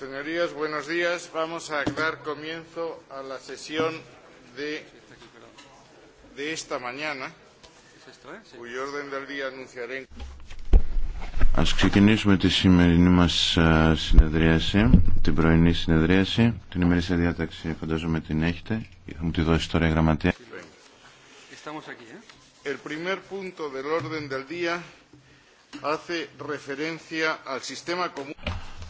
Señorías, buenos días. Vamos a dar comienzo a la sesión de, de esta mañana, cuyo orden del día anunciaré. Ας ξεκινήσουμε τη σημερινή μας συνεδρίαση, την πρωινή συνεδρίαση. Την ημερήσια διάταξη φαντάζομαι την έχετε. Θα μου τη δώσει τώρα η γραμματεία. El primer punto del orden del día hace referencia al sistema común.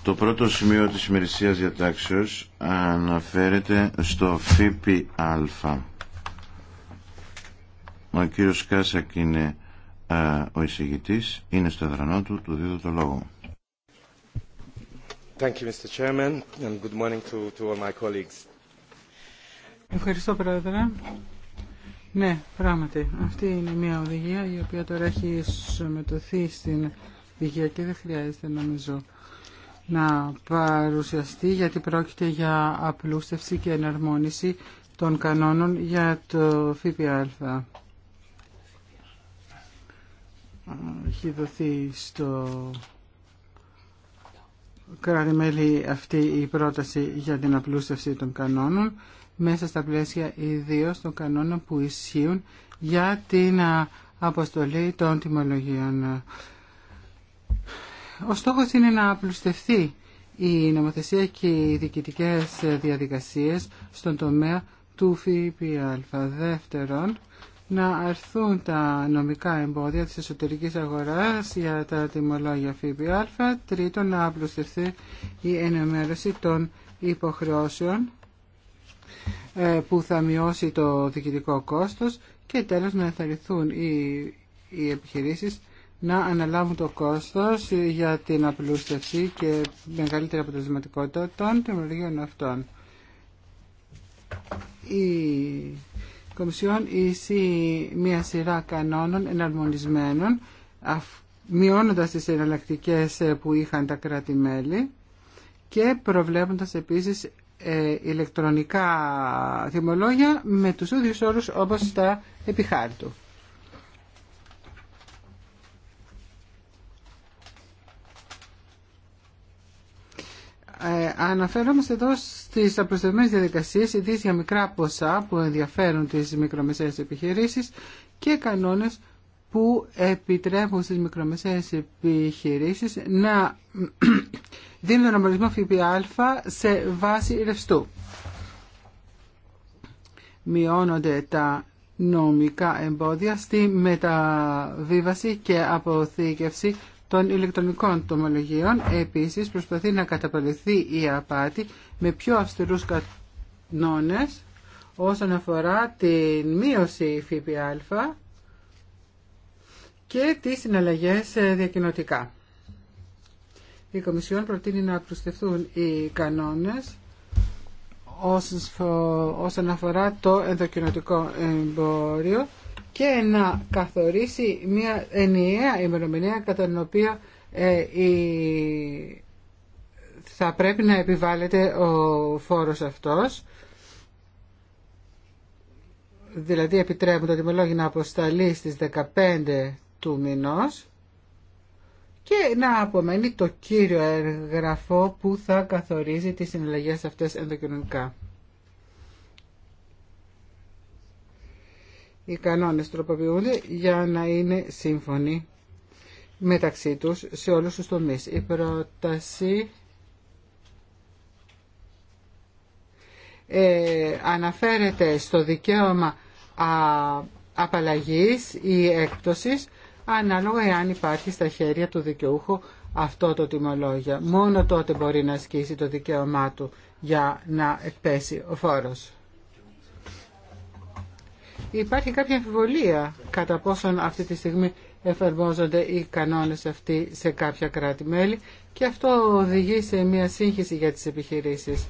Το πρώτο σημείο της ημερησίας διατάξεως αναφέρεται στο ΦΠΑ. Ο κύριος Κάσακ είναι ο εισηγητής, είναι στο δρανό του, του δίδω το λόγο. Thank you, Mr. Chairman, and good morning to, all my colleagues. Ευχαριστώ, Πρόεδρε. Ναι, πράγματι. Αυτή είναι μια οδηγία η οποία τώρα έχει σωματωθεί στην υγεία και δεν χρειάζεται, νομίζω, να παρουσιαστεί γιατί πρόκειται για απλούστευση και εναρμόνιση των κανόνων για το ΦΠΑ. Έχει δοθεί στο κράτη-μέλη αυτή η πρόταση για την απλούστευση των κανόνων μέσα στα πλαίσια ιδίως των κανόνων που ισχύουν για την αποστολή των τιμολογίων. Ο στόχος είναι να απλουστευτεί η νομοθεσία και οι διοικητικές διαδικασίες στον τομέα του ΦΠΑ. Δεύτερον, να αρθούν τα νομικά εμπόδια της εσωτερικής αγοράς για τα τιμολόγια ΦΠΑ. Τρίτον, να απλουστευτεί η ενημέρωση των υποχρεώσεων ε, που θα μειώσει το διοικητικό κόστος και τέλος να εθαριθούν οι, οι να αναλάβουν το κόστος για την απλούστευση και μεγαλύτερη αποτελεσματικότητα των τεχνολογίων αυτών. Η Κομισιόν ίση μια σειρά κανόνων εναρμονισμένων, μειώνοντας τις εναλλακτικέ ε, που είχαν τα κράτη-μέλη και προβλέποντας επίσης ε, ηλεκτρονικά θυμολόγια με τους ίδιους όρους όπως τα επιχάρτου. Ε, αναφέρομαστε εδώ στις απροστατευμένες διαδικασίες, ειδήσει για μικρά ποσά που ενδιαφέρουν τις μικρομεσαίες επιχειρήσεις και κανόνες που επιτρέπουν στις μικρομεσαίες επιχειρήσεις να δίνουν τον ορισμό ΦΠΑ σε βάση ρευστού. Μειώνονται τα νομικά εμπόδια στη μεταβίβαση και αποθήκευση των ηλεκτρονικών τομολογίων. Επίσης προσπαθεί να καταπολεθεί η απάτη με πιο αυστηρούς κανόνες όσον αφορά την μείωση ΦΠΑ και τις συναλλαγές διακοινωτικά. Η Κομισιόν προτείνει να προσθεθούν οι κανόνες όσον αφορά το ενδοκοινωτικό εμπόριο και να καθορίσει μια ενιαία ημερομηνία κατά την οποία ε, θα πρέπει να επιβάλλεται ο φόρος αυτός δηλαδή επιτρέπουν το τιμολόγιο να αποσταλεί στις 15 του μηνός και να απομένει το κύριο έγγραφο που θα καθορίζει τις συναλλαγές αυτές ενδοκοινωνικά. οι κανόνες τροποποιούνται για να είναι σύμφωνοι μεταξύ τους σε όλους τους τομείς. Η πρόταση ε, αναφέρεται στο δικαίωμα α, απαλλαγής ή έκπτωσης ανάλογα εάν υπάρχει στα χέρια του δικαιούχου αυτό το τιμολόγιο. Μόνο τότε μπορεί να ασκήσει το δικαίωμά του για να εκπέσει ο φόρος. Υπάρχει κάποια αμφιβολία κατά πόσον αυτή τη στιγμή εφαρμόζονται οι κανόνες αυτοί σε κάποια κράτη-μέλη και αυτό οδηγεί σε μια σύγχυση για τις επιχειρήσεις.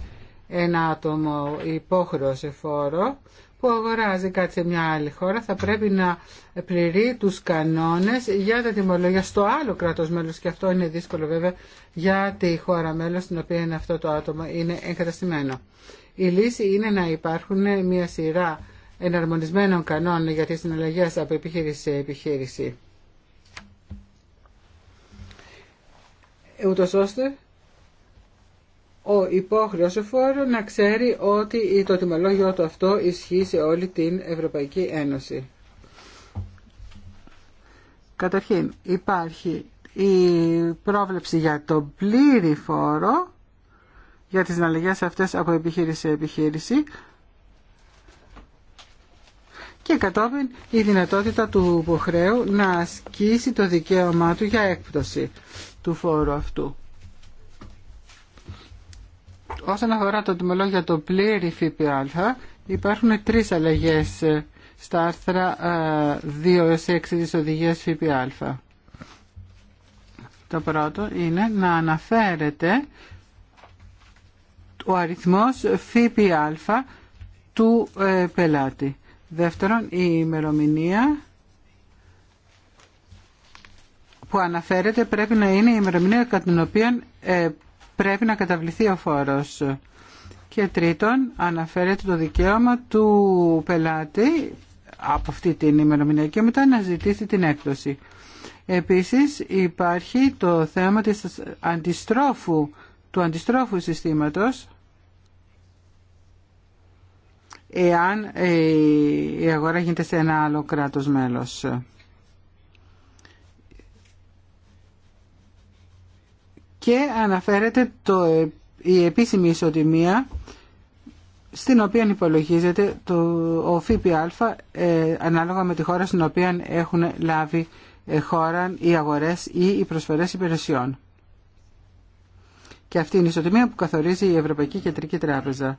Ένα άτομο υπόχρεο σε φόρο που αγοράζει κάτι σε μια άλλη χώρα θα πρέπει να πληρεί τους κανόνες για τα τιμολόγια στο άλλο κράτος μέλος και αυτό είναι δύσκολο βέβαια για τη χώρα μέλος στην οποία αυτό το άτομο είναι εγκαταστημένο. Η λύση είναι να υπάρχουν μια σειρά εναρμονισμένων κανόνων για τις συναλλαγές από επιχείρηση σε επιχείρηση. Ούτως ώστε ο υπόχρεος φόρο να ξέρει ότι το τιμολόγιο του αυτό ισχύει σε όλη την Ευρωπαϊκή Ένωση. Καταρχήν υπάρχει η πρόβλεψη για τον πλήρη φόρο για τις συναλλαγές αυτές από επιχείρηση σε επιχείρηση και κατόπιν η δυνατότητα του υποχρέου να ασκήσει το δικαίωμά του για έκπτωση του φόρου αυτού. Όσον αφορά το τιμολόγιο το πλήρη ΦΠΑ, υπάρχουν τρεις αλλαγές στα άρθρα 2 ε, 6 της οδηγίας ΦΠΑ. Το πρώτο είναι να αναφέρεται ο αριθμός ΦΠΑ του ε, πελάτη. Δεύτερον, η ημερομηνία που αναφέρεται πρέπει να είναι η ημερομηνία κατά την οποία ε, πρέπει να καταβληθεί ο φόρος. Και τρίτον, αναφέρεται το δικαίωμα του πελάτη από αυτή την ημερομηνία και μετά να ζητήσει την έκπτωση. Επίσης υπάρχει το θέμα της αντιστρόφου, του αντιστρόφου συστήματος εάν ε, η αγορά γίνεται σε ένα άλλο κράτος μέλος. Και αναφέρεται το, η επίσημη ισοτιμία στην οποία υπολογίζεται το, ο ΦΠΑ ε, ανάλογα με τη χώρα στην οποία έχουν λάβει ε, χώρα οι αγορές ή οι προσφορές υπηρεσιών. Και αυτή είναι η ισοτιμία που καθορίζει η Ευρωπαϊκή Κεντρική Τράπεζα.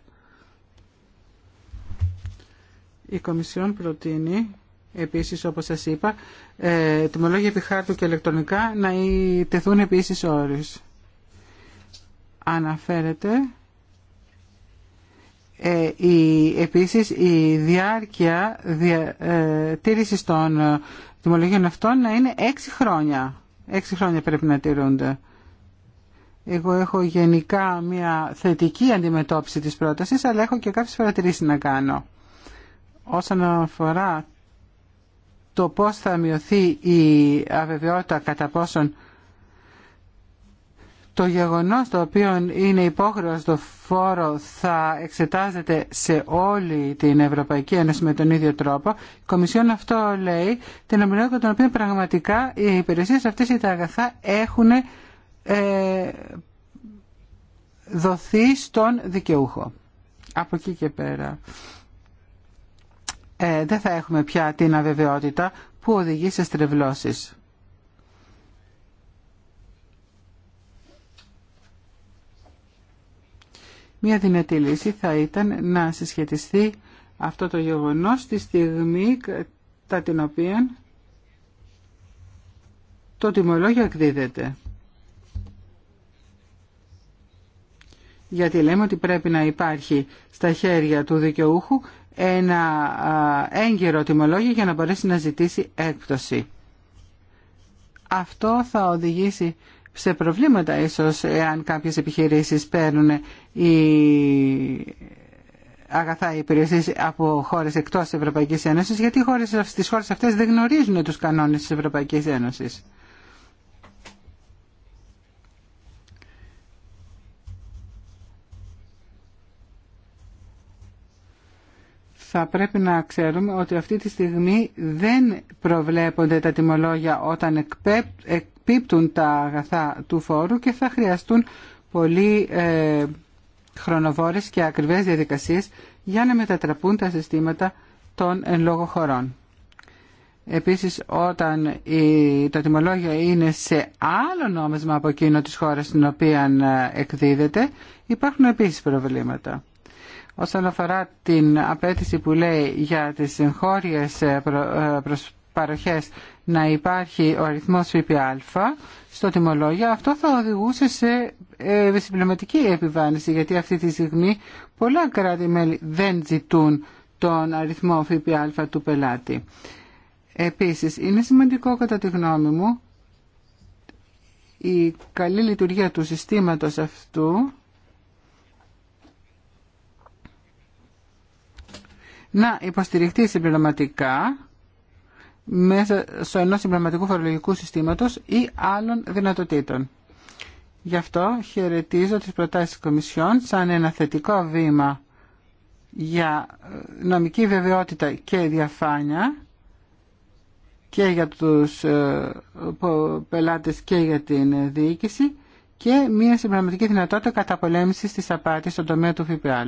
Η Κομισιόν προτείνει επίσης όπως σας είπα ε, τιμολόγια επιχάρτου και ηλεκτρονικά να τεθούν επίσης όρις. Αναφέρεται ε, η, επίσης η διάρκεια δια, ε, τήρησης των ε, τιμολογίων αυτών να είναι έξι χρόνια. Έξι χρόνια πρέπει να τηρούνται. Εγώ έχω γενικά μια θετική αντιμετώπιση της πρότασης, αλλά έχω και κάποιες παρατηρήσεις να κάνω όσον αφορά το πώς θα μειωθεί η αβεβαιότητα κατά πόσον το γεγονός το οποίο είναι υπόχρεος το φόρο θα εξετάζεται σε όλη την Ευρωπαϊκή Ένωση με τον ίδιο τρόπο. Η Κομισιόν αυτό λέει την ομιλότητα των οποίων πραγματικά οι υπηρεσίες αυτές ή τα αγαθά έχουν ε, δοθεί στον δικαιούχο. Από εκεί και πέρα. Ε, δεν θα έχουμε πια την αβεβαιότητα που οδηγεί σε στρεβλώσεις. Μία δυνατή λύση θα ήταν να συσχετιστεί αυτό το γεγονός ...στη στιγμή κατά την οποία το τιμολόγιο εκδίδεται. Γιατί λέμε ότι πρέπει να υπάρχει στα χέρια του δικαιούχου ένα έγκαιρο τιμολόγιο για να μπορέσει να ζητήσει έκπτωση. Αυτό θα οδηγήσει σε προβλήματα ίσως εάν κάποιες επιχειρήσεις παίρνουν οι αγαθά υπηρεσίες από χώρες εκτός της Ευρωπαϊκής Ένωσης γιατί οι χώρες, στις χώρες αυτές δεν γνωρίζουν τους κανόνες της Ευρωπαϊκής Ένωσης. θα πρέπει να ξέρουμε ότι αυτή τη στιγμή δεν προβλέπονται τα τιμολόγια όταν εκπίπτουν τα αγαθά του φόρου και θα χρειαστούν πολύ ε, χρονοβόρες και ακριβές διαδικασίες για να μετατραπούν τα συστήματα των εν λόγω χωρών. Επίσης όταν η, το είναι σε άλλο νόμισμα από εκείνο της χώρας στην οποία ε, εκδίδεται υπάρχουν επίσης προβλήματα. Όσον αφορά την απέτηση που λέει για τις εγχώριες ε, προς ε, παροχές να υπάρχει ο αριθμός ΦΠΑ στο τιμολόγιο, αυτό θα οδηγούσε σε ε, συμπληρωματική επιβάρυνση, γιατί αυτή τη στιγμή πολλά κράτη-μέλη δεν ζητούν τον αριθμό ΦΠΑ του πελάτη. Επίσης, είναι σημαντικό κατά τη γνώμη μου η καλή λειτουργία του συστήματος αυτού να υποστηριχτεί συμπληρωματικά μέσα στο ενό συμπληρωματικού φορολογικού συστήματος ή άλλων δυνατοτήτων. Γι' αυτό χαιρετίζω τις προτάσεις της Κομισιόν σαν ένα θετικό βήμα για ε, νομική βεβαιότητα και διαφάνεια και για τους ε, πελάτες και για την διοίκηση και μια συμπληρωματική δυνατότητα καταπολέμησης της απάτης στον τομέα του ΦΠΑ.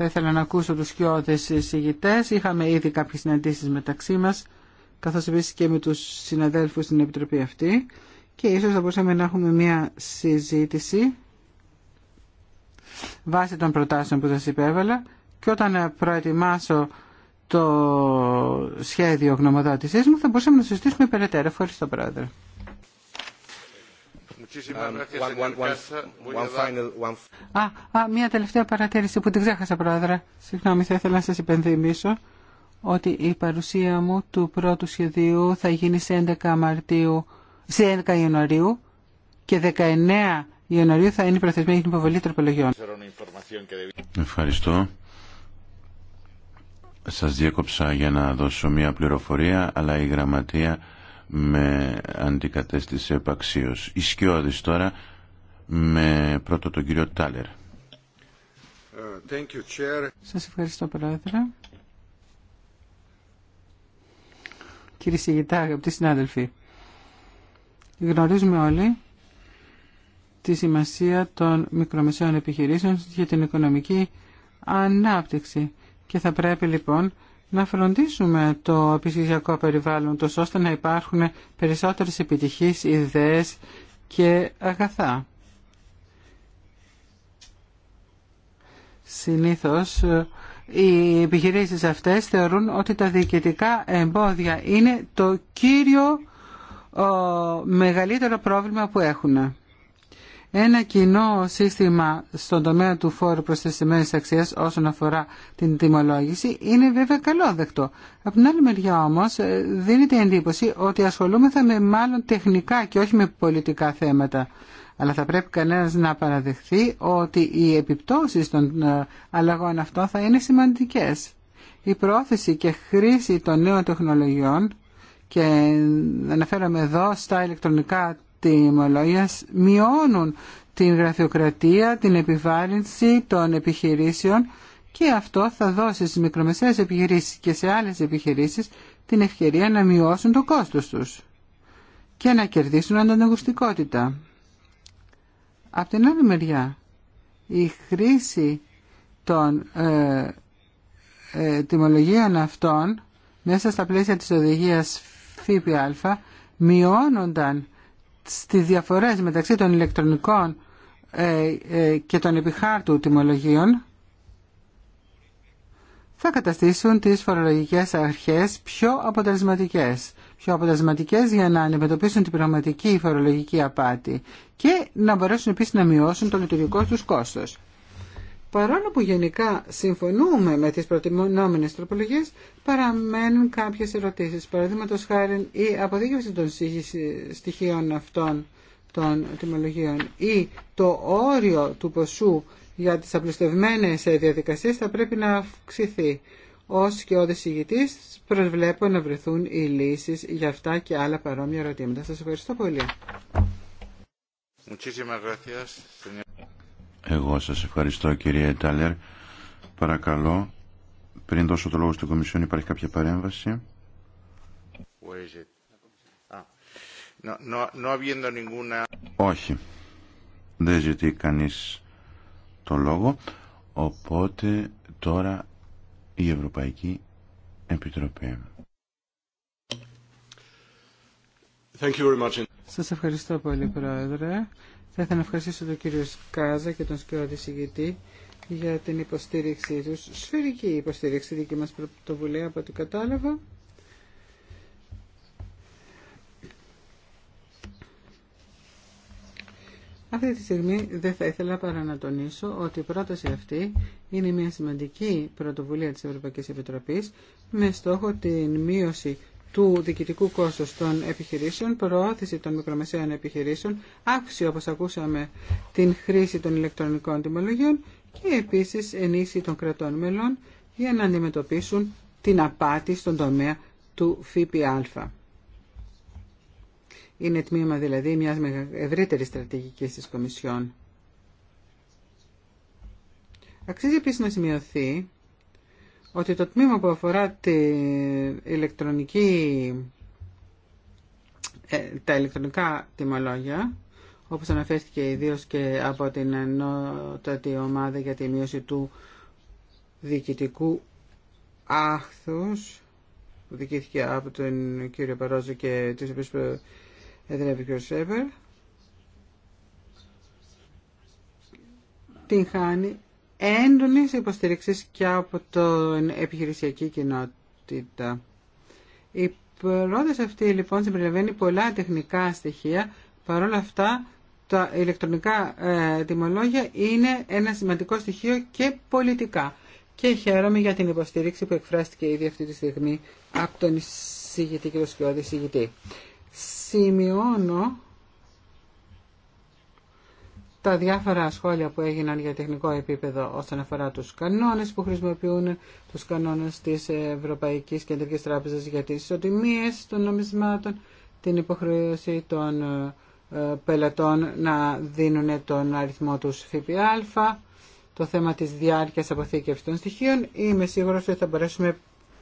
Θα ήθελα να ακούσω τους κοιότες εισηγητές. Είχαμε ήδη κάποιες συναντήσεις μεταξύ μας, καθώς επίσης και με τους συναδέλφους στην Επιτροπή αυτή. Και ίσως θα μπορούσαμε να έχουμε μια συζήτηση βάσει των προτάσεων που σας υπέβαλα και όταν προετοιμάσω το σχέδιο γνωμοδότησής μου θα μπορούσαμε να συζητήσουμε περαιτέρω. Ευχαριστώ, Πρόεδρε. Um, α, μία τελευταία παρατήρηση που την ξέχασα, Πρόεδρε. Συγγνώμη, θα ήθελα να σας υπενθυμίσω ότι η παρουσία μου του πρώτου σχεδίου θα γίνει σε 11, Μαρτίου, σε 11 Ιανουαρίου και 19 Ιανουαρίου θα είναι η προθεσμία για την υποβολή τροπολογιών. Ευχαριστώ. Σας διέκοψα για να δώσω μία πληροφορία, αλλά η γραμματεία με αντικατέστηση επαξίως. Ισκιώδης τώρα με πρώτο τον κύριο Τάλερ. Σα Σας ευχαριστώ Πρόεδρε. Κύριε Σιγητά, αγαπητοί συνάδελφοι, γνωρίζουμε όλοι τη σημασία των μικρομεσαίων επιχειρήσεων για την οικονομική ανάπτυξη και θα πρέπει λοιπόν να φροντίσουμε το επιχειρησιακό περιβάλλον τους ώστε να υπάρχουν περισσότερες επιτυχίες, ιδέες και αγαθά. Συνήθως ε, οι επιχειρήσεις αυτές θεωρούν ότι τα διοικητικά εμπόδια είναι το κύριο ε, μεγαλύτερο πρόβλημα που έχουν. Ένα κοινό σύστημα στον τομέα του φόρου προστασμένης αξίας όσον αφορά την τιμολόγηση είναι βέβαια καλόδεκτο. δεκτό. Από την άλλη μεριά όμως ε, δίνεται εντύπωση ότι ασχολούμεθα με μάλλον τεχνικά και όχι με πολιτικά θέματα. Αλλά θα πρέπει κανένας να παραδεχθεί ότι οι επιπτώσεις των ε, αλλαγών αυτών θα είναι σημαντικές. Η πρόθεση και χρήση των νέων τεχνολογιών και αναφέρομαι εδώ στα ηλεκτρονικά τιμολόγιας μειώνουν την γραφειοκρατία, την επιβάρυνση των επιχειρήσεων και αυτό θα δώσει στις μικρομεσαίες επιχειρήσεις και σε άλλες επιχειρήσεις την ευκαιρία να μειώσουν το κόστος τους και να κερδίσουν ανταγωνιστικότητα. Απ' την άλλη μεριά, η χρήση των ε, ε τιμολογίων αυτών μέσα στα πλαίσια της οδηγίας ΦΠΑ μειώνονταν στις διαφορές μεταξύ των ηλεκτρονικών ε, ε, και των επιχάρτου τιμολογίων θα καταστήσουν τις φορολογικές αρχές πιο αποτελεσματικές. Πιο αποτελεσματικές για να αντιμετωπίσουν την πραγματική φορολογική απάτη και να μπορέσουν επίσης να μειώσουν το λειτουργικό τους κόστος. Παρόλο που γενικά συμφωνούμε με τις προτιμονόμενες τροπολογίες, παραμένουν κάποιες ερωτήσεις. Παραδείγματο χάρη η αποδίκευση των στοιχείων αυτών των τιμολογίων ή το όριο του ποσού για τις απλουστευμένες διαδικασίες θα πρέπει να αυξηθεί. Ως και ο δεσηγητής προσβλέπω να βρεθούν οι λύσεις για αυτά και άλλα παρόμοια ερωτήματα. Σας ευχαριστώ πολύ. Εγώ σας ευχαριστώ κυρία Τάλερ. Παρακαλώ, πριν δώσω το λόγο στην Κομισιόν υπάρχει κάποια παρέμβαση. Όχι. Δεν ζητεί κανείς το λόγο. Οπότε τώρα η Ευρωπαϊκή Επιτροπή. Thank Σας ευχαριστώ πολύ, Πρόεδρε. Θα ήθελα να ευχαριστήσω τον κύριο Σκάζα και τον σκιώδη συγγητή για την υποστήριξή τους. Σφαιρική υποστήριξη δική μα πρωτοβουλία από ό,τι κατάλαβα. Αυτή τη στιγμή δεν θα ήθελα παρά να τονίσω ότι η πρόταση αυτή είναι μια σημαντική πρωτοβουλία της Ευρωπαϊκής Επιτροπής με στόχο την μείωση του διοικητικού κόστους των επιχειρήσεων, προώθηση των μικρομεσαίων επιχειρήσεων, αύξηση όπως ακούσαμε την χρήση των ηλεκτρονικών τιμολογίων και επίσης ενίσχυση των κρατών μελών για να αντιμετωπίσουν την απάτη στον τομέα του ΦΠΑ. Είναι τμήμα δηλαδή μιας ευρύτερη στρατηγικής της Κομισιόν. Αξίζει επίση να σημειωθεί ότι το τμήμα που αφορά την ε, τα ηλεκτρονικά τιμολόγια, όπως αναφέρθηκε ιδίω και από την ενότατη ομάδα για τη μείωση του διοικητικού άχθους, που διοικήθηκε από τον κύριο Παρόζο και τις οποίες εδρεύει ο ο Σέβερ, την χάνει έντονης υποστήριξης και από την επιχειρησιακή κοινότητα. Η πρόταση αυτή λοιπόν συμπεριλαμβάνει πολλά τεχνικά στοιχεία, παρόλα αυτά τα ηλεκτρονικά ε, τιμολόγια είναι ένα σημαντικό στοιχείο και πολιτικά. Και χαίρομαι για την υποστήριξη που εκφράστηκε ήδη αυτή τη στιγμή από τον εισηγητή και τον σκιώδη εισηγητή. Σημειώνω τα διάφορα σχόλια που έγιναν για τεχνικό επίπεδο όσον αφορά του κανόνες που χρησιμοποιούν τους κανόνες της Ευρωπαϊκής Κεντρικής Τράπεζας για τις ισοτιμίες των νομισμάτων, την υποχρέωση των ε, πελατών να δίνουν τον αριθμό τους ΦΠΑ, το θέμα της διάρκειας αποθήκευσης των στοιχείων. Είμαι σίγουρο ότι θα μπορέσουμε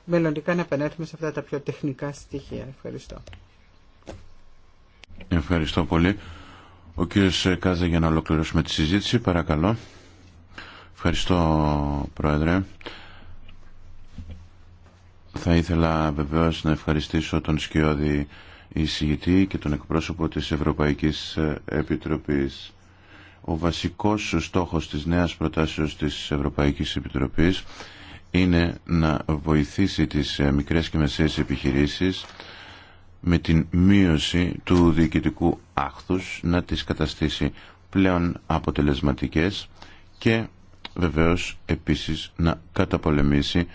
μελλοντικά να επανέλθουμε σε αυτά τα πιο τεχνικά στοιχεία. Ευχαριστώ. Ευχαριστώ πολύ. Ο κύριος Κάζα για να ολοκληρώσουμε τη συζήτηση, παρακαλώ. Ευχαριστώ, Πρόεδρε. Θα ήθελα βεβαίως να ευχαριστήσω τον Σκιώδη εισηγητή και τον εκπρόσωπο της Ευρωπαϊκής Επιτροπής. Ο βασικός στόχος της νέας προτάσεως της Ευρωπαϊκής Επιτροπής είναι να βοηθήσει τις μικρές και μεσαίες επιχειρήσεις με την μείωση του διοικητικού άχθους να τις καταστήσει πλέον αποτελεσματικές και βεβαίως επίσης να καταπολεμήσει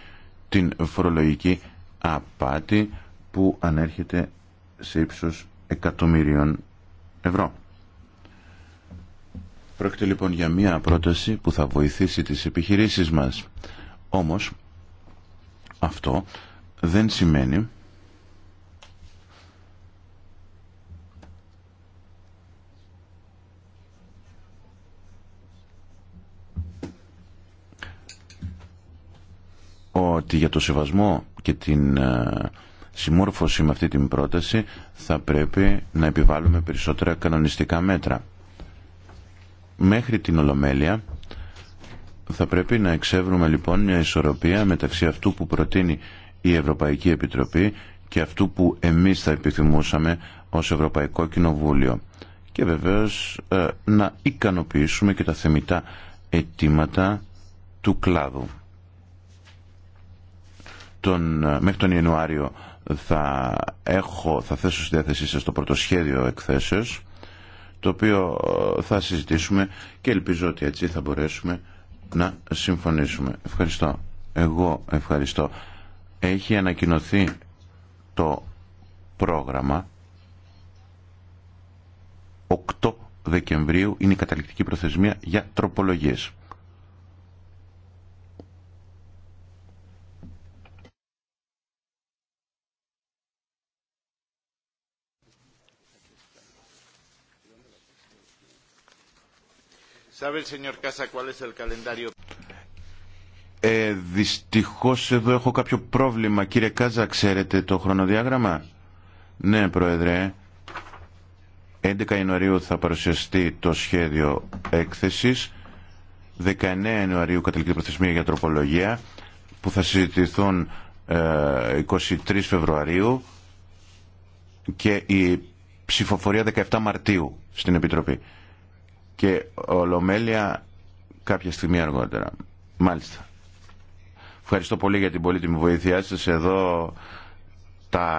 την φορολογική απάτη που ανέρχεται σε ύψος εκατομμυρίων ευρώ. Πρόκειται λοιπόν για μία πρόταση που θα βοηθήσει τις επιχειρήσεις μας. Όμως αυτό δεν σημαίνει ότι για το σεβασμό και την ε, συμμόρφωση με αυτή την πρόταση θα πρέπει να επιβάλλουμε περισσότερα κανονιστικά μέτρα. Μέχρι την Ολομέλεια θα πρέπει να εξεύρουμε λοιπόν μια ισορροπία μεταξύ αυτού που προτείνει η Ευρωπαϊκή Επιτροπή και αυτού που εμείς θα επιθυμούσαμε ως Ευρωπαϊκό Κοινοβούλιο. Και βεβαίως ε, να ικανοποιήσουμε και τα θεμητά αιτήματα του κλάδου τον, μέχρι τον Ιανουάριο θα, έχω, θα θέσω στη διάθεσή σας το πρώτο σχέδιο εκθέσεως το οποίο ε, θα συζητήσουμε και ελπίζω ότι έτσι θα μπορέσουμε να συμφωνήσουμε. Ευχαριστώ. Εγώ ευχαριστώ. Έχει ανακοινωθεί το πρόγραμμα 8 Δεκεμβρίου είναι η καταληκτική προθεσμία για τροπολογίες. ¿Sabe Ε, δυστυχώς εδώ έχω κάποιο πρόβλημα. Κύριε Κάζα, ξέρετε το χρονοδιάγραμμα. Ναι, Πρόεδρε. 11 Ιανουαρίου θα παρουσιαστεί το σχέδιο έκθεσης. 19 Ιανουαρίου καταληκτή προθεσμία για τροπολογία που θα συζητηθούν 23 ε, Φεβρουαρίου και η ψηφοφορία 17 Μαρτίου στην Επιτροπή και ολομέλεια κάποια στιγμή αργότερα. Μάλιστα. Ευχαριστώ πολύ για την πολύτιμη βοήθειά σας. Εδώ τα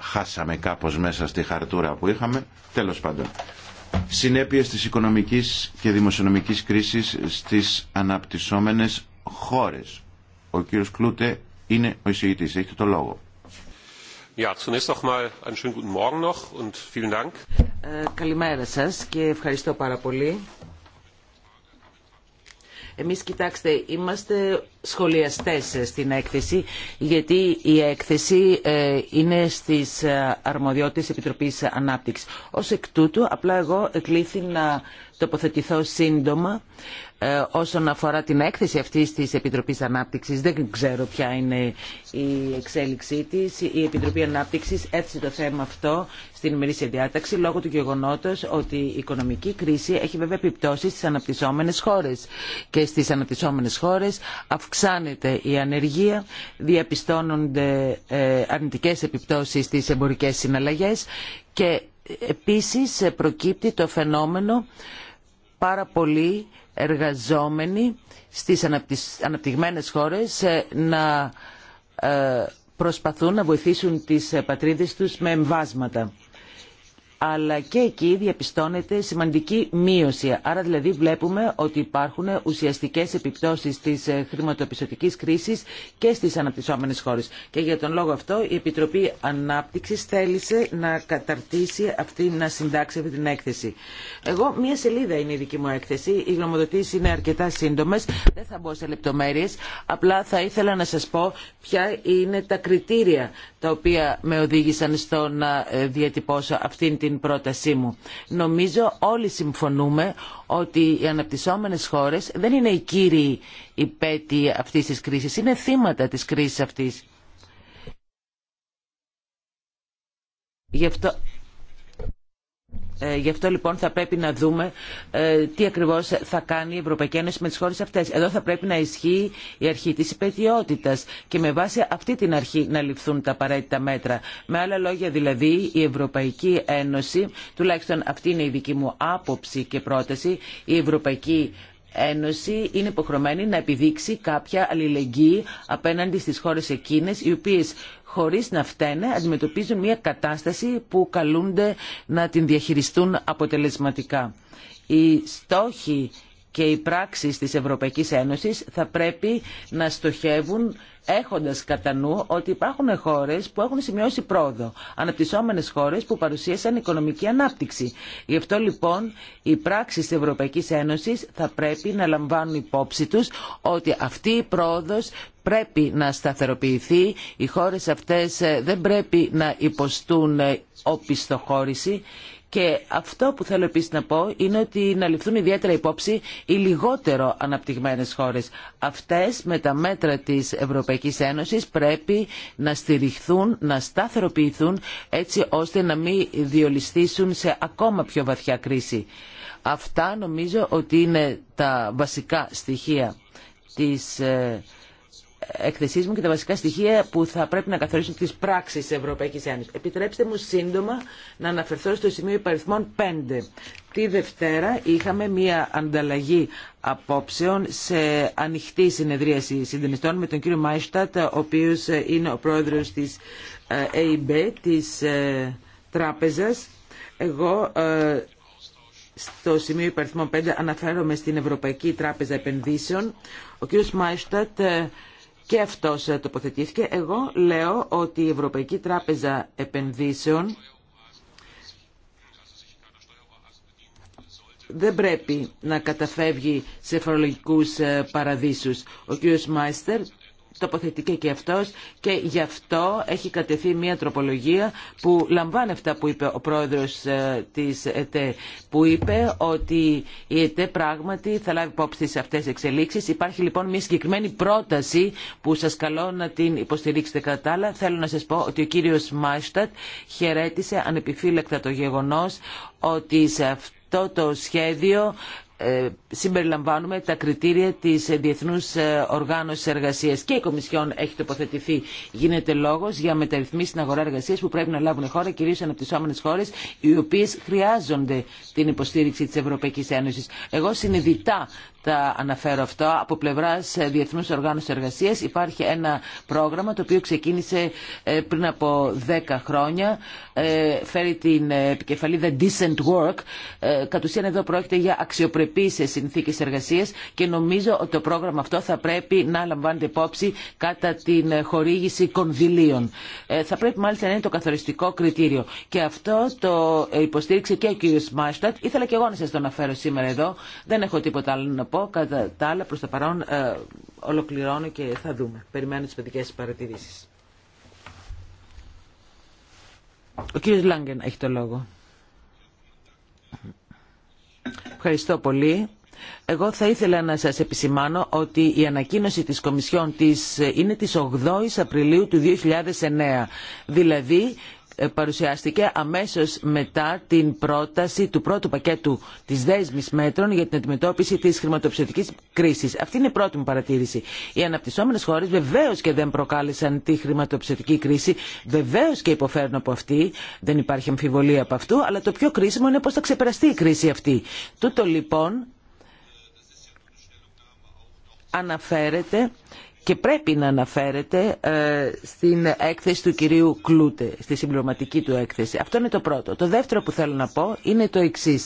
χάσαμε κάπως μέσα στη χαρτούρα που είχαμε. Τέλος πάντων. Συνέπειες της οικονομικής και δημοσιονομικής κρίσης στις αναπτυσσόμενες χώρες. Ο κύριος Κλούτε είναι ο εισηγητής. Έχετε το λόγο. Καλημέρα σας και ευχαριστώ πάρα πολύ. Εμείς, κοιτάξτε, είμαστε σχολιαστές ε, στην έκθεση, γιατί η έκθεση ε, είναι στις ε, αρμοδιότητες Επιτροπής Ανάπτυξης. Ως εκ τούτου, απλά εγώ εκλήθη να τοποθετηθώ σύντομα ε, όσον αφορά την έκθεση αυτή τη επιτροπή Ανάπτυξης, δεν ξέρω ποια είναι η εξέλιξή τη. Η Επιτροπή Ανάπτυξης έθεσε το θέμα αυτό στην ημερήσια διάταξη λόγω του γεγονότο ότι η οικονομική κρίση έχει βέβαια επιπτώσει στις αναπτυσσόμενες χώρες. Και στις αναπτυσσόμενες χώρες αυξάνεται η ανεργία, διαπιστώνονται ε, αρνητικέ επιπτώσει στις εμπορικέ συναλλαγές και επίση προκύπτει το φαινόμενο πάρα πολύ εργαζόμενοι στις αναπτυγμένες χώρες ε, να ε, προσπαθούν να βοηθήσουν τις ε, πατρίδες τους με εμβάσματα αλλά και εκεί διαπιστώνεται σημαντική μείωση. Άρα δηλαδή βλέπουμε ότι υπάρχουν ουσιαστικές επιπτώσεις της ε, χρηματοπιστωτικής κρίσης και στις αναπτυσσόμενες χώρες. Και για τον λόγο αυτό η Επιτροπή Ανάπτυξης θέλησε να καταρτήσει αυτή, να συντάξει αυτή την έκθεση. Εγώ μία σελίδα είναι η δική μου έκθεση. Οι γνωμοδοτήσεις είναι αρκετά σύντομες. Δεν θα μπω σε λεπτομέρειες. Απλά θα ήθελα να σας πω ποια είναι τα κριτήρια τα οποία με οδήγησαν στο να ε, διατυπώσω αυτήν την την πρότασή μου. Νομίζω όλοι συμφωνούμε ότι οι αναπτυσσόμενες χώρες δεν είναι οι κύριοι υπέτη αυτής της κρίσης, είναι θύματα της κρίσης αυτής. Γι' Ε, γι' αυτό λοιπόν θα πρέπει να δούμε ε, τι ακριβώς θα κάνει η Ευρωπαϊκή Ένωση με τις χώρες αυτές. Εδώ θα πρέπει να ισχύει η αρχή της υπετιότητας και με βάση αυτή την αρχή να ληφθούν τα απαραίτητα μέτρα. Με άλλα λόγια δηλαδή η Ευρωπαϊκή Ένωση, τουλάχιστον αυτή είναι η δική μου άποψη και πρόταση, η Ευρωπαϊκή Ένωση είναι υποχρεωμένη να επιδείξει κάποια αλληλεγγύη απέναντι στις χώρες εκείνες οι οποίες χωρίς να φταίνε αντιμετωπίζουν μια κατάσταση που καλούνται να την διαχειριστούν αποτελεσματικά. Οι στόχοι και οι πράξεις της Ευρωπαϊκής Ένωσης θα πρέπει να στοχεύουν έχοντας κατά νου ότι υπάρχουν χώρες που έχουν σημειώσει πρόοδο, αναπτυσσόμενες χώρες που παρουσίασαν οικονομική ανάπτυξη. Γι' αυτό λοιπόν οι πράξεις της Ευρωπαϊκής Ένωσης θα πρέπει να λαμβάνουν υπόψη τους ότι αυτή η πρόοδος πρέπει να σταθεροποιηθεί, οι χώρες αυτές ε, δεν πρέπει να υποστούν οπισθοχώρηση ε, και αυτό που θέλω επίση να πω είναι ότι να ληφθούν ιδιαίτερα υπόψη οι λιγότερο αναπτυγμένες χώρες. Αυτές με τα μέτρα της Ευρωπαϊκής Ένωσης πρέπει να στηριχθούν, να σταθεροποιηθούν έτσι ώστε να μην διολυστήσουν σε ακόμα πιο βαθιά κρίση. Αυτά νομίζω ότι είναι τα βασικά στοιχεία της ε, έκθεσή και τα βασικά στοιχεία που θα πρέπει να καθορίσουν τι πράξεις τη Ευρωπαϊκής Ένωση. Επιτρέψτε μου σύντομα να αναφερθώ στο σημείο υπαριθμών 5. Τη Δευτέρα είχαμε μία ανταλλαγή απόψεων σε ανοιχτή συνεδρίαση συντονιστών με τον κύριο Μάιστατ, ο οποίος είναι ο πρόεδρος της ΕΙΜΠ, της ε, Τράπεζα, Εγώ ε, στο σημείο υπαριθμό 5 αναφέρομαι στην Ευρωπαϊκή Τράπεζα Επενδύσεων. Ο κύριος Μάιστατ ε, και αυτός ε, τοποθετήθηκε. Εγώ λέω ότι η Ευρωπαϊκή Τράπεζα Επενδύσεων δεν πρέπει να καταφεύγει σε φορολογικούς ε, παραδείσους. Ο κ. Μάιστερ τοποθετηκε και αυτός και γι' αυτό έχει κατεθεί μια τροπολογία που λαμβάνει αυτά που είπε ο πρόεδρος ε, της ΕΤΕ που είπε ότι η ΕΤΕ πράγματι θα λάβει υπόψη σε αυτές τις εξελίξεις. Υπάρχει λοιπόν μια συγκεκριμένη πρόταση που σας καλώ να την υποστηρίξετε κατά άλλα. Θέλω να σας πω ότι ο κύριος Μάιστατ χαιρέτησε ανεπιφύλακτα το γεγονός ότι σε αυτό το σχέδιο ε, συμπεριλαμβάνουμε τα κριτήρια της Διεθνούς ε, Οργάνωσης Εργασίας και η Κομισιόν έχει τοποθετηθεί. Γίνεται λόγος για μεταρρυθμίσεις στην αγορά εργασίας που πρέπει να λάβουν χώρα κυρίως αναπτυσσόμενες χώρες οι οποίες χρειάζονται την υποστήριξη της Ευρωπαϊκής Ένωσης. Εγώ συνειδητά τα αναφέρω αυτά. Από πλευρά ε, Διεθνού Οργάνωση Εργασία υπάρχει ένα πρόγραμμα το οποίο ξεκίνησε ε, πριν από 10 χρόνια. Ε, φέρει την επικεφαλίδα Decent Work. Κατ' ουσίαν εδώ πρόκειται για αξιοπρεπεί συνθήκε εργασία και νομίζω ότι το πρόγραμμα αυτό θα πρέπει να λαμβάνεται υπόψη κατά την χορήγηση κονδυλίων. Θα πρέπει μάλιστα να είναι το καθοριστικό κριτήριο. Και αυτό το υποστήριξε και ο κ. Μάιστατ. Ήθελα και εγώ να σα το αναφέρω σήμερα εδώ. Δεν έχω τίποτα άλλο να πω. Κατά τα άλλα, προ τα παρόν, ε, ολοκληρώνω και θα δούμε. Περιμένω τι παιδικέ παρατηρήσει. Ο κύριος Λάγκεν έχει το λόγο. Ευχαριστώ πολύ. Εγώ θα ήθελα να σας επισημάνω ότι η ανακοίνωση της Κομισιόν της ε, είναι της 8ης Απριλίου του 2009, δηλαδή ε, παρουσιάστηκε αμέσως μετά την πρόταση του πρώτου πακέτου της δέσμης μέτρων για την αντιμετώπιση της χρηματοπιστωτικής κρίσης. Αυτή είναι η πρώτη μου παρατήρηση. Οι αναπτυσσόμενες χώρες βεβαίως και δεν προκάλεσαν τη χρηματοπιστωτική κρίση, βεβαίως και υποφέρουν από αυτή, δεν υπάρχει αμφιβολία από αυτού, αλλά το πιο κρίσιμο είναι πώς θα ξεπεραστεί η κρίση αυτή. Τούτο λοιπόν αναφέρεται και πρέπει να αναφέρεται ε, στην έκθεση του κυρίου Κλούτε, στη συμπληρωματική του έκθεση. Αυτό είναι το πρώτο. Το δεύτερο που θέλω να πω είναι το εξή.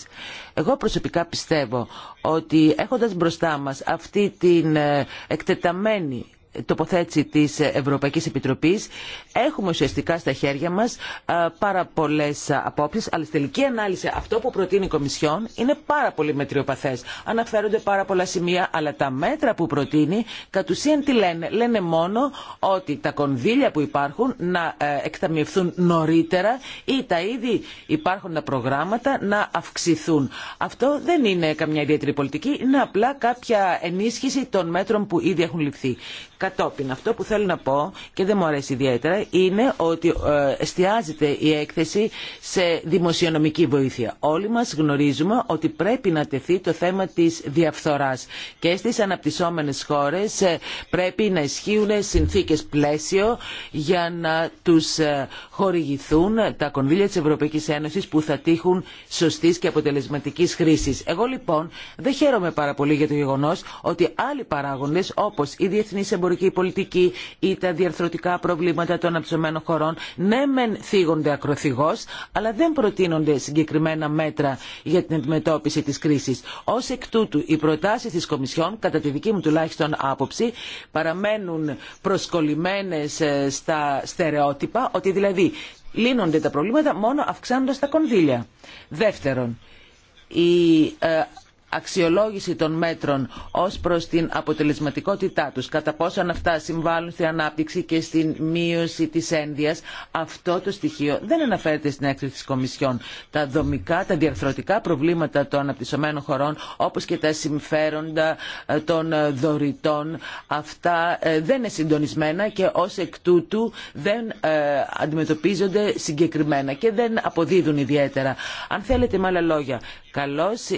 Εγώ προσωπικά πιστεύω ότι έχοντας μπροστά μας αυτή την ε, εκτεταμένη τοποθέτηση της Ευρωπαϊκής Επιτροπής έχουμε ουσιαστικά στα χέρια μας ε, πάρα πολλές απόψεις αλλά στη τελική ανάλυση αυτό που προτείνει η Κομισιόν είναι πάρα πολύ μετριοπαθές. Αναφέρονται πάρα πολλά σημεία αλλά τα μέτρα που προτείνει κατ' ουσίαν τι λένε. Λένε μόνο ότι τα κονδύλια που υπάρχουν να ε, εκταμιευθούν νωρίτερα ή τα ήδη υπάρχοντα προγράμματα να αυξηθούν. Αυτό δεν είναι καμιά ιδιαίτερη πολιτική, είναι απλά κάποια ενίσχυση των μέτρων που ήδη έχουν ληφθεί. Κατόπιν, αυτό που θέλω να πω και δεν μου αρέσει ιδιαίτερα είναι ότι ε, εστιάζεται η έκθεση σε δημοσιονομική βοήθεια. Όλοι μας γνωρίζουμε ότι πρέπει να τεθεί το θέμα της διαφθοράς και στις αναπτυσσόμενες χώρες ε, πρέπει να ισχύουν συνθήκες πλαίσιο για να τους ε, χορηγηθούν τα κονδύλια της Ευρωπαϊκής Ένωσης που θα τύχουν σωστής και αποτελεσματικής χρήσης. Εγώ λοιπόν δεν χαίρομαι πάρα πολύ για το γεγονός ότι άλλοι παράγοντες όπως η Διεθνής Εμπορική εμπορική πολιτική ή τα διαρθρωτικά προβλήματα των αψωμένων χωρών, ναι μεν θίγονται αλλά δεν προτείνονται συγκεκριμένα μέτρα για την αντιμετώπιση της κρίσης. Ως εκ τούτου, οι προτάσεις της Κομισιόν, κατά τη δική μου τουλάχιστον άποψη, παραμένουν προσκολλημένες ε, στα στερεότυπα, ότι δηλαδή λύνονται τα προβλήματα μόνο αυξάνοντας τα κονδύλια. Δεύτερον, η ε, αξιολόγηση των μέτρων ως προς την αποτελεσματικότητά τους, κατά πόσο αυτά συμβάλλουν στην ανάπτυξη και στην μείωση της ένδυας, αυτό το στοιχείο δεν αναφέρεται στην έκθεση της Κομισιόν. Τα δομικά, τα διαρθρωτικά προβλήματα των αναπτυσσομένων χωρών, όπως και τα συμφέροντα ε, των ε, δωρητών, αυτά ε, δεν είναι συντονισμένα και ως εκ τούτου δεν αντιμετωπίζονται συγκεκριμένα και δεν αποδίδουν ιδιαίτερα. Αν θέλετε με άλλα λόγια,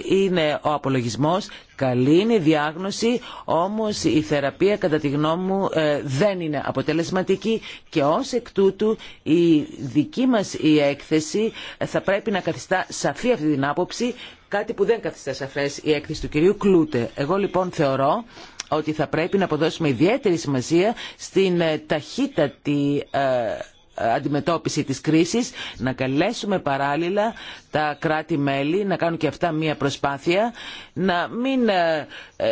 είναι ο απολογισμός καλή είναι η διάγνωση, όμως η θεραπεία κατά τη γνώμη μου ε, δεν είναι αποτελεσματική και ως εκ τούτου η δική μας η έκθεση ε, θα πρέπει να καθιστά σαφή αυτή την άποψη, κάτι που δεν καθιστά σαφές η έκθεση του κυρίου Κλούτε. Εγώ λοιπόν θεωρώ ότι θα πρέπει να αποδώσουμε ιδιαίτερη σημασία στην ε, ταχύτατη αντιμετώπιση της κρίσης, να καλέσουμε παράλληλα τα κράτη-μέλη να κάνουν και αυτά μία προσπάθεια, να μην ε, ε,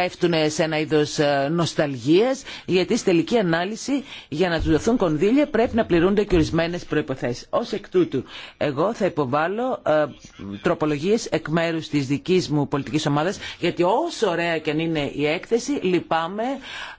πέφτουν σε ένα είδο ε, νοσταλγίας γιατί στη τελική ανάλυση για να του δοθούν κονδύλια πρέπει να πληρούνται και ορισμένε προϋποθέσεις. Ω εκ τούτου εγώ θα υποβάλω ε, τροπολογίες εκ μέρου της δικής μου πολιτικής ομάδας γιατί όσο ωραία και αν είναι η έκθεση λυπάμαι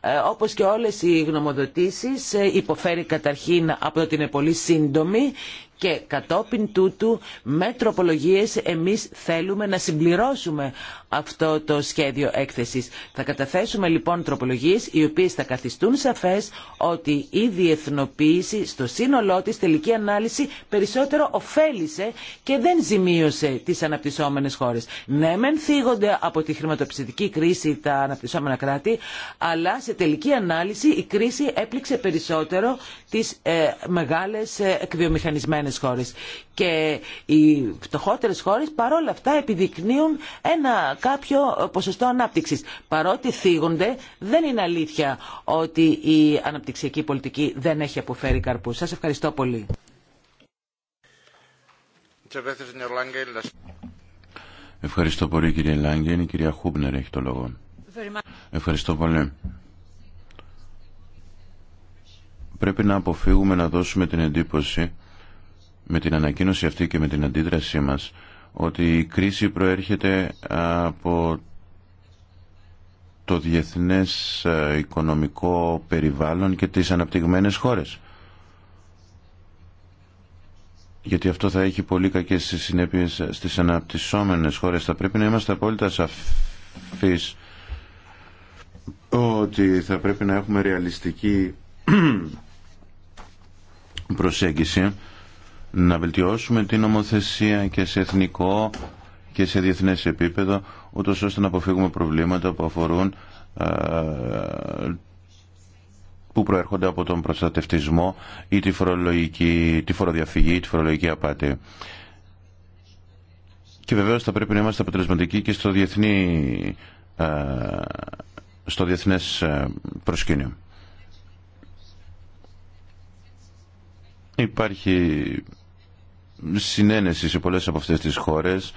ε, όπως και όλες οι γνωμοδοτήσεις ε, υποφέρει καταρχήν από ότι είναι πολύ σύντομη και κατόπιν τούτου με τροπολογίες εμείς θέλουμε να συμπληρώσουμε αυτό το σχέδιο έκθεσης. Θα καταθέσουμε λοιπόν τροπολογίες οι οποίες θα καθιστούν σαφές ότι η διεθνοποίηση στο σύνολό της τελική ανάλυση περισσότερο ωφέλησε και δεν ζημίωσε τις αναπτυσσόμενες χώρες. Ναι, μεν θίγονται από τη χρηματοψηφική κρίση τα αναπτυσσόμενα κράτη, αλλά σε τελική ανάλυση η κρίση έπληξε περισσότερο τις ε, μεγάλες ε, χώρες και οι φτωχότερες χώρες παρόλα αυτά επιδεικνύουν ένα κάποιο ποσοστό ανάπτυξης. Παρότι θίγονται δεν είναι αλήθεια ότι η αναπτυξιακή πολιτική δεν έχει αποφέρει καρπούς. Σας ευχαριστώ πολύ. Ευχαριστώ πολύ κύριε Λάγκεν. Η κυρία Χούμπνερ έχει το λόγο. Ευχαριστώ πολύ. Πρέπει να αποφύγουμε να δώσουμε την εντύπωση με την ανακοίνωση αυτή και με την αντίδρασή μας ότι η κρίση προέρχεται από το διεθνές ε, οικονομικό περιβάλλον και τις αναπτυγμένες χώρες. Γιατί αυτό θα έχει πολύ κακές συνέπειες στις αναπτυσσόμενες χώρες. Θα πρέπει να είμαστε απόλυτα σαφείς ότι θα πρέπει να έχουμε ρεαλιστική προσέγγιση να βελτιώσουμε την νομοθεσία και σε εθνικό και σε διεθνές επίπεδο, ούτως ώστε να αποφύγουμε προβλήματα που αφορούν που προέρχονται από τον προστατευτισμό ή τη, φορολογική, τη φοροδιαφυγή ή τη φορολογική απάτη. Και βεβαίως θα πρέπει να είμαστε αποτελεσματικοί και στο, διεθνή, στο διεθνές προσκήνιο. Υπάρχει συνένεση σε πολλές από αυτές τις χώρες,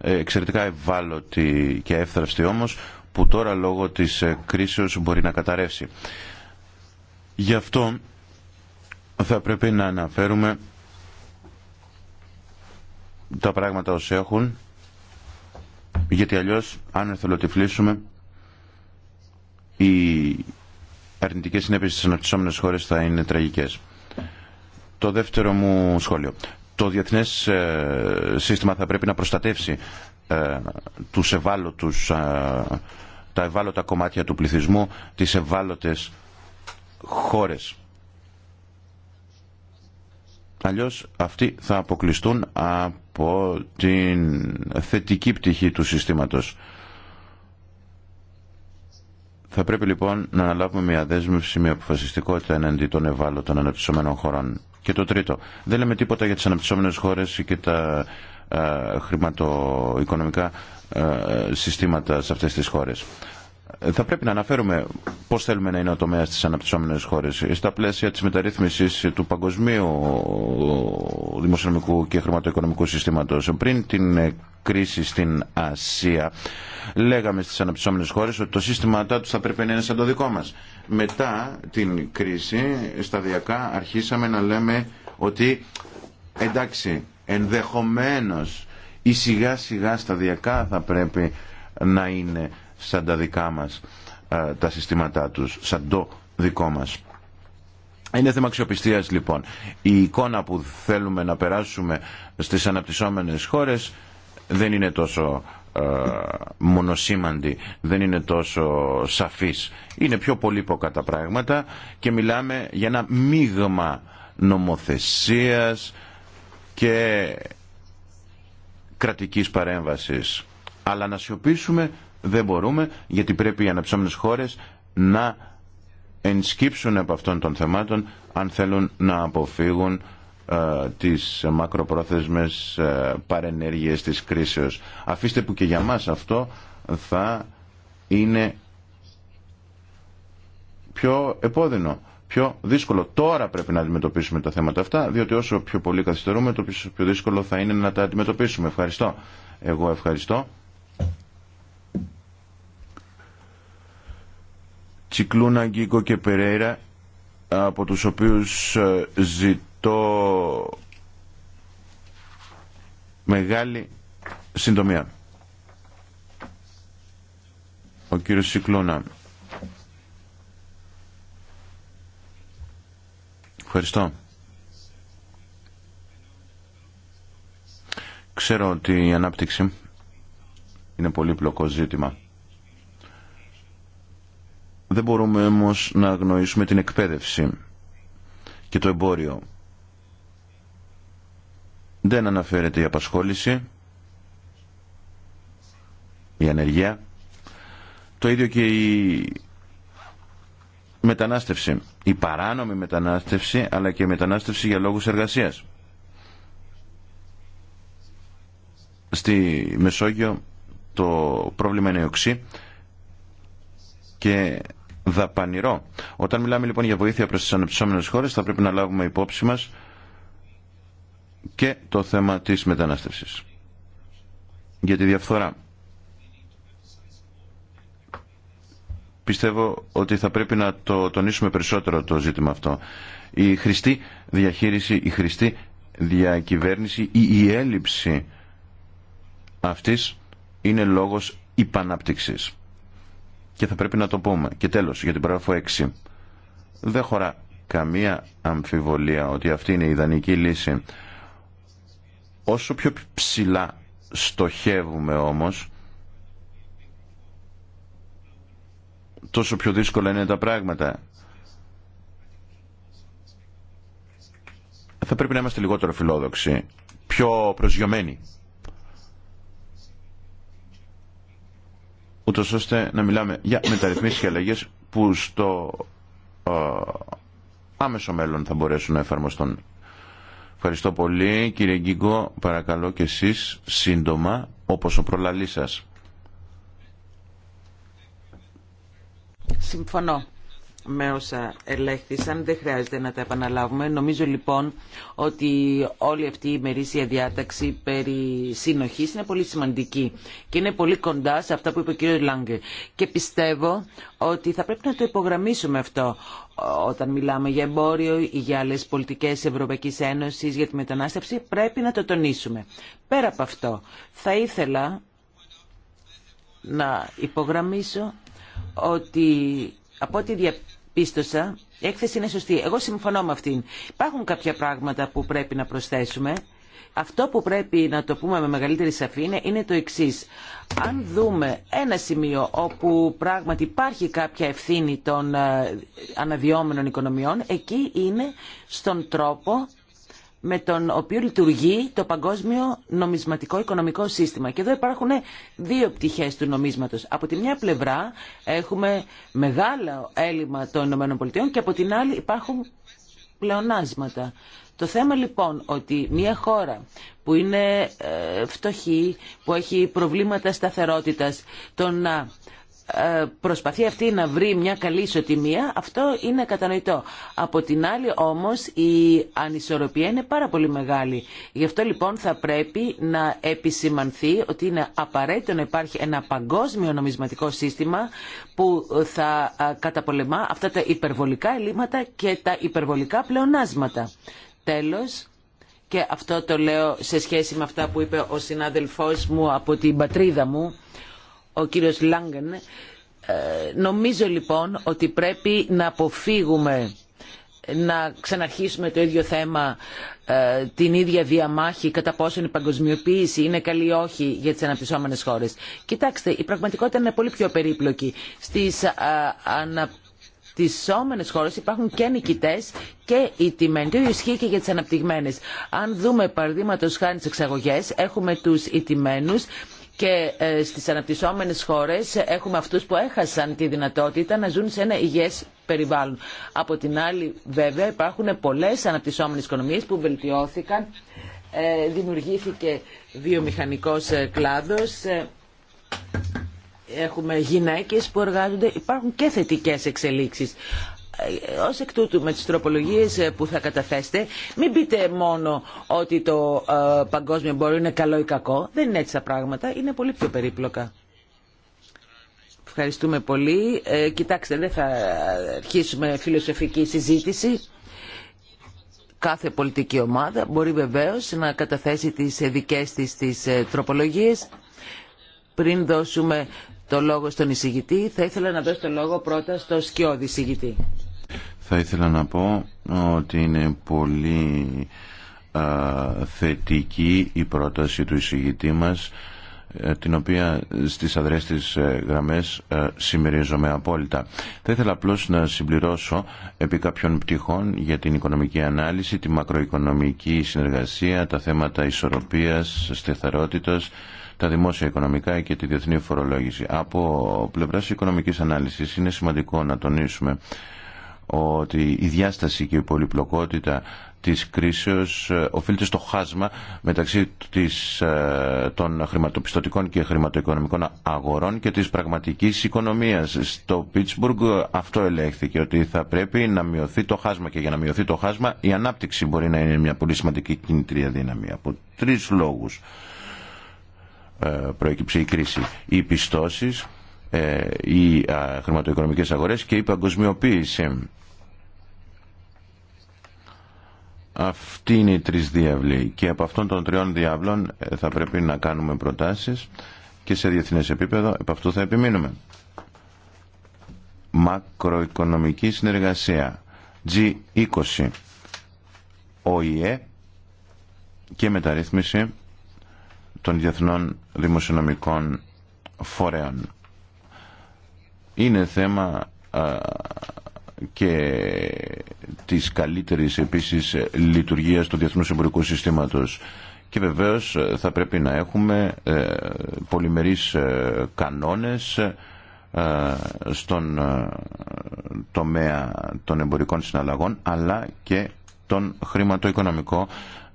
ε, εξαιρετικά ευάλωτη και εύθραυστη όμως, που τώρα λόγω της ε, κρίσεως μπορεί να καταρρεύσει. Γι' αυτό θα πρέπει να αναφέρουμε τα πράγματα ως έχουν, γιατί αλλιώς αν εθελοτυφλήσουμε οι αρνητικές συνέπειες στις αναπτυσσόμενες χώρες θα είναι τραγικές. Το δεύτερο μου σχόλιο το διεθνές ε, σύστημα θα πρέπει να προστατεύσει ε, τους ευάλωτους, ε, τα ευάλωτα κομμάτια του πληθυσμού, τις ευάλωτες χώρες. Αλλιώς αυτοί θα αποκλειστούν από την θετική πτυχή του συστήματος. Θα πρέπει λοιπόν να αναλάβουμε μια δέσμευση μια αποφασιστικότητα εναντί των ευάλωτων αναπτυσσομένων χωρών. Και το τρίτο, δεν λέμε τίποτα για τι αναπτυσσόμενες χώρε και τα χρηματοοικονομικά συστήματα σε αυτές τις χώρε θα πρέπει να αναφέρουμε πώς θέλουμε να είναι ο τομέας στις αναπτυσσόμενες χώρες. Στα πλαίσια της μεταρρύθμισης του παγκοσμίου δημοσιονομικού και χρηματοοικονομικού συστήματος, πριν την κρίση στην Ασία, λέγαμε στις αναπτυσσόμενες χώρες ότι το σύστημα του θα πρέπει να είναι σαν το δικό μας. Μετά την κρίση, σταδιακά αρχίσαμε να λέμε ότι εντάξει, ενδεχομένως ή σιγά σιγά σταδιακά θα πρέπει να είναι σαν τα δικά μας ε, τα συστήματά τους, σαν το δικό μας. Είναι θέμα αξιοπιστία λοιπόν. Η εικόνα που θέλουμε να περάσουμε στις αναπτυσσόμενες χώρες δεν είναι τόσο ε, μονοσήμαντη, δεν είναι τόσο σαφής. Είναι πιο πολύποκα τα πράγματα και μιλάμε για ένα μείγμα νομοθεσίας και κρατικής παρέμβασης. Αλλά να σιωπήσουμε δεν μπορούμε γιατί πρέπει οι αναψώμενες χώρες να ενσκύψουν από αυτών των θεμάτων αν θέλουν να αποφύγουν ε, τις μακροπρόθεσμες ε, παρενέργειες της κρίσεως. Αφήστε που και για μας αυτό θα είναι πιο επώδυνο, πιο δύσκολο. Τώρα πρέπει να αντιμετωπίσουμε τα θέματα αυτά, διότι όσο πιο πολύ καθυστερούμε, το πιο δύσκολο θα είναι να τα αντιμετωπίσουμε. Ευχαριστώ. Εγώ ευχαριστώ. Τσικλούνα, Γκίκο και Περέιρα από τους οποίους ε, ζητώ μεγάλη συντομία. Ο κύριος Τσικλούνα. Ευχαριστώ. Ξέρω ότι η ανάπτυξη είναι πολύ πλοκό ζήτημα. Δεν μπορούμε όμως να αγνοήσουμε την εκπαίδευση και το εμπόριο. Δεν αναφέρεται η απασχόληση, η ανεργία, το ίδιο και η μετανάστευση, η παράνομη μετανάστευση αλλά και η μετανάστευση για λόγους εργασίας. Στη Μεσόγειο το πρόβλημα είναι οξύ και δαπανηρό. Όταν μιλάμε λοιπόν για βοήθεια προς τις αναπτυσσόμενες χώρες θα πρέπει να λάβουμε υπόψη μας και το θέμα της μετανάστευσης. Για τη διαφθορά. Πιστεύω ότι θα πρέπει να το τονίσουμε περισσότερο το ζήτημα αυτό. Η χρηστή διαχείριση, η χρηστή διακυβέρνηση ή η έλλειψη αυτής είναι λόγος υπανάπτυξης και θα πρέπει να το πούμε. Και τέλος, για την παράγραφο 6. Δεν χωρά καμία αμφιβολία ότι αυτή είναι η ιδανική λύση. Όσο πιο ψηλά στοχεύουμε όμως, τόσο πιο δύσκολα είναι τα πράγματα. Θα πρέπει να είμαστε λιγότερο φιλόδοξοι, πιο προσγειωμένοι ούτω ώστε να μιλάμε για μεταρρυθμίσεις και αλλαγέ που στο ε, άμεσο μέλλον θα μπορέσουν να εφαρμοστούν. Ευχαριστώ πολύ. Κύριε Γκίγκο, παρακαλώ και εσείς σύντομα, όπω ο προλαλή σα. Συμφωνώ με όσα ελέγχθησαν. Δεν χρειάζεται να τα επαναλάβουμε. Νομίζω λοιπόν ότι όλη αυτή η μερίσια διάταξη περί συνοχής είναι πολύ σημαντική και είναι πολύ κοντά σε αυτά που είπε ο κ. Λάγκε. Και πιστεύω ότι θα πρέπει να το υπογραμμίσουμε αυτό όταν μιλάμε για εμπόριο ή για άλλες πολιτικές Ευρωπαϊκής Ένωσης για τη μετανάστευση πρέπει να το τονίσουμε. Πέρα από αυτό θα ήθελα να υπογραμμίσω ότι από ό,τι Πιστώσα. η έκθεση είναι σωστή. Εγώ συμφωνώ με αυτήν. Υπάρχουν κάποια πράγματα που πρέπει να προσθέσουμε. Αυτό που πρέπει να το πούμε με μεγαλύτερη σαφήνεια είναι το εξή. Αν δούμε ένα σημείο όπου πράγματι υπάρχει κάποια ευθύνη των ε, αναδυόμενων οικονομιών, εκεί είναι στον τρόπο με τον οποίο λειτουργεί το παγκόσμιο νομισματικό οικονομικό σύστημα. Και εδώ υπάρχουν δύο πτυχές του νομίσματος. Από τη μια πλευρά έχουμε μεγάλο έλλειμμα των ΗΠΑ και από την άλλη υπάρχουν πλεονάσματα. Το θέμα λοιπόν ότι μια χώρα που είναι ε, φτωχή, που έχει προβλήματα σταθερότητας, το ε, προσπαθεί αυτή να βρει μια καλή ισοτιμία, αυτό είναι κατανοητό. Από την άλλη όμως η ανισορροπία είναι πάρα πολύ μεγάλη. Γι' αυτό λοιπόν θα πρέπει να επισημανθεί ότι είναι απαραίτητο να υπάρχει ένα παγκόσμιο νομισματικό σύστημα που θα ε, καταπολεμά αυτά τα υπερβολικά ελλείμματα και τα υπερβολικά πλεονάσματα. Τέλος, και αυτό το λέω σε σχέση με αυτά που είπε ο συνάδελφός μου από την πατρίδα μου, ο κύριος Λάγκεν. Ε, νομίζω λοιπόν ότι πρέπει να αποφύγουμε να ξαναρχίσουμε το ίδιο θέμα, ε, την ίδια διαμάχη κατά πόσον η παγκοσμιοποίηση είναι καλή ή όχι για τις αναπτυσσόμενες χώρες. Κοιτάξτε, η πραγματικότητα είναι πολύ πιο περίπλοκη. Στις ε, αναπτυσσόμενες χώρες υπάρχουν και νικητές και οι Το ίδιο ισχύει και για τις αναπτυγμένες. Αν δούμε παραδείγματο χάρη τις εξαγωγέ, έχουμε του ιτημένους και ε, στις αναπτυσσόμενες χώρες έχουμε αυτούς που έχασαν τη δυνατότητα να ζουν σε ένα υγιές περιβάλλον. Από την άλλη βέβαια υπάρχουν πολλές αναπτυσσόμενες οικονομίες που βελτιώθηκαν, ε, δημιουργήθηκε βιομηχανικός ε, κλάδος, έχουμε γυναίκες που εργάζονται, υπάρχουν και θετικές εξελίξεις. Ω εκ τούτου με τις τροπολογίες ε, που θα καταθέσετε μην πείτε μόνο ότι το ε, παγκόσμιο εμπόριο είναι καλό ή κακό. Δεν είναι έτσι τα πράγματα. Είναι πολύ πιο περίπλοκα. Ευχαριστούμε πολύ. Ε, κοιτάξτε, δεν θα αρχίσουμε φιλοσοφική συζήτηση. Κάθε πολιτική ομάδα μπορεί βεβαίως να καταθέσει τις δικές της τις τροπολογίες. Πριν δώσουμε το λόγο στον εισηγητή, θα ήθελα να δώσω το λόγο πρώτα στο σκιώδη εισηγητή. Θα ήθελα να πω ότι είναι πολύ θετική η πρόταση του εισηγητή μας ε, την οποία στις αδρές της ε, γραμμές ε, συμμερίζομαι απόλυτα. Θα ήθελα απλώς να συμπληρώσω επί κάποιων πτυχών για την οικονομική ανάλυση, τη μακροοικονομική συνεργασία, τα θέματα ισορροπίας, στεθερότητας, τα δημόσια οικονομικά και τη διεθνή φορολόγηση. Από πλευράς οικονομικής ανάλυσης είναι σημαντικό να τονίσουμε ότι η διάσταση και η πολυπλοκότητα της κρίσεως ε, οφείλεται στο χάσμα μεταξύ της, ε, των χρηματοπιστωτικών και χρηματοοικονομικών αγορών και της πραγματικής οικονομίας. Στο Πίτσμπουργκ αυτό ελέγχθηκε ότι θα πρέπει να μειωθεί το χάσμα και για να μειωθεί το χάσμα η ανάπτυξη μπορεί να είναι μια πολύ σημαντική κινητήρια δύναμη από τρεις λόγους ε, προέκυψε η κρίση. Οι πιστώσεις, οι χρηματοοικονομικές αγορές και η παγκοσμιοποίηση Αυτή είναι οι τρεις διάβλοι και από αυτών των τριών διάβλων ε, θα πρέπει να κάνουμε προτάσεις και σε διεθνές επίπεδο επ' αυτού θα επιμείνουμε. Μακροοικονομική συνεργασία G20 ΟΗΕ και μεταρρύθμιση των διεθνών δημοσιονομικών φορέων. Είναι θέμα και της καλύτερης επίσης λειτουργίας του διεθνούς εμπορικού συστήματος. Και βεβαίως ε, θα πρέπει να έχουμε ε, πολυμερείς ε, κανόνες στον τομέα των εμπορικών συναλλαγών αλλά και τον χρηματοοικονομικό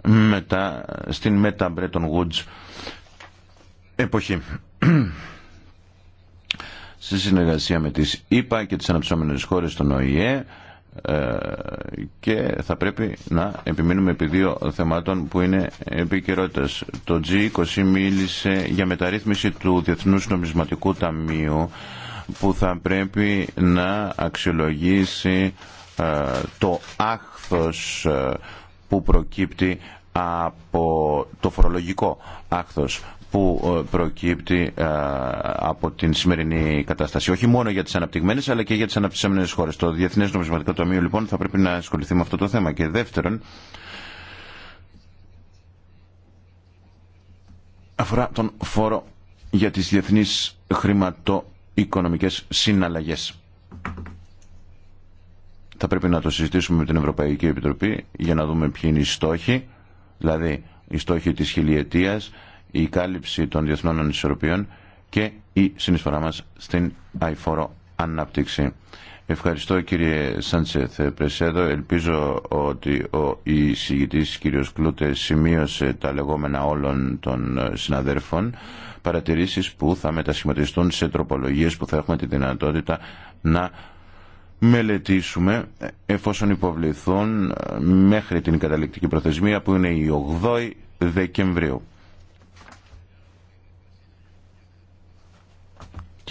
μετά, στην μετά Bretton Woods εποχή σε συνεργασία με τις ΗΠΑ και τις αναψώμενες χώρες των ΟΗΕ ε, και θα πρέπει να επιμείνουμε επί δύο θεμάτων που είναι επικαιρότητα. Το G20 μίλησε για μεταρρύθμιση του Διεθνούς Νομισματικού Ταμείου που θα πρέπει να αξιολογήσει ε, το άχθος ε, που προκύπτει από το φορολογικό άχθος που ε, προκύπτει ε, από την σημερινή κατάσταση. Όχι μόνο για τις αναπτυγμένες αλλά και για τις αναπτυσσόμενες χώρες. Το Διεθνές Νομισματικό Ταμείο λοιπόν θα πρέπει να ασχοληθεί με αυτό το θέμα. Και δεύτερον, αφορά τον φόρο για τις διεθνείς χρηματοοικονομικές συναλλαγές. Θα πρέπει να το συζητήσουμε με την Ευρωπαϊκή Επιτροπή για να δούμε ποιοι είναι οι στόχοι, δηλαδή οι στόχοι της χιλιετίας, η κάλυψη των διεθνών ανισορροπιών και η συνεισφορά μας στην αηφόρο ανάπτυξη. Ευχαριστώ κύριε Σάντσεθ Πρεσέδο. Ελπίζω ότι ο εισηγητής κύριος Κλούτε σημείωσε τα λεγόμενα όλων των συναδέρφων παρατηρήσεις που θα μετασχηματιστούν σε τροπολογίες που θα έχουμε τη δυνατότητα να μελετήσουμε εφόσον υποβληθούν μέχρι την καταληκτική προθεσμία που είναι η 8η Δεκεμβρίου.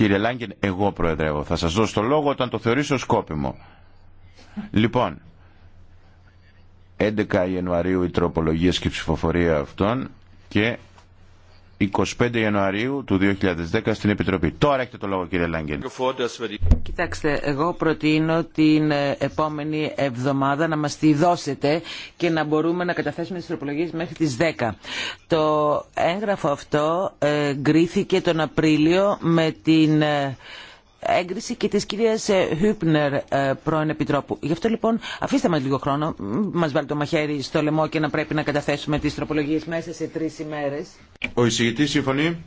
Κύριε Λάγκεν, εγώ προεδρεύω. Θα σας δώσω το λόγο όταν το θεωρήσω σκόπιμο. Λοιπόν, 11 Ιανουαρίου οι τροπολογίες και η ψηφοφορία αυτών και 25 Ιανουαρίου του 2010 στην Επιτροπή. Τώρα έχετε το λόγο κύριε Λάγκεν. Κοιτάξτε, εγώ προτείνω την ε, επόμενη εβδομάδα να μας τη δώσετε και να μπορούμε να καταθέσουμε τις τροπολογίες μέχρι τις 10. Το έγγραφο αυτό ε, γκρίθηκε τον Απρίλιο με την ε, έγκριση και της κυρίας Χούπνερ ε, πρώην Επιτρόπου. Γι' αυτό λοιπόν αφήστε μας λίγο χρόνο, μας βάλει το μαχαίρι στο λαιμό και να πρέπει να καταθέσουμε τις τροπολογίες μέσα σε τρεις ημέρες. Ο εισηγητής συμφωνεί.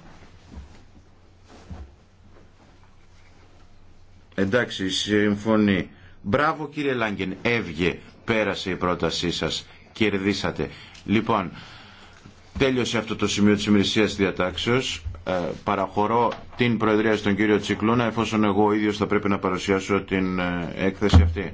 Εντάξει, συμφωνεί. Μπράβο κύριε Λάγκεν, έβγε, πέρασε η πρότασή σας, κερδίσατε. Λοιπόν, τέλειωσε αυτό το σημείο της ημερησίας διατάξεως. Ε, παραχωρώ την Προεδρία στον κύριο Τσικλούνα εφόσον εγώ ίδιο θα πρέπει να παρουσιάσω την ε, έκθεση αυτή.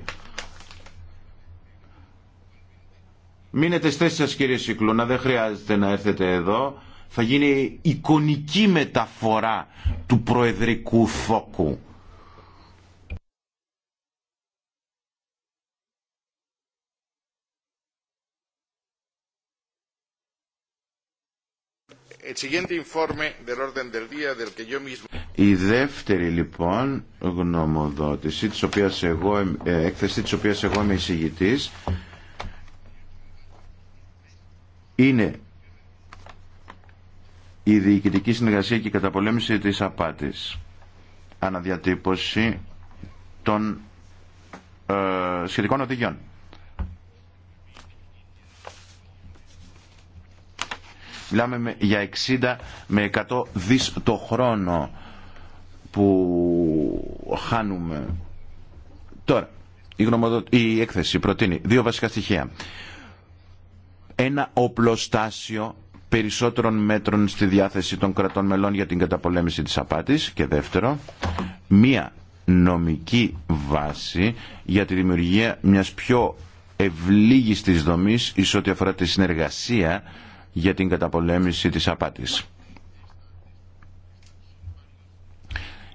Μείνετε στέση σας κύριε Τσικλούνα, δεν χρειάζεται να έρθετε εδώ. Θα γίνει εικονική μεταφορά του προεδρικού θόκου. Η δεύτερη λοιπόν γνωμοδότηση, της οποίας εγώ, ε, έκθεση της οποίας εγώ είμαι εισηγητής, είναι η διοικητική συνεργασία και η καταπολέμηση της απάτης. Αναδιατύπωση των ε, σχετικών οδηγιών. Μιλάμε για 60 με 100 δις το χρόνο που χάνουμε. Τώρα, η, έκθεση προτείνει δύο βασικά στοιχεία. Ένα οπλοστάσιο περισσότερων μέτρων στη διάθεση των κρατών μελών για την καταπολέμηση της απάτης και δεύτερο, μία νομική βάση για τη δημιουργία μιας πιο της δομής εις αφορά τη συνεργασία για την καταπολέμηση της απάτης.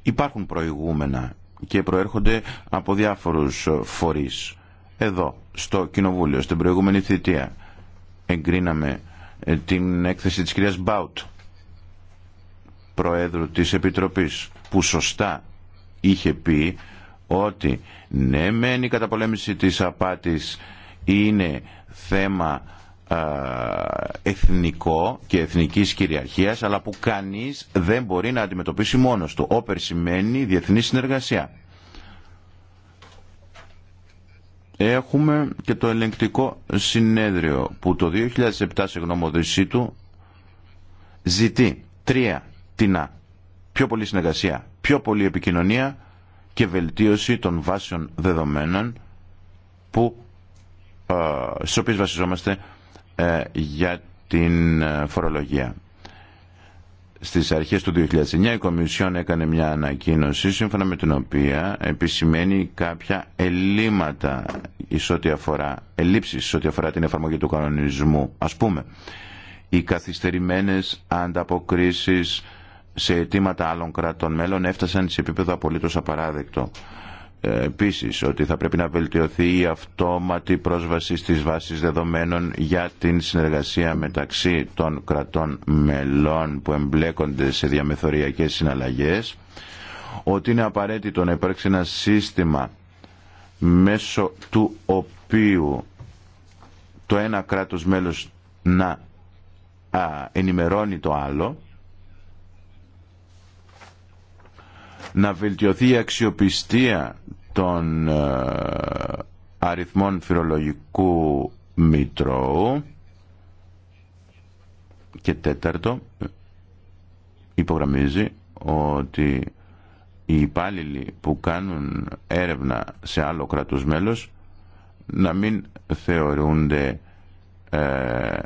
Υπάρχουν προηγούμενα και προέρχονται από διάφορους φορείς. Εδώ, στο Κοινοβούλιο, στην προηγούμενη θητεία, εγκρίναμε ε, την έκθεση της κυρίας Μπάουτ, Προέδρου της Επιτροπής, που σωστά είχε πει ότι ναι μεν η καταπολέμηση της απάτης είναι θέμα εθνικό και εθνικής κυριαρχίας αλλά που κανείς δεν μπορεί να αντιμετωπίσει μόνος του. Όπερ σημαίνει διεθνή συνεργασία. Έχουμε και το ελεγκτικό συνέδριο που το 2007 σε γνωμοδοσή του ζητεί τρία τεινά. Πιο πολύ συνεργασία, πιο πολύ επικοινωνία και βελτίωση των βάσεων δεδομένων που, ε, στις βασιζόμαστε ε, για την ε, φορολογία. Στις αρχές του 2009 η Κομισιόν έκανε μια ανακοίνωση σύμφωνα με την οποία επισημαίνει κάποια ελλείμματα εις ό,τι αφορά, ελλείψεις ό,τι αφορά την εφαρμογή του κανονισμού. Ας πούμε, οι καθυστερημένες ανταποκρίσεις σε αιτήματα άλλων κρατών μέλων έφτασαν σε επίπεδο απολύτως απαράδεκτο. Ε, επίσης ότι θα πρέπει να βελτιωθεί η αυτόματη πρόσβαση στις βάσεις δεδομένων για την συνεργασία μεταξύ των κρατών μελών που εμπλέκονται σε διαμεθοριακές συναλλαγές ότι είναι απαραίτητο να υπάρξει ένα σύστημα μέσω του οποίου το ένα κράτος μέλος να ενημερώνει το άλλο να βελτιωθεί η αξιοπιστία των ε, αριθμών φυρολογικού μητρώου και τέταρτο υπογραμμίζει ότι οι υπάλληλοι που κάνουν έρευνα σε άλλο κράτος μέλος να μην θεωρούνται ε,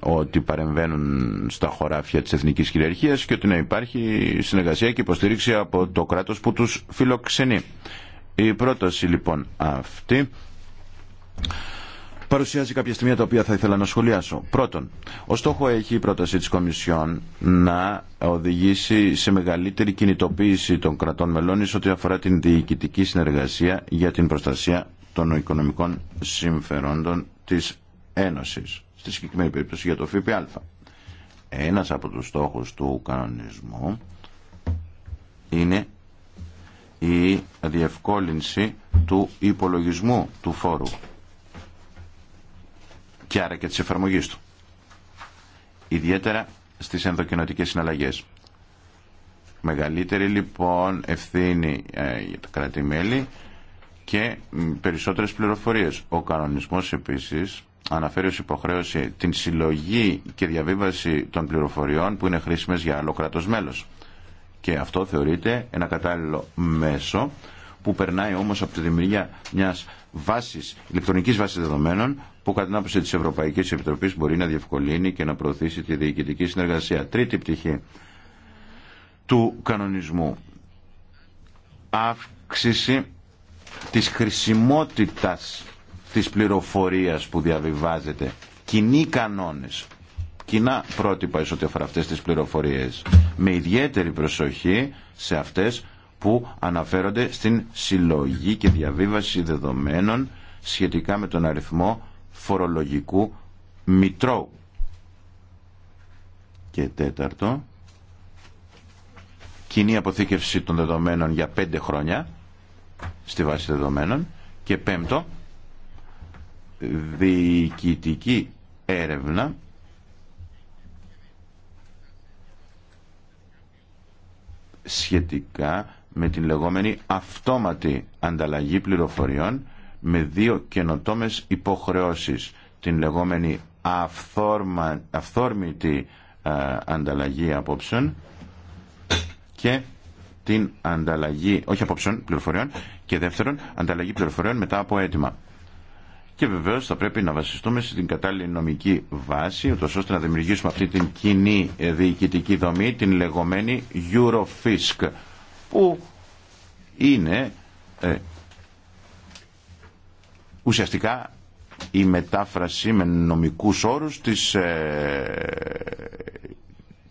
ότι παρεμβαίνουν στα χωράφια της εθνικής κυριαρχίας και ότι να υπάρχει συνεργασία και υποστήριξη από το κράτος που τους φιλοξενεί. Η πρόταση λοιπόν αυτή παρουσιάζει κάποια στιγμή τα οποία θα ήθελα να σχολιάσω. Πρώτον, ο στόχο έχει η πρόταση της Κομισιόν να οδηγήσει σε μεγαλύτερη κινητοποίηση των κρατών μελών ό,τι αφορά την διοικητική συνεργασία για την προστασία των οικονομικών συμφερόντων της Ένωσης, στη συγκεκριμένη περίπτωση για το ΦΠΑ. Ένας από τους στόχους του κανονισμού είναι η διευκόλυνση του υπολογισμού του φόρου και άρα και της εφαρμογής του. Ιδιαίτερα στις ενδοκινοτικές συναλλαγές. Μεγαλύτερη λοιπόν ευθύνη ε, για τα κράτη-μέλη και περισσότερες πληροφορίες. Ο κανονισμός επίσης αναφέρει ως υποχρέωση την συλλογή και διαβίβαση των πληροφοριών που είναι χρήσιμες για άλλο κράτος μέλος. Και αυτό θεωρείται ένα κατάλληλο μέσο που περνάει όμως από τη δημιουργία μιας βάσης, ηλεκτρονικής βάσης δεδομένων που κατά την άποψη της Ευρωπαϊκής Επιτροπής μπορεί να διευκολύνει και να προωθήσει τη διοικητική συνεργασία. Τρίτη πτυχή του κανονισμού. Αύξηση της χρησιμότητας της πληροφορίας που διαβιβάζεται. Κοινοί κανόνες, κοινά πρότυπα σε ό,τι αφορά αυτές τις πληροφορίες. Με ιδιαίτερη προσοχή σε αυτές που αναφέρονται στην συλλογή και διαβίβαση δεδομένων σχετικά με τον αριθμό φορολογικού μητρώου. Και τέταρτο, κοινή αποθήκευση των δεδομένων για πέντε χρόνια στη βάση δεδομένων. Και πέμπτο, διοικητική έρευνα σχετικά με την λεγόμενη αυτόματη ανταλλαγή πληροφοριών με δύο καινοτόμες υποχρεώσεις την λεγόμενη αυθόρμα, αυθόρμητη ανταλλαγή απόψεων και την ανταλλαγή, όχι απόψεων, πληροφοριών και δεύτερον ανταλλαγή πληροφοριών μετά από αίτημα και βεβαίω θα πρέπει να βασιστούμε στην κατάλληλη νομική βάση, ούτως ώστε να δημιουργήσουμε αυτή την κοινή διοικητική δομή, την λεγόμενη Eurofisk, που είναι ε, ουσιαστικά η μετάφραση με νομικούς όρους της ε,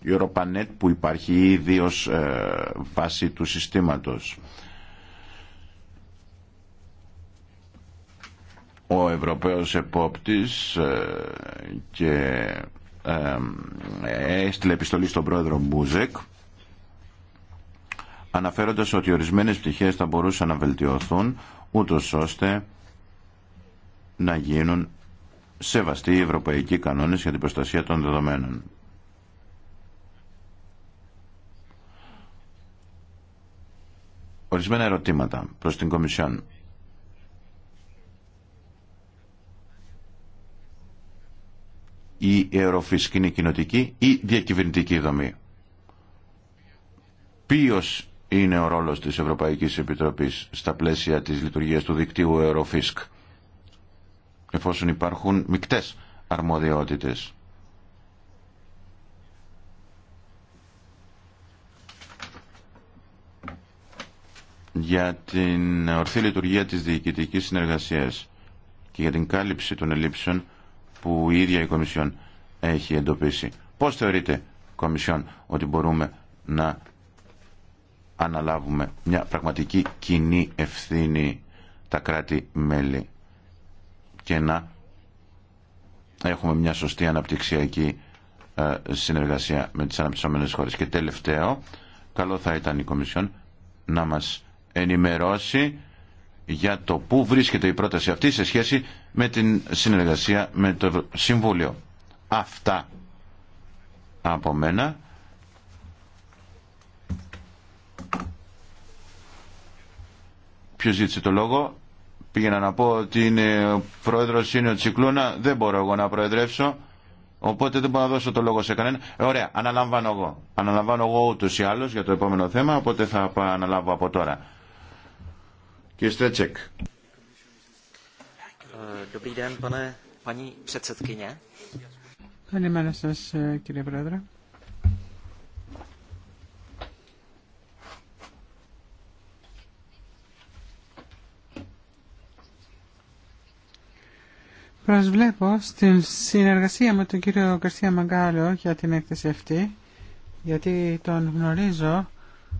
Europanet που υπάρχει ήδη ως ε, βάση του συστήματος. ο Ευρωπαίος επόπτης ε, και ε, έστειλε επιστολή στον πρόεδρο Μπούζεκ αναφέροντας ότι ορισμένες πτυχές θα μπορούσαν να βελτιωθούν ούτως ώστε να γίνουν σεβαστοί οι ευρωπαϊκοί κανόνες για την προστασία των δεδομένων. Ορισμένα ερωτήματα προς την Κομισιόν. η αεροφυσική είναι κοινοτική ή διακυβερνητική δομή. Ποιο είναι ο ρόλος της Ευρωπαϊκής Επιτροπής στα πλαίσια της λειτουργίας του δικτύου Eurofisc εφόσον υπάρχουν μικτές αρμοδιότητες. για την ορθή λειτουργία της διοικητικής συνεργασίας και για την κάλυψη των ελλείψεων που η ίδια η Κομισιόν έχει εντοπίσει. Πώς θεωρείτε, Κομισιόν, ότι μπορούμε να αναλάβουμε μια πραγματική κοινή ευθύνη τα κράτη-μέλη και να έχουμε μια σωστή αναπτυξιακή ε, συνεργασία με τις αναπτυσσόμενες χώρες. Και τελευταίο, καλό θα ήταν η Κομισιόν να μας ενημερώσει για το πού βρίσκεται η πρόταση αυτή σε σχέση με την συνεργασία με το Συμβούλιο. Αυτά από μένα. Ποιος ζήτησε το λόγο. Πήγαινα να πω ότι είναι, ο πρόεδρος είναι ο Τσικλούνα. Δεν μπορώ εγώ να προεδρεύσω. Οπότε δεν μπορώ να δώσω το λόγο σε κανένα. Ε, ωραία, αναλαμβάνω εγώ. Αναλαμβάνω εγώ ούτως ή άλλως για το επόμενο θέμα, οπότε θα αναλάβω από τώρα. Κύριε Στρέτσεκ. Ε, Καλημέρα σας ε, κύριε Πρόεδρε. Προσβλέπω στην συνεργασία με τον κύριο Καρσία Μαγκάλο για την έκθεση αυτή, γιατί τον γνωρίζω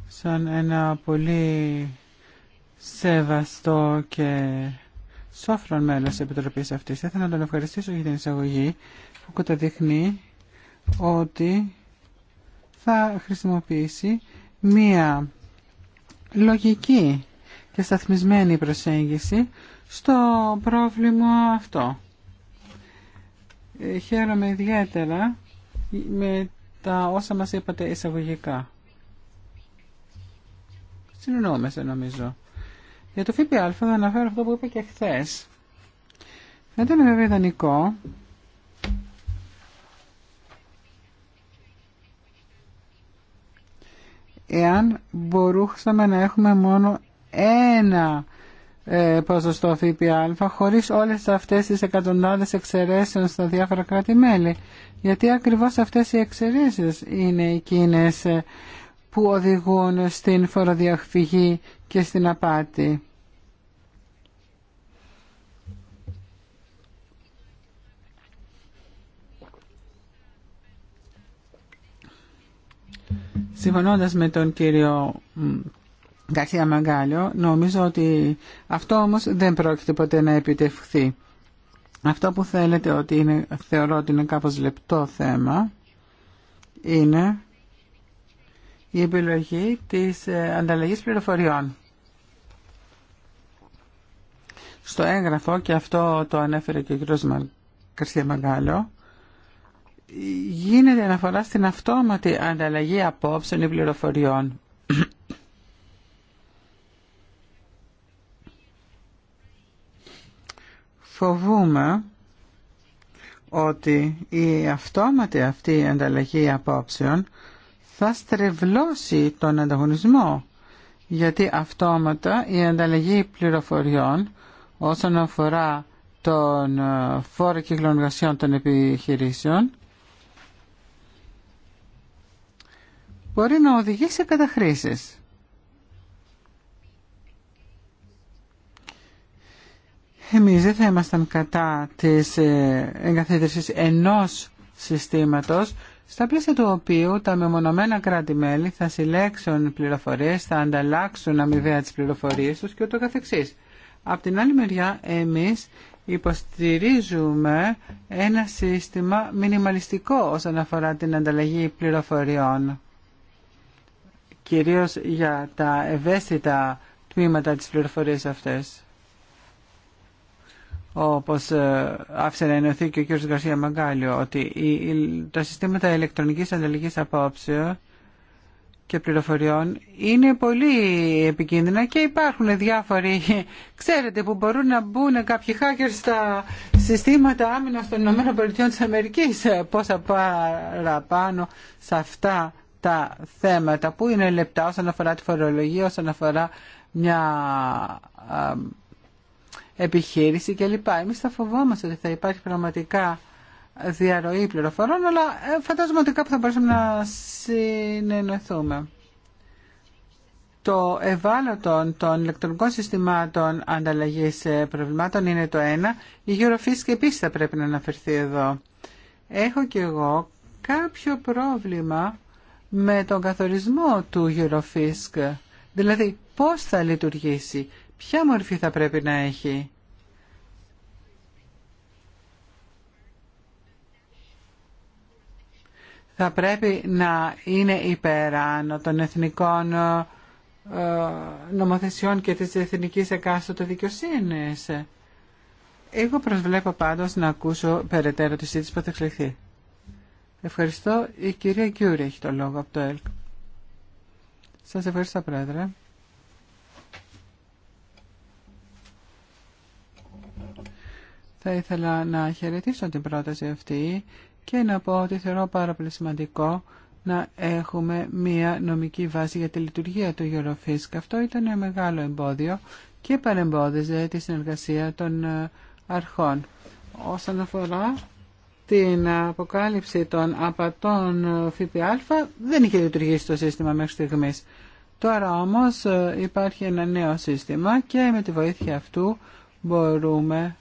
σαν ένα πολύ σεβαστό και σόφρον μέλος της Επιτροπής αυτής. Θα ήθελα να τον ευχαριστήσω για την εισαγωγή που καταδείχνει ότι θα χρησιμοποιήσει μία λογική και σταθμισμένη προσέγγιση στο πρόβλημα αυτό. Ε, χαίρομαι ιδιαίτερα με τα όσα μας είπατε εισαγωγικά. Συνεννοούμαστε νομίζω. Για το ΦΠΑ θα αναφέρω αυτό που είπα και χθε. Ε, δεν ήταν βέβαια ιδανικό εάν μπορούσαμε να έχουμε μόνο ένα ε, ποσοστό ΦΠΑ χωρίς όλες αυτές τις εκατοντάδες εξαιρέσεων στα διάφορα κράτη-μέλη. Γιατί ακριβώς αυτές οι εξαιρέσεις είναι εκείνες ε, που οδηγούν στην φοροδιαφυγή και στην απάτη. Συμφωνώντας με τον κύριο Γκαρσία Μαγκάλιο, νομίζω ότι αυτό όμως δεν πρόκειται ποτέ να επιτευχθεί. Αυτό που θέλετε ότι είναι, θεωρώ ότι είναι κάπως λεπτό θέμα είναι η επιλογή της ε, ανταλλαγής πληροφοριών. Στο έγγραφο, και αυτό το ανέφερε και ο κ. Καρσία Μαγκάλο, γίνεται αναφορά στην αυτόματη ανταλλαγή απόψεων ή πληροφοριών. Φοβούμε ότι η αυτόματη αυτή ανταλλαγή απόψεων θα στρεβλώσει τον ανταγωνισμό γιατί αυτόματα η ανταλλαγή πληροφοριών όσον αφορά τον ε, φόρο εργασιών των επιχειρήσεων μπορεί να οδηγήσει σε καταχρήσεις. Εμείς δεν θα ήμασταν κατά της ε, εγκαθίδρυσης ενός συστήματος στα πλαίσια του οποίου τα μεμονωμένα κράτη-μέλη θα συλλέξουν πληροφορίες, θα ανταλλάξουν αμοιβαία τις πληροφορίες τους και ούτω καθεξής. Απ' την άλλη μεριά, εμείς υποστηρίζουμε ένα σύστημα μινιμαλιστικό όσον αφορά την ανταλλαγή πληροφοριών, κυρίως για τα ευαίσθητα τμήματα της πληροφορίας αυτές όπως ε, άφησε να ενωθεί και ο κ. Γκαρσία Μαγκάλιο, ότι τα συστήματα ηλεκτρονικής ανταλλαγής απόψεων και πληροφοριών είναι πολύ επικίνδυνα και υπάρχουν διάφοροι, ξέρετε, που μπορούν να μπουν κάποιοι hackers στα συστήματα άμυνας των ΗΠΑ της Αμερικής. Ε, πόσα παραπάνω σε αυτά τα θέματα που είναι λεπτά όσον αφορά τη φορολογία, όσον αφορά μια επιχείρηση κλπ. Εμείς θα φοβόμαστε ότι θα υπάρχει πραγματικά διαρροή πληροφορών, αλλά ε, φαντάζομαι ότι κάπου θα μπορούσαμε να συνεννοηθούμε. Το ευάλωτο των ηλεκτρονικών συστημάτων ανταλλαγή ε, προβλημάτων είναι το ένα. Η Eurofisc επίσης θα πρέπει να αναφερθεί εδώ. Έχω και εγώ κάποιο πρόβλημα με τον καθορισμό του Eurofisc. Δηλαδή, πώς θα λειτουργήσει, ποια μορφή θα πρέπει να έχει. Θα πρέπει να είναι υπεράνω των εθνικών ε, νομοθεσιών και της εθνικής εκάστοτε δικαιοσύνης. Εγώ προσβλέπω πάντως να ακούσω περαιτέρω τη σύντηση που θα εξελιχθεί. Ευχαριστώ. Η κυρία Κιούρη έχει το λόγο από το ΕΛΚ. Σας ευχαριστώ, Πρόεδρε. Θα ήθελα να χαιρετήσω την πρόταση αυτή και να πω ότι θεωρώ πάρα πολύ σημαντικό να έχουμε μία νομική βάση για τη λειτουργία του Eurofisc. Αυτό ήταν ένα μεγάλο εμπόδιο και παρεμπόδιζε τη συνεργασία των ε, αρχών. Όσον αφορά την αποκάλυψη των απατών ε, ΦΠΑ, δεν είχε λειτουργήσει το σύστημα μέχρι στιγμής. Τώρα όμως ε, υπάρχει ένα νέο σύστημα και με τη βοήθεια αυτού μπορούμε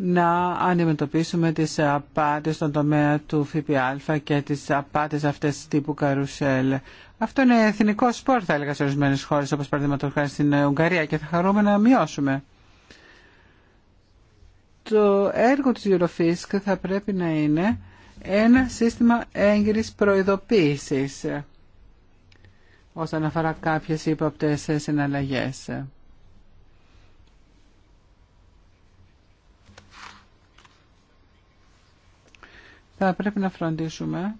να αντιμετωπίσουμε τις απάτες στον τομέα του ΦΠΑ και τις απάτες αυτές τύπου καρουσέλ. Αυτό είναι εθνικό σπορ θα έλεγα σε ορισμένε χώρες όπως παραδείγματο χάρη στην Ουγγαρία και θα χαρούμε να μειώσουμε. Το έργο τη Eurofisk θα πρέπει να είναι ένα σύστημα έγκυρη προειδοποίηση. όσον αφορά κάποιε ύποπτε συναλλαγέ. θα πρέπει να φροντίσουμε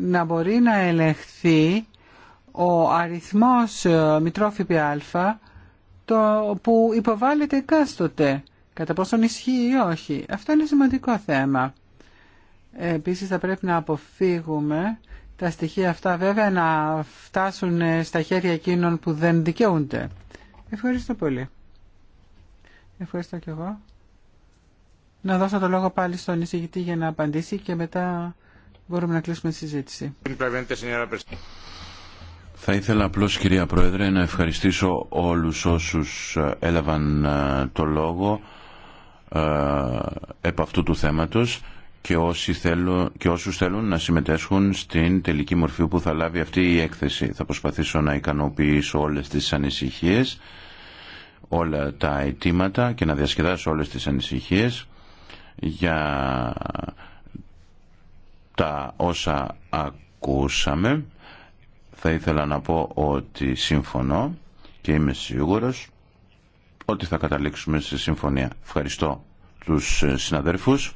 να μπορεί να ελεγχθεί ο αριθμός ε, μητρόφιπη α το που υποβάλλεται εκάστοτε, κατά πόσον ισχύει ή όχι. Αυτό είναι σημαντικό θέμα. Επίσης θα πρέπει να αποφύγουμε τα στοιχεία αυτά βέβαια να φτάσουν στα χέρια εκείνων που δεν δικαιούνται. Ευχαριστώ πολύ. Ευχαριστώ και εγώ. Να δώσω το λόγο πάλι στον εισηγητή για να απαντήσει και μετά μπορούμε να κλείσουμε τη συζήτηση. Θα ήθελα απλώς κυρία Πρόεδρε να ευχαριστήσω όλους όσους ε, έλαβαν ε, το λόγο ε, επ' αυτού του θέματος και, θέλουν, και όσους θέλουν να συμμετέσχουν στην τελική μορφή που θα λάβει αυτή η έκθεση. Θα προσπαθήσω να ικανοποιήσω όλες τις ανησυχίες, όλα τα αιτήματα και να διασκεδάσω όλες τις ανησυχίες για τα όσα ακούσαμε. Θα ήθελα να πω ότι συμφωνώ και είμαι σίγουρος ότι θα καταλήξουμε σε συμφωνία. Ευχαριστώ τους συναδέρφους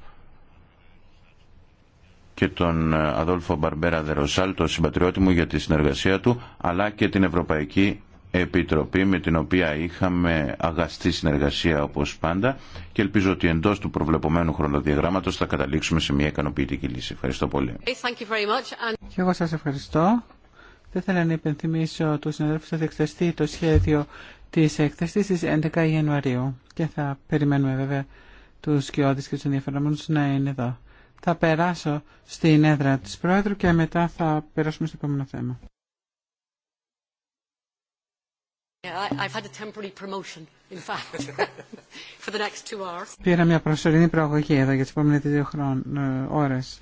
και τον Αδόλφο Μπαρμπέρα Δεροσάλ, τον συμπατριώτη μου για τη συνεργασία του, αλλά και την Ευρωπαϊκή Επιτροπή με την οποία είχαμε αγαστή συνεργασία όπως πάντα και ελπίζω ότι εντός του προβλεπωμένου χρονοδιαγράμματος θα καταλήξουμε σε μια ικανοποιητική λύση. Ευχαριστώ πολύ. Και εγώ σας ευχαριστώ. Δεν θέλω να υπενθυμίσω του συναδέλφου ότι εξεταστεί το σχέδιο τη έκθεση στι 11 Ιανουαρίου. Και θα περιμένουμε βέβαια του σκιώδει και του ενδιαφερόμενου να είναι εδώ. Θα περάσω στην έδρα τη Πρόεδρου και μετά θα περάσουμε στο επόμενο θέμα. I've had a temporary promotion, in Πήρα μια προσωρινή προαγωγή εδώ για τις επόμενες δύο ώρε. ώρες.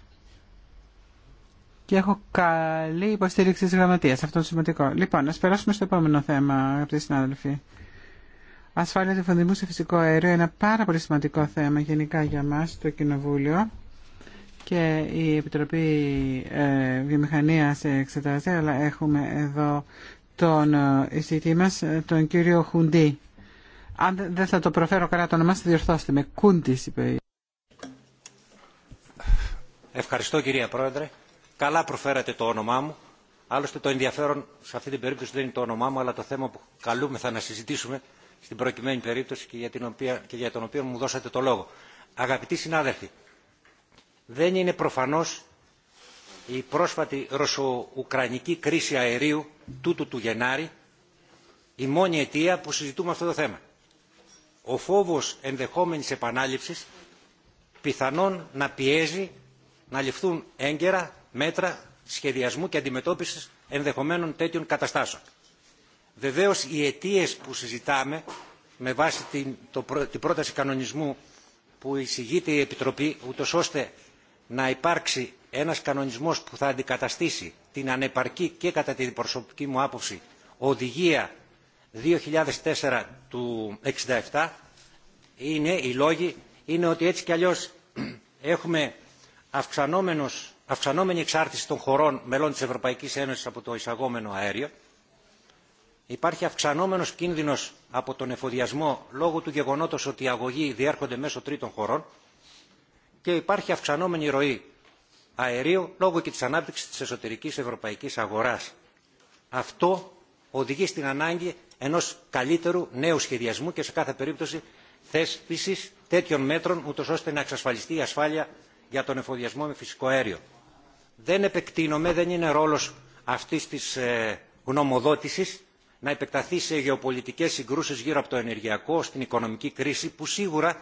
Και έχω καλή υποστήριξη της γραμματείας, αυτό είναι σημαντικό. Λοιπόν, ας περάσουμε στο επόμενο θέμα, αγαπητοί συνάδελφοι. Ασφάλεια του φωνδημού σε φυσικό αέριο, είναι ένα πάρα πολύ σημαντικό θέμα γενικά για μας, το Κοινοβούλιο. Και η Επιτροπή ε, Βιομηχανίας εξετάζει, αλλά έχουμε εδώ τον ε, εισηγητή μας, ε, τον κύριο Χουντή. Αν δεν θα το προφέρω καλά το όνομά σας, διορθώστε με. Κούντης, είπε. Ευχαριστώ κυρία Πρόεδρε. Καλά προφέρατε το όνομά μου. Άλλωστε το ενδιαφέρον σε αυτή την περίπτωση δεν είναι το όνομά μου, αλλά το θέμα που καλούμεθα να συζητήσουμε στην προκειμένη περίπτωση και για, την οποία, και για τον οποίο μου δώσατε το λόγο. Αγαπητοί συνάδελφοι, δεν είναι προφανώς η πρόσφατη ρωσο-ουκρανική κρίση αερίου τούτου του Γενάρη η μόνη αιτία που συζητούμε αυτό το θέμα. Ο φόβος ενδεχόμενης επανάληψης πιθανόν να πιέζει να ληφθούν έγκαιρα μέτρα σχεδιασμού και αντιμετώπισης ενδεχομένων τέτοιων καταστάσεων. Βεβαίως οι αιτίες που συζητάμε με βάση την, την πρόταση κανονισμού που εισηγείται η Επιτροπή ούτως ώστε να υπάρξει ένας κανονισμός που θα αντικαταστήσει την ανεπαρκή και κατά την προσωπική μου άποψη οδηγία 2004 του 67 είναι οι λόγοι είναι ότι έτσι κι αλλιώς έχουμε αυξανόμενη εξάρτηση των χωρών μελών της Ευρωπαϊκής Ένωσης από το εισαγόμενο αέριο. Υπάρχει αυξανόμενος κίνδυνος από τον εφοδιασμό λόγω του γεγονότος ότι οι αγωγοί διέρχονται μέσω τρίτων χωρών και υπάρχει αυξανόμενη ροή αερίου λόγω και της ανάπτυξης της εσωτερικής ευρωπαϊκής αγοράς. Αυτό οδηγεί στην ανάγκη ενός καλύτερου νέου σχεδιασμού και σε κάθε περίπτωση θέσπισης τέτοιων μέτρων ούτως ώστε να εξασφαλιστεί η ασφάλεια για τον εφοδιασμό με φυσικό αέριο. Δεν επεκτείνομαι, δεν είναι ρόλος αυτής της ε, γνωμοδότησης να επεκταθεί σε γεωπολιτικές συγκρούσεις γύρω από το ενεργειακό, στην οικονομική κρίση που σίγουρα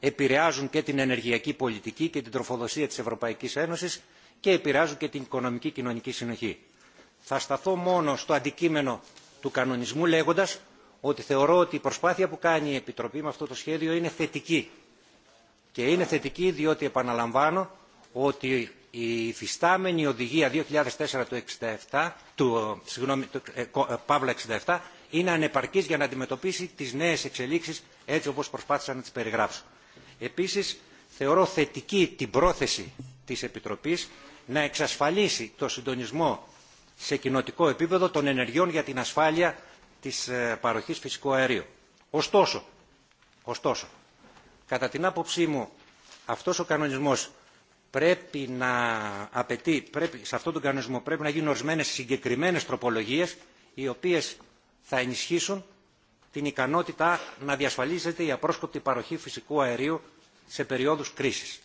επηρεάζουν και την ενεργειακή πολιτική και την τροφοδοσία της Ευρωπαϊκής Ένωσης και επηρεάζουν και την οικονομική κοινωνική συνοχή. Θα σταθώ μόνο στο αντικείμενο του κανονισμού λέγοντας ότι θεωρώ ότι η προσπάθεια που κάνει η Επιτροπή με αυτό το σχέδιο είναι θετική. Και είναι θετική διότι επαναλαμβάνω ότι η υφιστάμενη οδηγία 2004 του, 67, του, του ε, ε, Παύλα 67 είναι ανεπαρκής για να αντιμετωπίσει τις νέες εξελίξεις έτσι όπως προσπάθησα να τις περιγράψω. Επίσης, θεωρώ θετική την πρόθεση της Επιτροπής να εξασφαλίσει το συντονισμό σε κοινοτικό επίπεδο των ενεργειών για την ασφάλεια της ε, παροχής φυσικού αερίου. Ωστόσο, ωστόσο κατά την άποψή μου, αυτός ο κανονισμός πρέπει να απαιτεί, πρέπει, σε αυτόν τον κανονισμό πρέπει να γίνουν ορισμένες συγκεκριμένες τροπολογίες οι οποίες θα ενισχύσουν την ικανότητα να διασφαλίζεται η απρόσκοπτη παροχή φυσικού αερίου σε περιόδους κρίσης.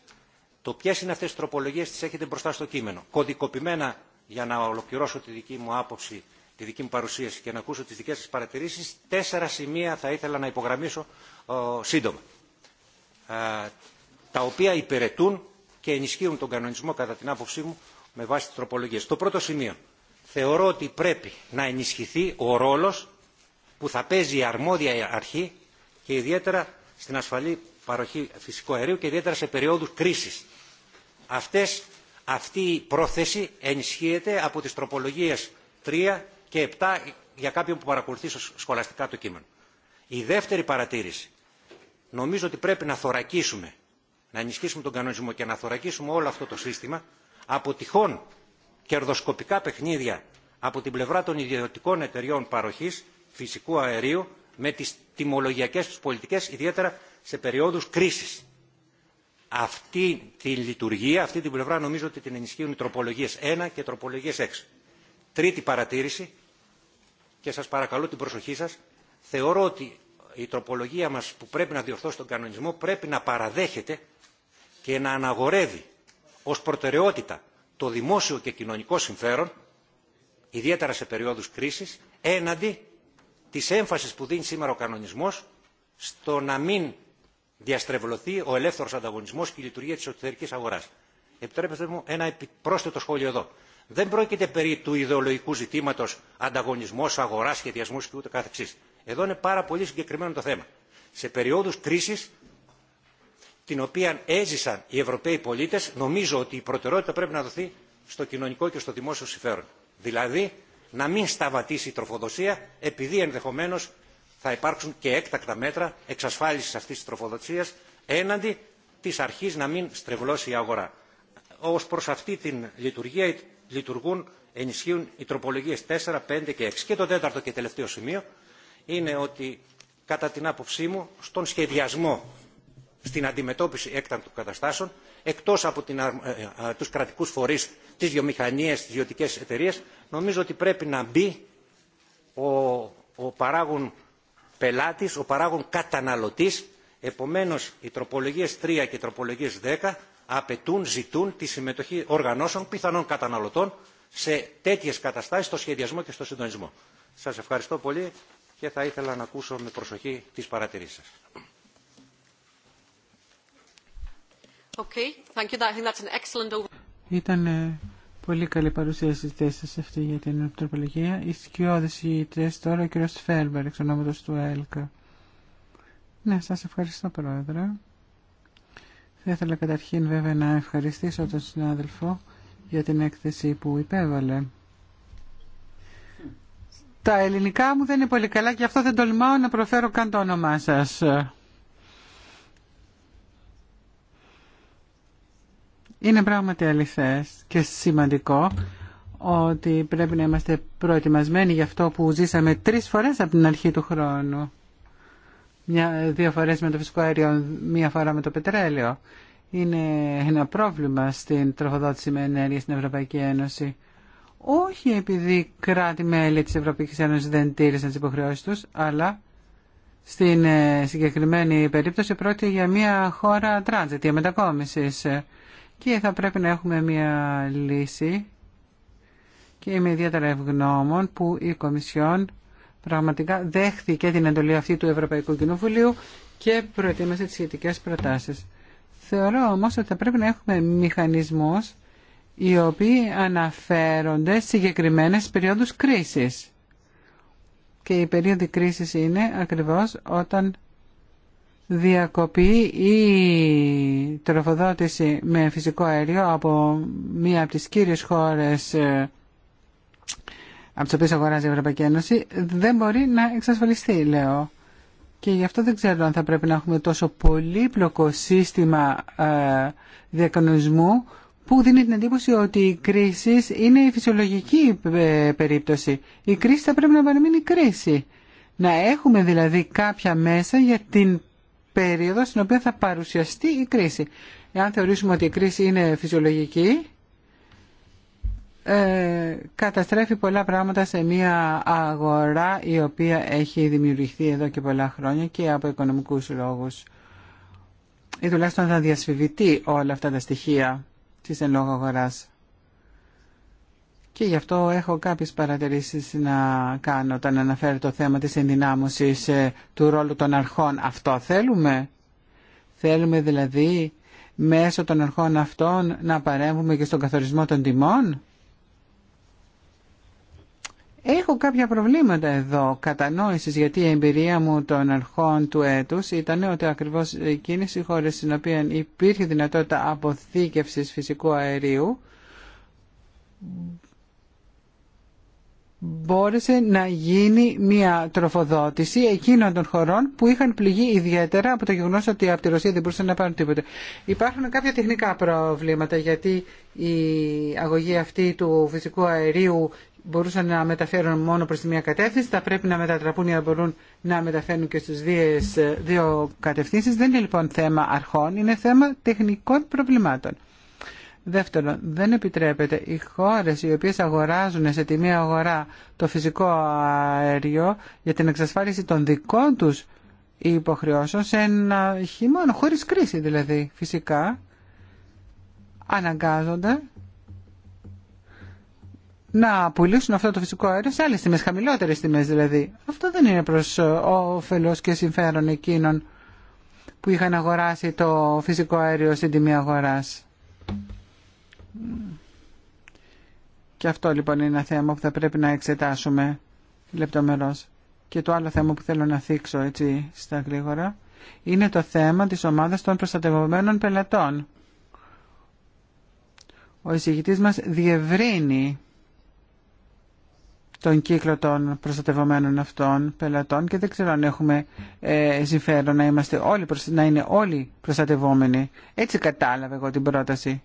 Το ποιες είναι αυτές τις τροπολογίες τις έχετε μπροστά στο κείμενο. Κωδικοποιημένα, για να ολοκληρώσω τη δική μου άποψη, τη δική μου παρουσίαση και να ακούσω τις δικές σας παρατηρήσεις, τέσσερα σημεία θα ήθελα να υπογραμμίσω σύντομα, ε, τα οποία υπηρετούν και ενισχύουν τον κανονισμό, κατά την άποψή μου, με βάση τις τροπολογίες. Το πρώτο σημείο. Θεωρώ ότι πρέπει να ενισχυθεί ο ρόλος που θα παίζει η αρμόδια αρχή και ιδιαίτερα στην ασφαλή παροχή φυσικού αερίου και ιδιαίτερα σε περιόδους κρίσης. Αυτές, αυτή η πρόθεση ενισχύεται από τις τροπολογίες 3 και 7 για κάποιον που παρακολουθεί σχολαστικά το κείμενο. Η δεύτερη παρατήρηση. Νομίζω ότι πρέπει να θωρακίσουμε, να ενισχύσουμε τον κανονισμό και να θωρακίσουμε όλο αυτό το σύστημα από τυχόν κερδοσκοπικά παιχνίδια από την πλευρά των ιδιωτικών εταιριών παροχής φυσικού αερίου με τις τιμολογιακές τους πολιτικές, ιδιαίτερα σε περιόδους κρίσης. Αυτή τη λειτουργία, αυτή την πλευρά νομίζω ότι την ενισχύουν οι τροπολογίες 1 και τροπολογίες 6. Τρίτη παρατήρηση, και σας παρακαλώ την προσοχή σας, θεωρώ ότι η τροπολογία μας που πρέπει να διορθώσει τον κανονισμό πρέπει να παραδέχεται και να αναγορεύει ως προτεραιότητα το δημόσιο και κοινωνικό συμφέρον, ιδιαίτερα σε περίοδους κρίσης, έναντι της έμφαση που δίνει σήμερα ο κανονισμός στο να μην διαστρεβλωθεί ο ελεύθερος ανταγωνισμός και η λειτουργία της εσωτερικής αγοράς. Επιτρέπετε μου ένα πρόσθετο σχόλιο εδώ. Δεν πρόκειται περί του ιδεολογικού ζητήματο ανταγωνισμό, αγορά, σχεδιασμού και ούτε καθεξή. Εδώ είναι πάρα πολύ συγκεκριμένο το θέμα. Σε περιόδου κρίση, την οποία έζησαν οι Ευρωπαίοι πολίτε, νομίζω ότι η προτεραιότητα πρέπει να δοθεί στο κοινωνικό και στο δημόσιο συμφέρον. Δηλαδή, να μην σταματήσει η τροφοδοσία επειδή ενδεχομένως θα υπάρξουν και έκτακτα μέτρα εξασφάλισης αυτής της τροφοδοσίας έναντι της αρχής να μην στρεβλώσει η αγορά. Ως προς αυτή τη λειτουργία λειτουργούν, ενισχύουν οι τροπολογίες 4, 5 και 6. Και το τέταρτο και τελευταίο σημείο είναι ότι κατά την άποψή μου στον σχεδιασμό στην αντιμετώπιση έκτακτων καταστάσεων εκτός από την, ε, ε, τους κρατικούς φορείς, τις βιομηχανίες, τις εταιρείε, εταιρείες, νομίζω ότι πρέπει να μπει ο, ο παράγων πελάτης, ο παράγων καταναλωτής. Επομένως, οι τροπολογίες 3 και οι τροπολογίες 10 απαιτούν, ζητούν τη συμμετοχή οργανώσεων πιθανών καταναλωτών σε τέτοιες καταστάσεις, στο σχεδιασμό και στο συντονισμό. Σας ευχαριστώ πολύ και θα ήθελα να ακούσω με προσοχή τις παρατηρήσεις σας. Ήταν ε, πολύ καλή παρουσίαση τη θέση αυτή για την Επιτροπολογία. Οι σκιώδει ηγητέ τώρα, ο κ. Φέρμπερ, εξ ονόματο του ΕΛΚΑ. Ναι, σα ευχαριστώ, Πρόεδρε. Θα ήθελα καταρχήν βέβαια να ευχαριστήσω τον συνάδελφο για την έκθεση που υπέβαλε. Τα ελληνικά μου δεν είναι πολύ καλά και αυτό δεν τολμάω να προφέρω καν το όνομά σας. Είναι πράγματι αληθές και σημαντικό ότι πρέπει να είμαστε προετοιμασμένοι για αυτό που ζήσαμε τρεις φορές από την αρχή του χρόνου. Μια, δύο φορές με το φυσικό αέριο, μία φορά με το πετρέλαιο. Είναι ένα πρόβλημα στην τροφοδότηση με ενέργεια στην Ευρωπαϊκή Ένωση. Όχι επειδή κράτη-μέλη της Ευρωπαϊκής Ένωσης δεν τήρησαν τις υποχρεώσεις τους, αλλά στην ε, συγκεκριμένη περίπτωση πρόκειται για μια χώρα τράνζιτ, για και θα πρέπει να έχουμε μια λύση και είμαι ιδιαίτερα ευγνώμων που η Κομισιόν πραγματικά δέχθηκε την εντολή αυτή του Ευρωπαϊκού Κοινοβουλίου και προετοίμασε τις σχετικές προτάσεις. Θεωρώ όμως ότι θα πρέπει να έχουμε μηχανισμούς οι οποίοι αναφέρονται συγκεκριμένε συγκεκριμένες περιόδους κρίσης. Και η περίοδη κρίσης είναι ακριβώς όταν διακοπή ή τροφοδότηση με φυσικό αέριο από μία από τις κύριες χώρες ε, από τις οποίες αγοράζει η Ευρωπαϊκή Ένωση δεν μπορεί να εξασφαλιστεί, λέω. Και γι' αυτό δεν ξέρω αν θα πρέπει να έχουμε τόσο πολύπλοκο σύστημα ε, διακανονισμού που δίνει την εντύπωση ότι η κρίση είναι η φυσιολογική ε, περίπτωση. Η κρίση θα πρέπει να παραμείνει κρίση. Να έχουμε δηλαδή κάποια μέσα για την Περίοδος στην οποία θα παρουσιαστεί η κρίση. Εάν θεωρήσουμε ότι η κρίση είναι φυσιολογική, ε, καταστρέφει πολλά πράγματα σε μια αγορά η οποία έχει δημιουργηθεί εδώ και πολλά χρόνια και από οικονομικούς λόγους ή τουλάχιστον θα διασφιβητεί όλα αυτά τα στοιχεία της εν λόγω αγοράς. Και γι' αυτό έχω κάποιες παρατηρήσεις να κάνω όταν αναφέρω το θέμα της ενδυνάμωσης ε, του ρόλου των αρχών. Αυτό θέλουμε. Θέλουμε δηλαδή μέσω των αρχών αυτών να παρέμβουμε και στον καθορισμό των τιμών. Έχω κάποια προβλήματα εδώ κατανόησης γιατί η εμπειρία μου των αρχών του έτους ήταν ότι ακριβώς εκείνες οι χώρες στην οποία υπήρχε δυνατότητα αποθήκευση φυσικού αερίου μπόρεσε να γίνει μια τροφοδότηση εκείνων των χωρών που είχαν πληγεί ιδιαίτερα από το γεγονό ότι από τη Ρωσία δεν μπορούσαν να πάρουν τίποτα. Υπάρχουν κάποια τεχνικά προβλήματα γιατί η αγωγή αυτή του φυσικού αερίου μπορούσαν να μεταφέρουν μόνο προς τη μία κατεύθυνση, θα πρέπει να μετατραπούν ή να μπορούν να μεταφέρουν και στους δύο κατευθύνσεις. Δεν είναι λοιπόν θέμα αρχών, είναι θέμα τεχνικών προβλημάτων. Δεύτερον, δεν επιτρέπεται οι χώρες οι οποίες αγοράζουν σε τιμή αγορά το φυσικό αέριο για την εξασφάλιση των δικών τους υποχρεώσεων σε ένα χειμώνα, χωρίς κρίση δηλαδή φυσικά, αναγκάζονται να πουλήσουν αυτό το φυσικό αέριο σε άλλες τιμές, χαμηλότερες τιμές δηλαδή. Αυτό δεν είναι προς όφελος και συμφέρον εκείνων που είχαν αγοράσει το φυσικό αέριο στην τιμή αγοράς. Και αυτό λοιπόν είναι ένα θέμα που θα πρέπει να εξετάσουμε λεπτομερώς. Και το άλλο θέμα που θέλω να θίξω έτσι στα γρήγορα είναι το θέμα της ομάδας των προστατευομένων πελατών. Ο εισηγητής μας διευρύνει τον κύκλο των προστατευομένων αυτών πελατών και δεν ξέρω αν έχουμε ε, συμφέρον να, είμαστε όλοι, να είναι όλοι προστατευόμενοι. Έτσι κατάλαβα εγώ την πρόταση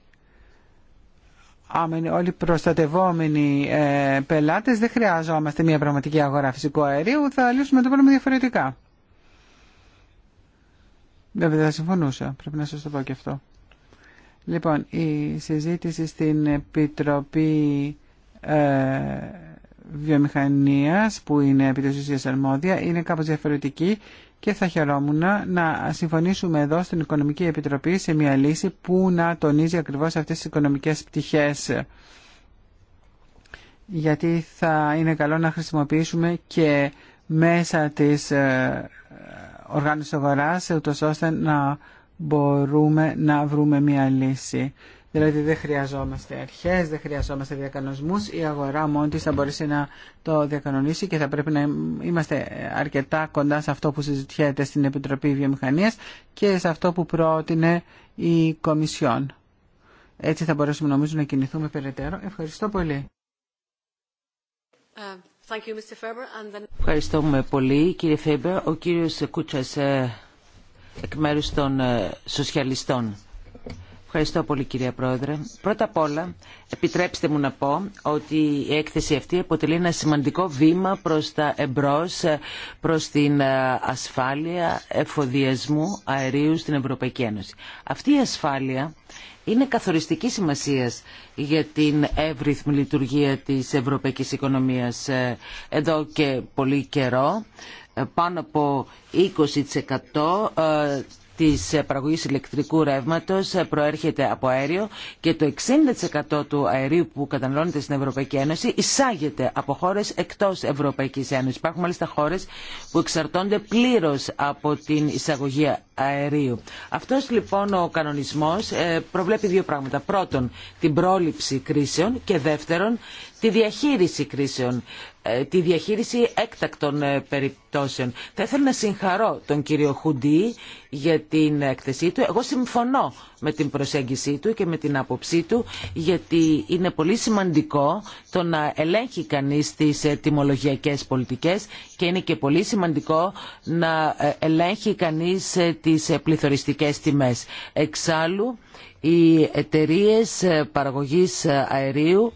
αμενοι, όλοι προστατευόμενοι ε, πελάτες δεν χρειάζομαστε μια πραγματική αγορά φυσικού αερίου θα λύσουμε το πρόβλημα διαφορετικά Βέβαια θα συμφωνούσα, πρέπει να σας το πω και αυτό. Λοιπόν, η συζήτηση στην Επιτροπή ε, βιομηχανίας που είναι επί της αρμόδια είναι κάπως διαφορετική και θα χαιρόμουν να συμφωνήσουμε εδώ στην Οικονομική Επιτροπή σε μια λύση που να τονίζει ακριβώς αυτές τις οικονομικές πτυχές γιατί θα είναι καλό να χρησιμοποιήσουμε και μέσα της ε, οργάνωσης αγοράς ούτως ώστε να μπορούμε να βρούμε μια λύση. Δηλαδή δεν χρειαζόμαστε αρχές, δεν χρειαζόμαστε διακανονισμούς. Η αγορά μόνη της θα μπορέσει να το διακανονίσει και θα πρέπει να είμαστε αρκετά κοντά σε αυτό που συζητιέται στην Επιτροπή Βιομηχανίας και σε αυτό που πρότεινε η Κομισιόν. Έτσι θα μπορέσουμε νομίζω να κινηθούμε περαιτέρω. Ευχαριστώ πολύ. Uh, thank Ευχαριστούμε πολύ κύριε Φέμπερ. Ο κύριος Κούτσας ε, εκ μέρους των ε, σοσιαλιστών. Ευχαριστώ πολύ Πρόεδρε. Πρώτα απ' όλα επιτρέψτε μου να πω ότι η έκθεση αυτή αποτελεί ένα σημαντικό βήμα προς τα εμπρός, προς την ε, ασφάλεια εφοδιασμού αερίου στην Ευρωπαϊκή Ένωση. Αυτή η ασφάλεια είναι καθοριστική σημασίας για την εύρυθμη λειτουργία της ευρωπαϊκής οικονομίας ε, εδώ και πολύ καιρό. Ε, πάνω από 20% της παραγωγής ηλεκτρικού ρεύματος προέρχεται από αέριο και το 60% του αερίου που καταναλώνεται στην Ευρωπαϊκή Ένωση εισάγεται από χώρες εκτός Ευρωπαϊκής Ένωσης. Υπάρχουν μάλιστα χώρες που εξαρτώνται πλήρως από την εισαγωγή αερίου. Αυτός λοιπόν ο κανονισμός ε, προβλέπει δύο πράγματα. Πρώτον, την πρόληψη κρίσεων και δεύτερον, τη διαχείριση κρίσεων. Ε, τη διαχείριση έκτακτων ε, περιπτώσεων. Θα ήθελα να συγχαρώ τον κύριο Χουντή για την έκθεσή του. Εγώ συμφωνώ με την προσέγγιση του και με την άποψή του γιατί είναι πολύ σημαντικό το να ελέγχει κανείς τις ε, τιμολογιακές πολιτικές και είναι και πολύ σημαντικό να ελέγχει κανείς τις πληθωριστικές τιμές. Εξάλλου, οι εταιρείες παραγωγής αερίου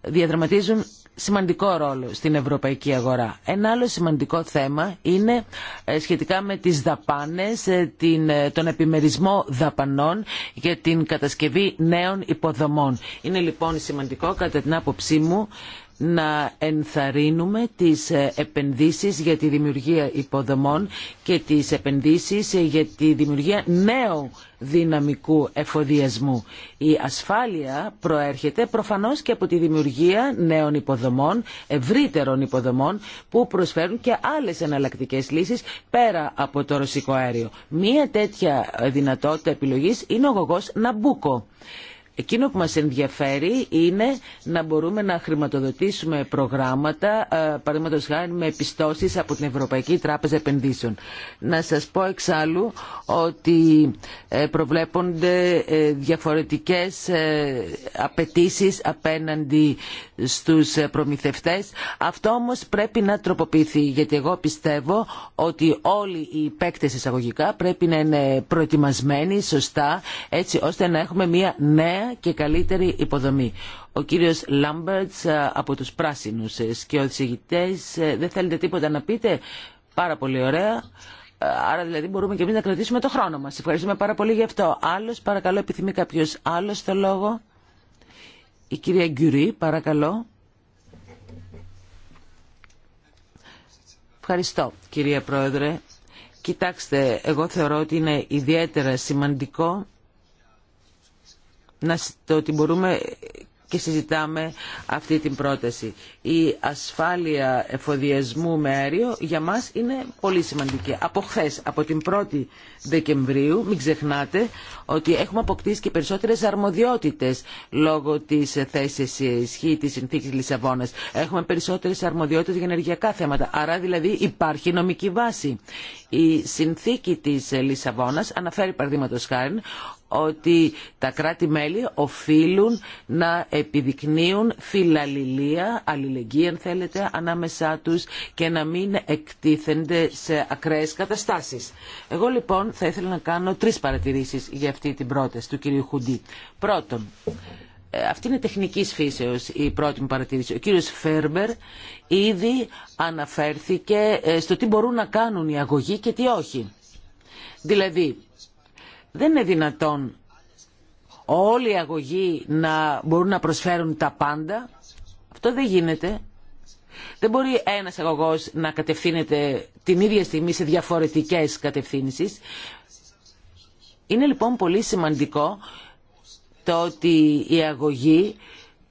διαδραματίζουν σημαντικό ρόλο στην ευρωπαϊκή αγορά. Ένα άλλο σημαντικό θέμα είναι ε, σχετικά με τις δαπάνες, ε, ε, τον επιμερισμό δαπανών για την κατασκευή νέων υποδομών. Είναι λοιπόν σημαντικό κατά την άποψή μου να ενθαρρύνουμε τις επενδύσεις για τη δημιουργία υποδομών και τις επενδύσεις για τη δημιουργία νέου δυναμικού εφοδιασμού. Η ασφάλεια προέρχεται προφανώς και από τη δημιουργία νέων υποδομών, ευρύτερων υποδομών που προσφέρουν και άλλες εναλλακτικέ λύσεις πέρα από το ρωσικό αέριο. Μία τέτοια δυνατότητα επιλογής είναι ο γογός Ναμπούκο. Εκείνο που μας ενδιαφέρει είναι να μπορούμε να χρηματοδοτήσουμε προγράμματα, ε, παραδείγματο χάρη με επιστώσεις από την Ευρωπαϊκή Τράπεζα Επενδύσεων. Να σας πω εξάλλου ότι ε, προβλέπονται ε, διαφορετικές απαιτήσεις απέναντι στους προμηθευτές. Αυτό όμως πρέπει να τροποποιηθεί, γιατί εγώ πιστεύω ότι όλοι οι παίκτες εισαγωγικά πρέπει να είναι προετοιμασμένοι σωστά, έτσι ώστε να έχουμε μια νέα και καλύτερη υποδομή. Ο κύριος Λάμπερτς ε, από τους Πράσινους ε, και ο ε, δεν θέλετε τίποτα να πείτε. Πάρα πολύ ωραία. Άρα δηλαδή μπορούμε και εμείς να κρατήσουμε το χρόνο μας. Ευχαριστούμε πάρα πολύ γι' αυτό. Άλλος παρακαλώ επιθυμεί κάποιος άλλος το λόγο. Η κυρία Γκυρή παρακαλώ. Ευχαριστώ κυρία Πρόεδρε. Κοιτάξτε, εγώ θεωρώ ότι είναι ιδιαίτερα σημαντικό να, το ότι μπορούμε και συζητάμε αυτή την πρόταση. Η ασφάλεια εφοδιασμού με αέριο για μας είναι πολύ σημαντική. Από χθε, από την 1η Δεκεμβρίου, μην ξεχνάτε ότι έχουμε αποκτήσει και περισσότερες αρμοδιότητες λόγω της θέσης ισχύ της συνθήκης Λισαβόνας. Έχουμε περισσότερες αρμοδιότητες για ενεργειακά θέματα. Άρα δηλαδή υπάρχει νομική βάση. Η συνθήκη της Λισαβόνας αναφέρει παραδείγματο της λισαβονας αναφερει παραδειγματος χαρη ότι τα κράτη-μέλη οφείλουν να επιδεικνύουν φιλαλληλία, αλληλεγγύη αν θέλετε, ανάμεσά τους και να μην εκτίθενται σε ακραίες καταστάσεις. Εγώ λοιπόν θα ήθελα να κάνω τρεις παρατηρήσεις για αυτή την πρόταση του κυρίου Χουντή. Πρώτον, ε, αυτή είναι τεχνικής φύσεως η πρώτη μου παρατήρηση. Ο κύριος Φέρμπερ ήδη αναφέρθηκε ε, στο τι μπορούν να κάνουν οι αγωγοί και τι όχι. Δηλαδή, δεν είναι δυνατόν όλοι οι αγωγοί να μπορούν να προσφέρουν τα πάντα. Αυτό δεν γίνεται. Δεν μπορεί ένας αγωγός να κατευθύνεται την ίδια στιγμή σε διαφορετικές κατευθύνσεις. Είναι λοιπόν πολύ σημαντικό το ότι η αγωγοί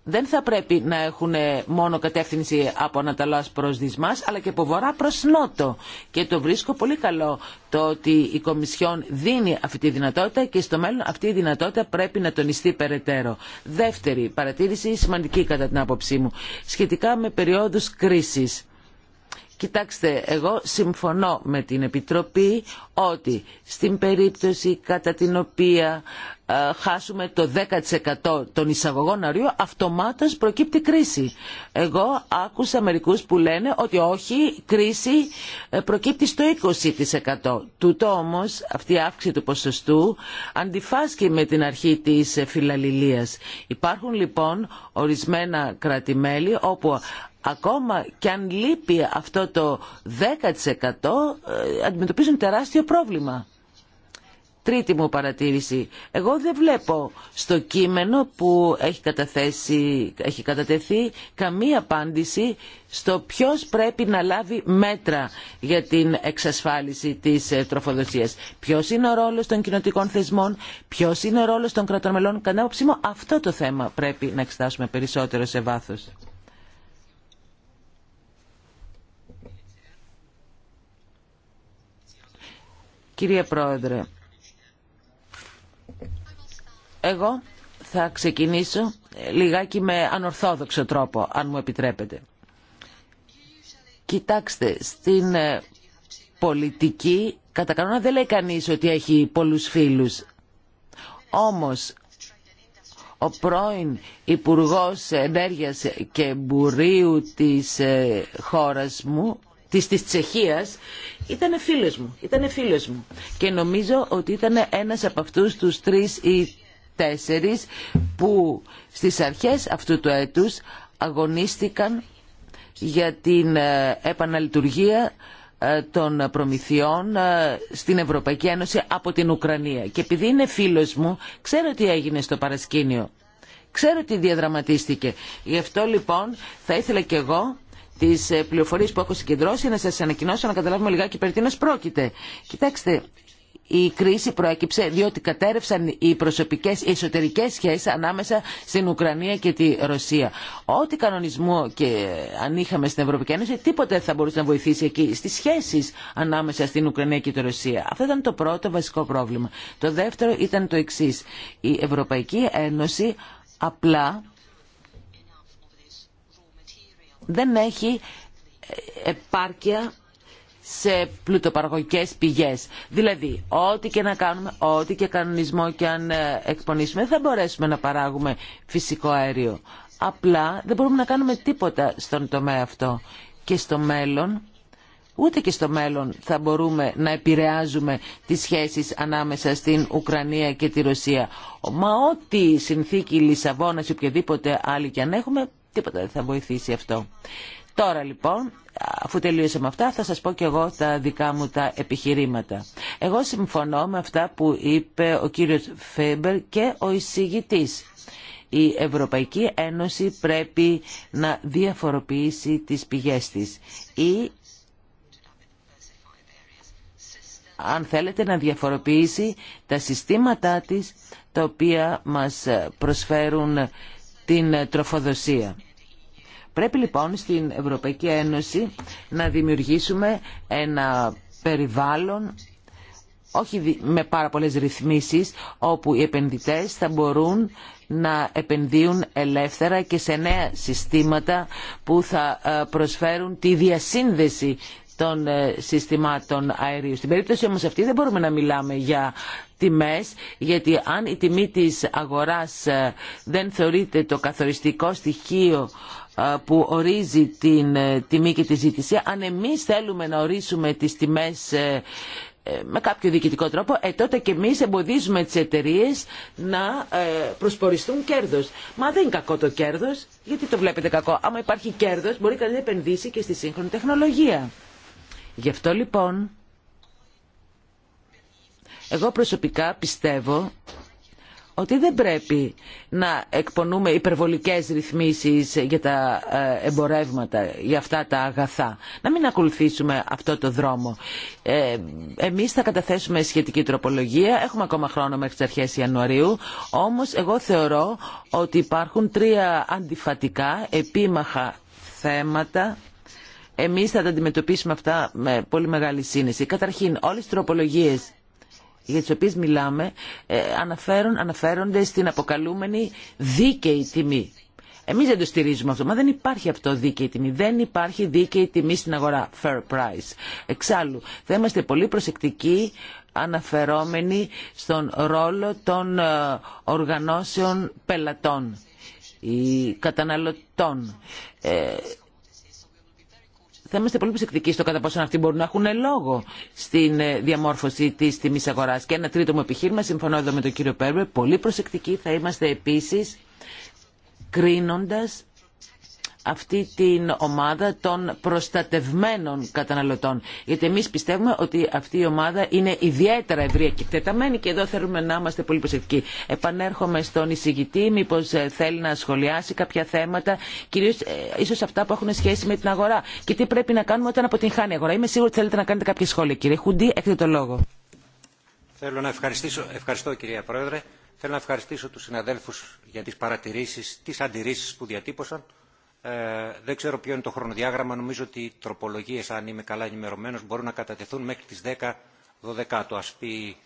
δεν θα πρέπει να έχουν μόνο κατεύθυνση από Ανατολάς προς Δυσμάς, αλλά και από Βορρά προς Νότο. Και το βρίσκω πολύ καλό το ότι η Κομισιόν δίνει αυτή τη δυνατότητα και στο μέλλον αυτή η δυνατότητα πρέπει να τονιστεί περαιτέρω. Δεύτερη παρατήρηση, σημαντική κατά την άποψή μου, σχετικά με περιόδους κρίσης. Κοιτάξτε, εγώ συμφωνώ με την Επιτροπή ότι στην περίπτωση κατά την οποία ε, χάσουμε το 10% των εισαγωγών αριού, αυτομάτως προκύπτει κρίση. Εγώ άκουσα μερικούς που λένε ότι όχι, κρίση ε, προκύπτει στο 20%. Τούτο όμως, αυτή η αύξηση του ποσοστού, αντιφάσκει με την αρχή της ε, φιλαλληλίας. Υπάρχουν λοιπόν ορισμένα κρατημέλη όπου ακόμα και αν λείπει αυτό το 10% ε, αντιμετωπίζουν τεράστιο πρόβλημα. Τρίτη μου παρατήρηση. Εγώ δεν βλέπω στο κείμενο που έχει, καταθέσει, έχει κατατεθεί καμία απάντηση στο ποιος πρέπει να λάβει μέτρα για την εξασφάλιση της ε, τροφοδοσίας. Ποιος είναι ο ρόλος των κοινοτικών θεσμών, ποιος είναι ο ρόλος των κρατών μελών. Κατά αυτό το θέμα πρέπει να εξετάσουμε περισσότερο σε βάθος. Κύριε Πρόεδρε, εγώ θα ξεκινήσω λιγάκι με ανορθόδοξο τρόπο, αν μου επιτρέπετε. Κοιτάξτε, στην ε, πολιτική, κατά κανόνα δεν λέει κανείς ότι έχει πολλούς φίλους. Όμως, ο πρώην Υπουργός Ενέργειας και Εμπορίου της ε, χώρας μου της, της Τσεχίας ήταν φίλος μου, ήταν φίλος μου και νομίζω ότι ήταν ένας από αυτούς τους τρεις ή τέσσερις που στις αρχές αυτού του έτους αγωνίστηκαν για την ε, επαναλειτουργία ε, των προμηθειών ε, στην Ευρωπαϊκή Ένωση από την Ουκρανία. Και επειδή είναι φίλος μου, ξέρω τι έγινε στο παρασκήνιο. Ξέρω τι διαδραματίστηκε. Γι' αυτό λοιπόν θα ήθελα κι εγώ τι ε, πληροφορίε που έχω συγκεντρώσει να σα ανακοινώσω να καταλάβουμε λιγάκι περί τίνο πρόκειται. Κοιτάξτε, η κρίση προέκυψε διότι κατέρευσαν οι προσωπικέ οι εσωτερικές σχέσεις ανάμεσα στην Ουκρανία και τη Ρωσία. Ό,τι κανονισμό και ε, αν είχαμε στην Ευρωπαϊκή Ένωση, τίποτε θα μπορούσε να βοηθήσει εκεί στι σχέσει ανάμεσα στην Ουκρανία και τη Ρωσία. Αυτό ήταν το πρώτο βασικό πρόβλημα. Το δεύτερο ήταν το εξή. Η Ευρωπαϊκή Ένωση απλά δεν έχει ε, επάρκεια σε πλουτοπαραγωγικές πηγές. Δηλαδή, ό,τι και να κάνουμε, ό,τι και κανονισμό και αν ε, εκπονήσουμε, θα μπορέσουμε να παράγουμε φυσικό αέριο. Απλά δεν μπορούμε να κάνουμε τίποτα στον τομέα αυτό. Και στο μέλλον, ούτε και στο μέλλον θα μπορούμε να επηρεάζουμε τις σχέσεις ανάμεσα στην Ουκρανία και τη Ρωσία. Μα ό,τι συνθήκη Λισαβόνας ή οποιαδήποτε άλλη και αν έχουμε, Τίποτα δεν θα βοηθήσει αυτό. Τώρα λοιπόν, αφού τελείωσα με αυτά, θα σας πω και εγώ τα δικά μου τα επιχειρήματα. Εγώ συμφωνώ με αυτά που είπε ο κύριος Φέμπερ και ο εισηγητής. Η Ευρωπαϊκή Ένωση πρέπει να διαφοροποιήσει τις πηγές της ή αν θέλετε να διαφοροποιήσει τα συστήματά της τα οποία μας προσφέρουν την ε, τροφοδοσία. Πρέπει λοιπόν στην Ευρωπαϊκή Ένωση να δημιουργήσουμε ένα περιβάλλον όχι με πάρα πολλές ρυθμίσεις, όπου οι επενδυτές θα μπορούν να επενδύουν ελεύθερα και σε νέα συστήματα που θα ε, προσφέρουν τη διασύνδεση των ε, συστημάτων αερίου. Στην περίπτωση όμως αυτή δεν μπορούμε να μιλάμε για τιμές γιατί αν η τιμή της αγοράς ε, δεν θεωρείται το καθοριστικό στοιχείο ε, που ορίζει την ε, τιμή και τη ζήτηση, αν εμείς θέλουμε να ορίσουμε τις τιμές με κάποιο διοικητικό τρόπο, ε, τότε και εμείς εμποδίζουμε τις εταιρείε να προσποριστούν κέρδος. Μα δεν είναι κακό το κέρδος, γιατί το βλέπετε κακό. Άμα υπάρχει κέρδος, μπορεί κανείς να επενδύσει και στη σύγχρονη τεχνολογία. Γι' αυτό λοιπόν εγώ προσωπικά πιστεύω ότι δεν πρέπει να εκπονούμε υπερβολικές ρυθμίσεις για τα ε, εμπορεύματα, για αυτά τα αγαθά. Να μην ακολουθήσουμε αυτό το δρόμο. Ε, εμείς θα καταθέσουμε σχετική τροπολογία, έχουμε ακόμα χρόνο μέχρι τις αρχές Ιανουαρίου, όμως εγώ θεωρώ ότι υπάρχουν τρία αντιφατικά, επίμαχα θέματα εμείς θα τα αντιμετωπίσουμε αυτά με πολύ μεγάλη σύνεση. Καταρχήν, όλες τις τροπολογίες για τις οποίες μιλάμε ε, αναφέρονται στην αποκαλούμενη δίκαιη τιμή. Εμείς δεν το στηρίζουμε αυτό, μα δεν υπάρχει αυτό δίκαιη τιμή. Δεν υπάρχει δίκαιη τιμή στην αγορά, fair price. Εξάλλου, θα είμαστε πολύ προσεκτικοί αναφερόμενοι στον ρόλο των ε, οργανώσεων πελατών ή καταναλωτών. Ε, θα είμαστε πολύ προσεκτικοί στο κατά πόσο αυτοί μπορούν να έχουν λόγο στην ε, διαμόρφωση τη τιμή αγορά. Και ένα τρίτο μου επιχείρημα, συμφωνώ εδώ με τον κύριο Πέρμπερ, πολύ προσεκτικοί θα είμαστε επίση κρίνοντας αυτή την ομάδα των προστατευμένων καταναλωτών. Γιατί εμείς πιστεύουμε ότι αυτή η ομάδα είναι ιδιαίτερα ευρία και εκτεταμένη και εδώ θέλουμε να είμαστε πολύ προσεκτικοί. Επανέρχομαι στον εισηγητή, μήπω ε, θέλει να σχολιάσει κάποια θέματα, κυρίως ε, ίσως αυτά που έχουν σχέση με την αγορά. Και τι πρέπει να κάνουμε όταν αποτυγχάνει η αγορά. Είμαι σίγουρη ότι θέλετε να κάνετε κάποια σχόλια. Κύριε Χουντή, έχετε το λόγο. Θέλω να ευχαριστήσω, ευχαριστώ κυρία Πρόεδρε, θέλω να ευχαριστήσω τους συναδέλφους για τις παρατηρήσεις, τις αντιρρήσεις που διατύπωσαν ε, δεν ξέρω ποιο είναι το χρονοδιάγραμμα. Νομίζω ότι οι τροπολογίε, αν είμαι καλά ενημερωμένο, μπορούν να κατατεθούν μέχρι τι 10 12 το ας πει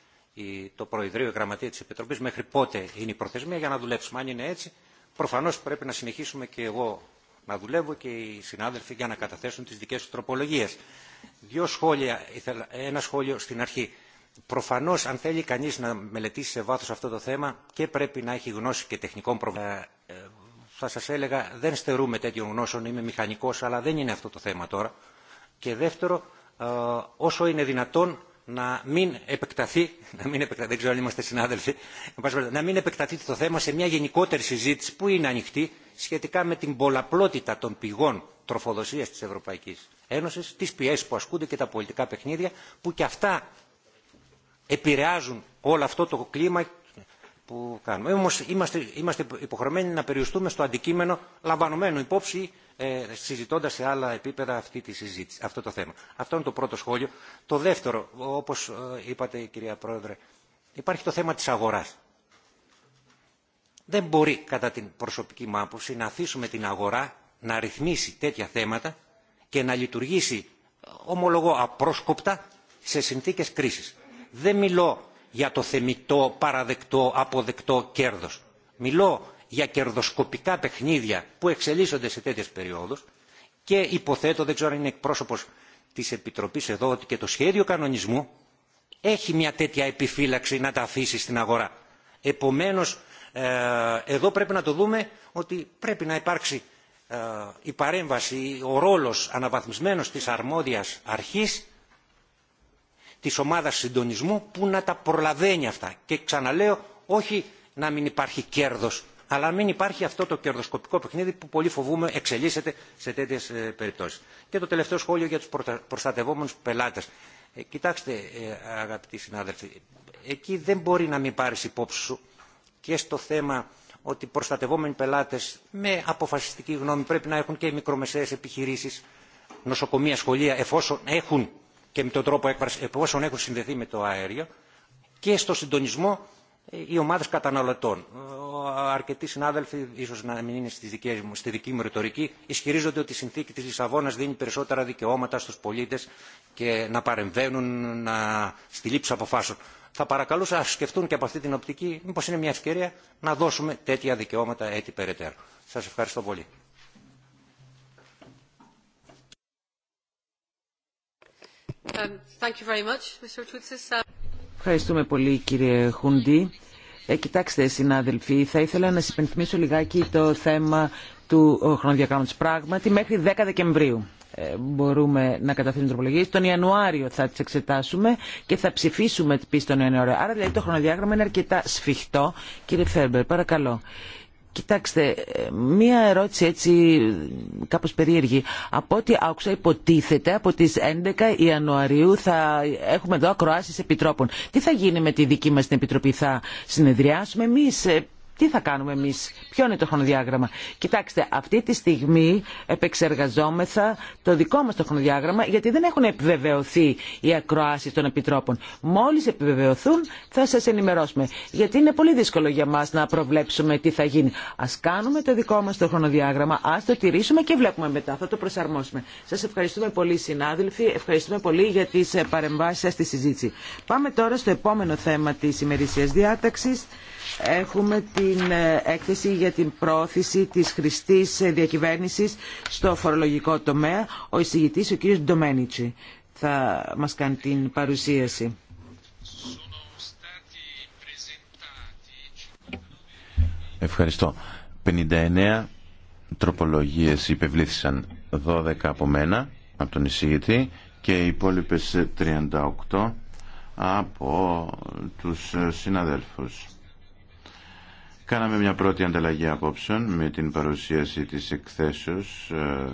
το Προεδρείο, η Γραμματεία της Επιτροπής, μέχρι πότε είναι η προθεσμία για να δουλέψουμε. Αν είναι έτσι, Προφανώ πρέπει να συνεχίσουμε και εγώ να δουλεύω και οι συνάδελφοι για να καταθέσουν τι δικέ του τροπολογίε. Δύο σχόλια, ένα σχόλιο στην αρχή. Προφανώ αν θέλει κανεί να μελετήσει σε βάθο αυτό το θέμα και πρέπει να έχει γνώση και τεχνικών προβλήματων. Ε, θα σας έλεγα δεν στερούμε τέτοιων γνώσεων, είμαι μηχανικός, αλλά δεν είναι αυτό το θέμα τώρα. Και δεύτερο, ε, όσο είναι δυνατόν να μην επεκταθεί, να μην επεκταθεί, δεν ξέρω αν είμαστε συνάδελφοι, να μην επεκταθεί το θέμα σε μια γενικότερη συζήτηση που είναι ανοιχτή σχετικά με την πολλαπλότητα των πηγών τροφοδοσίας της Ευρωπαϊκής Ένωσης, τις πιέσεις που ασκούνται και τα πολιτικά παιχνίδια, που και αυτά επηρεάζουν όλο αυτό το κλίμα που κάνουμε. Όμως είμαστε, είμαστε υποχρεωμένοι να περιουστούμε στο αντικείμενο λαμβανωμένο υπόψη ε, συζητώντας σε άλλα επίπεδα αυτή τη συζήτηση, αυτό το θέμα. Αυτό είναι το πρώτο σχόλιο. Το δεύτερο, όπως ε, είπατε κυρία Πρόεδρε, υπάρχει το θέμα της αγοράς. Δεν μπορεί κατά την προσωπική μου άποψη να αφήσουμε την αγορά να ρυθμίσει τέτοια θέματα και να λειτουργήσει ε, ομολογώ απρόσκοπτα σε συνθήκες κρίσης. Δεν μιλώ για το θεμητό, παραδεκτό, αποδεκτό κέρδος. Μιλώ για κερδοσκοπικά παιχνίδια που εξελίσσονται σε τέτοιες περιόδους και υποθέτω, δεν ξέρω αν είναι εκπρόσωπος της Επιτροπής εδώ, ότι και το σχέδιο κανονισμού έχει μια τέτοια επιφύλαξη να τα αφήσει στην αγορά. Επομένως, ε, εδώ πρέπει να το δούμε ότι πρέπει να υπάρξει ε, η παρέμβαση, ο ρόλος αναβαθμισμένος της αρμόδιας αρχής Τη ομάδα συντονισμού που να τα προλαβαίνει αυτά. Και ξαναλέω, όχι να μην υπάρχει κέρδος, αλλά να μην υπάρχει αυτό το κερδοσκοπικό παιχνίδι που πολύ φοβούμαι εξελίσσεται σε τέτοιες ε, περιπτώσεις. Και το τελευταίο σχόλιο για τους προστατευόμενους πελάτες. Ε, κοιτάξτε ε, αγαπητοί συνάδελφοι, εκεί δεν μπορεί να μην πάρεις υπόψη σου και στο θέμα ότι οι προστατευόμενοι πελάτες με αποφασιστική γνώμη πρέπει να έχουν και μικρομεσαίε μικρομεσαίες νοσοκομεία, σχολεία, εφόσον έχουν και με τον τρόπο έκφραση εφόσον έχουν συνδεθεί με το αέριο και στο συντονισμό ε, οι ομάδε καταναλωτών. Αρκετοί συνάδελφοι, ίσω να μην είναι στη δική, μου, στη ρητορική, ισχυρίζονται ότι η συνθήκη τη Λισαβόνα δίνει περισσότερα δικαιώματα στου πολίτε και να παρεμβαίνουν να... στη λήψη αποφάσεων. Θα παρακαλούσα να σκεφτούν και από αυτή την οπτική, μήπω είναι μια ευκαιρία να δώσουμε τέτοια δικαιώματα έτσι περαιτέρω. Σα ευχαριστώ πολύ. Um, uh, Ευχαριστούμε πολύ κύριε Χούντι. Ε, κοιτάξτε συνάδελφοι, θα ήθελα να σας λιγάκι το θέμα του χρονοδιαγράμματος πράγματι μέχρι 10 Δεκεμβρίου ε, μπορούμε να καταθέσουμε τροπολογίες. Τον Ιανουάριο θα τις εξετάσουμε και θα ψηφίσουμε πίσω τον Ιανουάριο. Άρα δηλαδή το χρονοδιάγραμμα είναι αρκετά σφιχτό. Κύριε Φέρμπερ, παρακαλώ. Κοιτάξτε, μία ερώτηση έτσι κάπως περίεργη. Από ό,τι άκουσα υποτίθεται από τις 11 Ιανουαρίου θα έχουμε εδώ ακροάσεις επιτρόπων. Τι θα γίνει με τη δική μας την επιτροπή, θα συνεδριάσουμε εμείς, ε, τι θα κάνουμε εμεί, ποιο είναι το χρονοδιάγραμμα. Κοιτάξτε, αυτή τη στιγμή επεξεργαζόμεθα το δικό μα το χρονοδιάγραμμα γιατί δεν έχουν επιβεβαιωθεί οι ακροάσει των επιτρόπων. Μόλι επιβεβαιωθούν θα σα ενημερώσουμε γιατί είναι πολύ δύσκολο για μας να προβλέψουμε τι θα γίνει. Α κάνουμε το δικό μα το χρονοδιάγραμμα, α το τηρήσουμε και βλέπουμε μετά, θα το προσαρμόσουμε. Σα ευχαριστούμε πολύ συνάδελφοι, ευχαριστούμε πολύ για τι παρεμβάσει σα στη συζήτηση. Πάμε τώρα στο επόμενο θέμα τη ημερησία διάταξη έχουμε την ε, έκθεση για την πρόθεση της χρηστής ε, διακυβέρνησης στο φορολογικό τομέα. Ο εισηγητής, ο κύριος Ντομένιτσι, θα μας κάνει την παρουσίαση. Ευχαριστώ. 59 τροπολογίες υπευλήθησαν 12 από μένα, από τον εισηγητή και οι υπόλοιπες 38 από τους συναδέλφους. Κάναμε μια πρώτη ανταλλαγή απόψεων με την παρουσίαση της εκθέσεως ε,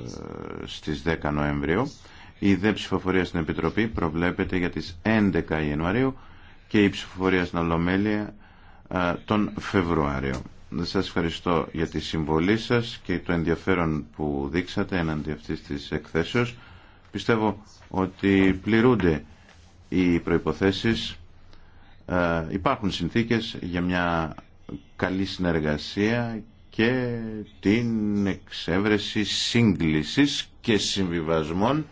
στις 10 Νοεμβρίου. Η δε ψηφοφορία στην Επιτροπή προβλέπεται για τις 11 Ιανουαρίου και η ψηφοφορία στην Ολομέλεια ε, τον Φεβρουάριο. Σας ευχαριστώ για τη συμβολή σας και το ενδιαφέρον που δείξατε εναντί αυτής της εκθέσεως. Πιστεύω ότι πληρούνται οι προϋποθέσεις, ε, υπάρχουν συνθήκες για μια καλή συνεργασία και την εξέβρεση σύγκλησης και συμβιβασμών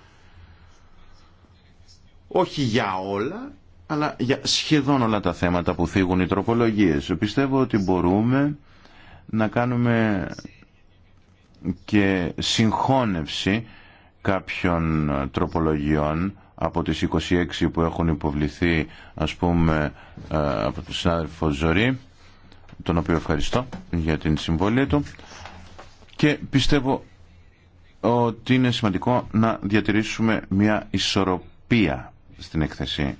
όχι για όλα αλλά για σχεδόν όλα τα θέματα που θίγουν οι τροπολογίες. Πιστεύω ότι μπορούμε να κάνουμε και συγχώνευση κάποιων τροπολογιών από τις 26 που έχουν υποβληθεί ας πούμε ε, από τον συνάδελφο Ζωρή τον οποίο ευχαριστώ για την συμβολή του και πιστεύω ότι είναι σημαντικό να διατηρήσουμε μια ισορροπία στην έκθεση.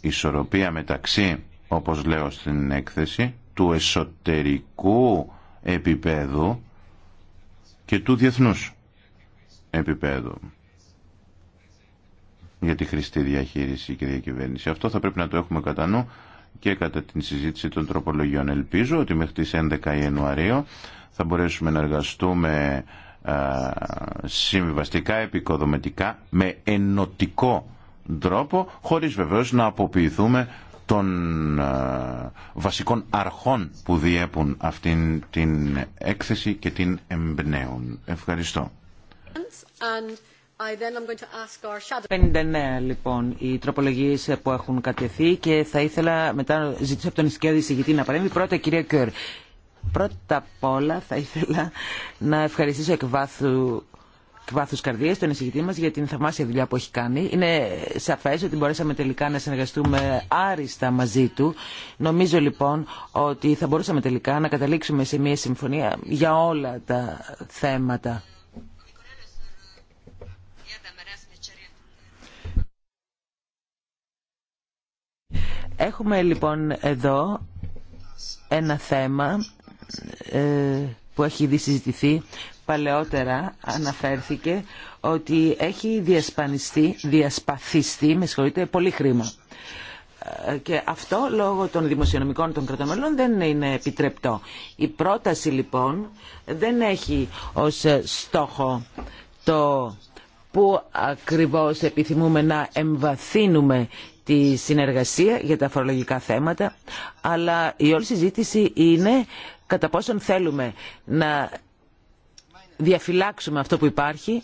Ισορροπία μεταξύ, όπως λέω στην έκθεση, του εσωτερικού επίπεδου και του διεθνούς επίπεδου για τη χρηστή διαχείριση και διακυβέρνηση. Αυτό θα πρέπει να το έχουμε κατά νου και κατά την συζήτηση των τροπολογιών. Ελπίζω ότι μέχρι τις 11 Ιανουαρίου θα μπορέσουμε να εργαστούμε συμβιβαστικά, επικοδομητικά, με ενωτικό τρόπο, χωρίς βεβαίως να αποποιηθούμε των βασικών αρχών που διέπουν αυτήν την έκθεση και την εμπνέουν. Ευχαριστώ. 59 λοιπόν οι τροπολογίε που έχουν κατευθεί και θα ήθελα μετά να ζητήσω από τον Ισκέδη Συγητή να παρέμβει. Πρώτα, κυρία Κιόρ. Πρώτα απ' όλα θα ήθελα να ευχαριστήσω εκ βάθου βάθου καρδία τον εισηγητή μα για την θαυμάσια δουλειά που έχει κάνει. Είναι σαφέ ότι μπορέσαμε τελικά να συνεργαστούμε άριστα μαζί του. Νομίζω λοιπόν ότι θα μπορούσαμε τελικά να καταλήξουμε σε μια συμφωνία για όλα τα θέματα. Έχουμε λοιπόν εδώ ένα θέμα ε, που έχει ήδη συζητηθεί παλαιότερα αναφέρθηκε ότι έχει διασπανιστεί, διασπαθιστεί, με συγχωρείτε, πολύ χρήμα. Ε, και αυτό λόγω των δημοσιονομικών των κρατομέλων δεν είναι επιτρεπτό. Η πρόταση λοιπόν δεν έχει ως ε, στόχο το που ακριβώς επιθυμούμε να εμβαθύνουμε τη συνεργασία για τα φορολογικά θέματα, αλλά η όλη συζήτηση είναι κατά πόσον θέλουμε να διαφυλάξουμε αυτό που υπάρχει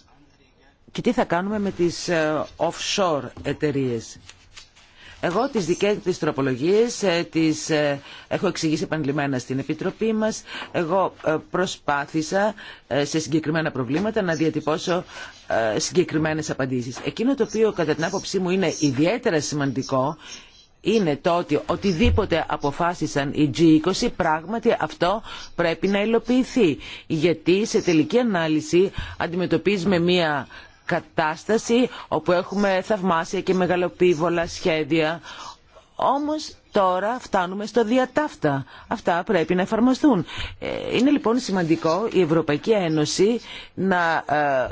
και τι θα κάνουμε με τις ε, offshore εταιρείες. Εγώ τις δικές της τροπολογίες ε, τις ε, έχω εξηγήσει επανειλημμένα στην Επιτροπή μας. Εγώ ε, προσπάθησα σε συγκεκριμένα προβλήματα να διατυπώσω συγκεκριμένες απαντήσεις. Εκείνο το οποίο κατά την άποψή μου είναι ιδιαίτερα σημαντικό είναι το ότι οτιδήποτε αποφάσισαν οι G20 πράγματι αυτό πρέπει να υλοποιηθεί γιατί σε τελική ανάλυση αντιμετωπίζουμε μια κατάσταση όπου έχουμε θαυμάσια και μεγαλοπίβολα σχέδια. Όμως τώρα φτάνουμε στο διατάφτα. Αυτά πρέπει να εφαρμοστούν. Ε, είναι λοιπόν σημαντικό η Ευρωπαϊκή Ένωση να ε,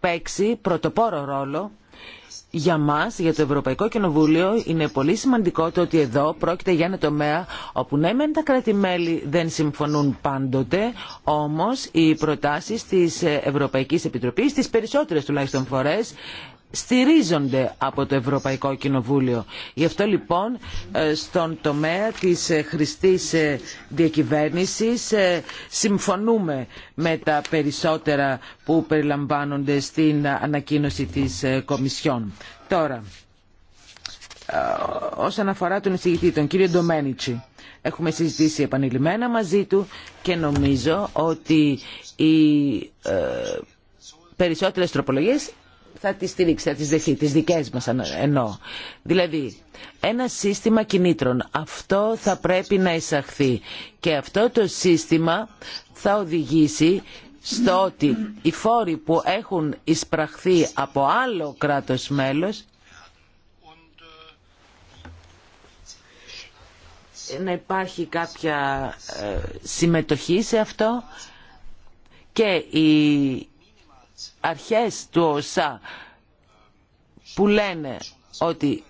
παίξει πρωτοπόρο ρόλο για μας, για το Ευρωπαϊκό Κοινοβούλιο, είναι πολύ σημαντικό το ότι εδώ πρόκειται για ένα τομέα όπου ναι μεν τα κράτη-μέλη δεν συμφωνούν πάντοτε, όμως οι προτάσεις της Ευρωπαϊκής Επιτροπής, τις περισσότερες τουλάχιστον φορές, στηρίζονται από το Ευρωπαϊκό Κοινοβούλιο. Γι' αυτό λοιπόν ε, στον τομέα της ε, χρηστής ε, διακυβέρνησης συμφωνούμε με τα περισσότερα που περιλαμβάνονται στην ανακοίνωση της Κομισιόν. Τώρα, όσον αφορά τον εισηγητή, τον κύριο Ντομένιτσι, έχουμε συζητήσει επανειλημμένα μαζί του και νομίζω ότι οι περισσότερες τροπολογίες θα τη στηρίξει, θα τις δεχθεί, τις δικές μας εννοώ. Δηλαδή, ένα σύστημα κινήτρων, αυτό θα πρέπει να εισαχθεί και αυτό το σύστημα θα οδηγήσει στο ότι οι φόροι που έχουν εισπραχθεί από άλλο κράτος μέλος να υπάρχει κάποια ε, συμμετοχή σε αυτό και οι αρχές του ΟΣΑ που λένε ότι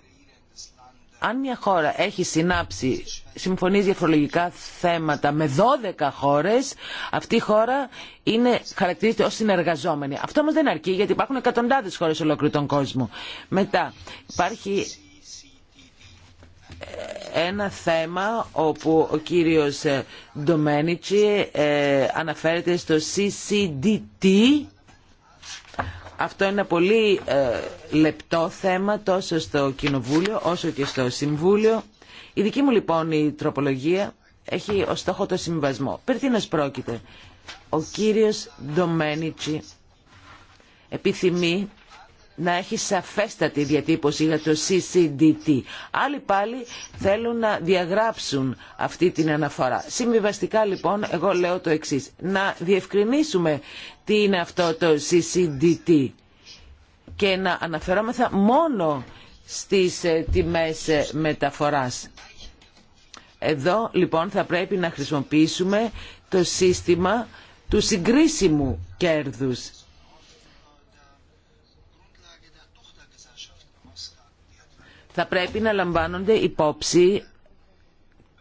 αν μια χώρα έχει συνάψει συμφωνίες διαφορολογικά θέματα με 12 χώρες, αυτή η χώρα είναι, χαρακτηρίζεται ως συνεργαζόμενη. Αυτό όμως δεν αρκεί γιατί υπάρχουν εκατοντάδες χώρες ολόκληρου τον κόσμο. Μετά υπάρχει ε, ένα θέμα όπου ο κύριος ε, Ντομένιτσι ε, αναφέρεται στο CCDT αυτό είναι ένα πολύ ε, λεπτό θέμα τόσο στο Κοινοβούλιο όσο και στο Συμβούλιο. Η δική μου λοιπόν η τροπολογία έχει ως στόχο το συμβασμό. Περί τι πρόκειται. Ο κύριος Ντομένιτσι επιθυμεί να έχει σαφέστατη διατύπωση για το CCDT. Άλλοι πάλι θέλουν να διαγράψουν αυτή την αναφορά. Συμβιβαστικά λοιπόν εγώ λέω το εξής. Να διευκρινίσουμε τι είναι αυτό το CCDT και να αναφερόμεθα μόνο στις ε, τιμές ε, μεταφοράς. Εδώ λοιπόν θα πρέπει να χρησιμοποιήσουμε το σύστημα του συγκρίσιμου κέρδους θα πρέπει να λαμβάνονται υπόψη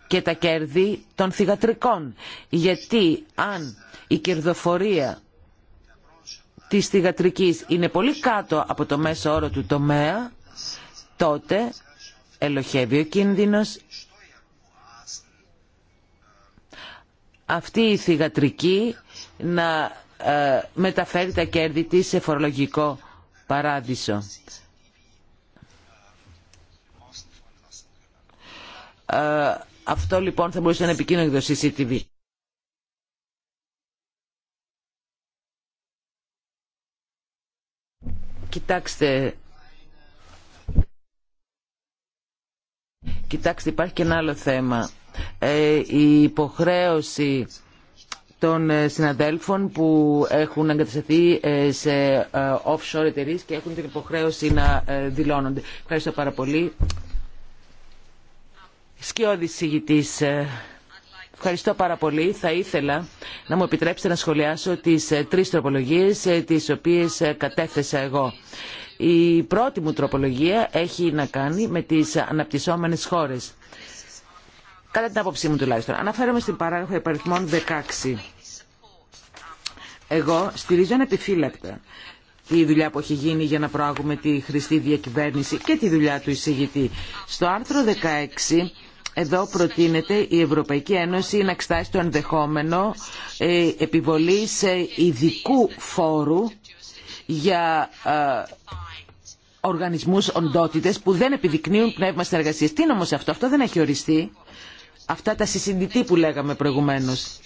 και τα κέρδη των θηγατρικών. Γιατί αν η κερδοφορία της θηγατρικής είναι πολύ κάτω από το μέσο όρο του τομέα, τότε ελοχεύει ο κίνδυνος. Αυτή η θηγατρική να ε, μεταφέρει τα κέρδη της σε φορολογικό παράδεισο. Ε, αυτό λοιπόν θα μπορούσε να είναι επικίνδυνο για το CCTV. Κοιτάξτε, κοιτάξτε υπάρχει και ένα άλλο θέμα. Ε, η υποχρέωση των ε, συναδέλφων που έχουν εγκατασταθεί ε, σε offshore εταιρείε και έχουν την υποχρέωση να δηλώνονται. Ευχαριστώ πάρα πολύ. Σκιώδη ε, ευχαριστώ πάρα πολύ. Θα ήθελα να μου επιτρέψετε να σχολιάσω τις ε, τρεις τροπολογίες ε, τις οποίες κατέθεσα εγώ. Η πρώτη μου τροπολογία έχει να κάνει με τις αναπτυσσόμενες χώρες. Κατά την άποψή μου τουλάχιστον. Αναφέρομαι στην παράγραφο υπαριθμών 16. Εγώ στηρίζω ανεπιφύλακτα τη δουλειά που έχει γίνει για να προάγουμε τη χρηστή διακυβέρνηση και τη δουλειά του εισηγητή. Στο άρθρο 16 εδώ προτείνεται η Ευρωπαϊκή Ένωση να εξτάσει το ενδεχόμενο ε, σε ειδικού φόρου για ε, οργανισμούς, οντότητες που δεν επιδεικνύουν πνεύμα εργασίες. Τι είναι όμως αυτό, αυτό δεν έχει οριστεί. Αυτά τα συσυντητή που λέγαμε προηγουμένως.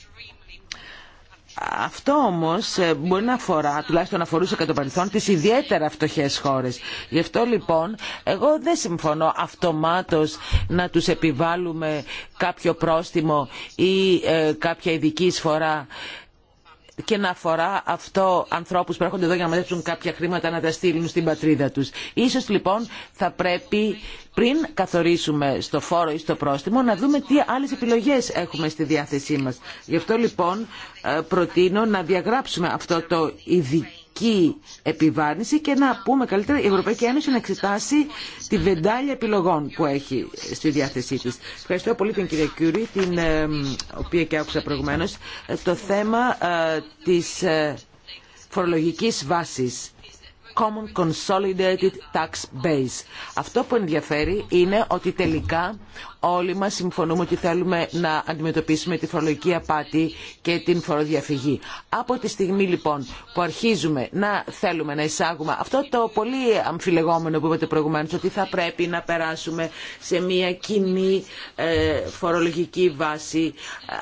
Αυτό όμως ε, μπορεί να αφορά, τουλάχιστον αφορούσε κατά το παρελθόν, τις ιδιαίτερα φτωχές χώρες. Γι' αυτό λοιπόν εγώ δεν συμφωνώ αυτομάτως να τους επιβάλλουμε κάποιο πρόστιμο ή ε, κάποια ειδική εισφορά και να αφορά αυτό ανθρώπους που έρχονται εδώ για να μαζέψουν κάποια χρήματα να τα στείλουν στην πατρίδα τους. Ίσως λοιπόν θα πρέπει πριν καθορίσουμε στο φόρο ή στο πρόστιμο να δούμε τι άλλες επιλογές έχουμε στη διάθεσή μας. Γι' αυτό λοιπόν ε, προτείνω να διαγράψουμε αυτό το ειδικό Ευρωπαϊκή επιβάρυνση και να πούμε καλύτερα η Ευρωπαϊκή Ένωση να εξετάσει τη βεντάλια επιλογών που έχει στη διάθεσή της. Ευχαριστώ πολύ την κυρία Κιούρη, την ε, οποία και άκουσα προηγουμένως, ε, το θέμα ε, της φορολογικής βάσης Common Consolidated Tax Base. Αυτό που ενδιαφέρει είναι ότι τελικά όλοι μας συμφωνούμε ότι θέλουμε να αντιμετωπίσουμε τη φορολογική απάτη και την φοροδιαφυγή. Από τη στιγμή λοιπόν που αρχίζουμε να θέλουμε να εισάγουμε αυτό το πολύ αμφιλεγόμενο που είπατε προηγουμένως ότι θα πρέπει να περάσουμε σε μια κοινή ε, φορολογική βάση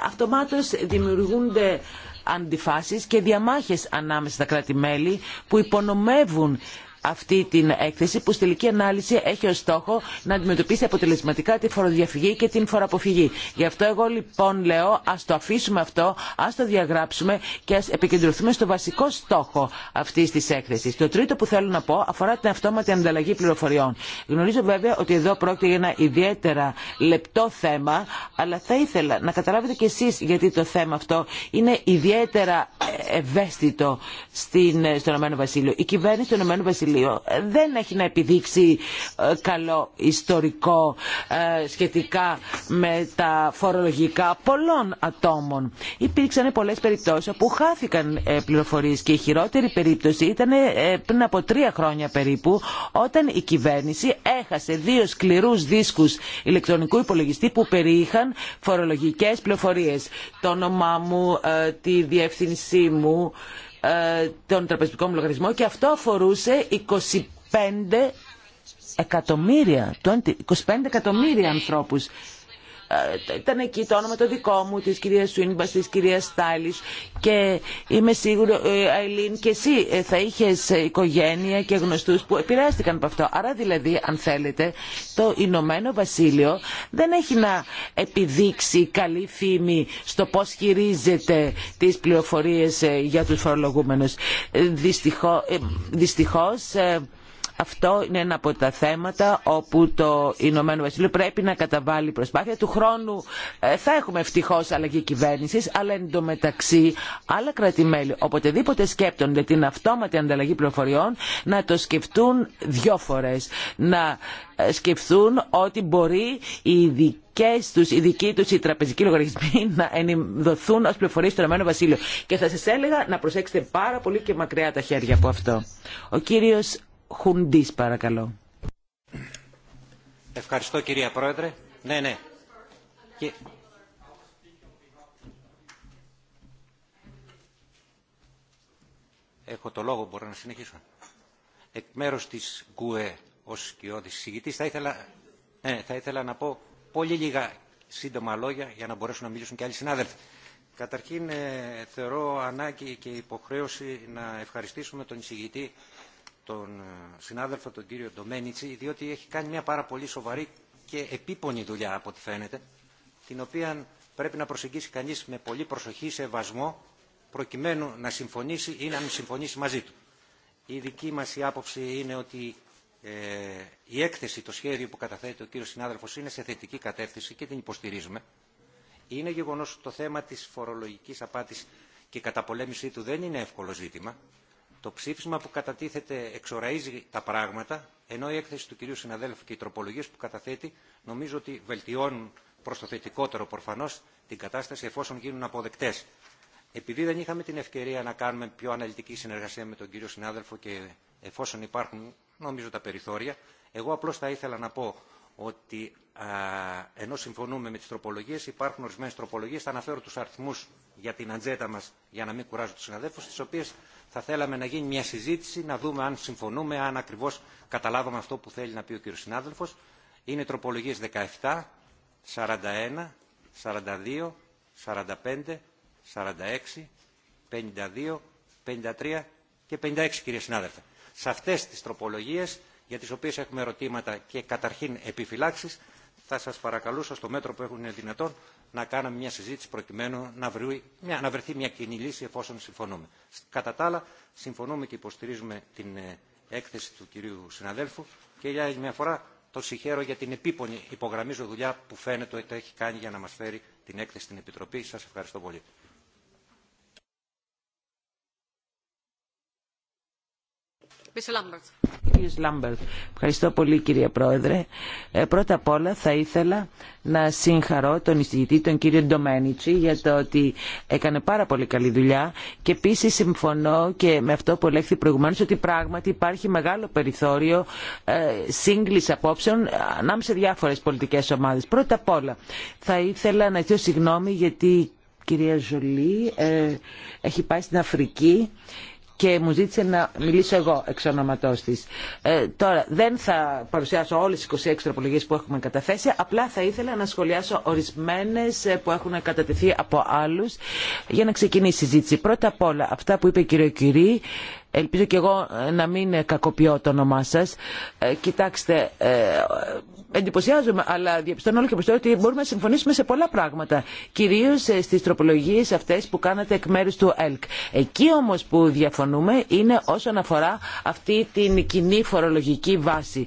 αυτομάτως δημιουργούνται αντιφάσεις και διαμάχες ανάμεσα στα κράτη-μέλη που υπονομεύουν αυτή την έκθεση που στη τελική ανάλυση έχει ως στόχο να αντιμετωπίσει αποτελεσματικά τη φοροδιαφυγή και την φοροαποφυγή. Γι' αυτό εγώ λοιπόν λέω ας το αφήσουμε αυτό, ας το διαγράψουμε και ας επικεντρωθούμε στο βασικό στόχο αυτής της έκθεσης. Το τρίτο που θέλω να πω αφορά την αυτόματη ανταλλαγή πληροφοριών. Γνωρίζω βέβαια ότι εδώ πρόκειται για ένα ιδιαίτερα λεπτό θέμα, αλλά θα ήθελα να καταλάβετε κι εσείς γιατί το θέμα αυτό είναι ιδιαίτερα ευαίσθητο στην, στο Ηνωμένο Βασίλειο. Η κυβέρνηση του Ηνωμένου ε, δεν έχει να επιδείξει ε, καλό ιστορικό ε, σχετικά με τα φορολογικά πολλών ατόμων. Υπήρξαν πολλές περιπτώσεις όπου χάθηκαν πληροφορίες και η χειρότερη περίπτωση ήταν πριν από τρία χρόνια περίπου όταν η κυβέρνηση έχασε δύο σκληρούς δίσκους ηλεκτρονικού υπολογιστή που περιείχαν φορολογικές πληροφορίες. Το όνομά μου, τη διεύθυνσή μου ε, τον τραπεζικό μου λογαριασμό και αυτό αφορούσε 25 εκατομμύρια, 25 εκατομμύρια ανθρώπους. Ε, ήταν εκεί το όνομα το δικό μου, της κυρίας Σουίνμπας, της κυρίας Στάλης και είμαι σίγουρο, ε, Αιλίν, και εσύ ε, θα είχε οικογένεια και γνωστούς που επηρεάστηκαν από αυτό. Άρα δηλαδή, αν θέλετε, το Ηνωμένο Βασίλειο δεν έχει να επιδείξει καλή φήμη στο πώς χειρίζεται τις πληροφορίες για τους φορολογούμενους. Δυστυχώ. Αυτό είναι ένα από τα θέματα όπου το Ηνωμένο Βασίλειο πρέπει να καταβάλει προσπάθεια. Του χρόνου ε, θα έχουμε ευτυχώ αλλαγή κυβέρνηση, αλλά εντωμεταξύ άλλα κρατημέλη, οποτεδήποτε σκέπτονται την αυτόματη ανταλλαγή πληροφοριών, να το σκεφτούν δυο φορέ. Να ε, σκεφτούν ότι μπορεί οι ειδικέ του οι δικοί του, οι τραπεζικοί λογαριασμοί να ενδοθούν ω πληροφορίε στο Ηνωμένο Βασίλειο. Και θα σα έλεγα να προσέξετε πάρα πολύ και μακριά τα χέρια από αυτό. Ο κύριος Χουντής παρακαλώ. Ευχαριστώ κυρία Πρόεδρε. Ναι, ναι. Έχω το λόγο, μπορώ να συνεχίσω. Εκ μέρους της ΚΟΕ, ως σκιώδης συγητής θα ήθελα, ναι, θα ήθελα να πω πολύ λίγα σύντομα λόγια για να μπορέσουν να μιλήσουν και άλλοι συνάδελφοι. Καταρχήν ε, θεωρώ ανάγκη και υποχρέωση να ευχαριστήσουμε τον εισηγητή τον ε, συνάδελφο τον κύριο Ντομένιτσι, διότι έχει κάνει μια πάρα πολύ σοβαρή και επίπονη δουλειά από ό,τι φαίνεται, την οποία πρέπει να προσεγγίσει κανείς με πολύ προσοχή, σεβασμό, προκειμένου να συμφωνήσει ή να μην συμφωνήσει μαζί του. Η δική μας η άποψη είναι ότι ε, η έκθεση, το σχέδιο που καταθέτει ο κύριος συνάδελφος είναι σε θετική κατεύθυνση και την υποστηρίζουμε. Είναι γεγονός ότι το θέμα της φορολογικής απάτης και καταπολέμησή του δεν είναι εύκολο ζήτημα το ψήφισμα που κατατίθεται εξοραίζει τα πράγματα, ενώ η έκθεση του κυρίου συναδέλφου και οι τροπολογίες που καταθέτει νομίζω ότι βελτιώνουν προς το θετικότερο προφανώς την κατάσταση εφόσον γίνουν αποδεκτές. Επειδή δεν είχαμε την ευκαιρία να κάνουμε πιο αναλυτική συνεργασία με τον κύριο συνάδελφο και εφόσον υπάρχουν νομίζω τα περιθώρια, εγώ απλώς θα ήθελα να πω ότι ενώ συμφωνούμε με τις τροπολογίες, υπάρχουν ορισμένες τροπολογίες, θα αναφέρω τους αριθμούς για την ατζέτα μας για να μην κουράζω τους συναδέλφους, τις οποίες θα θέλαμε να γίνει μια συζήτηση, να δούμε αν συμφωνούμε, αν ακριβώς καταλάβαμε αυτό που θέλει να πει ο κύριος συνάδελφος. Είναι τροπολογίες 17, 41, 42, 45, 46, 52, 53 και 56 κύριε συνάδελφε. Σε αυτές τις τροπολογίες για τις οποίες έχουμε ερωτήματα και καταρχήν επιφυλάξεις, θα σας παρακαλούσα στο μέτρο που έχουν δυνατόν να κάνουμε μια συζήτηση προκειμένου να, βρει, μια, να βρεθεί μια κοινή λύση εφόσον συμφωνούμε. Κατά τα άλλα, συμφωνούμε και υποστηρίζουμε την ε, έκθεση του κυρίου συναδέλφου και για άλλη μια φορά το συγχαίρω για την επίπονη υπογραμμίζω δουλειά που φαίνεται ότι έχει κάνει για να μας φέρει την έκθεση στην Επιτροπή. Σας ευχαριστώ πολύ. Ευχαριστώ πολύ κύριε Πρόεδρε. Ε, πρώτα απ' όλα θα ήθελα να συγχαρώ τον εισηγητή τον κύριο Ντομένιτσι για το ότι έκανε πάρα πολύ καλή δουλειά και επίση συμφωνώ και με αυτό που ελέγχθη προηγουμένως ότι πράγματι υπάρχει μεγάλο περιθώριο ε, σύγκληση απόψεων ανάμεσα σε διάφορες πολιτικές ομάδες. Πρώτα απ' όλα θα ήθελα να ζητήσω συγγνώμη γιατί η κυρία Ζολή ε, έχει πάει στην Αφρική και μου ζήτησε να μιλήσω εγώ εξ ονομάτό τη. Ε, τώρα, δεν θα παρουσιάσω όλε τι 26 τροπολογίε που έχουμε καταθέσει, απλά θα ήθελα να σχολιάσω ορισμένε ε, που έχουν κατατεθεί από άλλου, για να ξεκινήσει η συζήτηση. Πρώτα απ' όλα, αυτά που είπε η κύριο Κυρί, ελπίζω και εγώ ε, να μην ε, κακοποιώ το όνομά σας. Ε, κοιτάξτε, ε, εντυπωσιάζομαι, αλλά διαπιστώνω όλο και πιστώ ότι μπορούμε να συμφωνήσουμε σε πολλά πράγματα. Κυρίως στις τροπολογίες αυτές που κάνατε εκ μέρου του ΕΛΚ. Εκεί όμω που διαφωνούμε είναι όσον αφορά αυτή την κοινή φορολογική βάση.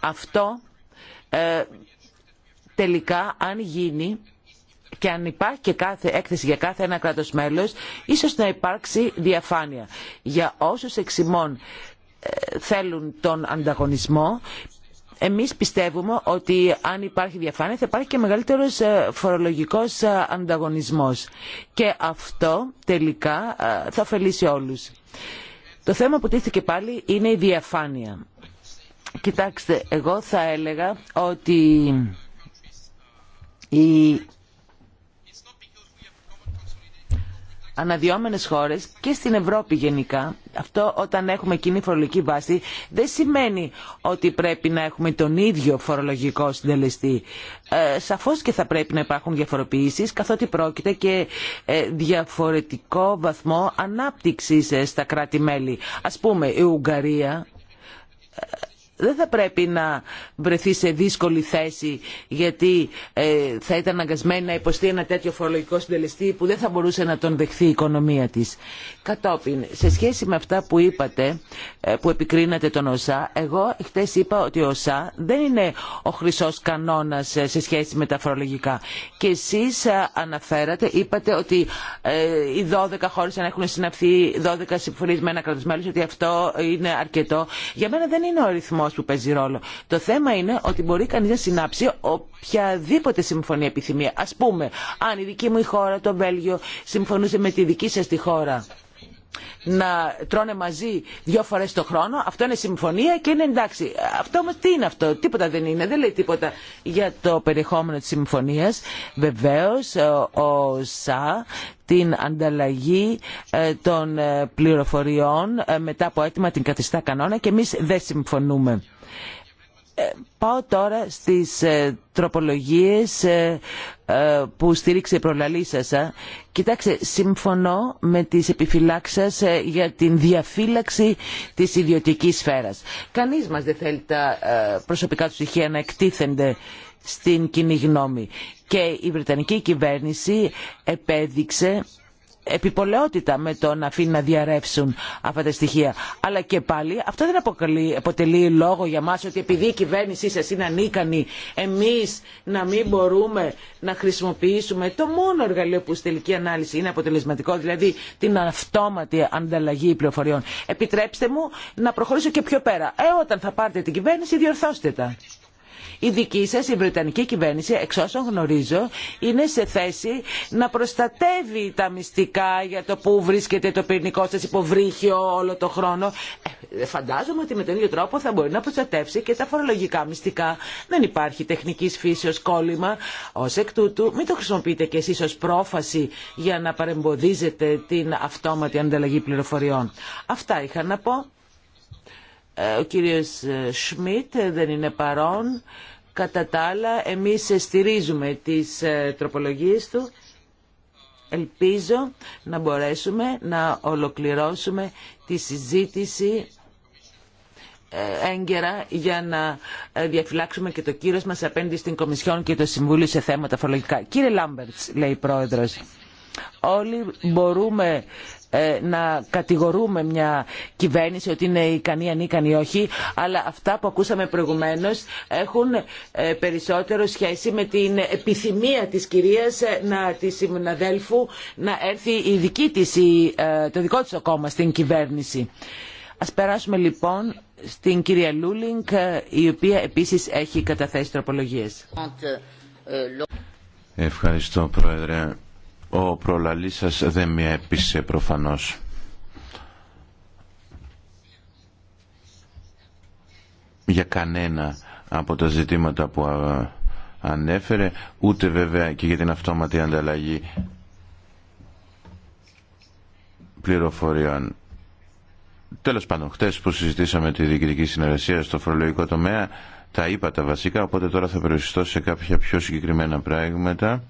αυτό τελικά αν γίνει και αν υπάρχει και κάθε έκθεση για κάθε ένα κράτος μέλος, ίσως να υπάρξει διαφάνεια. Για όσους εξημών ε, θέλουν τον ανταγωνισμό, εμείς πιστεύουμε ότι αν υπάρχει διαφάνεια θα υπάρχει και μεγαλύτερος ε, φορολογικός ε, ανταγωνισμός. Και αυτό τελικά θα ωφελήσει όλους. Το θέμα που τίθηκε πάλι είναι η διαφάνεια. Κοιτάξτε, εγώ θα έλεγα ότι η αναδυόμενες χώρες και στην Ευρώπη γενικά, αυτό όταν έχουμε κοινή φορολογική βάση, δεν σημαίνει ότι πρέπει να έχουμε τον ίδιο φορολογικό συντελεστή. Ε, σαφώς και θα πρέπει να υπάρχουν διαφοροποιήσεις, καθότι πρόκειται και ε, διαφορετικό βαθμό ανάπτυξης ε, στα κράτη-μέλη. Ας πούμε, η Ουγγαρία ε, δεν θα πρέπει να βρεθεί σε δύσκολη θέση γιατί ε, θα ήταν αναγκασμένη να υποστεί ένα τέτοιο φορολογικό συντελεστή που δεν θα μπορούσε να τον δεχθεί η οικονομία της. Κατόπιν, σε σχέση με αυτά που είπατε, ε, που επικρίνατε τον ΩΣΑ, εγώ χτες είπα ότι ο ΩΣΑ δεν είναι ο χρυσός κανόνας ε, σε σχέση με τα φορολογικά. Και εσείς αναφέρατε, είπατε ότι οι 12 χώρες αν έχουν συναυθεί 12 συμφωνίες με ένα κράτος ότι αυτό είναι αρκετό. Για μένα δεν είναι ο που παίζει ρόλο. Το θέμα είναι ότι μπορεί κανεί να συνάψει οποιαδήποτε συμφωνία επιθυμία. Ας πούμε, αν η δική μου η χώρα, το Βέλγιο, συμφωνούσε με τη δική σας τη χώρα να τρώνε μαζί δύο φορές το χρόνο, αυτό είναι συμφωνία και είναι εντάξει. Αυτό όμως τι είναι αυτό, τίποτα δεν είναι, δεν λέει τίποτα για το περιεχόμενο της συμφωνίας. Βεβαίως ο ΣΑ την ανταλλαγή ε, των ε, πληροφοριών ε, μετά από έτοιμα την καθιστά κανόνα και εμείς δεν συμφωνούμε. Ε, πάω τώρα στις ε, τροπολογίες ε, που στήριξε η προλαλήσασα. Κοιτάξτε, συμφωνώ με τις επιφυλάξεις για την διαφύλαξη της ιδιωτικής σφαίρας. Κανείς μας δεν θέλει τα προσωπικά του στοιχεία να εκτίθενται στην κοινή γνώμη. Και η Βρετανική κυβέρνηση επέδειξε επιπολαιότητα με το να αφήνει να διαρρεύσουν αυτά τα στοιχεία. Αλλά και πάλι αυτό δεν αποκαλεί, αποτελεί λόγο για μας ότι επειδή η κυβέρνησή σας είναι ανίκανη εμείς να μην μπορούμε να χρησιμοποιήσουμε το μόνο εργαλείο που στη τελική ανάλυση είναι αποτελεσματικό, δηλαδή την αυτόματη ανταλλαγή πληροφοριών. Επιτρέψτε μου να προχωρήσω και πιο πέρα. Ε, όταν θα πάρετε την κυβέρνηση διορθώστε τα. Η δική σα, η Βρετανική κυβέρνηση, εξ όσων γνωρίζω, είναι σε θέση να προστατεύει τα μυστικά για το που βρίσκεται το πυρηνικό σα υποβρύχιο όλο το χρόνο. Ε, φαντάζομαι ότι με τον ίδιο τρόπο θα μπορεί να προστατεύσει και τα φορολογικά μυστικά. Δεν υπάρχει τεχνικής φύσεως κόλλημα. ω εκ τούτου, μην το χρησιμοποιείτε κι εσεί ω πρόφαση για να παρεμποδίζετε την αυτόματη ανταλλαγή πληροφοριών. Αυτά είχα να πω. Ε, ο κύριος ε, Σμιτ δεν είναι παρόν. Κατά τα άλλα, εμείς στηρίζουμε τις ε, τροπολογίες του. Ελπίζω να μπορέσουμε να ολοκληρώσουμε τη συζήτηση έγκαιρα για να διαφυλάξουμε και το κύριο μας απέναντι στην Κομισιόν και το Συμβούλιο σε θέματα φορολογικά. Κύριε Λάμπερτς, λέει η Πρόεδρος, όλοι μπορούμε ε, να κατηγορούμε μια κυβέρνηση ότι είναι ικανή, ανίκανη ή όχι, αλλά αυτά που ακούσαμε προηγουμένως έχουν ε, περισσότερο σχέση με την επιθυμία της κυρίας ε, να, της συναδέλφου να έρθει η δική της, το δικό της ακόμα στην κυβέρνηση. Ας περάσουμε λοιπόν στην κυρία Λούλινγκ, η οποία επίσης έχει καταθέσει τροπολογίες. Ευχαριστώ Πρόεδρε. Ο προλαλής σας δεν με έπεισε προφανώς. Για κανένα από τα ζητήματα που ανέφερε, ούτε βέβαια και για την αυτόματη ανταλλαγή πληροφοριών. Τέλος πάντων, χτες που συζητήσαμε τη διοικητική συνεργασία στο φορολογικό τομέα, τα είπα τα βασικά, οπότε τώρα θα περιοριστώ σε κάποια πιο συγκεκριμένα πράγματα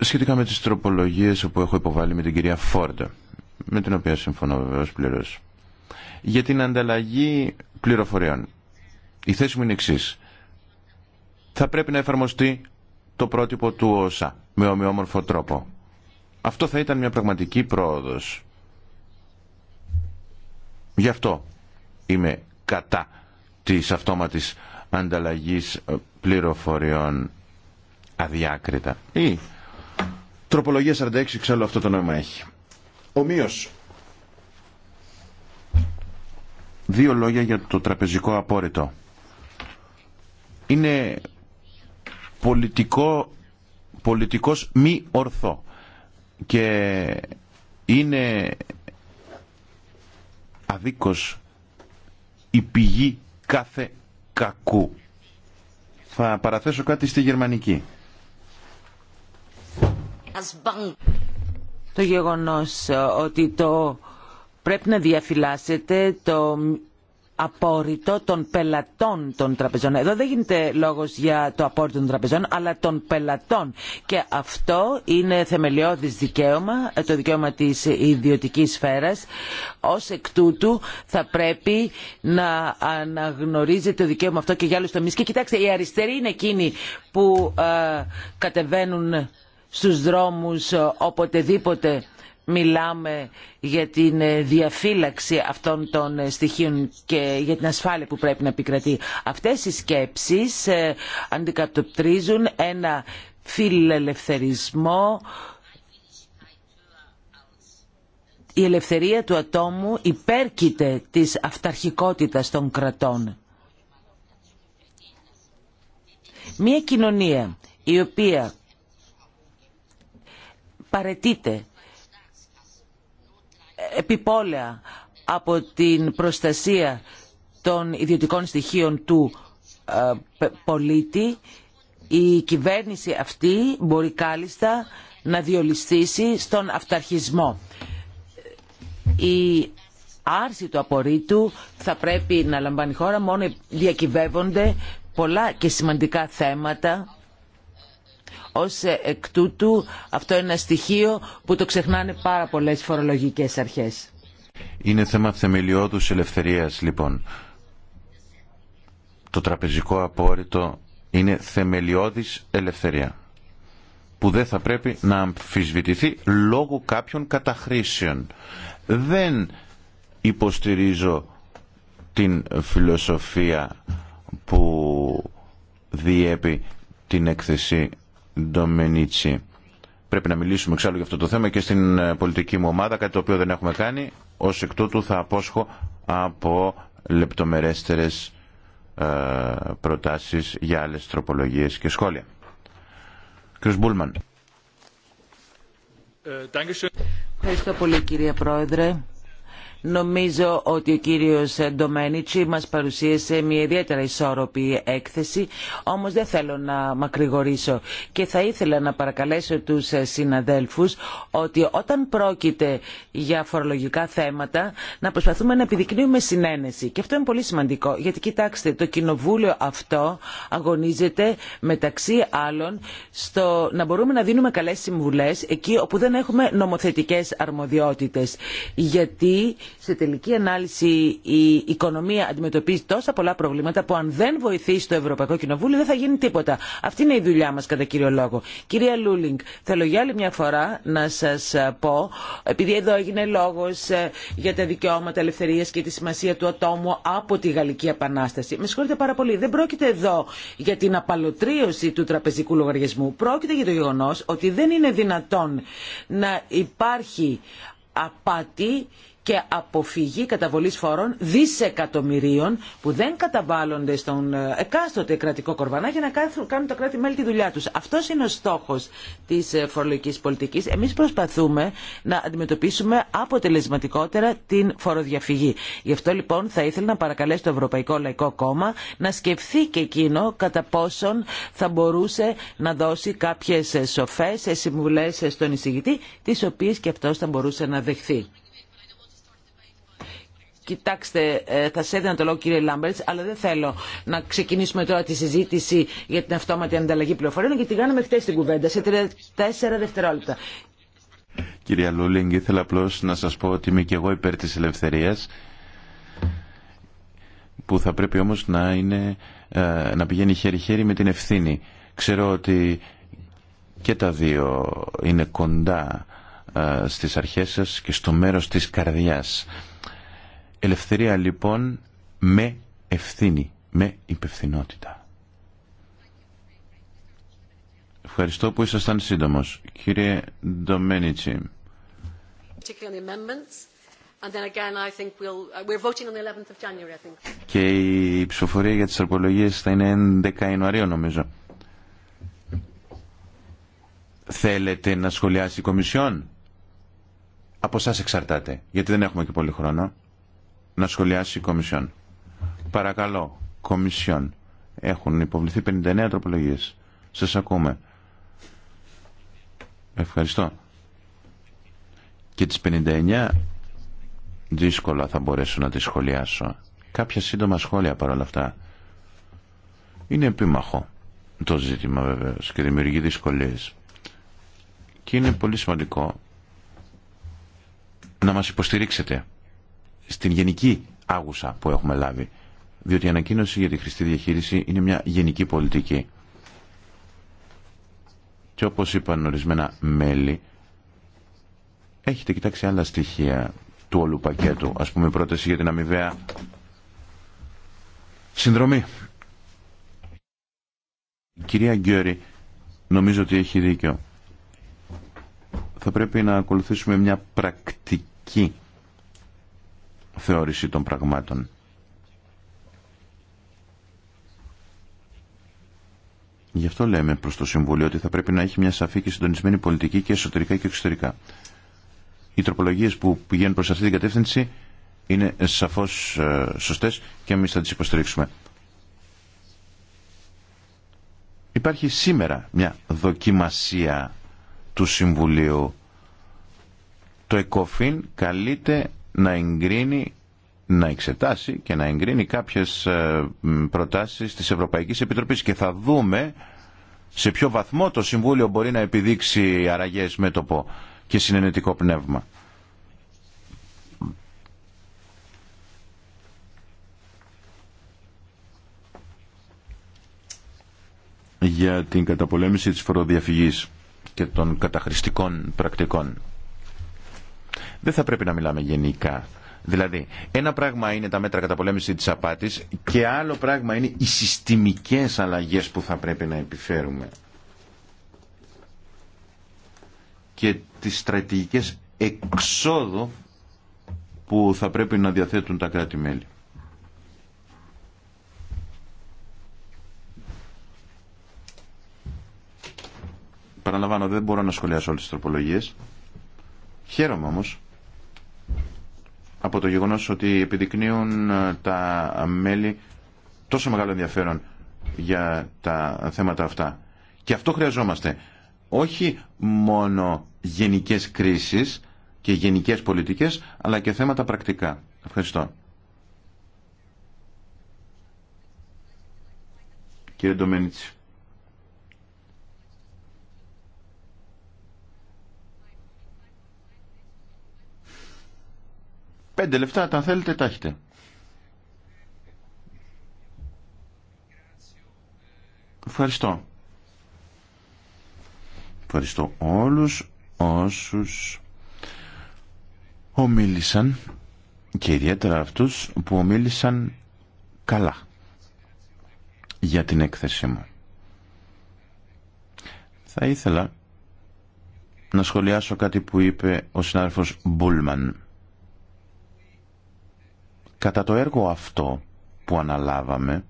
σχετικά με τις τροπολογίες που έχω υποβάλει με την κυρία Φόρντα, με την οποία συμφωνώ βεβαίως πλήρως, για την ανταλλαγή πληροφοριών. Η θέση μου είναι εξή. Θα πρέπει να εφαρμοστεί το πρότυπο του ΩΣΑ με ομοιόμορφο τρόπο. Αυτό θα ήταν μια πραγματική πρόοδος. Γι' αυτό είμαι κατά της αυτόματης ανταλλαγής ε, πληροφοριών αδιάκριτα. Ή Τροπολογία 46, ξέρω αυτό το νόημα έχει. Ομοίω. δύο λόγια για το τραπεζικό απόρριτο. Είναι πολιτικό, πολιτικός μη ορθό και είναι αδίκως η πηγή κάθε κακού. Θα παραθέσω κάτι στη γερμανική. Το γεγονός ε, ότι το πρέπει να διαφυλάσετε το απόρριτο των πελατών των τραπεζών. Εδώ δεν γίνεται λόγος για το απόρριτο των τραπεζών, αλλά των πελατών. Και αυτό είναι θεμελιώδης δικαίωμα, ε, το δικαίωμα της ιδιωτικής σφαίρας. Ως εκ τούτου θα πρέπει να αναγνωρίζεται το δικαίωμα αυτό και για άλλους τομείς. Και κοιτάξτε, οι αριστεροί είναι εκείνοι που ε, κατεβαίνουν στους δρόμους ε, οποτεδήποτε μιλάμε για την ε, διαφύλαξη αυτών των ε, στοιχείων και για την ασφάλεια που πρέπει να επικρατεί. Αυτές οι σκέψεις αντικατοπτρίζουν ένα φιλελευθερισμό, η ελευθερία του ατόμου υπέρκειται της αυταρχικότητας των κρατών. Μία κοινωνία η οποία παρετείται επιπόλαια από την προστασία των ιδιωτικών στοιχείων του ε, πολίτη, η κυβέρνηση αυτή μπορεί κάλλιστα να διολυστήσει στον αυταρχισμό. Η άρση του απορρίτου θα πρέπει να λαμβάνει χώρα μόνο διακυβεύονται πολλά και σημαντικά θέματα ως ε, εκ τούτου αυτό είναι ένα στοιχείο που το ξεχνάνε πάρα πολλές φορολογικές αρχές. Είναι θέμα θεμελιώδους ελευθερίας λοιπόν. Το τραπεζικό απόρριτο είναι θεμελιώδης ελευθερία που δεν θα πρέπει να αμφισβητηθεί λόγω κάποιων καταχρήσεων. Δεν υποστηρίζω την φιλοσοφία που διέπει την έκθεση Ντομενίτσι. Πρέπει να μιλήσουμε εξάλλου για αυτό το θέμα και στην ε, πολιτική μου ομάδα, κάτι το οποίο δεν έχουμε κάνει. Ω εκ τούτου θα απόσχω από λεπτομερέστερες ε, προτάσεις για άλλε τροπολογίε και σχόλια. Κύριος Μπούλμαν. Ε, Ευχαριστώ πολύ κύριε Πρόεδρε. Νομίζω ότι ο κύριος Ντομένιτσι μας παρουσίασε μια ιδιαίτερα ισόρροπη έκθεση, όμως δεν θέλω να μακρηγορήσω και θα ήθελα να παρακαλέσω τους συναδέλφους ότι όταν πρόκειται για φορολογικά θέματα να προσπαθούμε να επιδεικνύουμε συνένεση. Και αυτό είναι πολύ σημαντικό, γιατί κοιτάξτε, το κοινοβούλιο αυτό αγωνίζεται μεταξύ άλλων στο να μπορούμε να δίνουμε καλές συμβουλές εκεί όπου δεν έχουμε νομοθετικές αρμοδιότητες. Γιατί σε τελική ανάλυση η οικονομία αντιμετωπίζει τόσα πολλά προβλήματα που αν δεν βοηθήσει το Ευρωπαϊκό Κοινοβούλιο δεν θα γίνει τίποτα. Αυτή είναι η δουλειά μας κατά κύριο λόγο. Κυρία Λούλινγκ, θέλω για άλλη μια φορά να σας πω, επειδή εδώ έγινε λόγος ε, για τα δικαιώματα ελευθερίας και τη σημασία του ατόμου από τη Γαλλική Επανάσταση. Με συγχωρείτε πάρα πολύ, δεν πρόκειται εδώ για την απαλωτρίωση του τραπεζικού λογαριασμού. Πρόκειται για το γεγονό ότι δεν είναι δυνατόν να υπάρχει απάτη και αποφυγή καταβολής φόρων δισεκατομμυρίων που δεν καταβάλλονται στον ε, εκάστοτε κρατικό κορβανά για να κάνουν τα κράτη-μέλη τη δουλειά τους. Αυτός είναι ο στόχος της ε, φορολογικής πολιτικής. Εμείς προσπαθούμε να αντιμετωπίσουμε αποτελεσματικότερα την φοροδιαφυγή. Γι' αυτό λοιπόν θα ήθελα να παρακαλέσω το Ευρωπαϊκό Λαϊκό Κόμμα να σκεφτεί και εκείνο κατά πόσον θα μπορούσε να δώσει κάποιες ε, σοφές συμβουλές στον εισηγητή τις οποίες και αυτό θα μπορούσε να δεχθεί. Κοιτάξτε, ε, θα σε έδινα το λόγο κύριε Λάμπερτ, αλλά δεν θέλω να ξεκινήσουμε τώρα τη συζήτηση για την αυτόματη ανταλλαγή πληροφοριών, γιατί την κάναμε χθε την κουβέντα σε τέσσερα δευτερόλεπτα. Κυρία Λούλινγκ, ήθελα απλώ να σα πω ότι είμαι και εγώ υπέρ τη ελευθερία, που θα πρέπει όμω να, είναι, ε, να πηγαίνει χέρι-χέρι με την ευθύνη. Ξέρω ότι και τα δύο είναι κοντά ε, στις αρχές σας και στο μέρος της καρδιάς. Ελευθερία λοιπόν με ευθύνη, με υπευθυνότητα. Ευχαριστώ που ήσασταν σύντομος. Κύριε Ντομένιτσι. Uh, και η ψηφοφορία για τις αρπολογίες θα είναι 11 Ιανουαρίου νομίζω. Θέλετε να σχολιάσει η Κομισιόν. Από εσά εξαρτάται, γιατί δεν έχουμε και πολύ χρόνο να σχολιάσει η Κομισιόν. Παρακαλώ, Κομισιόν. Έχουν υποβληθεί 59 τροπολογίε. Σας ακούμε. Ευχαριστώ. Και τι 59 δύσκολα θα μπορέσω να τις σχολιάσω. Κάποια σύντομα σχόλια παρόλα αυτά. Είναι επίμαχο το ζήτημα βέβαια και δημιουργεί δυσκολίε. Και είναι πολύ σημαντικό να μας υποστηρίξετε στην γενική άγουσα που έχουμε λάβει. Διότι η ανακοίνωση για τη χρηστή διαχείριση είναι μια γενική πολιτική. Και όπως είπαν ορισμένα μέλη, έχετε κοιτάξει άλλα στοιχεία του όλου πακέτου. Ας πούμε πρόταση για την αμοιβαία συνδρομή. κυρία Γκιόρη νομίζω ότι έχει δίκιο. Θα πρέπει να ακολουθήσουμε μια πρακτική θεώρηση των πραγμάτων. Γι' αυτό λέμε προς το Συμβούλιο ότι θα πρέπει να έχει μια σαφή και συντονισμένη πολιτική και εσωτερικά και εξωτερικά. Οι τροπολογίες που πηγαίνουν προς αυτή την κατεύθυνση είναι σαφώς ε, σωστές και εμείς θα τις υποστηρίξουμε. Υπάρχει σήμερα μια δοκιμασία του Συμβουλίου. Το ΕΚΟΦΗΝ καλείται να εγκρίνει να εξετάσει και να εγκρίνει κάποιες ε, προτάσεις της Ευρωπαϊκής Επιτροπής και θα δούμε σε ποιο βαθμό το Συμβούλιο μπορεί να επιδείξει αραγές μέτωπο και συνενετικό πνεύμα. για την καταπολέμηση της φοροδιαφυγής και των καταχρηστικών πρακτικών δεν θα πρέπει να μιλάμε γενικά. Δηλαδή, ένα πράγμα είναι τα μέτρα καταπολέμηση τη απάτης και άλλο πράγμα είναι οι συστημικές αλλαγέ που θα πρέπει να επιφέρουμε. Και τις στρατηγικέ εξόδου που θα πρέπει να διαθέτουν τα κράτη-μέλη. Παραλαμβάνω, δεν μπορώ να σχολιάσω όλες τις τροπολογίες. Χαίρομαι όμως από το γεγονός ότι επιδεικνύουν ε, τα μέλη τόσο μεγάλο ενδιαφέρον για τα θέματα αυτά. Και αυτό χρειαζόμαστε. Όχι μόνο γενικές κρίσεις και γενικές πολιτικές, αλλά και θέματα πρακτικά. Ευχαριστώ. Κύριε Ντομένιτση. Πέντε λεφτά, τα θέλετε, τα έχετε. Ευχαριστώ. Ευχαριστώ όλους όσους ομίλησαν και ιδιαίτερα αυτούς που ομίλησαν καλά για την έκθεσή μου. Θα ήθελα να σχολιάσω κάτι που είπε ο συνάδελφος Μπούλμαν. Κατά το έργο αυτό που αναλάβαμε,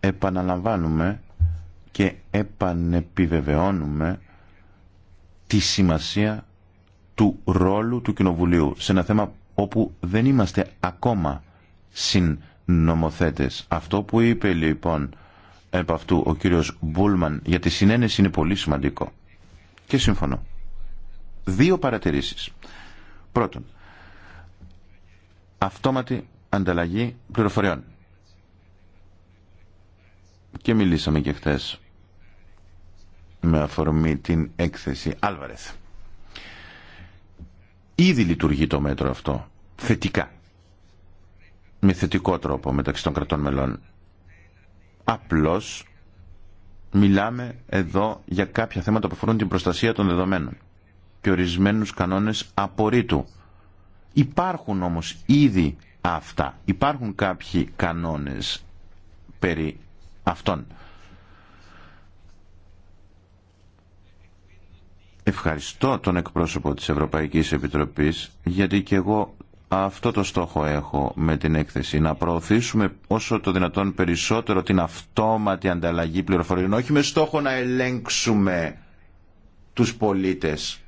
επαναλαμβάνουμε και επανεπιβεβαιώνουμε τη σημασία του ρόλου του Κοινοβουλίου σε ένα θέμα όπου δεν είμαστε ακόμα συνομοθέτες. Αυτό που είπε λοιπόν επ' αυτού ο κύριος Μπούλμαν για τη συνένεση είναι πολύ σημαντικό. Και συμφωνώ. Δύο παρατηρήσεις. Πρώτον, αυτόματη ανταλλαγή πληροφοριών. Και μιλήσαμε και χθες με αφορμή την έκθεση Άλβαρεθ. Ήδη λειτουργεί το μέτρο αυτό θετικά, με θετικό τρόπο μεταξύ των κρατών μελών. Απλώς μιλάμε εδώ για κάποια θέματα που αφορούν την προστασία των δεδομένων και ορισμένους κανόνες απορρίτου Υπάρχουν όμως ήδη αυτά. Υπάρχουν κάποιοι κανόνες περί αυτών. Ευχαριστώ τον εκπρόσωπο της Ευρωπαϊκής Επιτροπής γιατί και εγώ αυτό το στόχο έχω με την έκθεση. Να προωθήσουμε όσο το δυνατόν περισσότερο την αυτόματη ανταλλαγή πληροφοριών όχι με στόχο να ελέγξουμε τους πολίτες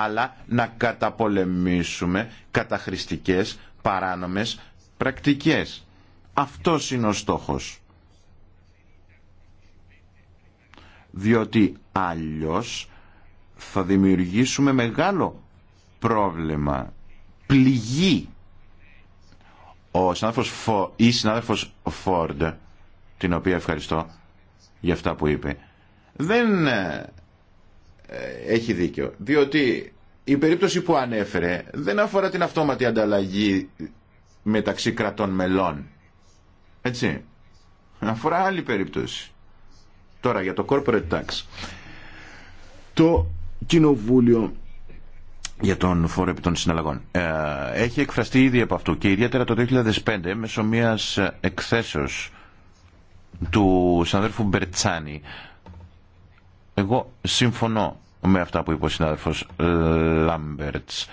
αλλά να καταπολεμήσουμε καταχρηστικές, παράνομες πρακτικές. Αυτός είναι ο στόχος. Διότι αλλιώς θα δημιουργήσουμε μεγάλο πρόβλημα, πληγή. Ο συνάδελφος Φο, ή συνάδελφος Φόρντ, την οποία ευχαριστώ για αυτά που είπε, δεν ε, ε, έχει δίκιο. Διότι η περίπτωση που ανέφερε δεν αφορά την αυτόματη ανταλλαγή μεταξύ κρατών μελών. Έτσι. Αφορά άλλη περίπτωση. Τώρα για το corporate tax. Το κοινοβούλιο για τον φόρο επί των συναλλαγών. Ε, έχει εκφραστεί ήδη από αυτό και ιδιαίτερα το 2005 μέσω μιας εκθέσεως του συναδέλφου Μπερτσάνη εγώ συμφωνώ με αυτά που είπε ο συνάδελφος ε, Λάμπερτς.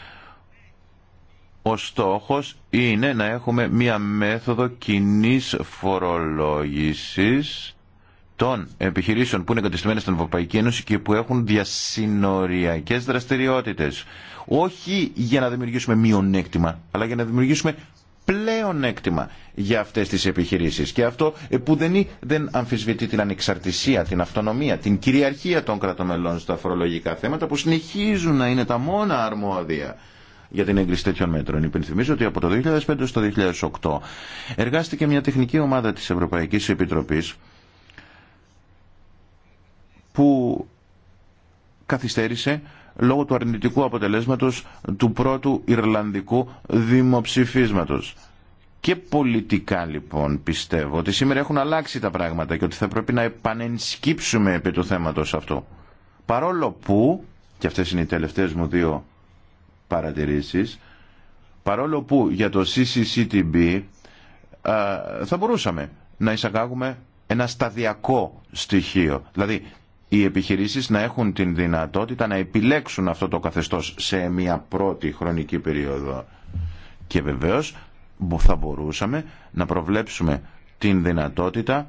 Ο στόχος είναι να έχουμε μία μέθοδο κοινή φορολόγησης των επιχειρήσεων που είναι κατεστημένες στην Ευρωπαϊκή Ένωση και που έχουν διασυνοριακές δραστηριότητες. Όχι για να δημιουργήσουμε μειονέκτημα, αλλά για να δημιουργήσουμε πλέον έκτημα για αυτέ τι επιχειρήσει Και αυτό ε, που δεν, αμφισβητεί την ανεξαρτησία, την αυτονομία, την κυριαρχία των κρατομελών στα φορολογικά θέματα που συνεχίζουν να είναι τα μόνα αρμόδια για την έγκριση τέτοιων μέτρων. Υπενθυμίζω ότι από το 2005 στο 2008 εργάστηκε μια τεχνική ομάδα της Ευρωπαϊκής Επιτροπής που καθυστέρησε λόγω του αρνητικού αποτελέσματος του πρώτου Ιρλανδικού δημοψηφίσματος και πολιτικά λοιπόν πιστεύω ότι σήμερα έχουν αλλάξει τα πράγματα και ότι θα πρέπει να επανενσκύψουμε επί του θέματος αυτό. Παρόλο που, και αυτές είναι οι τελευταίες μου δύο παρατηρήσεις, παρόλο που για το CCCTB θα μπορούσαμε να εισαγάγουμε ένα σταδιακό στοιχείο. Δηλαδή, οι επιχειρήσεις να έχουν την δυνατότητα να επιλέξουν αυτό το καθεστώς σε μια πρώτη χρονική περίοδο. Και βεβαίως θα μπορούσαμε να προβλέψουμε την δυνατότητα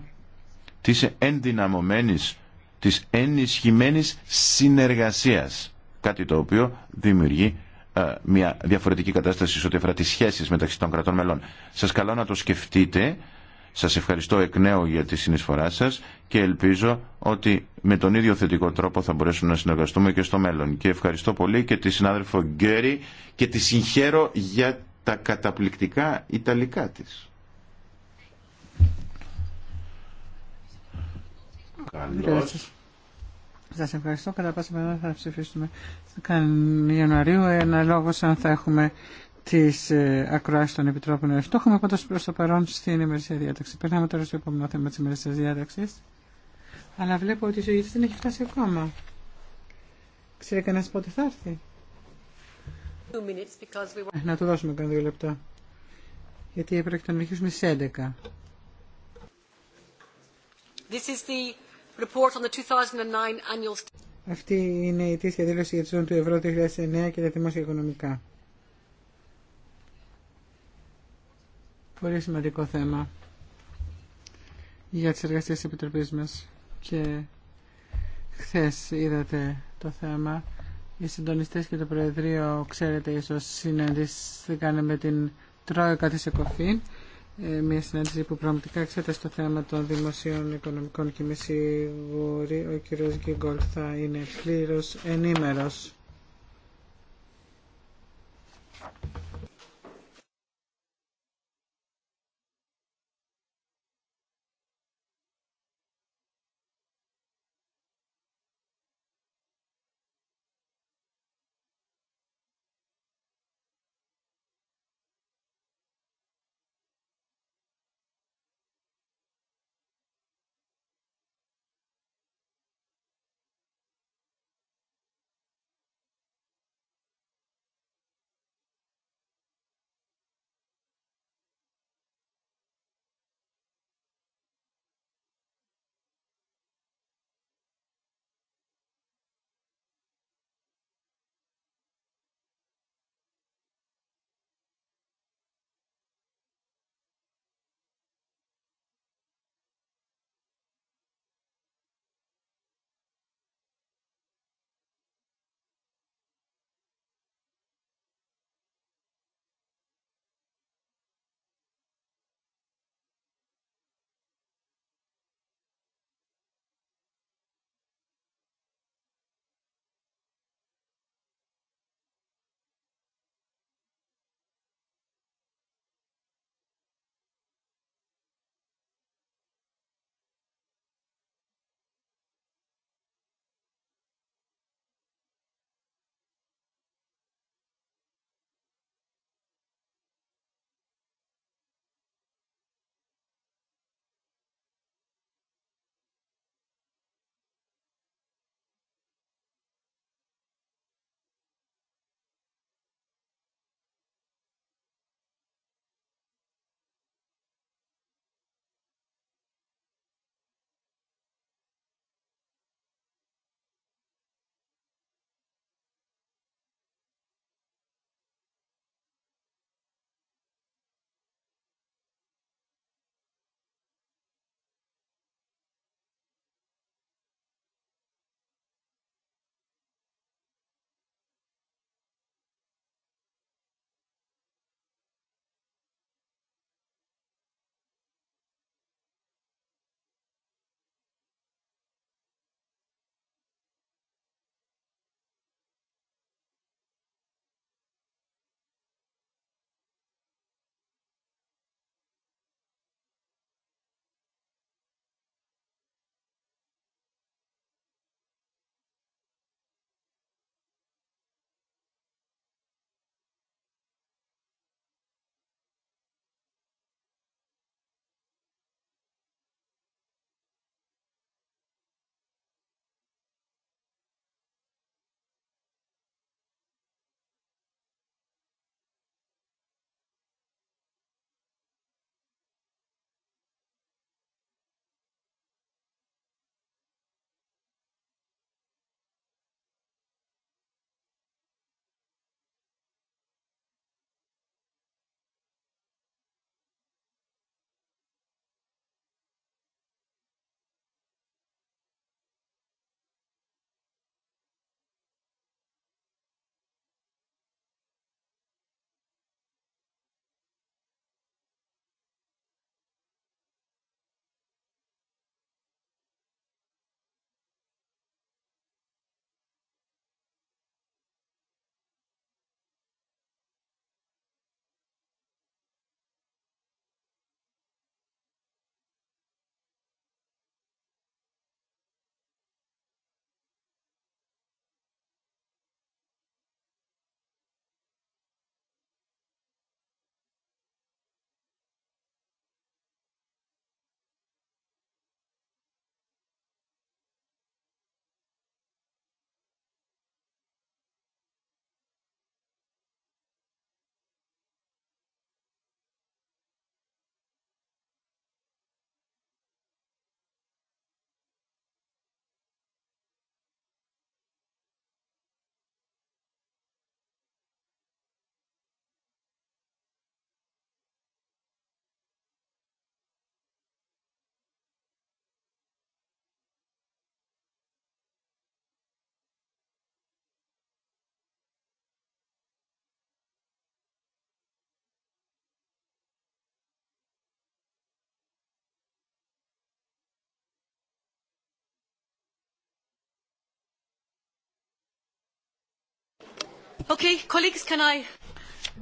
της ενδυναμωμένης, της ενισχυμένης συνεργασίας. Κάτι το οποίο δημιουργεί ε, μια διαφορετική κατάσταση σε ό,τι αφορά τις σχέσεις μεταξύ των κρατών μελών. Σας καλώ να το σκεφτείτε. Σας ευχαριστώ εκ νέου για τη συνεισφορά σας και ελπίζω ότι με τον ίδιο θετικό τρόπο θα μπορέσουμε να συνεργαστούμε και στο μέλλον. Και ευχαριστώ πολύ και τη συνάδελφο Γκέρι και τη συγχαίρω για τα καταπληκτικά Ιταλικά της. Καλώς. Σα ευχαριστώ. Κατά πάσα πιθανότητα θα ψηφίσουμε καν Ιανουαρίου. Ένα λόγο αν θα έχουμε τι ε, ακροάσει των επιτρόπων αυτό. Έχουμε πάντω προ το παρόν στην ημερησία διάταξη. Περνάμε τώρα στο επόμενο θέμα τη ημερησία διάταξη. Αλλά βλέπω ότι η ζωή δεν έχει φτάσει ακόμα. Ξέρει κανένα πότε θα έρθει. Να του δώσουμε καν δύο λεπτά. Γιατί έπρεπε να αρχίσουμε στις 11. This is the report on the 2009 annual... Αυτή είναι η τέτοια δήλωση για τη ζώνη του ευρώ 2009 και τα δημόσια οικονομικά. Πολύ σημαντικό θέμα για τις εργασίες της Επιτροπής μας και χθες είδατε το θέμα οι συντονιστές και το Προεδρείο, ξέρετε, ίσως συναντήθηκαν με την Τρόικα της Εκοφή. Ε, μια συνάντηση που πραγματικά εξέτασε το θέμα των δημοσίων οικονομικών και είμαι σίγουρη ο κύριος Γκίγκολ θα είναι πλήρως ενήμερος.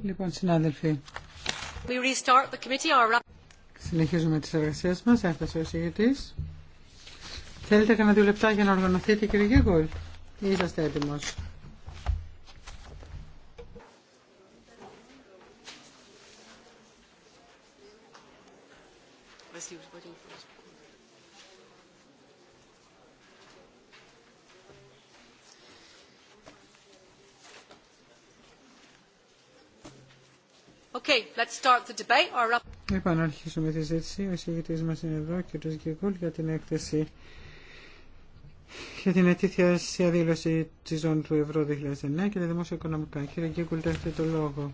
Λοιπόν, συνάδελφοι. We restart the committee, our... Συνεχίζουμε τις εργασίες μας. Έφτασε ο εισηγητής. Θέλετε κανένα δύο λεπτά για να οργανωθείτε, κύριε ή Είσαστε έτοιμος. Επανάρχισουμε τη συζήτηση. Ο εισηγητής μας είναι εδώ, κ. Γκίκουλ, για την έκθεση για την ετήθεια σε δήλωση τη ζώνη του ευρώ 2009 και τα δημόσια οικονομικά. Κύριε Γκίγκουλ, έχετε το λόγο.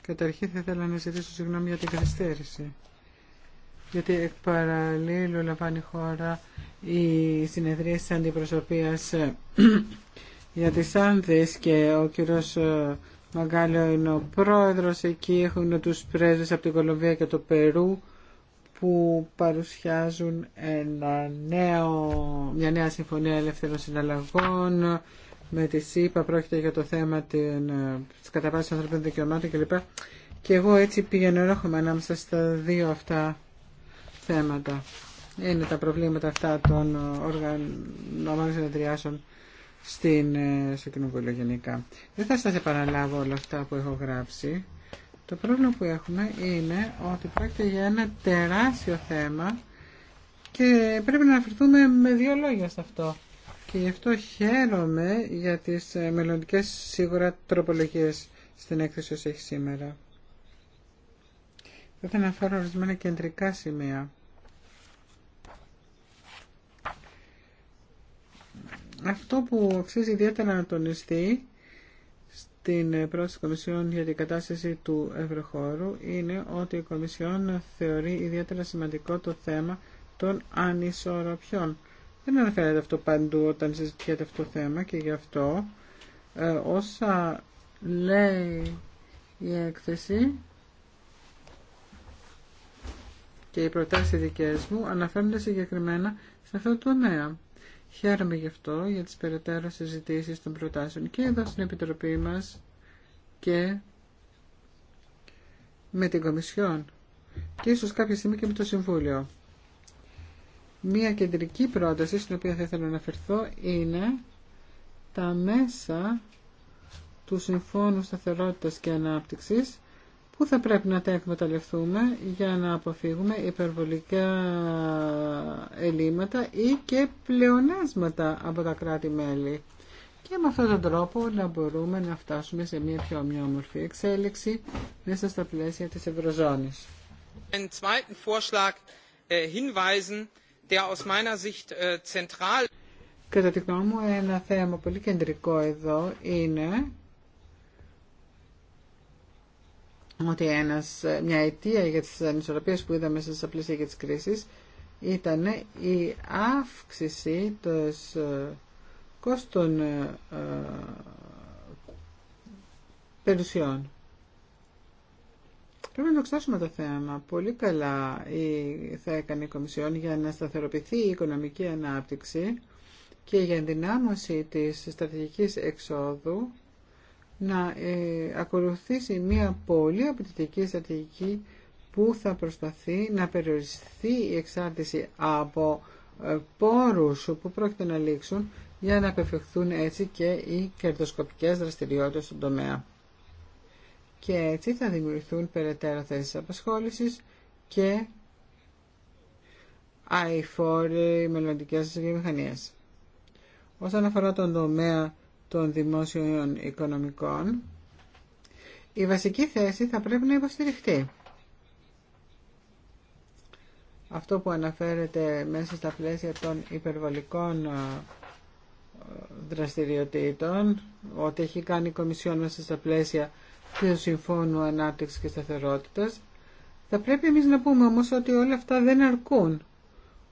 Καταρχήν θα ήθελα να ζητήσω συγγνώμη για την καθυστέρηση γιατί εκ παραλλήλου λαμβάνει η χώρα η συνεδρία της αντιπροσωπείας ε, για τις Άνδρες και ο κύριος ε, Μαγκάλιο είναι ο πρόεδρος εκεί έχουν τους πρέσβες από την Κολομβία και το Περού που παρουσιάζουν ένα νέο, μια νέα συμφωνία ελεύθερων συναλλαγών με τη ΣΥΠΑ πρόκειται για το θέμα ε, της καταβάσης των ανθρωπίνων δικαιωμάτων κλπ. Και εγώ έτσι πήγαινε ρόχομαι ανάμεσα στα δύο αυτά θέματα. Είναι τα προβλήματα αυτά των οργανωμένων συνεδριάσεων στην, ε, στο κοινοβούλιο γενικά. Δεν θα σα επαναλάβω όλα αυτά που έχω γράψει. Το πρόβλημα που έχουμε είναι ότι πρόκειται για ένα τεράστιο θέμα και πρέπει να αναφερθούμε με δύο λόγια σε αυτό. Και γι' αυτό χαίρομαι για τις μελλοντικέ σίγουρα τροπολογίες στην έκθεση όσο έχει σήμερα. Θα αναφέρω ορισμένα κεντρικά σημεία. Αυτό που αξίζει ιδιαίτερα να τονιστεί στην πρόταση Κομισιόν για την κατάσταση του Ευρωχώρου είναι ότι η Κομισιόν θεωρεί ιδιαίτερα σημαντικό το θέμα των ανισορροπιών. Δεν αναφέρεται αυτό παντού όταν συζητιέται αυτό το θέμα και γι' αυτό ε, όσα λέει η έκθεση και οι προτάσεις δικές μου αναφέρονται συγκεκριμένα σε αυτό το τομέα. Χαίρομαι γι' αυτό για τις περαιτέρω συζητήσει των προτάσεων και εδώ στην Επιτροπή μας και με την Κομισιόν και ίσως κάποια στιγμή και με το Συμβούλιο. Μία κεντρική πρόταση στην οποία θα ήθελα να αναφερθώ είναι τα μέσα του Συμφώνου Σταθερότητας και Ανάπτυξης που θα πρέπει να τα εκμεταλλευτούμε για να αποφύγουμε υπερβολικά ελλείμματα ή και πλεονάσματα από τα κράτη-μέλη. Και με αυτόν τον τρόπο να μπορούμε να φτάσουμε σε μια πιο ομοιόμορφη εξέλιξη μέσα στα πλαίσια της Ευρωζώνης. Äh, äh, Κατά τη γνώμη μου, ένα θέμα πολύ κεντρικό εδώ είναι ότι μια αιτία για τις ανισορροπίες που είδαμε στις απλήσεις για τις κρίσεις ήταν η αύξηση των ε, κόστων ε, ε, περιουσιών. Πρέπει να εξετάσουμε το θέμα. Πολύ καλά θα έκανε η Κομισιόν για να σταθεροποιηθεί η οικονομική ανάπτυξη και για ενδυνάμωση της στρατηγικής εξόδου να ε, ακολουθήσει μία πολύ απαιτητική στρατηγική που θα προσπαθεί να περιοριστεί η εξάρτηση από ε, πόρους που πρόκειται να λήξουν για να απευθυνθούν έτσι και οι κερδοσκοπικές δραστηριότητες στον τομέα. Και έτσι θα δημιουργηθούν περαιτέρω θέσεις απασχόλησης και αηφόροι μελλοντικές βιομηχανίες. Όσον αφορά τον τομέα των δημόσιων οικονομικών, η βασική θέση θα πρέπει να υποστηριχτεί. Αυτό που αναφέρεται μέσα στα πλαίσια των υπερβολικών δραστηριοτήτων, ότι έχει κάνει η Κομισιόν μέσα στα πλαίσια του Συμφώνου Ανάπτυξης και Σταθερότητας, θα πρέπει εμείς να πούμε όμως ότι όλα αυτά δεν αρκούν.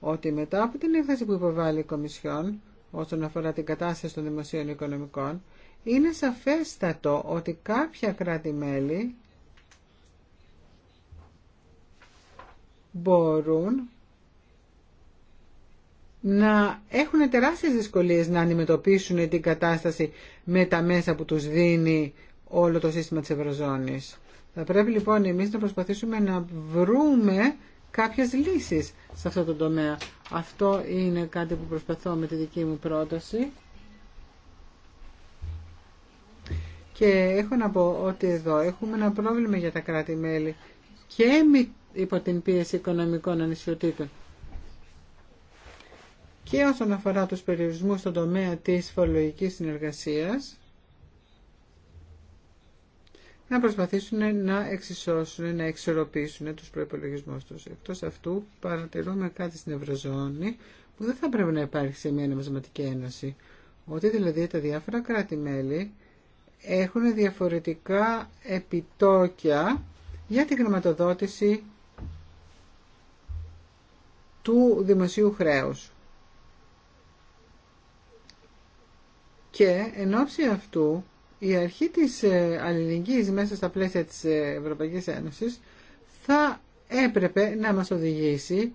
Ότι μετά από την έκθεση που υποβάλλει η Κομισιόν, όσον αφορά την κατάσταση των δημοσίων οικονομικών, είναι σαφέστατο ότι κάποια κράτη-μέλη μπορούν να έχουν τεράστιες δυσκολίες να αντιμετωπίσουν την κατάσταση με τα μέσα που τους δίνει όλο το σύστημα της Ευρωζώνης. Θα πρέπει λοιπόν εμείς να προσπαθήσουμε να βρούμε κάποιες λύσεις σε αυτό το τομέα. Αυτό είναι κάτι που προσπαθώ με τη δική μου πρόταση. Και έχω να πω ότι εδώ έχουμε ένα πρόβλημα για τα κράτη-μέλη και υπό την πίεση οικονομικών ανισιοτήτων. Και όσον αφορά τους περιορισμούς στον τομέα της φορολογικής συνεργασίας, να προσπαθήσουν να εξισώσουν, να εξορροπήσουν τους προϋπολογισμούς τους. Εκτός αυτού παρατηρούμε κάτι στην Ευρωζώνη που δεν θα πρέπει να υπάρχει σε μια νομισματική ένωση. Ότι δηλαδή τα διάφορα κράτη-μέλη έχουν διαφορετικά επιτόκια για την χρηματοδότηση του δημοσίου χρέους. Και εν ώψη αυτού η αρχή της ε, αλληλεγγύης μέσα στα πλαίσια της ε, Ευρωπαϊκής Ένωσης θα έπρεπε να μας οδηγήσει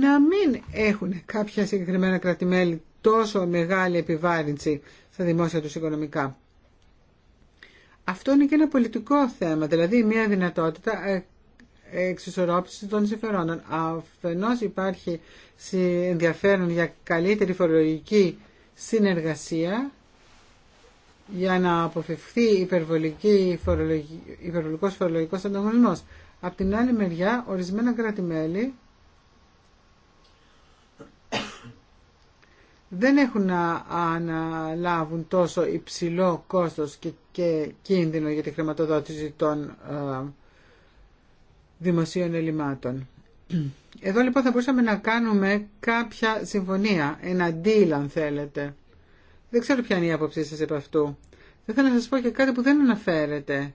να μην έχουν κάποια συγκεκριμένα κρατημέλη τόσο μεγάλη επιβάρυνση στα δημόσια τους οικονομικά. Αυτό είναι και ένα πολιτικό θέμα, δηλαδή μια δυνατότητα ε, εξισορρόπησης των συμφερόντων. Αφενός υπάρχει ενδιαφέρον για καλύτερη φορολογική συνεργασία για να αποφευχθεί υπερβολική φορολογική, υπερβολικός φορολογικός ανταγωνισμός. Απ' την άλλη μεριά, ορισμένα δεν έχουν να αναλάβουν τόσο υψηλό κόστος και, κίνδυνο για τη χρηματοδότηση των ε, δημοσίων ελλημάτων. Εδώ λοιπόν θα μπορούσαμε να κάνουμε κάποια συμφωνία, ένα deal αν θέλετε, δεν ξέρω ποια είναι η άποψή σας επ' αυτού. Θα ήθελα να σας πω και κάτι που δεν αναφέρεται.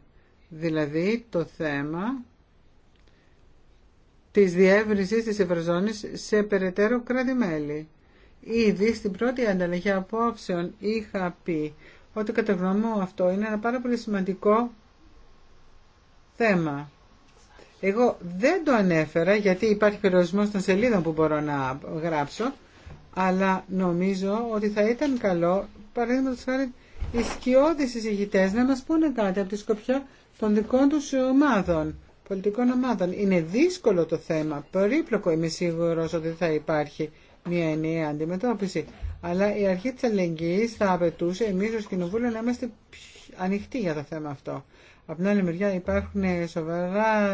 Δηλαδή το θέμα της διεύρυνσης της Ευρωζώνης σε περαιτέρω κράτη-μέλη. Ήδη στην πρώτη ανταλλαγή απόψεων είχα πει ότι κατά γνώμη αυτό είναι ένα πάρα πολύ σημαντικό θέμα. Εγώ δεν το ανέφερα γιατί υπάρχει περιορισμό των σελίδων που μπορώ να γράψω, αλλά νομίζω ότι θα ήταν καλό, παραδείγματο χάρη, οι σκιώδεις συζητητές να μα πούνε κάτι από τη σκοπιά των δικών του ομάδων, πολιτικών ομάδων. Είναι δύσκολο το θέμα, περίπλοκο είμαι σίγουρο ότι θα υπάρχει μια ενιαία αντιμετώπιση. Αλλά η αρχή τη αλληλεγγύη θα απαιτούσε εμεί ω Κοινοβούλιο να είμαστε ανοιχτοί για το θέμα αυτό. Από την άλλη μεριά υπάρχουν σοβαρά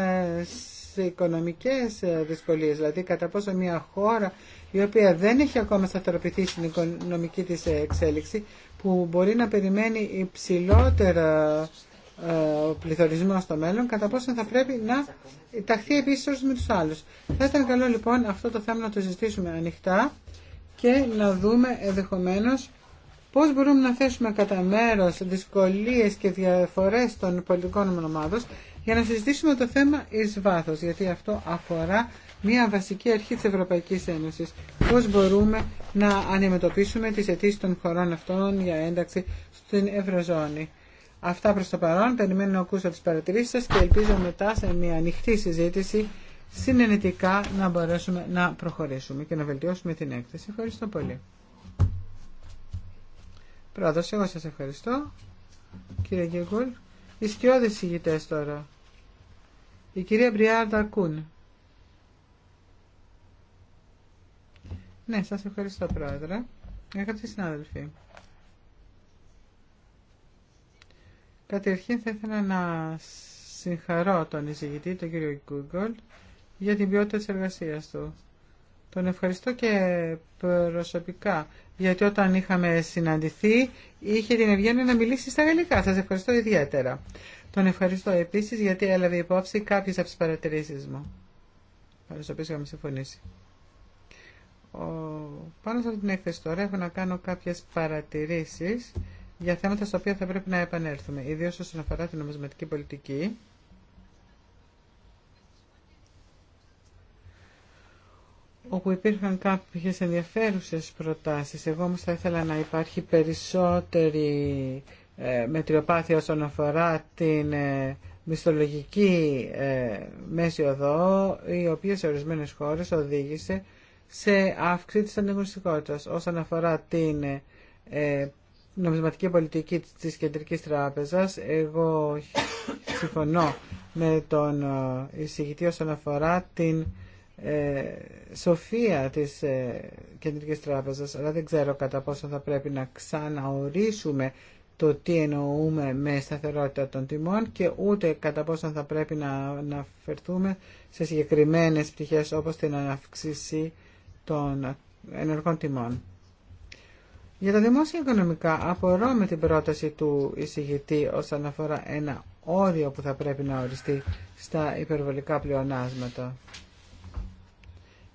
οικονομικές δυσκολίες, δηλαδή κατά πόσο μια χώρα η οποία δεν έχει ακόμα σταθεροποιηθεί στην οικονομική της εξέλιξη, που μπορεί να περιμένει υψηλότερα ε, πληθωρισμό στο μέλλον, κατά πόσο θα πρέπει να ταχθεί επίσης με τους άλλους. Θα ήταν καλό λοιπόν αυτό το θέμα να το συζητήσουμε ανοιχτά και να δούμε ενδεχομένω πώς μπορούμε να θέσουμε κατά μέρο δυσκολίες και διαφορές των πολιτικών ομάδων για να συζητήσουμε το θέμα εις βάθος, γιατί αυτό αφορά μια βασική αρχή της Ευρωπαϊκής Ένωσης. Πώς μπορούμε να αντιμετωπίσουμε τις αιτήσει των χωρών αυτών για ένταξη στην Ευρωζώνη. Αυτά προς το παρόν. Περιμένω να ακούσω τις παρατηρήσεις σας και ελπίζω μετά σε μια ανοιχτή συζήτηση συνενετικά να μπορέσουμε να προχωρήσουμε και να βελτιώσουμε την έκθεση. Ευχαριστώ πολύ. Πρόεδρος, εγώ σας ευχαριστώ. Κύριε Γκέγκουλ, οι σκιώδες τώρα. Η κυρία Μπριάρντα Κούν. Ναι, σας ευχαριστώ πρόεδρε. Αγαπητοί συνάδελφοι. Καταρχήν θα ήθελα να συγχαρώ τον εισηγητή, τον κύριο Google, για την ποιότητα της εργασίας του. Τον ευχαριστώ και προσωπικά, γιατί όταν είχαμε συναντηθεί είχε την ευγένεια να μιλήσει στα γαλλικά. Σας ευχαριστώ ιδιαίτερα. Τον ευχαριστώ επίσης γιατί έλαβε υπόψη κάποιες από τι παρατηρήσει μου, συμφωνήσει πάνω σε αυτή την έκθεση τώρα έχω να κάνω κάποιες παρατηρήσεις για θέματα στα οποία θα πρέπει να επανέλθουμε, ιδίως όσον αφορά την νομισματική πολιτική. όπου υπήρχαν κάποιες ενδιαφέρουσες προτάσεις. Εγώ όμως θα ήθελα να υπάρχει περισσότερη ε, μετριοπάθεια όσον αφορά την ε, μισθολογική ε, μέση οδό, η οποία σε ορισμένες χώρες οδήγησε σε αύξηση της ανεγνωστικότητας. Όσον αφορά την ε, νομισματική πολιτική της Κεντρικής Τράπεζας, εγώ συμφωνώ με τον ε, εισηγητή όσον αφορά την ε, σοφία της ε, Κεντρικής Τράπεζας, αλλά δεν ξέρω κατά πόσο θα πρέπει να ξαναορίσουμε το τι εννοούμε με σταθερότητα των τιμών και ούτε κατά πόσο θα πρέπει να αναφερθούμε σε συγκεκριμένες πτυχές όπως την αναύξηση των ενεργών τιμών. Για τα δημόσια οικονομικά απορώ με την πρόταση του εισηγητή όσον αφορά ένα όριο που θα πρέπει να οριστεί στα υπερβολικά πλεονάσματα.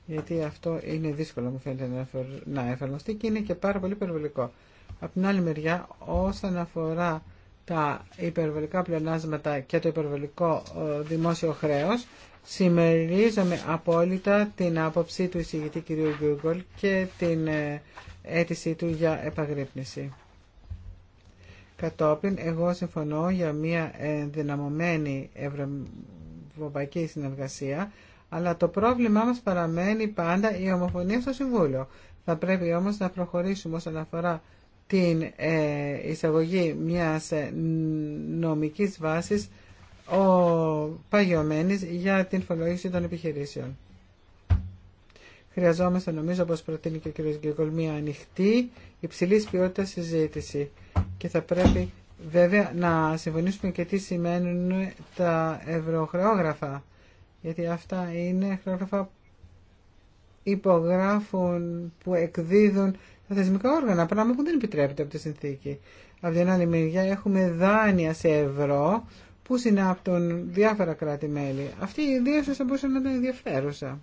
Γιατί αυτό είναι δύσκολο μου φαίνεται να εφαρμοστεί και είναι και πάρα πολύ υπερβολικό. Από την άλλη μεριά όσον αφορά τα υπερβολικά πλεονάσματα και το υπερβολικό ε, δημόσιο χρέος Συμμερίζομαι απόλυτα την άποψή του εισηγητή κ. Γκούγκολ και την ε, αίτησή του για επαγρύπνηση. Κατόπιν, εγώ συμφωνώ για μια ενδυναμωμένη ευρωπαϊκή συνεργασία, αλλά το πρόβλημά μας παραμένει πάντα η ομοφωνία στο Συμβούλιο. Θα πρέπει όμως να προχωρήσουμε όσον αφορά την ε, εισαγωγή μιας ε, νομικής βάσης ο παγιωμένης για την φορολογήση των επιχειρήσεων. Χρειαζόμαστε νομίζω όπως προτείνει και ο κ. Γκέγκολ, μια ανοιχτή υψηλής ποιότητας συζήτηση και θα πρέπει βέβαια να συμφωνήσουμε και τι σημαίνουν τα ευρωχρεόγραφα γιατί αυτά είναι χρεόγραφα υπογράφουν, που εκδίδουν τα θεσμικά όργανα, πράγμα που δεν επιτρέπεται από τη συνθήκη. Από την άλλη μεριά έχουμε δάνεια σε ευρώ, που συνάπτουν διάφορα κράτη-μέλη. Αυτή η ιδέα θα μπορούσε να ήταν ενδιαφέρουσα.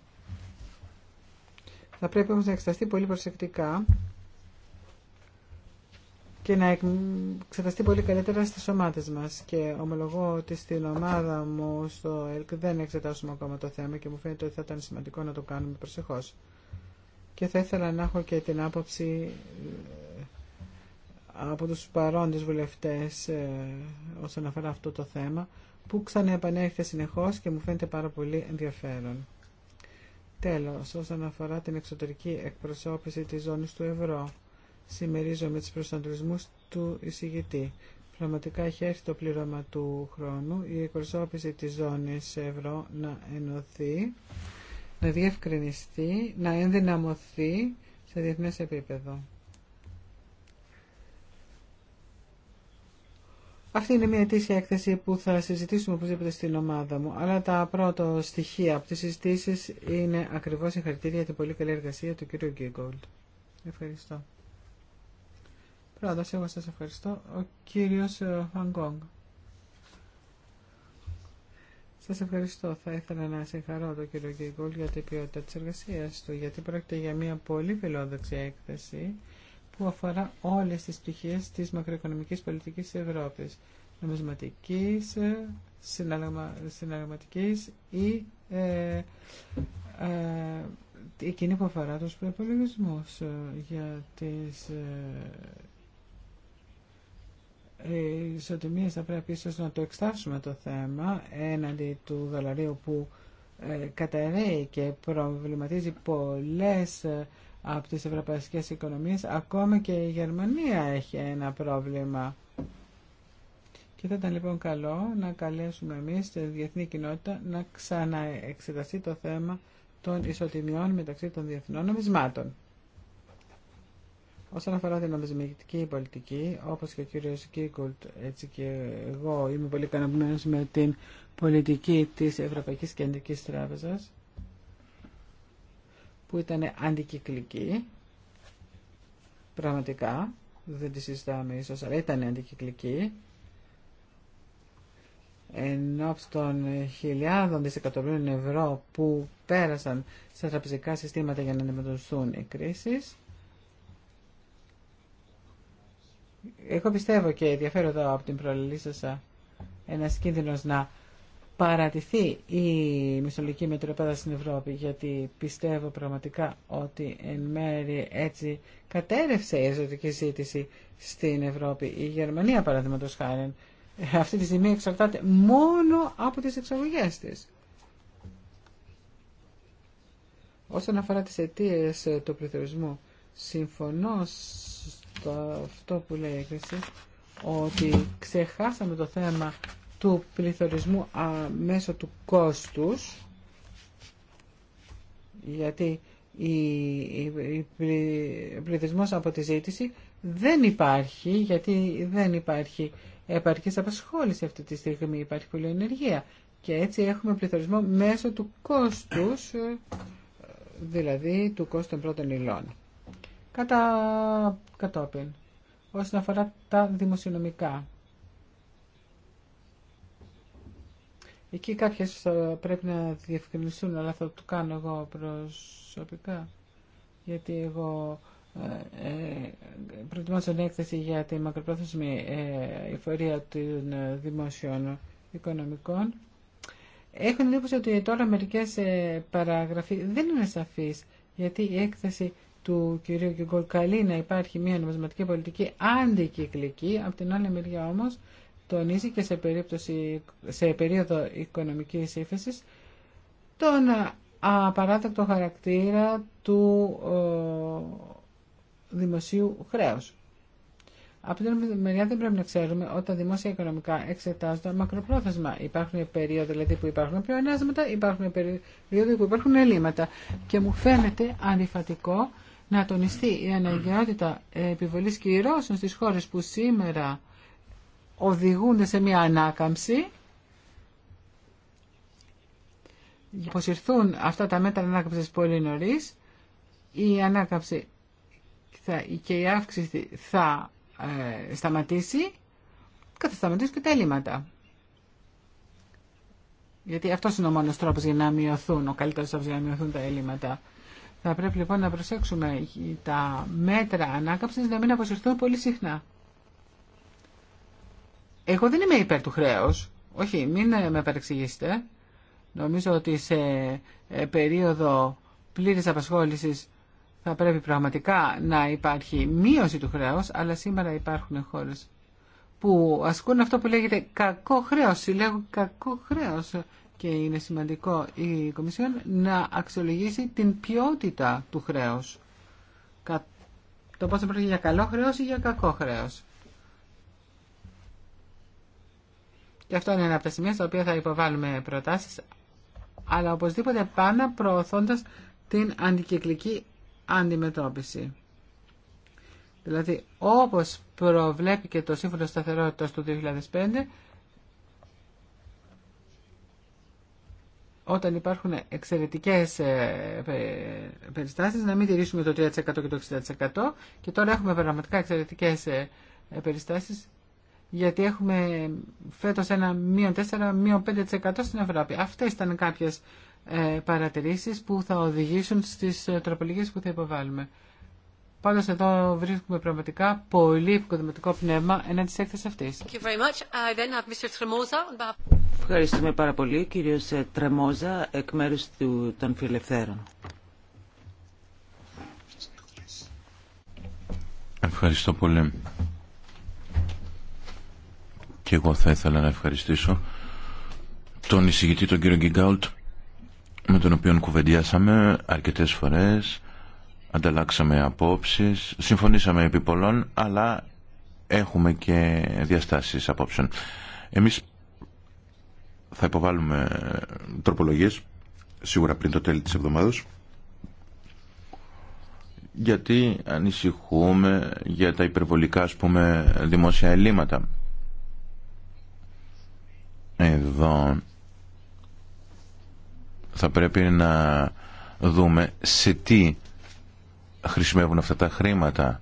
Θα πρέπει όμως να εξεταστεί πολύ προσεκτικά και να εξεταστεί πολύ καλύτερα στις ομάδες μας. Και ομολογώ ότι στην ομάδα μου στο ΕΛΚ δεν εξετάσουμε ακόμα το θέμα και μου φαίνεται ότι θα ήταν σημαντικό να το κάνουμε προσεχώς. Και θα ήθελα να έχω και την άποψη από τους παρόντες βουλευτές ε, όσον αφορά αυτό το θέμα που ξαναεπανέρχεται συνεχώς και μου φαίνεται πάρα πολύ ενδιαφέρον. Τέλος, όσον αφορά την εξωτερική εκπροσώπηση της ζώνης του ευρώ, συμμερίζομαι τις προσανατολισμούς του εισηγητή. Πραγματικά έχει έρθει το πλήρωμα του χρόνου η εκπροσώπηση της ζώνης ευρώ να ενωθεί, να διευκρινιστεί, να ενδυναμωθεί σε διεθνές επίπεδο. Αυτή είναι μια αιτήσια έκθεση που θα συζητήσουμε οπωσδήποτε στην ομάδα μου. Αλλά τα πρώτα στοιχεία από τις συζητήσεις είναι ακριβώς συγχαρητήρια για την πολύ καλή εργασία του κ. Γκίγκολτ. Ευχαριστώ. Πρώτα, εγώ σας ευχαριστώ. Ο κύριος ε, Φανγκόγκ. Σας ευχαριστώ. Θα ήθελα να συγχαρώ τον κύριο Γκίγκολτ για την ποιότητα της εργασίας του, γιατί πρόκειται για μια πολύ φιλόδοξη έκθεση που αφορά όλες τις πτυχές της μακροοικονομικής πολιτικής της Ευρώπης, νομισματικής, ε, συναλλαγματικής ή ε, ε, εκείνη που αφορά τους προϋπολογισμούς ε, για τις ε, ε, ισοτιμίες θα πρέπει ίσως να το εξτάσουμε το θέμα έναντι του δολαρίου που ε, καταραίει και προβληματίζει πολλές από τις ευρωπαϊκές οικονομίες. Ακόμα και η Γερμανία έχει ένα πρόβλημα. Και θα ήταν λοιπόν καλό να καλέσουμε εμείς τη διεθνή κοινότητα να ξαναεξεταστεί το θέμα των ισοτιμιών μεταξύ των διεθνών νομισμάτων. Όσον αφορά την νομισματική πολιτική, όπως και ο κύριος Κίκουλτ, έτσι και εγώ είμαι πολύ ικανοποιημένος με την πολιτική της Ευρωπαϊκής Κεντρικής Τράπεζας, που ήταν αντικυκλική, πραγματικά, δεν τη συζητάμε ίσως, αλλά ήταν αντικυκλική, ενώ των χιλιάδων δισεκατομμύριων ευρώ που πέρασαν σε τραπεζικά συστήματα για να αντιμετωπιστούν οι κρίσεις. Εγώ πιστεύω και ενδιαφέροντα από την σας ένας κίνδυνος να παρατηθεί η μισθολογική μετροπέδα στην Ευρώπη, γιατί πιστεύω πραγματικά ότι εν μέρει έτσι κατέρευσε η εσωτερική ζήτηση στην Ευρώπη. Η Γερμανία, παραδείγματο χάρη, αυτή τη στιγμή εξαρτάται μόνο από τις εξαγωγές της. Όσον αφορά τις αιτίε του πληθωρισμού, συμφωνώ στο αυτό που λέει η ότι ξεχάσαμε το θέμα του πληθωρισμού μέσω του κόστους γιατί ο πληθυσμός από τη ζήτηση δεν υπάρχει γιατί δεν υπάρχει επαρκής απασχόληση αυτή τη στιγμή υπάρχει πολλή ενεργεία και έτσι έχουμε πληθωρισμό μέσω του κόστους ε, δηλαδή του κόστου των πρώτων υλών κατά κατόπιν όσον αφορά τα δημοσιονομικά Εκεί κάποιες ε, πρέπει να διευκρινιστούν, αλλά θα το κάνω εγώ προσωπικά. Γιατί εγώ ε, ε, προετοιμάζω την έκθεση για τη μακροπρόθεσμη ε, εφορία των ε, δημόσιων οικονομικών. Έχω εντύπωση ότι τώρα μερικέ ε, δεν είναι σαφείς, γιατί η έκθεση του κυρίου Γκουγκόλ καλεί να υπάρχει μια νομισματική πολιτική αντικυκλική, από την άλλη μεριά όμως τονίζει και σε, περίπτωση, σε περίοδο οικονομικής ύφεσης τον απαράδεκτο χαρακτήρα του δημοσίου χρέους. Από την μεριά δεν πρέπει να ξέρουμε ότι τα δημόσια οικονομικά εξετάζονται μακροπρόθεσμα. Υπάρχουν περίοδοι δηλαδή, που υπάρχουν πλεονέσματα, υπάρχουν περίοδοι που υπάρχουν ελλείμματα. Και μου φαίνεται αντιφατικό να τονιστεί η αναγκαιότητα επιβολής κυρώσεων στις χώρες που σήμερα οδηγούν σε μια ανάκαμψη ήρθουν αυτά τα μέτρα ανάκαμψης πολύ νωρίς η ανάκαμψη και η αύξηση θα ε, σταματήσει και θα σταματήσουν και τα έλλειμματα. Γιατί αυτό είναι ο μόνο τρόπο για να μειωθούν, ο καλύτερο τρόπο για να μειωθούν τα έλλειμματα. Θα πρέπει λοιπόν να προσέξουμε τα μέτρα ανάκαμψη να μην αποσυρθούν πολύ συχνά. Εγώ δεν είμαι υπέρ του χρέους. Όχι, μην ε, με παρεξηγήσετε. Νομίζω ότι σε ε, περίοδο πλήρης απασχόλησης θα πρέπει πραγματικά να υπάρχει μείωση του χρέους, αλλά σήμερα υπάρχουν χώρες που ασκούν αυτό που λέγεται κακό χρέος, συλλέγουν κακό χρέος και είναι σημαντικό η Κομισιόν να αξιολογήσει την ποιότητα του χρέους. Το πόσο πρέπει για καλό χρέο ή για κακό χρέο. Και αυτό είναι ένα από τα σημεία στα οποία θα υποβάλουμε προτάσει, αλλά οπωσδήποτε πάνω προωθώντα την αντικυκλική αντιμετώπιση. Δηλαδή, όπω προβλέπει και το Σύμφωνο σταθερότητα του 2005, όταν υπάρχουν εξαιρετικές ε, περιστάσεις, να μην τηρήσουμε το 3% και το 60%. Και τώρα έχουμε πραγματικά εξαιρετικές ε, περιστάσεις γιατί έχουμε φέτος ένα μείον 4, μείον 5% στην Ευρώπη. Αυτές ήταν κάποιες ε, παρατηρήσεις που θα οδηγήσουν στις ε, τροπολογίες που θα υποβάλουμε. Πάντως εδώ βρίσκουμε πραγματικά πολύ επικοδηματικό πνεύμα έναντι της έκθεσης αυτής. Ευχαριστούμε πάρα πολύ, κύριος Τρεμόζα, εκ μέρους του, των Φιλελευθέρων. Ευχαριστώ πολύ. Και εγώ θα ήθελα να ευχαριστήσω τον εισηγητή τον κύριο Γκίγκαουλτ με τον οποίο κουβεντιάσαμε αρκετές φορές, ανταλλάξαμε απόψεις, συμφωνήσαμε επί πολλών, αλλά έχουμε και διαστάσεις απόψεων. Εμείς θα υποβάλουμε τροπολογίες, σίγουρα πριν το τέλη της εβδομάδας, γιατί ανησυχούμε για τα υπερβολικά, ας πούμε, δημόσια ελλείμματα εδώ θα πρέπει να δούμε σε τι χρησιμεύουν αυτά τα χρήματα.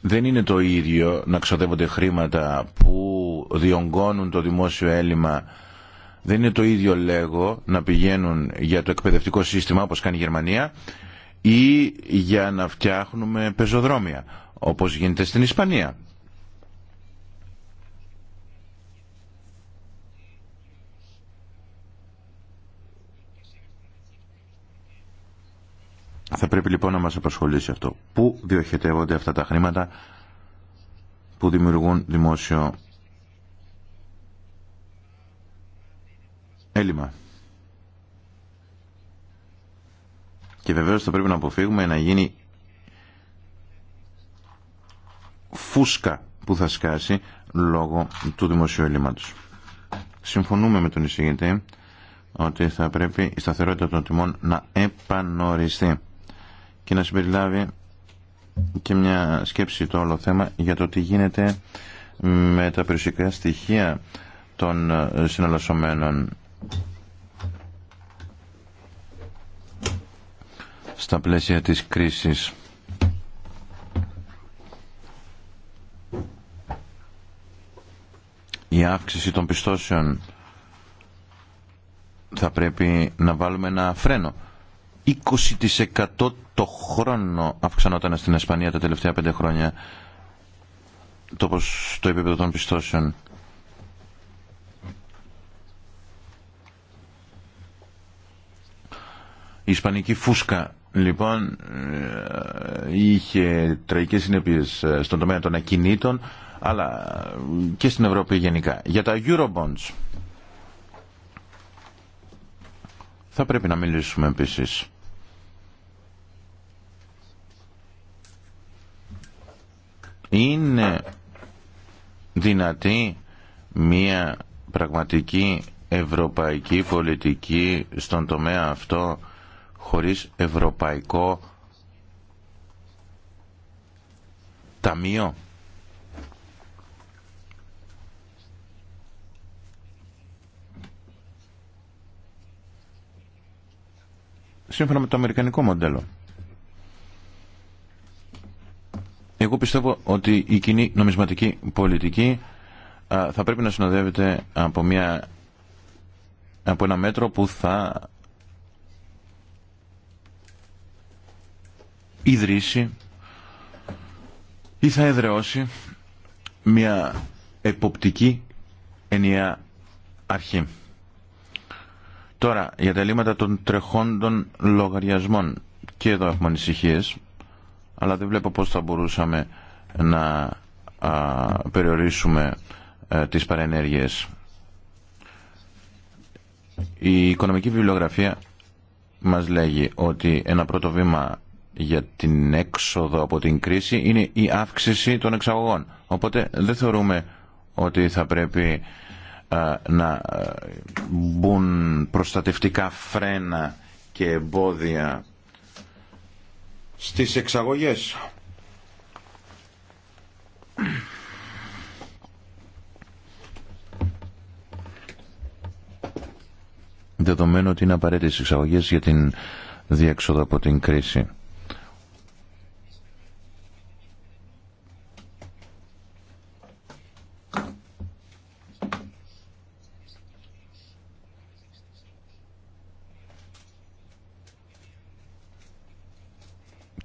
Δεν είναι το ίδιο να ξοδεύονται χρήματα που διονγκώνουν το δημόσιο έλλειμμα. Δεν είναι το ίδιο λέγω να πηγαίνουν για το εκπαιδευτικό σύστημα όπως κάνει η Γερμανία ή για να φτιάχνουμε πεζοδρόμια όπως γίνεται στην Ισπανία. Θα πρέπει λοιπόν να μας απασχολήσει αυτό. Πού διοχετεύονται αυτά τα χρήματα που δημιουργούν δημόσιο έλλειμμα. Και βεβαίως θα πρέπει να αποφύγουμε να γίνει φούσκα που θα σκάσει λόγω του δημοσίου έλλειμματος. Συμφωνούμε με τον εισηγητή ότι θα πρέπει η σταθερότητα των τιμών να επανοριστεί και να συμπεριλάβει και μια σκέψη το όλο θέμα για το τι γίνεται με τα περιουσιακά στοιχεία των ε, συναλλασσομένων στα πλαίσια της κρίσης. Η αύξηση των πιστώσεων θα πρέπει να βάλουμε ένα φρένο 20% το χρόνο αυξανόταν στην Ισπανία τα τελευταία πέντε χρόνια το, το επίπεδο των πιστώσεων. Η ισπανική φούσκα λοιπόν ε, είχε τραγικές συνέπειες ε, στον τομέα των ακινήτων αλλά ε, και στην Ευρώπη γενικά. Για τα Eurobonds θα πρέπει να μιλήσουμε επίσης. είναι δυνατή μια πραγματική ευρωπαϊκή πολιτική στον τομέα αυτό χωρίς ευρωπαϊκό ταμείο. Σύμφωνα με το αμερικανικό μοντέλο. Εγώ πιστεύω ότι η κοινή νομισματική πολιτική θα πρέπει να συνοδεύεται από, μια, από ένα μέτρο που θα ιδρύσει ή θα εδραιώσει μια εποπτική ενιαία αρχή. Τώρα, για τα ελλείμματα των τρεχόντων λογαριασμών. Και εδώ έχουμε αλλά δεν βλέπω πώς θα μπορούσαμε να περιορίσουμε ε, τις παρενέργειες. Η οικονομική βιβλιογραφία μας λέγει ότι ένα πρώτο βήμα για την έξοδο από την κρίση είναι η αύξηση των εξαγωγών. Οπότε δεν θεωρούμε ότι θα πρέπει να μπουν προστατευτικά φρένα και εμπόδια στις εξαγωγές. Δεδομένου ότι είναι απαραίτητες εξαγωγές για την διέξοδο από την κρίση.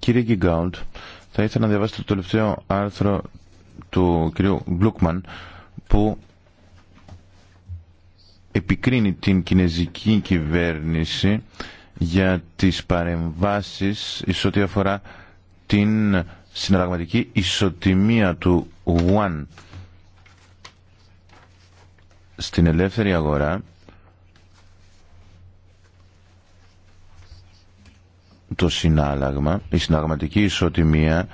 Κύριε Γκίγκαουντ, θα ήθελα να διαβάσετε το τελευταίο άρθρο του κυρίου Γκλούκμαν που επικρίνει την κινέζικη κυβέρνηση για τις παρεμβάσεις εις ό,τι αφορά την συναλλαγματική ισοτιμία του Ουάν στην ελεύθερη αγορά το συνάλλαγμα, η συνάγματική ισοτιμία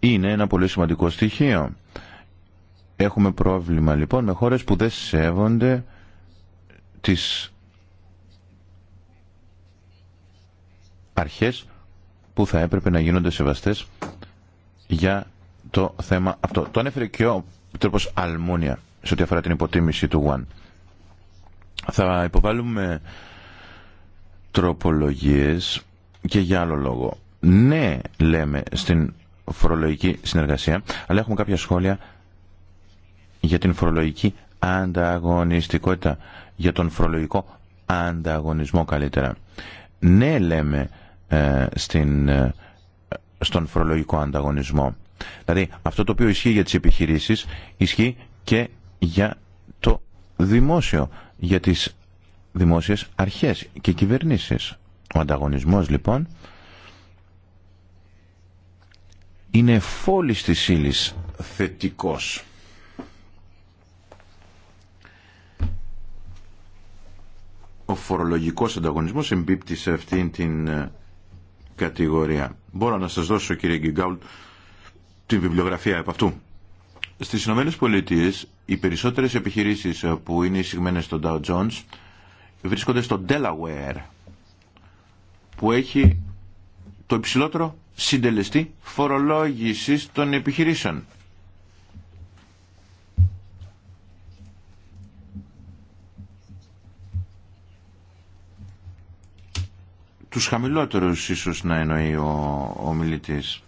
είναι ένα πολύ σημαντικό στοιχείο. Έχουμε πρόβλημα λοιπόν με χώρες που δεν σέβονται τις αρχές που θα έπρεπε να γίνονται σεβαστές για το θέμα αυτό. Το ανέφερε και ο τρόπος Αλμούνια σε ό,τι αφορά την υποτίμηση του One. Θα υποβάλουμε τροπολογίες και για άλλο λόγο. Ναι, λέμε στην φορολογική συνεργασία, αλλά έχουμε κάποια σχόλια για την φορολογική ανταγωνιστικότητα, για τον φορολογικό ανταγωνισμό καλύτερα. Ναι, λέμε ε, στην, ε, στον φορολογικό ανταγωνισμό. Δηλαδή, αυτό το οποίο ισχύει για τις επιχειρήσεις, ισχύει και για το δημόσιο, για τις δημόσιες αρχές και κυβερνήσεις. Ο ανταγωνισμός λοιπόν είναι φόλης της ύλη θετικός. Ο φορολογικός ανταγωνισμός εμπίπτει σε αυτήν την ε, κατηγορία. Μπορώ να σας δώσω κύριε Γκυγκάουλ την βιβλιογραφία από αυτού. Στις Ηνωμένε Πολιτείε οι περισσότερες επιχειρήσεις που είναι εισηγμένες στο Dow Jones βρίσκονται στο Delaware που έχει το υψηλότερο συντελεστή φορολόγησης των επιχειρήσεων. Τους χαμηλότερους ίσως να εννοεί ο, ο μιλητής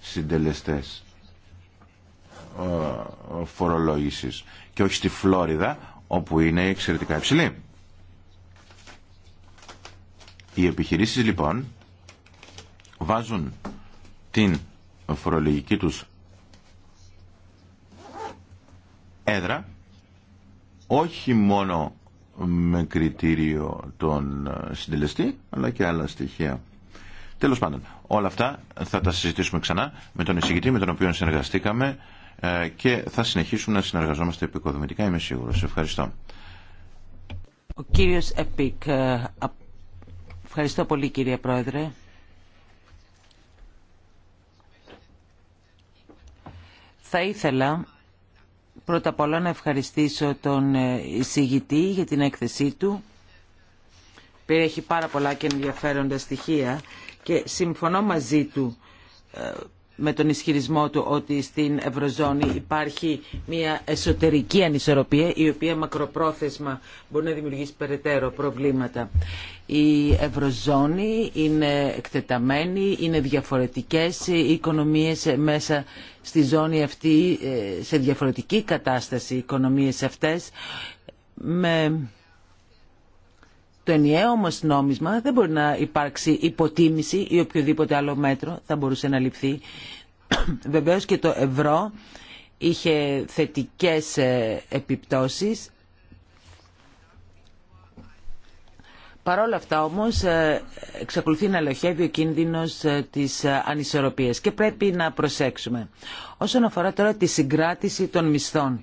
συντελεστές φορολόγησης και όχι στη Φλόριδα όπου είναι εξαιρετικά υψηλή. Οι επιχειρήσεις λοιπόν βάζουν την φορολογική τους έδρα όχι μόνο με κριτήριο τον ε, συντελεστή αλλά και άλλα στοιχεία. Τέλος πάντων, όλα αυτά θα τα συζητήσουμε ξανά με τον εισηγητή με τον οποίο συνεργαστήκαμε ε, και θα συνεχίσουμε να συνεργαζόμαστε επικοδομητικά, είμαι σίγουρος. Ευχαριστώ. Ο κύριος ε, Ευχαριστώ πολύ κύριε Πρόεδρε. Θα ήθελα πρώτα απ' όλα να ευχαριστήσω τον ε, εισηγητή για την έκθεσή του. Περιέχει πάρα πολλά και ενδιαφέροντα στοιχεία και συμφωνώ μαζί του ε, με τον ισχυρισμό του ότι στην Ευρωζώνη υπάρχει μια εσωτερική ανισορροπία η οποία μακροπρόθεσμα μπορεί να δημιουργήσει περαιτέρω προβλήματα. Η Ευρωζώνη είναι εκτεταμένη, είναι διαφορετικές οι οικονομίες μέσα στη ζώνη αυτή, ε, σε διαφορετική κατάσταση οι οικονομίες αυτές, το ενιαίο όμως νόμισμα δεν μπορεί να υπάρξει υποτίμηση ή οποιοδήποτε άλλο μέτρο θα μπορούσε να ληφθεί. Βεβαίως και το ευρώ είχε θετικές ε, επιπτώσεις. Παρ' όλα αυτά όμως ε, εξακολουθεί να λοχεύει ο κίνδυνος ε, της ανισορροπίας και πρέπει να προσέξουμε. Όσον αφορά τώρα τη συγκράτηση των μισθών.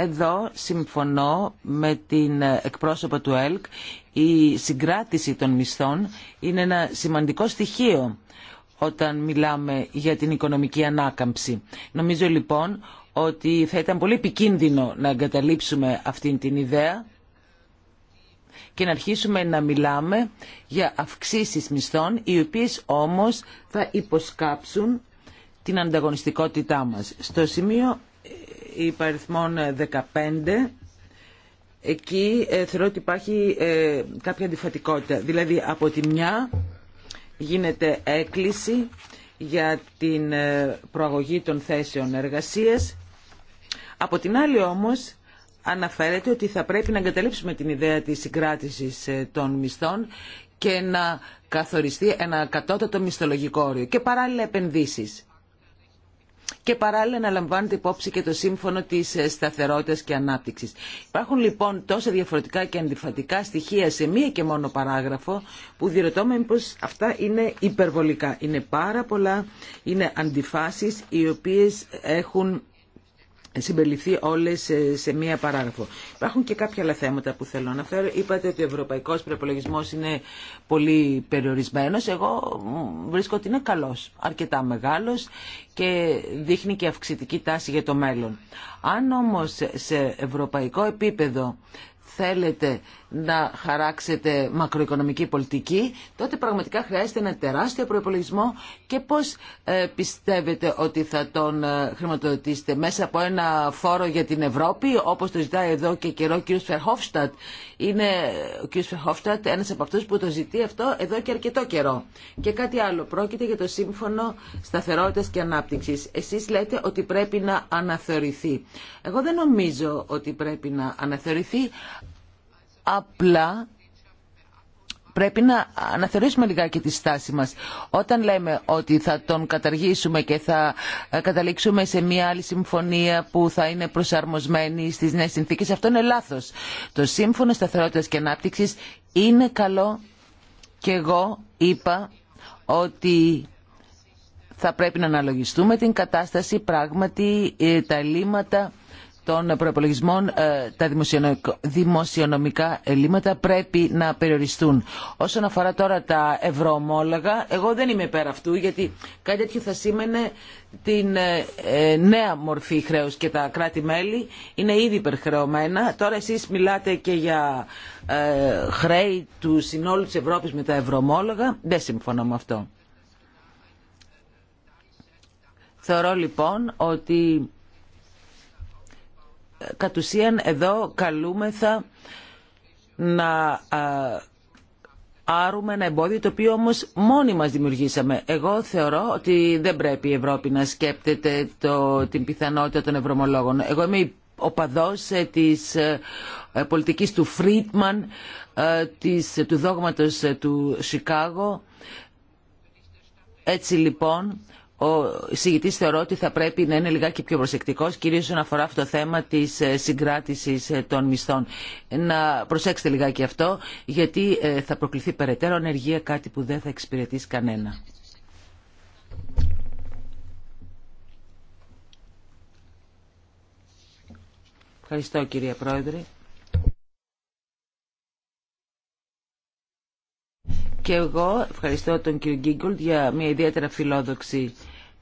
Εδώ συμφωνώ με την εκπρόσωπο του ΕΛΚ. Η συγκράτηση των μισθών είναι ένα σημαντικό στοιχείο όταν μιλάμε για την οικονομική ανάκαμψη. Νομίζω λοιπόν ότι θα ήταν πολύ επικίνδυνο να εγκαταλείψουμε αυτήν την ιδέα και να αρχίσουμε να μιλάμε για αυξήσεις μισθών, οι οποίες όμως θα υποσκάψουν την ανταγωνιστικότητά μας. Στο σημείο υπαριθμών 15 ε, εκεί ε, θεωρώ ότι υπάρχει ε, κάποια αντιφατικότητα. Δηλαδή από τη μια γίνεται έκκληση για την προαγωγή των θέσεων εργασίας. Από την άλλη όμως αναφέρεται ότι θα πρέπει να εγκαταλείψουμε την ιδέα της συγκράτησης των μισθών και να καθοριστεί ένα κατώτατο μισθολογικό όριο και παράλληλα επενδύσεις και παράλληλα να λαμβάνεται υπόψη και το σύμφωνο τη ε, σταθερότητα και ανάπτυξη. Υπάρχουν λοιπόν τόσα διαφορετικά και αντιφατικά στοιχεία σε μία και μόνο παράγραφο που διερωτώ με αυτά είναι υπερβολικά. Είναι πάρα πολλά, είναι αντιφάσεις οι οποίε έχουν συμπεριληφθεί όλες ε, σε μία παράγραφο. Υπάρχουν και κάποια άλλα θέματα που θέλω να φέρω. Είπατε ότι ο ευρωπαϊκός προπολογισμό είναι πολύ περιορισμένος. Εγώ βρίσκω ότι είναι καλός, αρκετά μεγάλος και δείχνει και αυξητική τάση για το μέλλον. Αν όμως σε ευρωπαϊκό επίπεδο θέλετε να χαράξετε μακροοικονομική πολιτική, τότε πραγματικά χρειάζεται ένα τεράστιο προπολογισμό και πώς ε, πιστεύετε ότι θα τον ε, χρηματοδοτήσετε μέσα από ένα φόρο για την Ευρώπη, όπως το ζητάει εδώ και καιρό ο κ. Φερχόφστατ. Είναι ο κ. Φερχόφστατ ένας από αυτούς που το ζητεί αυτό εδώ και αρκετό καιρό. Και κάτι άλλο, πρόκειται για το Σύμφωνο Σταθερότητας και Ανάπτυξης. Εσείς λέτε ότι πρέπει να αναθεωρηθεί. Εγώ δεν νομίζω ότι πρέπει να αναθεωρηθεί, Απλά πρέπει να αναθεωρήσουμε λιγάκι τη στάση μας. Όταν λέμε ότι θα τον καταργήσουμε και θα ε, καταλήξουμε σε μια άλλη συμφωνία που θα είναι προσαρμοσμένη στις νέες συνθήκες, αυτό είναι λάθος. Το Σύμφωνο Σταθερότητας και Ανάπτυξης είναι καλό και εγώ είπα ότι θα πρέπει να αναλογιστούμε την κατάσταση, πράγματι ε, τα ελλείμματα των προπολογισμών ε, τα δημοσιονομικά ελλείμματα πρέπει να περιοριστούν. Όσον αφορά τώρα τα ευρωομόλογα, εγώ δεν είμαι πέρα αυτού γιατί κάτι τέτοιο θα σήμαινε την ε, ε, νέα μορφή χρέους και τα κράτη-μέλη είναι ήδη υπερχρεωμένα. Τώρα εσείς μιλάτε και για χρέη του συνόλου της Ευρώπης με τα ευρωομόλογα. Δεν συμφωνώ με αυτό. Θεωρώ λοιπόν ότι κατ' ουσίαν εδώ καλούμεθα να άρουμε ένα εμπόδιο το οποίο όμως μόνοι μας δημιουργήσαμε. Εγώ θεωρώ ότι δεν πρέπει η Ευρώπη να σκέπτεται το, την πιθανότητα των ευρωμολόγων. Εγώ είμαι οπαδός ε, της ε, πολιτικής του Φρίτμαν, ε, της, του δόγματος του Σικάγο. Έτσι λοιπόν ο συγητής θεωρώ ότι θα πρέπει να είναι λιγάκι πιο προσεκτικός, κυρίως όσον αφορά αυτό το θέμα της ε, συγκράτησης ε, των μισθών. Να προσέξετε λιγάκι αυτό, γιατί ε, θα προκληθεί περαιτέρω ανεργία, κάτι που δεν θα εξυπηρετήσει κανένα. Ευχαριστώ κυρία Πρόεδρε. Και εγώ ευχαριστώ τον κύριο Γκίγκολτ για μια ιδιαίτερα φιλόδοξη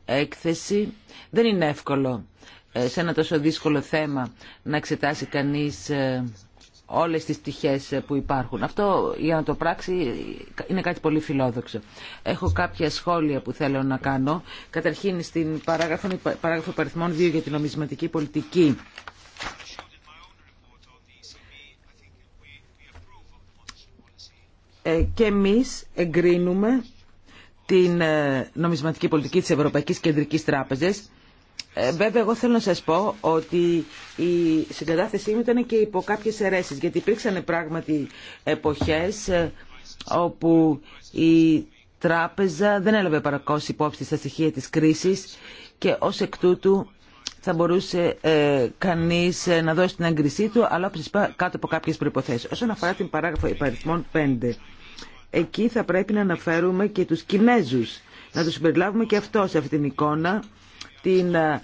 έκθεση. Δεν είναι εύκολο ε, σε ένα τόσο δύσκολο θέμα να εξετάσει κανείς ε, όλες τις πτυχές ε, που υπάρχουν. Αυτό για να το πράξει είναι κάτι πολύ φιλόδοξο. Έχω κάποια σχόλια που θέλω να κάνω. Καταρχήν στην παράγραφο, παράγραφο παριθμών 2 για την νομισματική πολιτική. και εμείς εγκρίνουμε την ε, νομισματική πολιτική της Ευρωπαϊκής Κεντρικής Τράπεζας. Ε, βέβαια, εγώ θέλω να σας πω ότι η συγκατάθεσή μου ήταν και υπό κάποιες αιρέσεις, γιατί υπήρξαν πράγματι εποχές ε, όπου η τράπεζα δεν έλαβε παρακώς υπόψη στα στοιχεία της κρίσης και ως εκ τούτου θα μπορούσε ε, κανείς να δώσει την έγκρισή του, αλλά όπως είπα κάτω από κάποιες προϋποθέσεις. Όσον αφορά την παράγραφο υπαριθμών 5, εκεί θα πρέπει να αναφέρουμε και τους Κινέζους. Να τους συμπεριλάβουμε και αυτό σε αυτήν την εικόνα, την ε,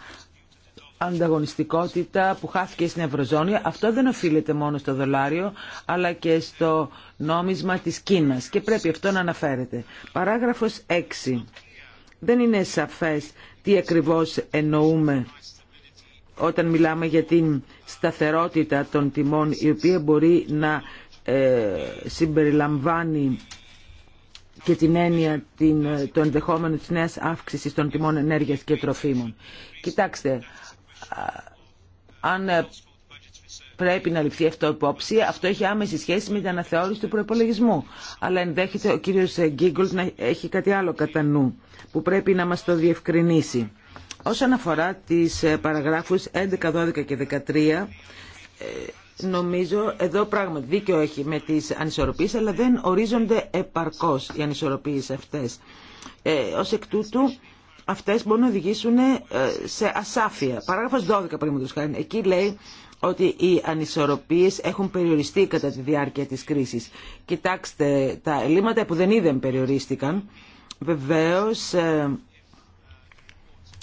ανταγωνιστικότητα που χάθηκε στην Ευρωζώνη. Αυτό δεν οφείλεται μόνο στο δολάριο, αλλά και στο νόμισμα της Κίνας. Και πρέπει αυτό να αναφέρεται. Παράγραφος 6. Δεν είναι σαφές τι ακριβώς εννοούμε όταν μιλάμε για την σταθερότητα των τιμών η οποία μπορεί να ε, συμπεριλαμβάνει και την έννοια την, το ενδεχόμενο της νέας αύξησης των τιμών ενέργειας και τροφίμων. Κοιτάξτε, αν ε, πρέπει να ληφθεί αυτό υπόψη. Αυτό έχει άμεση σχέση με την αναθεώρηση του προπολογισμού. Αλλά ενδέχεται ο κύριος Γκίγκολ να έχει κάτι άλλο κατά νου που πρέπει να μας το διευκρινίσει. Όσον αφορά τις ε, παραγράφους 11, 12 και 13, Νομίζω εδώ πράγματι δίκαιο έχει με τις ανισορροπίες, αλλά δεν ορίζονται επαρκώς οι ανισορροπίες αυτές. Ε, ως εκ τούτου, αυτές μπορούν να οδηγήσουν ε, σε ασάφεια. Παράγραφος 12, παραδείγματος χάρη, εκεί λέει ότι οι ανισορροπίες έχουν περιοριστεί κατά τη διάρκεια της κρίσης. Κοιτάξτε, τα ελλείμματα που δεν είδαν περιορίστηκαν, βεβαίως ε,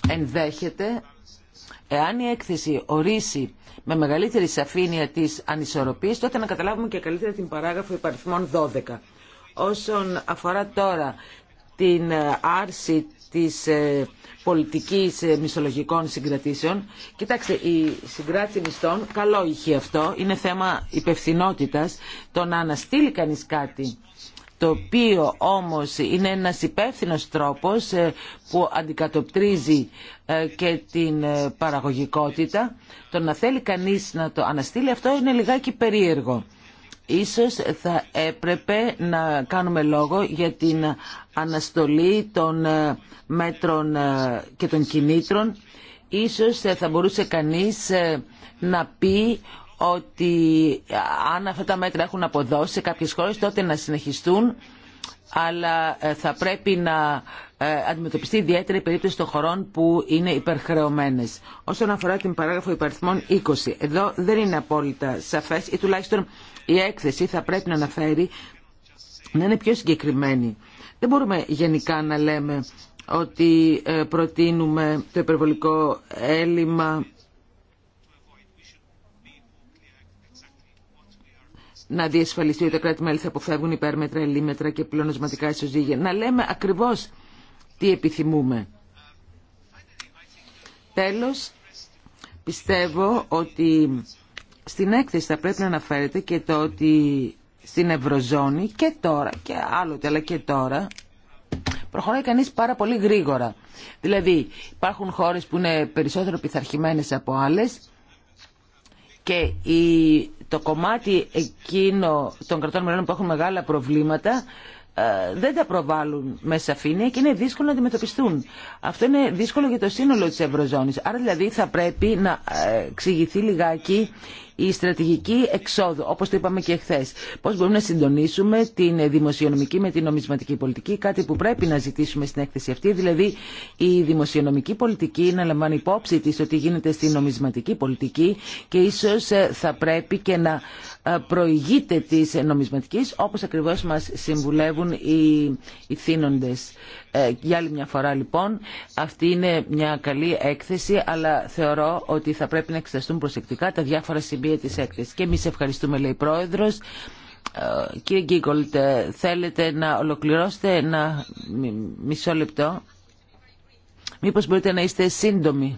ενδέχεται, εάν η έκθεση ορίσει με μεγαλύτερη σαφήνεια τη ανισορροπή, τότε να καταλάβουμε και καλύτερα την παράγραφο υπαριθμών 12. Όσον αφορά τώρα την ε, άρση της ε, πολιτικής ε, μισθολογικών συγκρατήσεων. Κοιτάξτε, η συγκράτηση μισθών, καλό είχε αυτό, είναι θέμα υπευθυνότητας. Το να αναστείλει κανείς κάτι το οποίο όμως είναι ένας υπεύθυνος τρόπος ε, που αντικατοπτρίζει ε, και την ε, παραγωγικότητα, το να θέλει κανείς να το αναστείλει αυτό είναι λιγάκι περίεργο. Ίσως θα έπρεπε να κάνουμε λόγο για την αναστολή των μέτρων και των κινήτρων. Ίσως θα μπορούσε κανείς να πει ότι αν αυτά τα μέτρα έχουν αποδώσει σε κάποιες χώρες τότε να συνεχιστούν αλλά ε, θα πρέπει να ε, αντιμετωπιστεί ιδιαίτερη περίπτωση των χωρών που είναι υπερχρεωμένες. Όσον αφορά την παράγραφο υπαριθμών 20, εδώ δεν είναι απόλυτα σαφές ή τουλάχιστον η έκθεση θα πρέπει να αναφέρει να είναι πιο συγκεκριμένη. Δεν μπορούμε γενικά να λέμε ότι ε, προτείνουμε το υπερβολικό έλλειμμα να διασφαλιστεί ότι τα κράτη-μέλη θα αποφεύγουν υπέρμετρα, ελλήμετρα και πλονοσματικά ισοζύγια. Να λέμε ακριβώς τι επιθυμούμε. Τέλος, πιστεύω ότι στην έκθεση θα πρέπει να αναφέρεται και το ότι στην Ευρωζώνη και τώρα και άλλοτε αλλά και τώρα προχωράει κανείς πάρα πολύ γρήγορα. Δηλαδή υπάρχουν χώρες που είναι περισσότερο πειθαρχημένες από άλλες και η το κομμάτι εκείνο των κρατών μελών που έχουν μεγάλα προβλήματα ε, δεν τα προβάλλουν με σαφήνεια και είναι δύσκολο να αντιμετωπιστούν. Αυτό είναι δύσκολο για το σύνολο της Ευρωζώνης. Άρα δηλαδή θα πρέπει να ε, εξηγηθεί λιγάκι η στρατηγική εξόδου, όπως το είπαμε και χθε. Πώς μπορούμε να συντονίσουμε την δημοσιονομική με την νομισματική πολιτική, κάτι που πρέπει να ζητήσουμε στην έκθεση αυτή, δηλαδή η δημοσιονομική πολιτική να λαμβάνει υπόψη τη ότι γίνεται στην νομισματική πολιτική και ίσως ε, θα πρέπει και να ε, προηγείται της νομισματική, όπω ακριβώ μα συμβουλεύουν οι, οι θύνοντες. Ε, για άλλη μια φορά λοιπόν αυτή είναι μια καλή έκθεση αλλά θεωρώ ότι θα πρέπει να εξεταστούν προσεκτικά τα διάφορα σημεία της έκθεσης. Και εμείς ευχαριστούμε λέει Πρόεδρος. Ε, κύριε Γκίγκολτ, ε, θέλετε να ολοκληρώσετε ένα μισό λεπτό. Μήπως μπορείτε να είστε σύντομοι.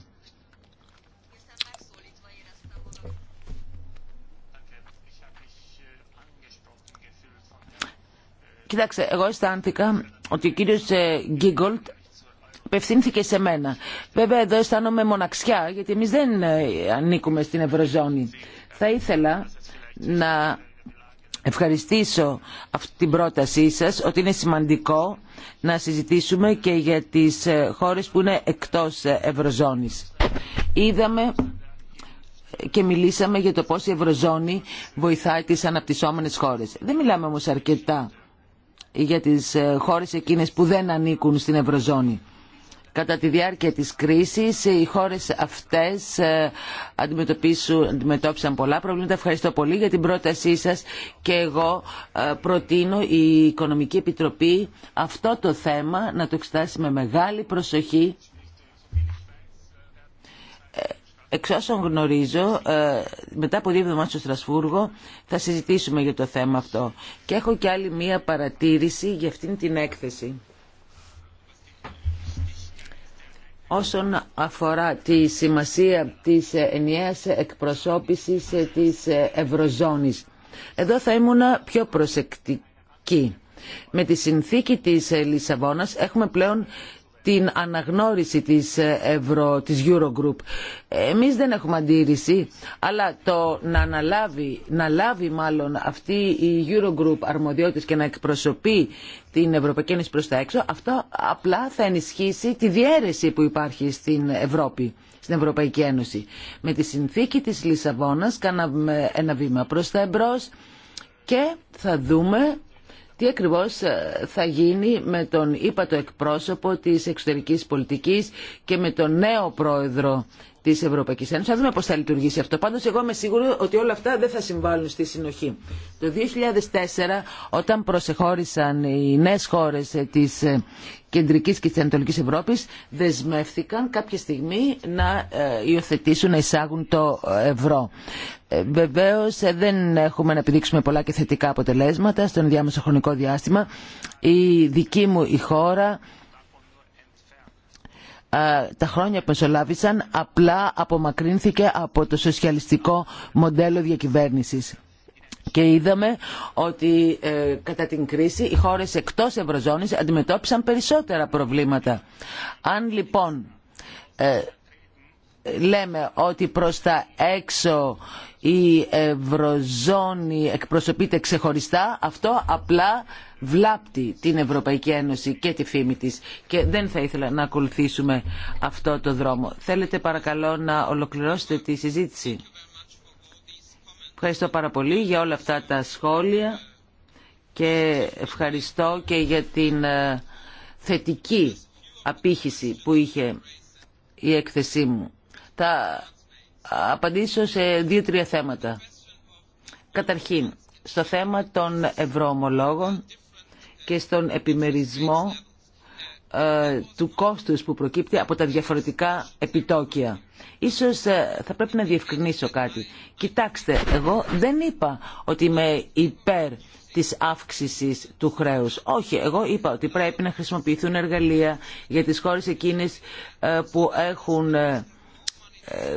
Κοιτάξτε, εγώ αισθάνθηκα ότι ο κύριος Γκίγκολτ ε, απευθύνθηκε σε μένα. Βέβαια εδώ αισθάνομαι μοναξιά γιατί εμείς δεν ε, ανήκουμε στην Ευρωζώνη. Θα ήθελα να ευχαριστήσω αυτή την πρότασή σας ότι είναι σημαντικό να συζητήσουμε και για τις ε, χώρες που είναι εκτός Ευρωζώνης. Είδαμε και μιλήσαμε για το πώς η Ευρωζώνη βοηθάει τις αναπτυσσόμενες χώρες. Δεν μιλάμε όμως αρκετά για τις ε, χώρες εκείνες που δεν ανήκουν στην Ευρωζώνη. Κατά τη διάρκεια της κρίσης οι χώρες αυτές ε, αντιμετώπισαν πολλά προβλήματα. Ευχαριστώ πολύ για την πρότασή σας και εγώ ε, προτείνω η Οικονομική Επιτροπή αυτό το θέμα να το εξετάσει με μεγάλη προσοχή Εξ όσων γνωρίζω, ε, μετά από δύο εβδομάδες στο Στρασβούργο θα συζητήσουμε για το θέμα αυτό. Και έχω και άλλη μία παρατήρηση για αυτήν την έκθεση. Όσον αφορά τη σημασία της ενιαίας εκπροσώπησης της Ευρωζώνης, εδώ θα ήμουν πιο προσεκτική. Με τη συνθήκη της Λισαβόνας έχουμε πλέον την αναγνώριση της, ε, Ευρω, της Eurogroup. Εμείς δεν έχουμε αντίρρηση, αλλά το να αναλάβει, να λάβει μάλλον αυτή η Eurogroup αρμοδιότητες και να εκπροσωπεί την Ευρωπαϊκή Ένωση προς τα έξω, αυτό απλά θα ενισχύσει τη διαίρεση που υπάρχει στην Ευρώπη, στην Ευρωπαϊκή Ένωση. Με τη συνθήκη της Λισαβόνας κάναμε ένα βήμα προς τα εμπρός και θα δούμε τι ακριβώς ε, θα γίνει με τον ύπατο εκπρόσωπο της εξωτερικής πολιτικής και με τον νέο πρόεδρο Τη Ευρωπαϊκή Ένωση. Θα δούμε πώ θα λειτουργήσει αυτό. Πάντως εγώ είμαι σίγουρο ότι όλα αυτά δεν θα συμβάλλουν στη συνοχή. Το 2004 όταν προσεχώρησαν οι νέες χώρες ε, της ε, Κεντρικής και τη Ανατολική Ευρώπης δεσμεύθηκαν κάποια στιγμή να ε, υιοθετήσουν, να εισάγουν το ευρώ. Βεβαίω δεν έχουμε να επιδείξουμε πολλά και θετικά αποτελέσματα στον διάμεσο χρονικό διάστημα. Η δική μου η χώρα ε, τα χρόνια που μεσολάβησαν απλά απομακρύνθηκε από το σοσιαλιστικό μοντέλο διακυβέρνησης. Και είδαμε ότι ε, κατά την κρίση οι χώρες εκτός Ευρωζώνης αντιμετώπισαν περισσότερα προβλήματα. Αν λοιπόν ε, λέμε ότι προς τα έξω η Ευρωζώνη εκπροσωπείται ξεχωριστά, αυτό απλά βλάπτει την Ευρωπαϊκή Ένωση και τη φήμη της και δεν θα ήθελα να ακολουθήσουμε αυτό το δρόμο. Θέλετε παρακαλώ να ολοκληρώσετε τη συζήτηση. Ευχαριστώ πάρα πολύ για όλα αυτά τα σχόλια και ευχαριστώ και για την ε, θετική απήχηση που είχε η έκθεσή μου θα απαντήσω σε δύο-τρία θέματα. Καταρχήν, στο θέμα των ευρωομολόγων και στον επιμερισμό ε, του κόστους που προκύπτει από τα διαφορετικά επιτόκια. Ίσως ε, θα πρέπει να διευκρινίσω κάτι. Κοιτάξτε, εγώ δεν είπα ότι είμαι υπέρ της αύξησης του χρέους. Όχι, εγώ είπα ότι πρέπει να χρησιμοποιηθούν εργαλεία για τις χώρες εκείνες ε, που έχουν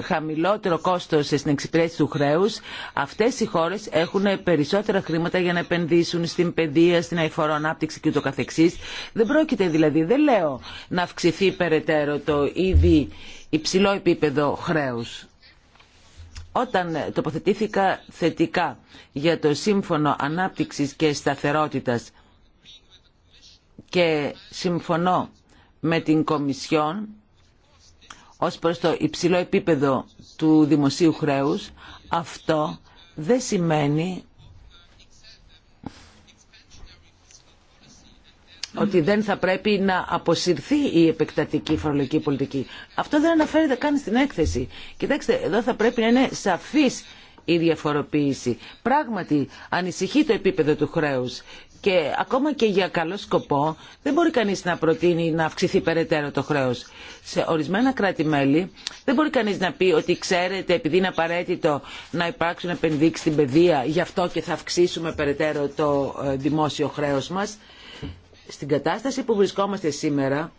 χαμηλότερο κόστος στην εξυπηρέτηση του χρέους, αυτές οι χώρες έχουν περισσότερα χρήματα για να επενδύσουν στην παιδεία, στην αηφορό ανάπτυξη και καθεξής. Δεν πρόκειται δηλαδή, δεν λέω να αυξηθεί περαιτέρω το ήδη υψηλό επίπεδο χρέους. Όταν τοποθετήθηκα θετικά για το Σύμφωνο Ανάπτυξης και Σταθερότητας και συμφωνώ με την Κομισιόν, ως προς το υψηλό επίπεδο του δημοσίου χρέους, αυτό δεν σημαίνει ότι δεν θα πρέπει να αποσυρθεί η επεκτατική φορολογική πολιτική. Αυτό δεν αναφέρεται καν στην έκθεση. Κοιτάξτε, εδώ θα πρέπει να είναι σαφής η διαφοροποίηση. Πράγματι, ανησυχεί το επίπεδο του χρέους και ακόμα και για καλό σκοπό δεν μπορεί κανείς να προτείνει να αυξηθεί περαιτέρω το χρέος. Σε ορισμένα κράτη-μέλη δεν μπορεί κανείς να πει ότι ξέρετε επειδή είναι απαραίτητο να υπάρξουν επενδύξεις στην παιδεία γι' αυτό και θα αυξήσουμε περαιτέρω το ε, δημόσιο χρέος μας. Στην κατάσταση που βρισκόμαστε σήμερα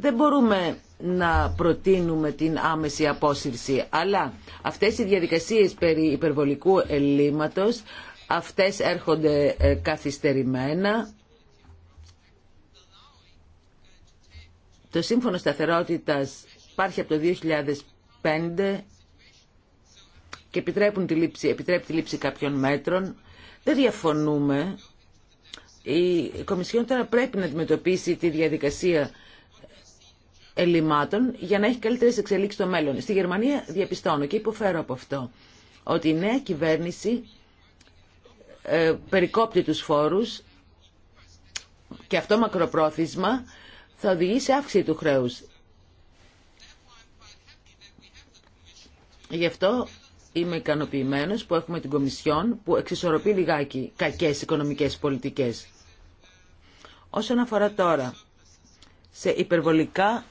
δεν μπορούμε να προτείνουμε την άμεση απόσυρση αλλά αυτές οι διαδικασίες περί υπερβολικού ελλείμματος Αυτές έρχονται ε, καθυστερημένα. Το Σύμφωνο Σταθερότητας υπάρχει από το 2005 και επιτρέπουν τη λήψη, επιτρέπει τη λήψη κάποιων μέτρων. Δεν διαφωνούμε. Η Κομισιόν τώρα πρέπει να αντιμετωπίσει τη διαδικασία ελλημάτων για να έχει καλύτερες εξελίξεις στο μέλλον. Στη Γερμανία διαπιστώνω και υποφέρω από αυτό ότι η νέα κυβέρνηση ε, περικόπτει τους φόρους και αυτό μακροπρόθεσμα θα οδηγεί σε αύξηση του χρέους. Γι' αυτό είμαι ικανοποιημένο που έχουμε την Κομισιόν που εξισορροπεί λιγάκι κακές οικονομικές πολιτικές. Όσον αφορά τώρα σε υπερβολικά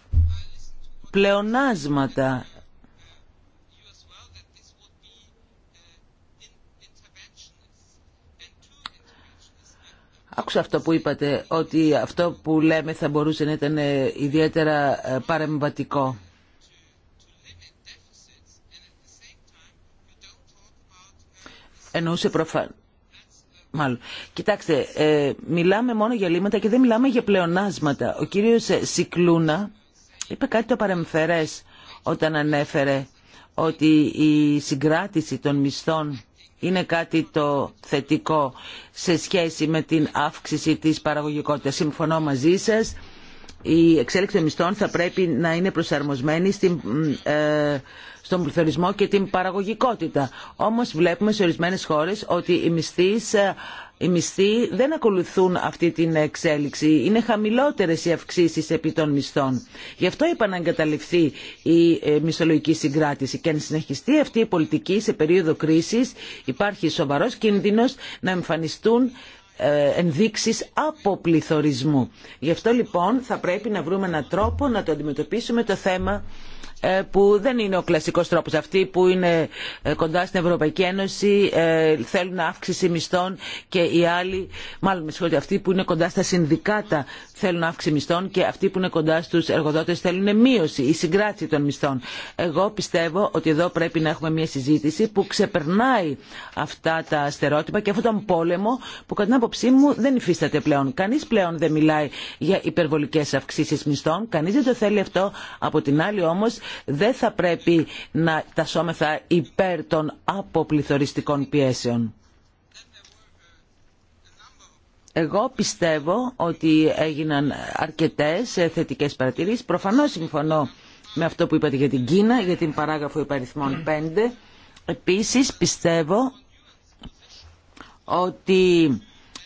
πλεονάσματα Άκουσα αυτό που είπατε, ότι αυτό που λέμε θα μπορούσε να ήταν ε, ιδιαίτερα ε, παρεμβατικό. Εννοούσε προφανώς. Μάλλον. Κοιτάξτε, ε, μιλάμε μόνο για λίμματα και δεν μιλάμε για πλεονάσματα. Ο κύριος Σικλούνα είπε κάτι το παρεμφερές όταν ανέφερε ότι η συγκράτηση των μισθών είναι κάτι το θετικό σε σχέση με την αύξηση της παραγωγικότητας. Συμφωνώ μαζί σας η εξέλιξη των μισθών θα πρέπει να είναι προσαρμοσμένη στην, ε, στον πληθωρισμό και την παραγωγικότητα. Όμως βλέπουμε σε ορισμένες χώρες ότι οι μισθοί, δεν ακολουθούν αυτή την εξέλιξη. Είναι χαμηλότερες οι αυξήσεις επί των μισθών. Γι' αυτό είπα να εγκαταληφθεί η ε, μισθολογική συγκράτηση. Και να συνεχιστεί αυτή η πολιτική σε περίοδο κρίσης υπάρχει σοβαρός κίνδυνος να εμφανιστούν ε, ενδείξεις αποπληθωρισμού. Γι' αυτό λοιπόν θα πρέπει να βρούμε έναν τρόπο να το αντιμετωπίσουμε το θέμα ε, που δεν είναι ο κλασικός τρόπος. Αυτοί που είναι ε, κοντά στην Ευρωπαϊκή Ένωση ε, θέλουν αύξηση μισθών και οι άλλοι, μάλλον με συγχωρείτε, αυτοί που είναι κοντά στα συνδικάτα θέλουν αύξηση μισθών και αυτοί που είναι κοντά στους εργοδότες θέλουν μείωση ή συγκράτηση των μισθών. Εγώ πιστεύω ότι εδώ πρέπει να έχουμε μια συζήτηση που ξεπερνάει αυτά τα αστερότυπα και αυτόν τον πόλεμο που κατά την άποψή μου δεν υφίσταται πλέον. Κανεί πλέον δεν μιλάει για υπερβολικές αυξήσεις μισθών, κανείς δεν θέλει αυτό. Από την άλλη όμως δεν θα πρέπει να τασόμεθα υπέρ των αποπληθωριστικών πιέσεων. Εγώ πιστεύω ότι έγιναν αρκετές θετικές παρατηρήσεις. Προφανώς συμφωνώ με αυτό που είπατε για την Κίνα, για την παράγραφο υπαριθμών 5. Επίσης πιστεύω ότι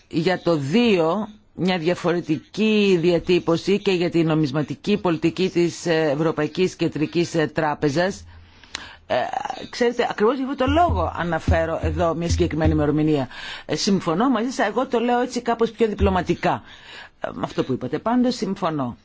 για το 2 μια διαφορετική διατύπωση και για την νομισματική πολιτική της Ευρωπαϊκής Κεντρικής Τράπεζας. Ε, ξέρετε, ακριβώς για αυτόν τον λόγο αναφέρω εδώ μια συγκεκριμένη ημερομηνία. Ε, συμφωνώ μαζί σας, εγώ το λέω έτσι κάπως πιο διπλωματικά. Ε, με αυτό που είπατε πάντως συμφωνώ.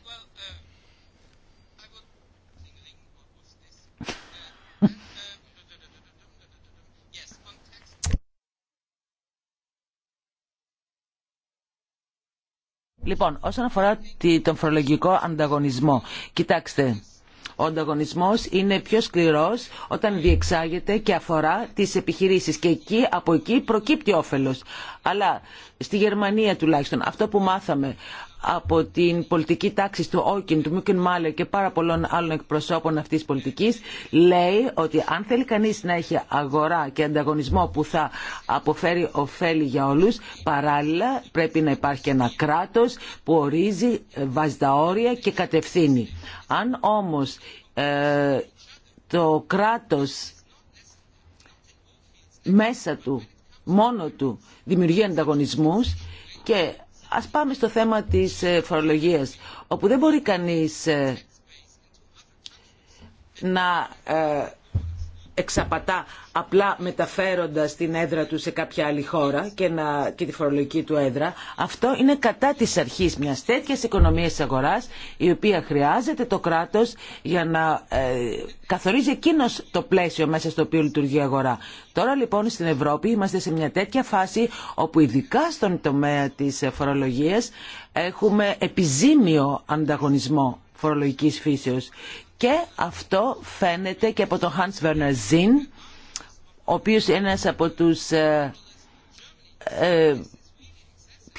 Λοιπόν, όσον αφορά τον φορολογικό ανταγωνισμό, κοιτάξτε, ο ανταγωνισμός είναι πιο σκληρός όταν διεξάγεται και αφορά τις επιχειρήσεις και εκεί, από εκεί προκύπτει όφελος. Αλλά στη Γερμανία τουλάχιστον αυτό που μάθαμε από την πολιτική τάξη του Όκιν, του Μίκεν Μάλερ και πάρα πολλών άλλων εκπροσώπων αυτής της πολιτικής λέει ότι αν θέλει κανείς να έχει αγορά και ανταγωνισμό που θα αποφέρει ωφέλη για όλους παράλληλα πρέπει να υπάρχει ένα κράτος που ορίζει, ε, βάζει τα όρια και κατευθύνει. Αν όμως ε, το κράτος μέσα του, μόνο του δημιουργεί ανταγωνισμούς και Ας πάμε στο θέμα της ε, φορολογίας, όπου δεν μπορεί κανείς ε, να ε, εξαπατά απλά μεταφέροντας την έδρα του σε κάποια άλλη χώρα και, να, τη φορολογική του έδρα. Αυτό είναι κατά της αρχής μιας τέτοιας οικονομίας αγοράς η οποία χρειάζεται το κράτος για να ε, καθορίζει εκείνο το πλαίσιο μέσα στο οποίο λειτουργεί η αγορά. Τώρα λοιπόν στην Ευρώπη είμαστε σε μια τέτοια φάση όπου ειδικά στον τομέα της φορολογίας έχουμε επιζήμιο ανταγωνισμό φορολογικής φύσεως και αυτό φαίνεται και από τον Hans Werner Zinn, ο οποίος είναι ένας από τους ε, ε,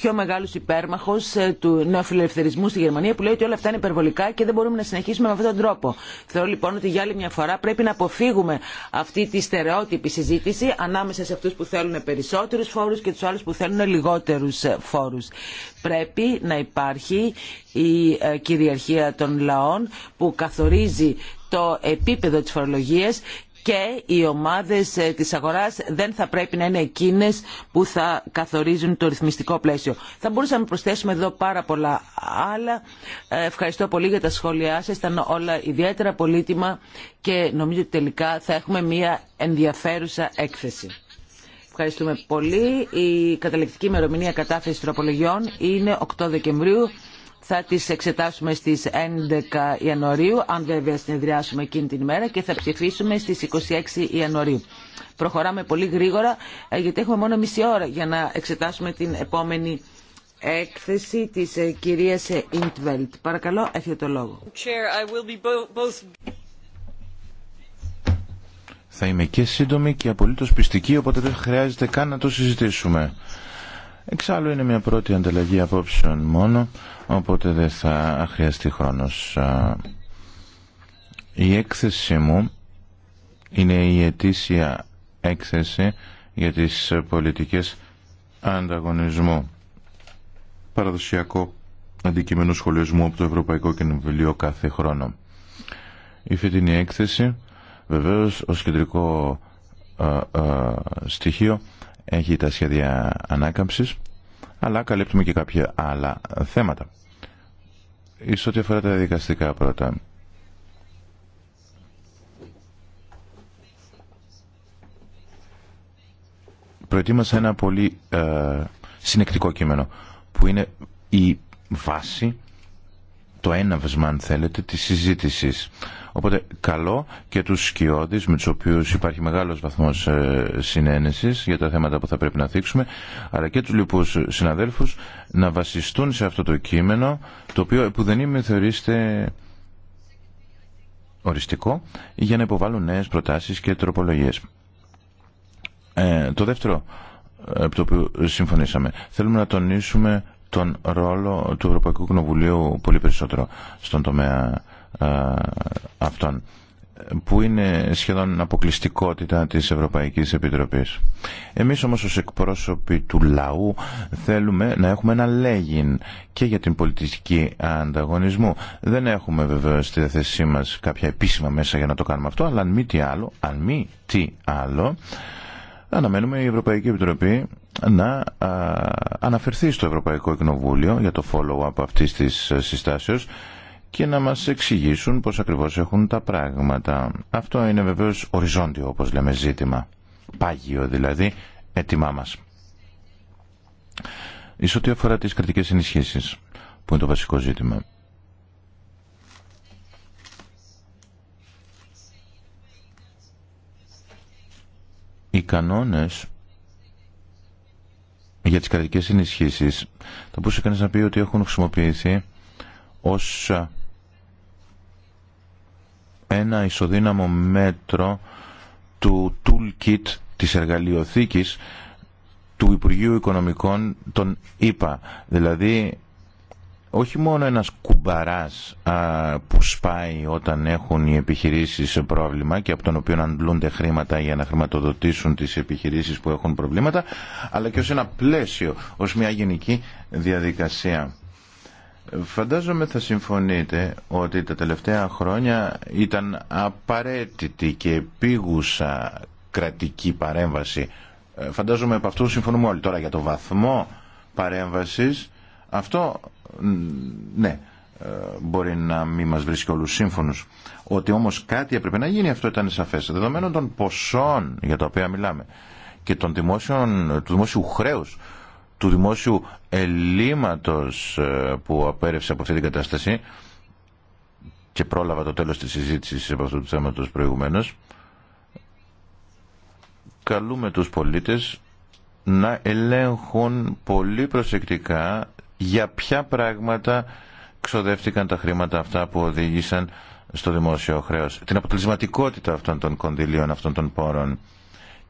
πιο μεγάλος υπέρμαχο ε, του νεοφιλελευθερισμού στη Γερμανία που λέει ότι όλα αυτά είναι υπερβολικά και δεν μπορούμε να συνεχίσουμε με αυτόν τον τρόπο. Θεωρώ λοιπόν ότι για άλλη μια φορά πρέπει να αποφύγουμε αυτή τη στερεότυπη συζήτηση ανάμεσα σε αυτούς που θέλουν περισσότερους φόρους και τους άλλου που θέλουν λιγότερου ε, φόρου. Πρέπει να υπάρχει η ε, κυριαρχία των λαών που καθορίζει το επίπεδο της φορολογίας και οι ομάδες ε, της αγοράς δεν θα πρέπει να είναι εκείνες που θα καθορίζουν το ρυθμιστικό πλαίσιο. Θα μπορούσαμε να προσθέσουμε εδώ πάρα πολλά άλλα. Ε, ευχαριστώ πολύ για τα σχόλιά σας. Ήταν όλα ιδιαίτερα πολύτιμα και νομίζω ότι τελικά θα έχουμε μια ενδιαφέρουσα έκθεση. Ευχαριστούμε πολύ. Η καταληκτική ημερομηνία κατάθεση τροπολογιών είναι 8 Δεκεμβρίου θα τις εξετάσουμε στις 11 Ιανουαρίου, αν βέβαια συνεδριάσουμε εκείνη την ημέρα και θα ψηφίσουμε στις 26 Ιανουαρίου. Προχωράμε πολύ γρήγορα ε, γιατί έχουμε μόνο μισή ώρα για να εξετάσουμε την επόμενη έκθεση της ε, κυρίας Ιντβελτ. Παρακαλώ, έχετε το λόγο. Θα είμαι και σύντομη και απολύτως πιστική, οπότε δεν χρειάζεται καν να το συζητήσουμε. Εξάλλου είναι μια πρώτη ανταλλαγή απόψεων μόνο οπότε δεν θα χρειαστεί χρόνος. Η έκθεσή μου είναι η ετήσια έκθεση για τις πολιτικές ανταγωνισμού. Παραδοσιακό αντικείμενο σχολιασμού από το Ευρωπαϊκό Κοινοβουλίο κάθε χρόνο. Η φετινή έκθεση βεβαίως ως κεντρικό στοιχείο έχει τα σχέδια ανάκαμψης αλλά καλύπτουμε και κάποια άλλα θέματα εις ό,τι αφορά τα δικαστικά πρώτα. Προετοίμασα ένα πολύ ε, συνεκτικό κείμενο που είναι η βάση, το έναυσμα αν θέλετε, της συζήτησης. Οπότε καλό και τους σκιώδεις με τους οποίους υπάρχει μεγάλος βαθμός ε, για τα θέματα που θα πρέπει να θίξουμε αλλά και τους λοιπούς συναδέλφους να βασιστούν σε αυτό το κείμενο το οποίο που δεν είμαι θεωρείστε οριστικό για να υποβάλουν νέες προτάσεις και τροπολογίες. Ε, το δεύτερο ε, από το οποίο συμφωνήσαμε. Θέλουμε να τονίσουμε τον ρόλο του Ευρωπαϊκού Κοινοβουλίου πολύ περισσότερο στον τομέα ε, αυτών που είναι σχεδόν αποκλειστικότητα της Ευρωπαϊκής Επιτροπής. Εμείς όμως ως εκπρόσωποι του λαού θέλουμε να έχουμε ένα λέγιν και για την πολιτική ανταγωνισμού. Δεν έχουμε βεβαίως στη διαθέσή μας κάποια επίσημα μέσα για να το κάνουμε αυτό, αλλά αν μη τι άλλο, αν μη τι άλλο, αναμένουμε η Ευρωπαϊκή Επιτροπή να ε, αναφερθεί στο Ευρωπαϊκό Κοινοβούλιο για το follow-up αυτής της ε, συστάσεως και να μας εξηγήσουν πώς ακριβώς έχουν τα πράγματα. Αυτό είναι βεβαίως οριζόντιο όπως λέμε ζήτημα. Πάγιο δηλαδή έτοιμά μας. Εις ό,τι αφορά τις κρατικές ενισχύσεις που είναι το βασικό ζήτημα. Οι κανόνες για τις κρατικές ενισχύσεις θα μπορούσε κανείς να πει ότι έχουν χρησιμοποιηθεί ως ένα ισοδύναμο μέτρο του toolkit της εργαλειοθήκης του Υπουργείου Οικονομικών των ΗΠΑ. Δηλαδή, όχι μόνο ένας κουμπαράς που σπάει όταν έχουν οι επιχειρήσεις σε πρόβλημα και από τον οποίο αντλούνται χρήματα για να χρηματοδοτήσουν τις επιχειρήσεις που έχουν προβλήματα, αλλά και ως ένα πλαίσιο, ως μια γενική διαδικασία. Φαντάζομαι θα συμφωνείτε ότι τα τελευταία χρόνια ήταν απαραίτητη και επίγουσα κρατική παρέμβαση. Ε, φαντάζομαι από αυτού συμφωνούμε όλοι τώρα για το βαθμό παρέμβασης. Αυτό, ναι, ε, μπορεί να μην μας βρίσκει όλους σύμφωνους. Ότι όμως κάτι έπρεπε να γίνει αυτό ήταν σαφές. Δεδομένων των ποσών για τα οποία μιλάμε και των δημόσιων, του δημόσιου χρέους του δημόσιου ελλείμματος ε, που απέρευσε από αυτή την κατάσταση και πρόλαβα το τέλος της συζήτησης από αυτού του θέματος προηγουμένως καλούμε τους πολίτες να ελέγχουν πολύ προσεκτικά για ποια πράγματα ξοδεύτηκαν τα χρήματα αυτά που οδήγησαν στο δημόσιο χρέος. Την αποτελεσματικότητα αυτών των κονδυλίων, αυτών των πόρων.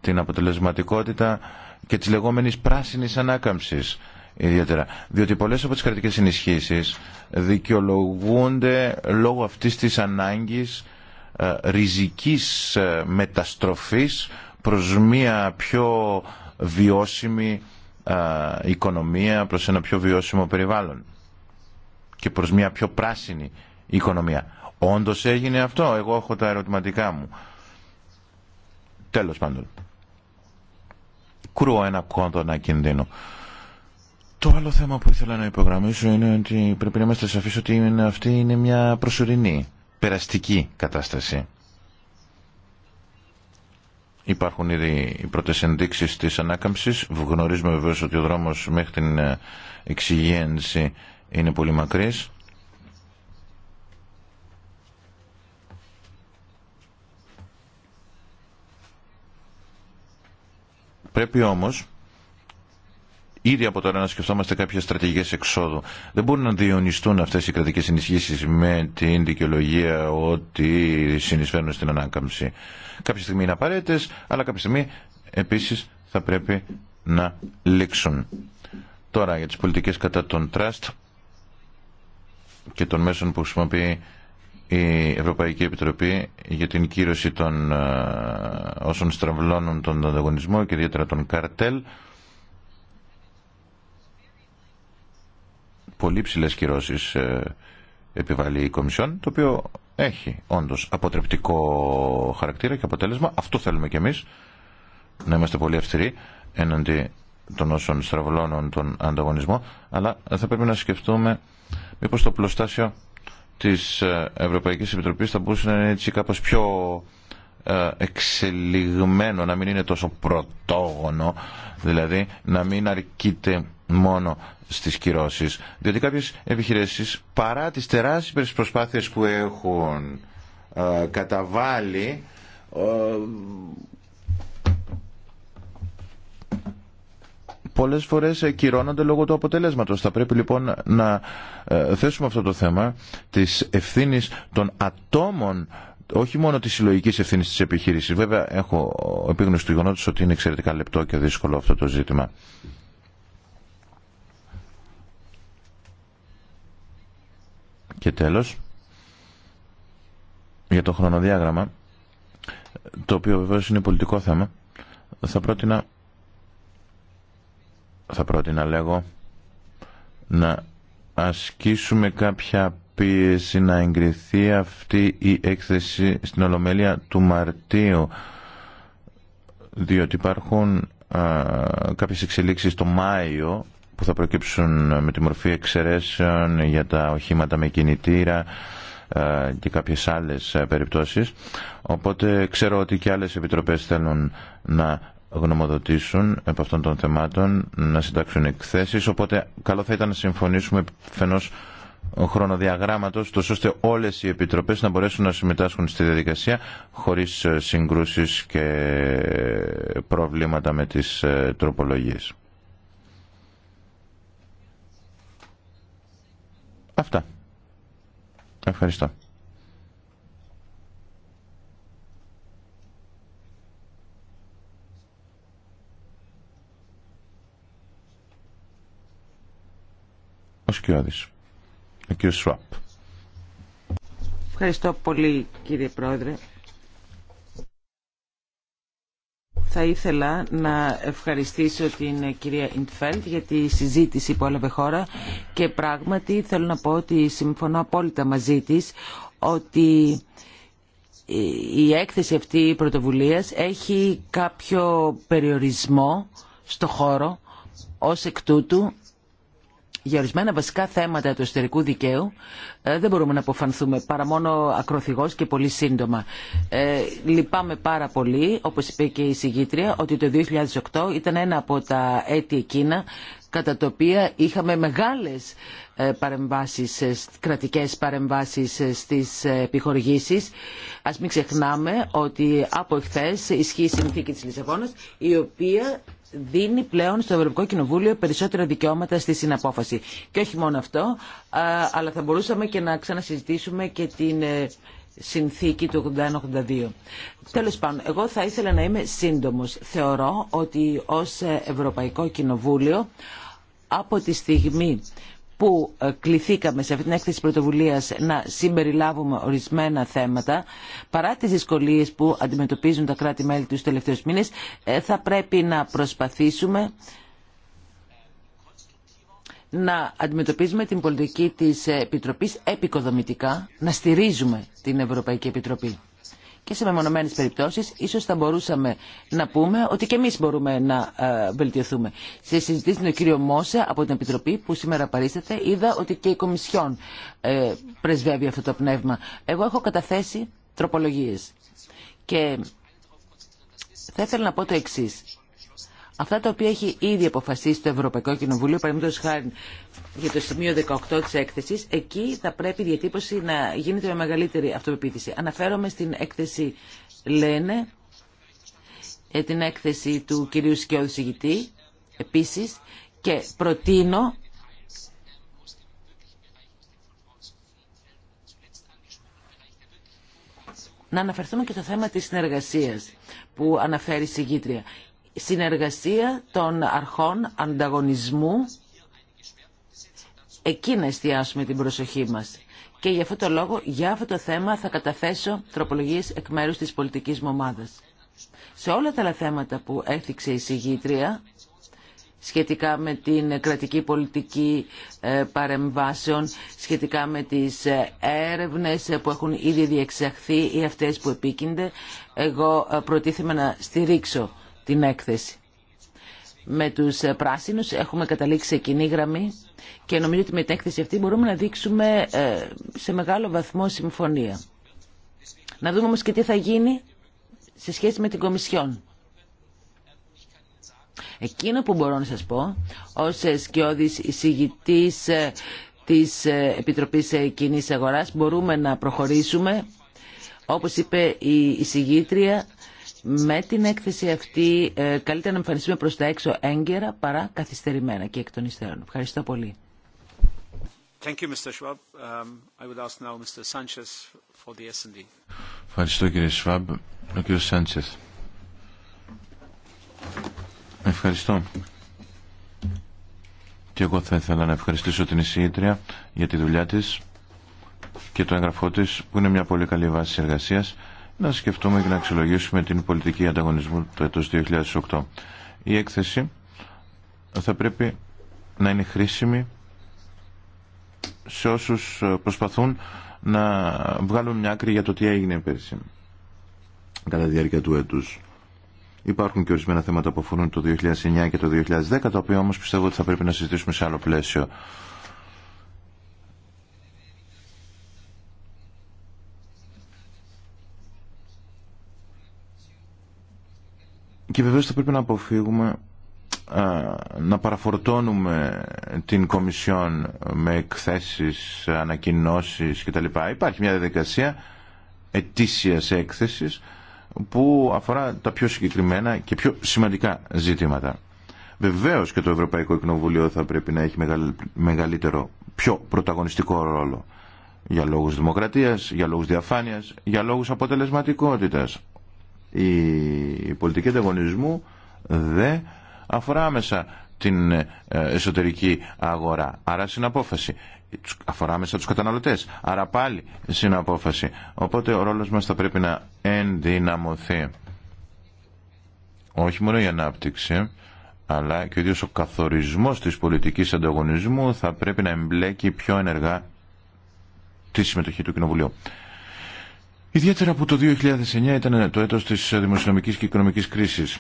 Την αποτελεσματικότητα και της λεγόμενης πράσινης ανάκαμψης ιδιαίτερα. Διότι πολλές από τις κρατικές ενισχύσεις δικαιολογούνται λόγω αυτής της ανάγκης ε, ριζικής ε, μεταστροφής προς μια πιο βιώσιμη ε, οικονομία, προς ένα πιο βιώσιμο περιβάλλον και προς μια πιο πράσινη οικονομία. Όντως έγινε αυτό, εγώ έχω τα ερωτηματικά μου. Τέλος πάντων μικρό ένα να κινδύνω. Το άλλο θέμα που ήθελα να υπογραμμίσω είναι ότι πρέπει να είμαστε σαφείς ότι είναι, αυτή είναι μια προσωρινή, περαστική κατάσταση. Υπάρχουν ήδη οι πρώτε ενδείξει τη ανάκαμψη. Γνωρίζουμε βεβαίω ότι ο δρόμο μέχρι την ε, εξηγένση είναι πολύ μακρύς. Πρέπει όμως ήδη από τώρα να σκεφτόμαστε κάποιες στρατηγικές εξόδου. Δεν μπορούν να διονυστούν αυτές οι κρατικές ενισχύσεις με την δικαιολογία ότι συνεισφέρουν στην ανάκαμψη. Κάποια στιγμή είναι απαραίτητε, αλλά κάποια στιγμή επίσης θα πρέπει να λήξουν. Τώρα για τις πολιτικές κατά τον τραστ και των μέσων που χρησιμοποιεί η Ευρωπαϊκή Επιτροπή για την κύρωση των ε, όσων στραβλώνουν τον ανταγωνισμό και ιδιαίτερα τον καρτέλ πολύ ψηλές κυρώσεις ε, επιβάλλει η Κομισιόν το οποίο έχει όντως αποτρεπτικό χαρακτήρα και αποτέλεσμα αυτό θέλουμε κι εμείς να είμαστε πολύ αυστηροί έναντι των όσων στραβλώνουν τον ανταγωνισμό αλλά θα πρέπει να σκεφτούμε μήπως το πλωστάσιο της ε, Ευρωπαϊκής Επιτροπής θα μπορούσε να είναι έτσι κάπως πιο ε, εξελιγμένο, να μην είναι τόσο πρωτόγονο, δηλαδή να μην αρκείται μόνο στις κυρώσεις. Διότι κάποιες επιχειρήσεις, παρά τις τεράστιες προσπάθειες που έχουν ε, καταβάλει, πολλές φορές κυρώνονται λόγω του αποτελέσματος. Θα πρέπει λοιπόν να ε, θέσουμε αυτό το θέμα της ευθύνης των ατόμων όχι μόνο τη συλλογική ευθύνη τη επιχείρηση. Βέβαια, έχω επίγνωση του γεγονότο ότι είναι εξαιρετικά λεπτό και δύσκολο αυτό το ζήτημα. Και τέλος, για το χρονοδιάγραμμα, το οποίο βεβαίω είναι πολιτικό θέμα, θα πρότεινα θα πρότεινα λέγω να ασκήσουμε κάποια πίεση να εγκριθεί αυτή η έκθεση στην Ολομέλεια του Μαρτίου διότι υπάρχουν α, κάποιες εξελίξεις το Μάιο που θα προκύψουν με τη μορφή εξαιρέσεων για τα οχήματα με κινητήρα και κάποιες άλλες περιπτώσεις. Οπότε ξέρω ότι και άλλες επιτροπές θέλουν να γνωμοδοτήσουν από αυτών των θεμάτων, να συντάξουν εκθέσεις, οπότε καλό θα ήταν να συμφωνήσουμε φαινός χρονοδιαγράμματος, τόσο ώστε όλες οι επιτροπές να μπορέσουν να συμμετάσχουν στη διαδικασία χωρίς ε, συγκρούσεις και προβλήματα με τις ε, τροπολογίες. Αυτά. Ευχαριστώ. ο Ευχαριστώ πολύ κύριε Πρόεδρε. Θα ήθελα να ευχαριστήσω την κυρία Ιντφέλτ για τη συζήτηση που έλαβε χώρα και πράγματι θέλω να πω ότι συμφωνώ απόλυτα μαζί της ότι η έκθεση αυτή πρωτοβουλίας έχει κάποιο περιορισμό στο χώρο ως εκ τούτου για ορισμένα βασικά θέματα του εσωτερικού δικαίου ε, δεν μπορούμε να αποφανθούμε παρά μόνο ακροθυγώς και πολύ σύντομα. Ε, λυπάμαι πάρα πολύ, όπως είπε και η συγγήτρια, ότι το 2008 ήταν ένα από τα έτη εκείνα κατά τα οποία είχαμε μεγάλες ε, παρεμβάσεις, ε, κρατικές παρεμβάσεις στις επιχορηγήσεις. Ας μην ξεχνάμε ότι από εχθές ισχύει η συνθήκη της Λισαβόνας, η οποία δίνει πλέον στο Ευρωπαϊκό Κοινοβούλιο περισσότερα δικαιώματα στη συναπόφαση. Και όχι μόνο αυτό, αλλά θα μπορούσαμε και να ξανασυζητήσουμε και την ε, συνθήκη του 81-82. Τέλος πάντων, εγώ θα ήθελα να είμαι σύντομος. Θεωρώ ότι ως Ευρωπαϊκό Κοινοβούλιο από τη στιγμή που ε, κληθήκαμε σε αυτή την έκθεση πρωτοβουλίας να συμπεριλάβουμε ορισμένα θέματα, παρά τις δυσκολίες που αντιμετωπίζουν τα κράτη-μέλη τους τελευταίους μήνες, ε, θα πρέπει να προσπαθήσουμε να αντιμετωπίζουμε την πολιτική της Επιτροπής επικοδομητικά, να στηρίζουμε την Ευρωπαϊκή Επιτροπή και σε μεμονωμένες περιπτώσεις ίσως θα μπορούσαμε να πούμε ότι και εμείς μπορούμε να ε, βελτιωθούμε. Σε συζητήσεις με τον κύριο Μόσε από την Επιτροπή που σήμερα παρίσταται είδα ότι και η Κομισιόν ε, πρεσβεύει αυτό το πνεύμα. Εγώ έχω καταθέσει τροπολογίες και θα ήθελα να πω το εξής. Αυτά τα οποία έχει ήδη αποφασίσει το Ευρωπαϊκό Κοινοβούλιο, παραδείγματο χάρη για το σημείο 18 τη έκθεση, εκεί θα πρέπει η διατύπωση να γίνεται με μεγαλύτερη αυτοπεποίθηση. Αναφέρομαι στην έκθεση Λένε, ε, την έκθεση του κυρίου Σκιώδη Συγητή, επίση, και προτείνω να αναφερθούμε και στο θέμα της συνεργασίας που αναφέρει η συγκήτρια συνεργασία των αρχών ανταγωνισμού. Εκεί να εστιάσουμε την προσοχή μας. Και για αυτό το λόγο, για αυτό το θέμα θα καταθέσω τροπολογίες εκ μέρου της πολιτικής μου ομάδας. Σε όλα τα άλλα θέματα που έθιξε η συγγήτρια, σχετικά με την κρατική πολιτική ε, παρεμβάσεων, σχετικά με τις ε, έρευνες ε, που έχουν ήδη διεξαχθεί ή αυτές που επίκυνται, εγώ προτίθεμαι να στηρίξω την έκθεση. Με τους ε, πράσινους έχουμε καταλήξει σε κοινή γραμμή και νομίζω ότι με την έκθεση αυτή μπορούμε να δείξουμε ε, σε μεγάλο βαθμό συμφωνία. Να δούμε όμως και τι θα γίνει σε σχέση με την Κομισιόν. Εκείνο που μπορώ να σας πω, ως σκιώδης εισηγητής ε, της Επιτροπής Κοινής Αγοράς, μπορούμε να προχωρήσουμε, όπως είπε η εισηγήτρια, με την έκθεση αυτή ε, καλύτερα να εμφανιστούμε προς τα έξω έγκαιρα παρά καθυστερημένα και εκ των υστέρων. Ευχαριστώ πολύ. Ευχαριστώ κύριε Σφάμπ. Ο κύριος Σάντσεθ. Ευχαριστώ. Και εγώ θα ήθελα να ευχαριστήσω την εισηγήτρια για τη δουλειά της και το έγγραφό της που είναι μια πολύ καλή βάση εργασίας να σκεφτούμε και να αξιολογήσουμε την πολιτική ανταγωνισμού του έτος 2008. Η έκθεση θα πρέπει να είναι χρήσιμη σε όσους προσπαθούν να βγάλουν μια άκρη για το τι έγινε πέρσι κατά τη διάρκεια του έτους. Υπάρχουν και ορισμένα θέματα που αφορούν το 2009 και το 2010, τα οποία όμως πιστεύω ότι θα πρέπει να συζητήσουμε σε άλλο πλαίσιο. Και βεβαίως θα πρέπει να αποφύγουμε να παραφορτώνουμε την Κομισιόν με εκθέσεις, ανακοινώσεις κτλ. Υπάρχει μια διαδικασία ετήσιας έκθεσης που αφορά τα πιο συγκεκριμένα και πιο σημαντικά ζητήματα. Βεβαίως και το Ευρωπαϊκό Κοινοβούλιο θα πρέπει να έχει μεγαλύτερο, πιο πρωταγωνιστικό ρόλο για λόγους δημοκρατίας, για λόγους διαφάνειας, για λόγους αποτελεσματικότητας. Η πολιτική ανταγωνισμού δεν αφορά άμεσα την ε, εσωτερική αγορά. Άρα συναπόφαση. Αφορά άμεσα τους καταναλωτές. Άρα πάλι συναπόφαση. Οπότε ο ρόλος μας θα πρέπει να ενδυναμωθεί. Όχι μόνο η ανάπτυξη, αλλά και ο ο καθορισμός της πολιτικής ανταγωνισμού θα πρέπει να εμπλέκει πιο ενεργά τη συμμετοχή του Κοινοβουλίου. Ιδιαίτερα που το 2009 ήταν το έτος της δημοσιονομικής και οικονομικής κρίσης.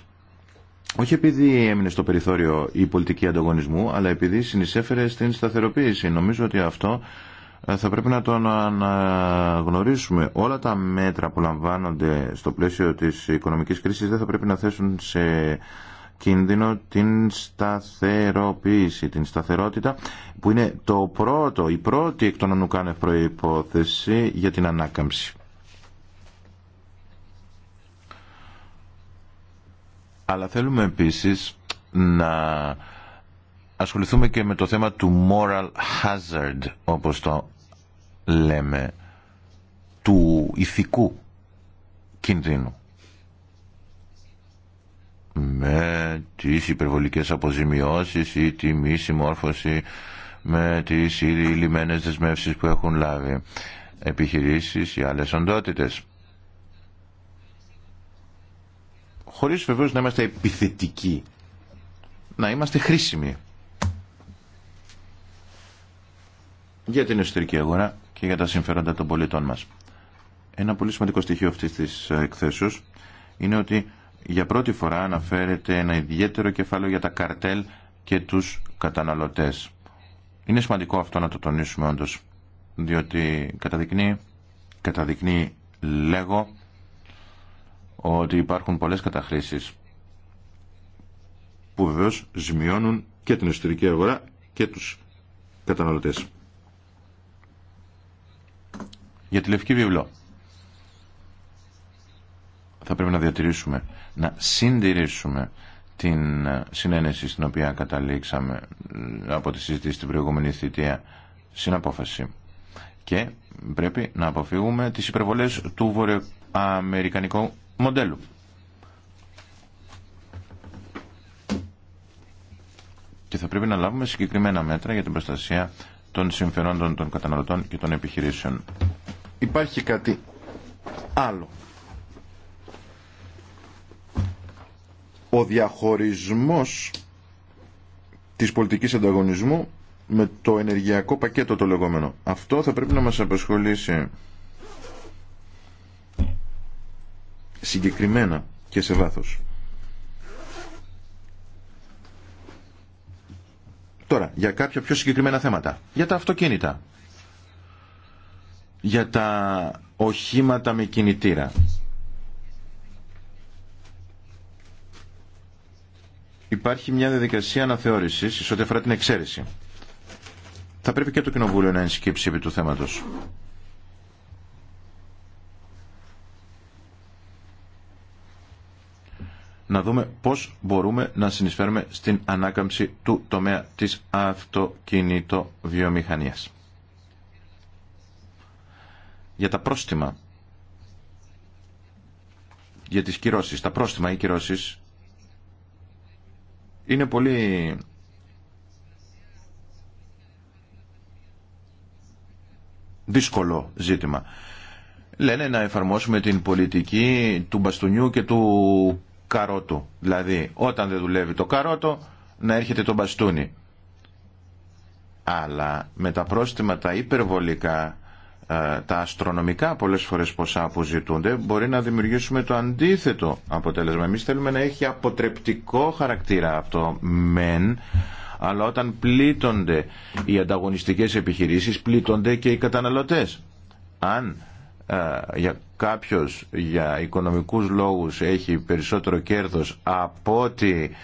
Όχι επειδή έμεινε στο περιθώριο η πολιτική ανταγωνισμού, αλλά επειδή συνεισέφερε στην σταθεροποίηση. Νομίζω ότι αυτό ε, θα πρέπει να το αναγνωρίσουμε. Όλα τα μέτρα που λαμβάνονται στο πλαίσιο της οικονομικής κρίσης δεν θα πρέπει να θέσουν σε κίνδυνο την σταθεροποίηση, την σταθερότητα που είναι το πρώτο, η πρώτη εκ των ανουκάνευ προϋπόθεση για την ανάκαμψη. Αλλά θέλουμε επίσης να ασχοληθούμε και με το θέμα του moral hazard, όπως το λέμε, του ηθικού κινδύνου. Με τις υπερβολικές αποζημιώσεις ή τη μη συμμόρφωση με τις ήδη λιμένες δεσμεύσεις που έχουν λάβει επιχειρήσεις ή άλλες οντότητες. χωρίς βεβαίως να είμαστε επιθετικοί, να είμαστε χρήσιμοι για την εσωτερική αγορά και για τα συμφέροντα των πολιτών μας. Ένα πολύ σημαντικό στοιχείο αυτής της ε, εκθέσεως είναι ότι για πρώτη φορά αναφέρεται ένα ιδιαίτερο κεφάλαιο για τα καρτέλ και τους καταναλωτές. Είναι σημαντικό αυτό να το τονίσουμε όντως, διότι καταδεικνύει, καταδεικνύει λέγω, ότι υπάρχουν πολλές καταχρήσεις που βεβαίως ζημιώνουν και την εσωτερική αγορά και τους καταναλωτές. Για τη Λευκή Βιβλό θα πρέπει να διατηρήσουμε, να συντηρήσουμε την συνένεση στην οποία καταλήξαμε από τη συζήτηση στην προηγούμενη θητεία απόφαση Και πρέπει να αποφύγουμε τις υπερβολές του βορειοαμερικανικού μοντέλου. Και θα πρέπει να λάβουμε συγκεκριμένα μέτρα για την προστασία των συμφερόντων των καταναλωτών και των επιχειρήσεων. Υπάρχει κάτι άλλο. Ο διαχωρισμός της πολιτικής ανταγωνισμού με το ενεργειακό πακέτο το λεγόμενο. Αυτό θα πρέπει να μας απασχολήσει. συγκεκριμένα και σε βάθος. Τώρα, για κάποια πιο συγκεκριμένα θέματα. Για τα αυτοκίνητα. Για τα οχήματα με κινητήρα. Υπάρχει μια διαδικασία αναθεώρησης, σε ό,τι αφορά την εξαίρεση. Θα πρέπει και το Κοινοβούλιο να ενσκύψει επί του θέματος. να δούμε πώς μπορούμε να συνεισφέρουμε στην ανάκαμψη του τομέα της αυτοκινητοβιομηχανίας. Για τα πρόστιμα, για τις κυρώσεις, τα πρόστιμα ή κυρώσεις είναι πολύ δύσκολο ζήτημα. Λένε να εφαρμόσουμε την πολιτική του μπαστούνιου και του καρότου. Δηλαδή όταν δεν δουλεύει το καρότο να έρχεται το μπαστούνι. Αλλά με τα πρόστιμα τα υπερβολικά, ε, τα αστρονομικά πολλές φορές ποσά που ζητούνται μπορεί να δημιουργήσουμε το αντίθετο αποτέλεσμα. Εμείς θέλουμε να έχει αποτρεπτικό χαρακτήρα αυτό μεν, αλλά όταν πλήττονται οι ανταγωνιστικές επιχειρήσεις πλήττονται και οι καταναλωτές. Αν για κάποιος για οικονομικούς λόγους έχει περισσότερο κέρδος από ότι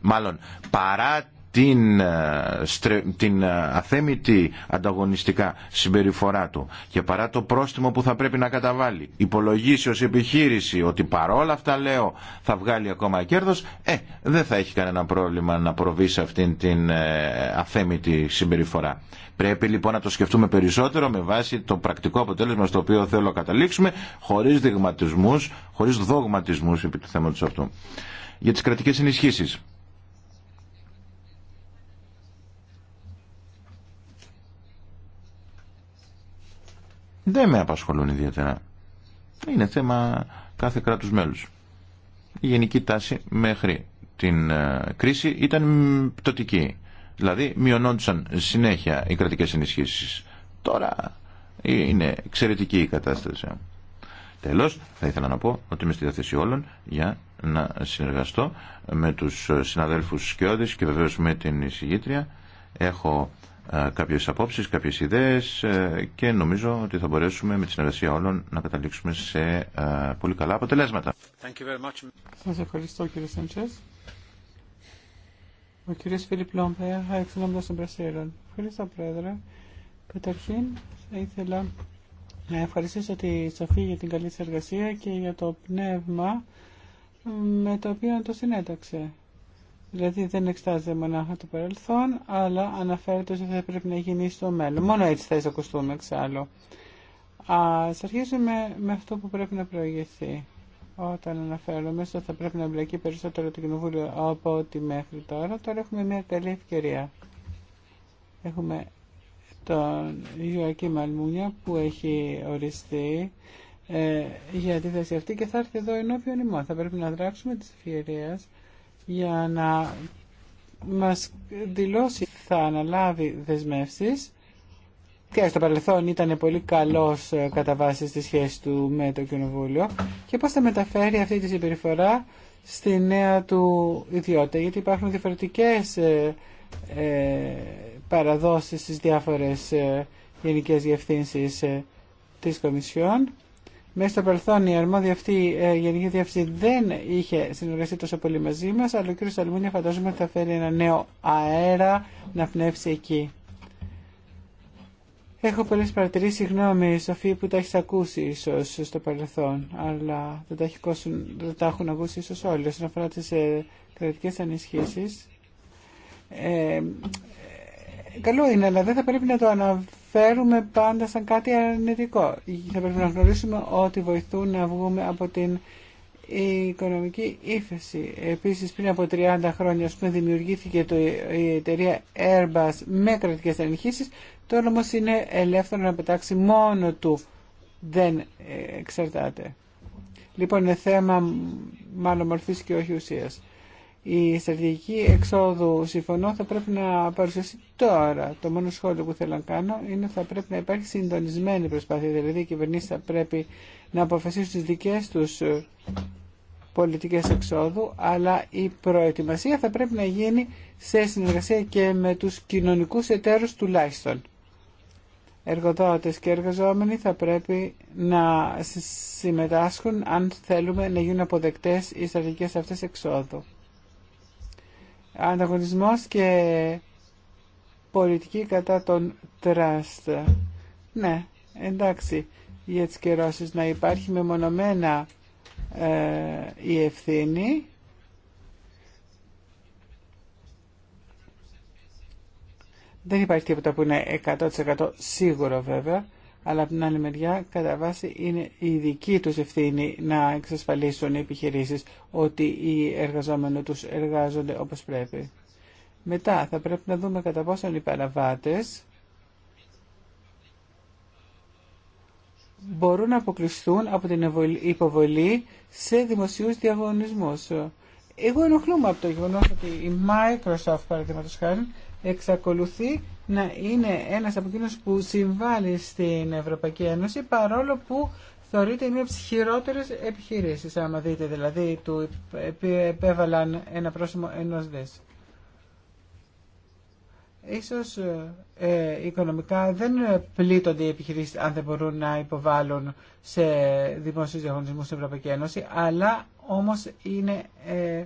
μάλλον παρά την, ε, την ε, αθέμητη ανταγωνιστικά συμπεριφορά του και παρά το πρόστιμο που θα πρέπει να καταβάλει υπολογίσει ως επιχείρηση ότι παρόλα αυτά λέω θα βγάλει ακόμα κέρδος ε, δεν θα έχει κανένα πρόβλημα να προβεί σε αυτήν την ε, αθέμητη συμπεριφορά. Πρέπει λοιπόν να το σκεφτούμε περισσότερο με βάση το πρακτικό αποτέλεσμα στο οποίο θέλω να καταλήξουμε χωρίς δειγματισμούς, χωρίς δόγματισμούς επί του θέματος αυτού. Για τις κρατικές ενισχύσεις δεν με απασχολούν ιδιαίτερα. Είναι θέμα κάθε κράτους μέλους. Η γενική τάση μέχρι την ε, κρίση ήταν πτωτική. Δηλαδή μειωνόντουσαν συνέχεια οι κρατικές ενισχύσεις. Τώρα είναι εξαιρετική η κατάσταση. Τέλος, θα ήθελα να πω ότι είμαι στη διάθεση όλων για να συνεργαστώ με τους συναδέλφους Σκιώδης και βεβαίως με την εισηγήτρια. Έχω κάποιες απόψεις, κάποιες ιδέες ε, και νομίζω ότι θα μπορέσουμε με τη συνεργασία όλων να καταλήξουμε σε ε, πολύ καλά αποτελέσματα. Σα ευχαριστώ κύριε Σέντσε. Ο κύριο Φίλιπ Λόμπερ, των Πρασίρων. Ευχαριστώ πρόεδρε. Καταρχήν θα ήθελα να ευχαριστήσω τη Σοφή για την καλή συνεργασία και για το πνεύμα με το οποίο το συνέταξε. Δηλαδή δεν εξτάζεται μονάχα το παρελθόν, αλλά αναφέρεται ότι θα πρέπει να γίνει στο μέλλον. Μόνο έτσι θα εισακουστούμε εξάλλου. Α αρχίσουμε με αυτό που πρέπει να προηγηθεί. Όταν αναφέρομαι ότι θα πρέπει να μπλακεί περισσότερο το κοινοβούλιο από ό,τι μέχρι τώρα, τώρα έχουμε μια καλή ευκαιρία. Έχουμε τον Ιωακή Μαλμούνια που έχει οριστεί ε, για τη θέση αυτή και θα έρθει εδώ ενώπιον ημών. Θα πρέπει να δράξουμε τις ευκαιρίες για να μας δηλώσει θα αναλάβει δεσμεύσεις και στο παρελθόν ήταν πολύ καλός ε, κατά βάση στη σχέση του με το Κοινοβούλιο και πώς θα μεταφέρει αυτή τη συμπεριφορά στη νέα του ιδιότητα γιατί υπάρχουν διαφορετικές ε, ε, παραδόσεις στις διάφορες ε, γενικές διευθύνσεις ε, της Κομισιόν μέσα στο παρελθόν η αρμόδια αυτή ε, γενική διεύθυνση δεν είχε συνεργαστεί τόσο πολύ μαζί μα, αλλά ο κ. Σαλμούνια φαντάζομαι ότι θα φέρει ένα νέο αέρα να πνεύσει εκεί. Έχω πολλέ παρατηρήσει συγγνώμη Σοφή που τα έχει ακούσει ίσω στο παρελθόν, αλλά δεν τα, κόσουν, δεν τα έχουν ακούσει ίσω όλοι όσον αφορά τι ε, κρατικές ανισχύσεις. Ε, καλό είναι, αλλά δεν θα πρέπει να το αναβάλουμε Φέρουμε πάντα σαν κάτι αρνητικό. Θα πρέπει να γνωρίσουμε ότι βοηθούν να βγούμε από την οικονομική ύφεση. Επίσης πριν από 30 χρόνια πούμε, δημιουργήθηκε το, η εταιρεία Airbus με κρατικές ενισχύσεις. Τώρα όμως είναι ελεύθερο να πετάξει μόνο του. Δεν εξαρτάται. Λοιπόν είναι θέμα μάλλον μορφής και όχι ουσίας. Η στρατηγική εξόδου συμφωνώ θα πρέπει να παρουσιαστεί τώρα. Το μόνο σχόλιο που θέλω να κάνω είναι ότι θα πρέπει να υπάρχει συντονισμένη προσπάθεια. Δηλαδή οι κυβερνήσει θα πρέπει να αποφασίσουν τι δικέ του ε, πολιτικέ εξόδου, αλλά η προετοιμασία θα πρέπει να γίνει σε συνεργασία και με του κοινωνικού εταίρου τουλάχιστον. Εργοδότε και εργαζόμενοι θα πρέπει να συμμετάσχουν αν θέλουμε να γίνουν αποδεκτέ οι στρατηγικέ αυτέ εξόδου. Ανταγωνισμός και πολιτική κατά τον τραστ. Ναι, εντάξει, για τις καιρώσεις να υπάρχει μεμονωμένα ε, η ευθύνη Δεν υπάρχει τίποτα που είναι 100% σίγουρο βέβαια, αλλά από την άλλη μεριά κατά βάση είναι η δική τους ευθύνη να εξασφαλίσουν οι επιχειρήσεις ότι οι εργαζόμενοι τους εργάζονται όπως πρέπει. Μετά θα πρέπει να δούμε κατά πόσον οι παραβάτες μπορούν να αποκλειστούν από την υποβολή σε δημοσίους διαγωνισμούς. Εγώ ενοχλούμαι από το γεγονό ότι η Microsoft, παραδείγματος χάρη, εξακολουθεί να είναι ένας από εκείνους που συμβάλλει στην Ευρωπαϊκή Ένωση παρόλο που θεωρείται μία από τις χειρότερες επιχειρήσεις. Άμα δείτε δηλαδή του επέβαλαν ένα πρόσημο ενός δες. Ίσως ε, οικονομικά δεν πλήττονται οι επιχειρήσεις αν δεν μπορούν να υποβάλλουν σε δημόσιους διαγωνισμούς στην Ευρωπαϊκή Ένωση, αλλά όμως είναι ε,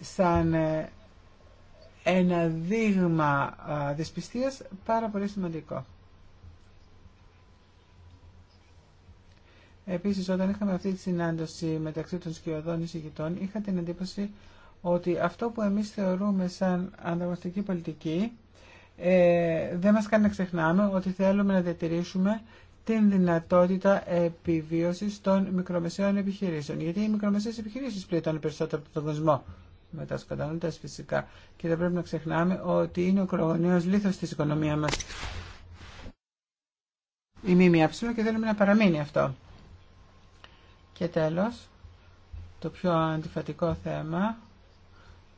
σαν ε, ένα δείγμα δυσπιστίας πάρα πολύ σημαντικό. Επίσης, όταν είχαμε αυτή τη συνάντηση μεταξύ των σκιωδών εισηγητών, είχα την εντύπωση ότι αυτό που εμείς θεωρούμε σαν ανταγωνιστική πολιτική ε, δεν μας κάνει να ξεχνάμε ότι θέλουμε να διατηρήσουμε την δυνατότητα επιβίωσης των μικρομεσαίων επιχειρήσεων. Γιατί οι μικρομεσαίες επιχειρήσεις πλήττουν περισσότερο από τον κόσμο με τα σκοτώνοντας φυσικά. Και δεν πρέπει να ξεχνάμε ότι είναι ο κρογονίος λίθος της οικονομία μας. Η ΜΜΕ και θέλουμε να παραμείνει αυτό. Και τέλος, το πιο αντιφατικό θέμα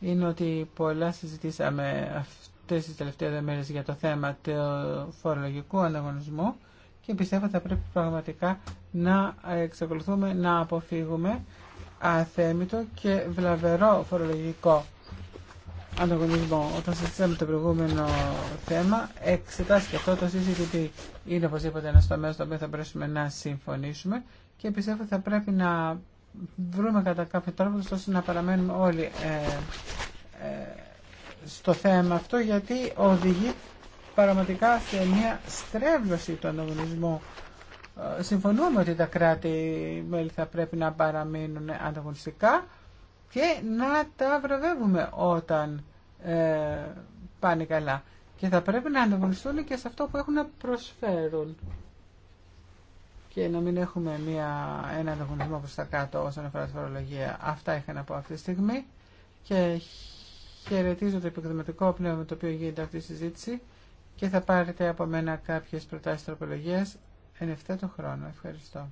είναι ότι πολλά συζητήσαμε αυτές τις τελευταίες μέρες για το θέμα του φορολογικού ανταγωνισμού και πιστεύω θα πρέπει πραγματικά να εξακολουθούμε να αποφύγουμε αθέμητο και βλαβερό φορολογικό ανταγωνισμό. Όταν συζητήσαμε το προηγούμενο θέμα, εξετάστηκε αυτό το CCTV. Είναι οπωσδήποτε ένα τομέα στο οποίο θα μπορέσουμε να συμφωνήσουμε και πιστεύω θα πρέπει να βρούμε κατά κάποιο τρόπο ώστε να παραμένουμε όλοι ε, ε, στο θέμα αυτό γιατί οδηγεί πραγματικά σε μια στρέβλωση του ανταγωνισμού συμφωνούμε ότι τα κράτη-μέλη θα πρέπει να παραμείνουν ανταγωνιστικά και να τα βραβεύουμε όταν ε, πάνε καλά. Και θα πρέπει να ανταγωνιστούν και σε αυτό που έχουν να προσφέρουν. Και να μην έχουμε μια, ένα ανταγωνισμό προς τα κάτω όσον αφορά τη φορολογία. Αυτά είχα να πω αυτή τη στιγμή. Και χαιρετίζω το επικοδηματικό πνεύμα με το οποίο γίνεται αυτή η συζήτηση και θα πάρετε από μένα κάποιες προτάσεις τροπολογίας εν το χρόνο. Ευχαριστώ.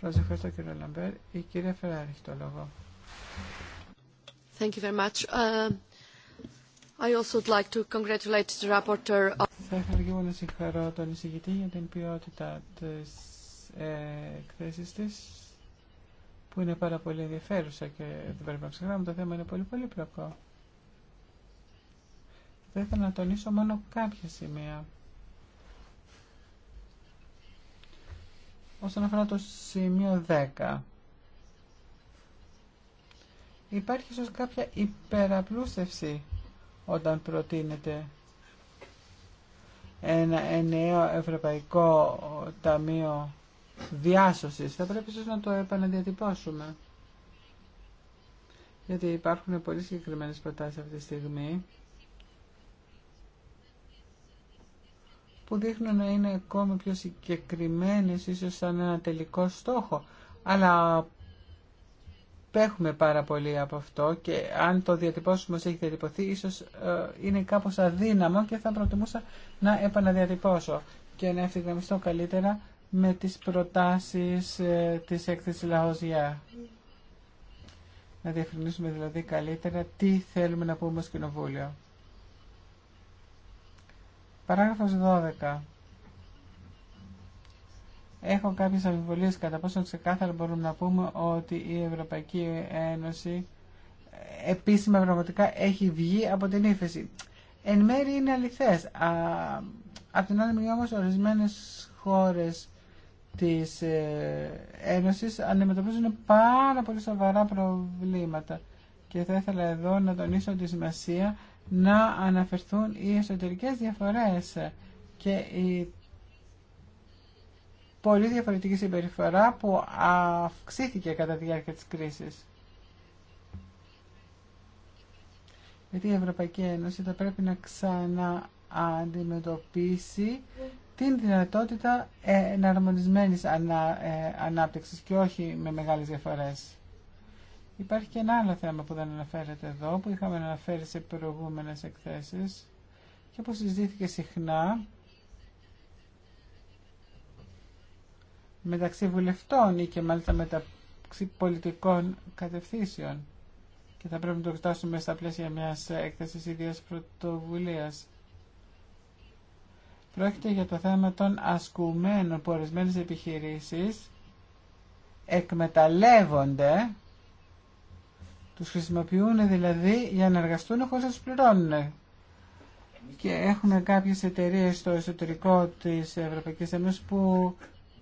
Πρώτα ευχαριστώ κύριο Λαμπέρ. Η κυρία Φεράρη έχει το λόγο. Θα ήθελα και να συγχαρώ τον εισηγητή για την ποιότητα της ε, εκθέσης της που είναι πάρα πολύ ενδιαφέρουσα και δεν πρέπει να ξεχνάμε, το θέμα είναι πολύ πολύ πλοκό. Θα ήθελα να τονίσω μόνο κάποια σημεία. Όσον αφορά το σημείο 10, υπάρχει ίσως κάποια υπεραπλούστευση όταν προτείνεται ένα νέο ευρωπαϊκό ταμείο διάσωσης. Θα πρέπει ίσως να το επαναδιατυπώσουμε. Γιατί υπάρχουν πολύ συγκεκριμένες προτάσεις αυτή τη στιγμή που δείχνουν να είναι ακόμη πιο συγκεκριμένε ίσως σαν ένα τελικό στόχο. Αλλά πέχουμε πάρα πολύ από αυτό και αν το διατυπώσουμε όσο έχει διατυπωθεί, ίσως ε, είναι κάπως αδύναμο και θα προτιμούσα να επαναδιατυπώσω και να ευθυγραμμιστώ καλύτερα με τις προτάσεις ε, της έκθεσης Λαοζιά. Να διευκρινίσουμε δηλαδή καλύτερα τι θέλουμε να πούμε ως κοινοβούλιο. Παράγραφος 12. Έχω κάποιες αμφιβολίες κατά πόσο ξεκάθαρα μπορούμε να πούμε ότι η Ευρωπαϊκή Ένωση επίσημα πραγματικά έχει βγει από την ύφεση. Εν μέρη είναι αληθές. Α, απ' την άλλη μεριά όμως ορισμένες χώρες της ε, Ένωσης αντιμετωπίζουν πάρα πολύ σοβαρά προβλήματα. Και θα ήθελα εδώ να τονίσω τη σημασία να αναφερθούν οι εσωτερικές διαφορές και η πολύ διαφορετική συμπεριφορά που αυξήθηκε κατά τη διάρκεια της κρίσης. Γιατί η Ευρωπαϊκή Ένωση θα πρέπει να ξανααντιμετωπίσει την δυνατότητα εναρμονισμένης ε, ανάπτυξης και όχι με μεγάλες διαφορές. Υπάρχει και ένα άλλο θέμα που δεν αναφέρεται εδώ, που είχαμε αναφέρει σε προηγούμενες εκθέσεις και που συζήθηκε συχνά μεταξύ βουλευτών ή και μάλιστα μεταξύ πολιτικών κατευθύνσεων και θα πρέπει να το εξετάσουμε στα πλαίσια μιας έκθεσης ιδίας πρωτοβουλίας. Πρόκειται για το θέμα των ασκουμένων που ορισμένε επιχειρήσεις εκμεταλλεύονται τους χρησιμοποιούν δηλαδή για να εργαστούν χωρίς να τους πληρώνουν. Και έχουμε κάποιες εταιρείες στο εσωτερικό της Ευρωπαϊκής Ένωσης που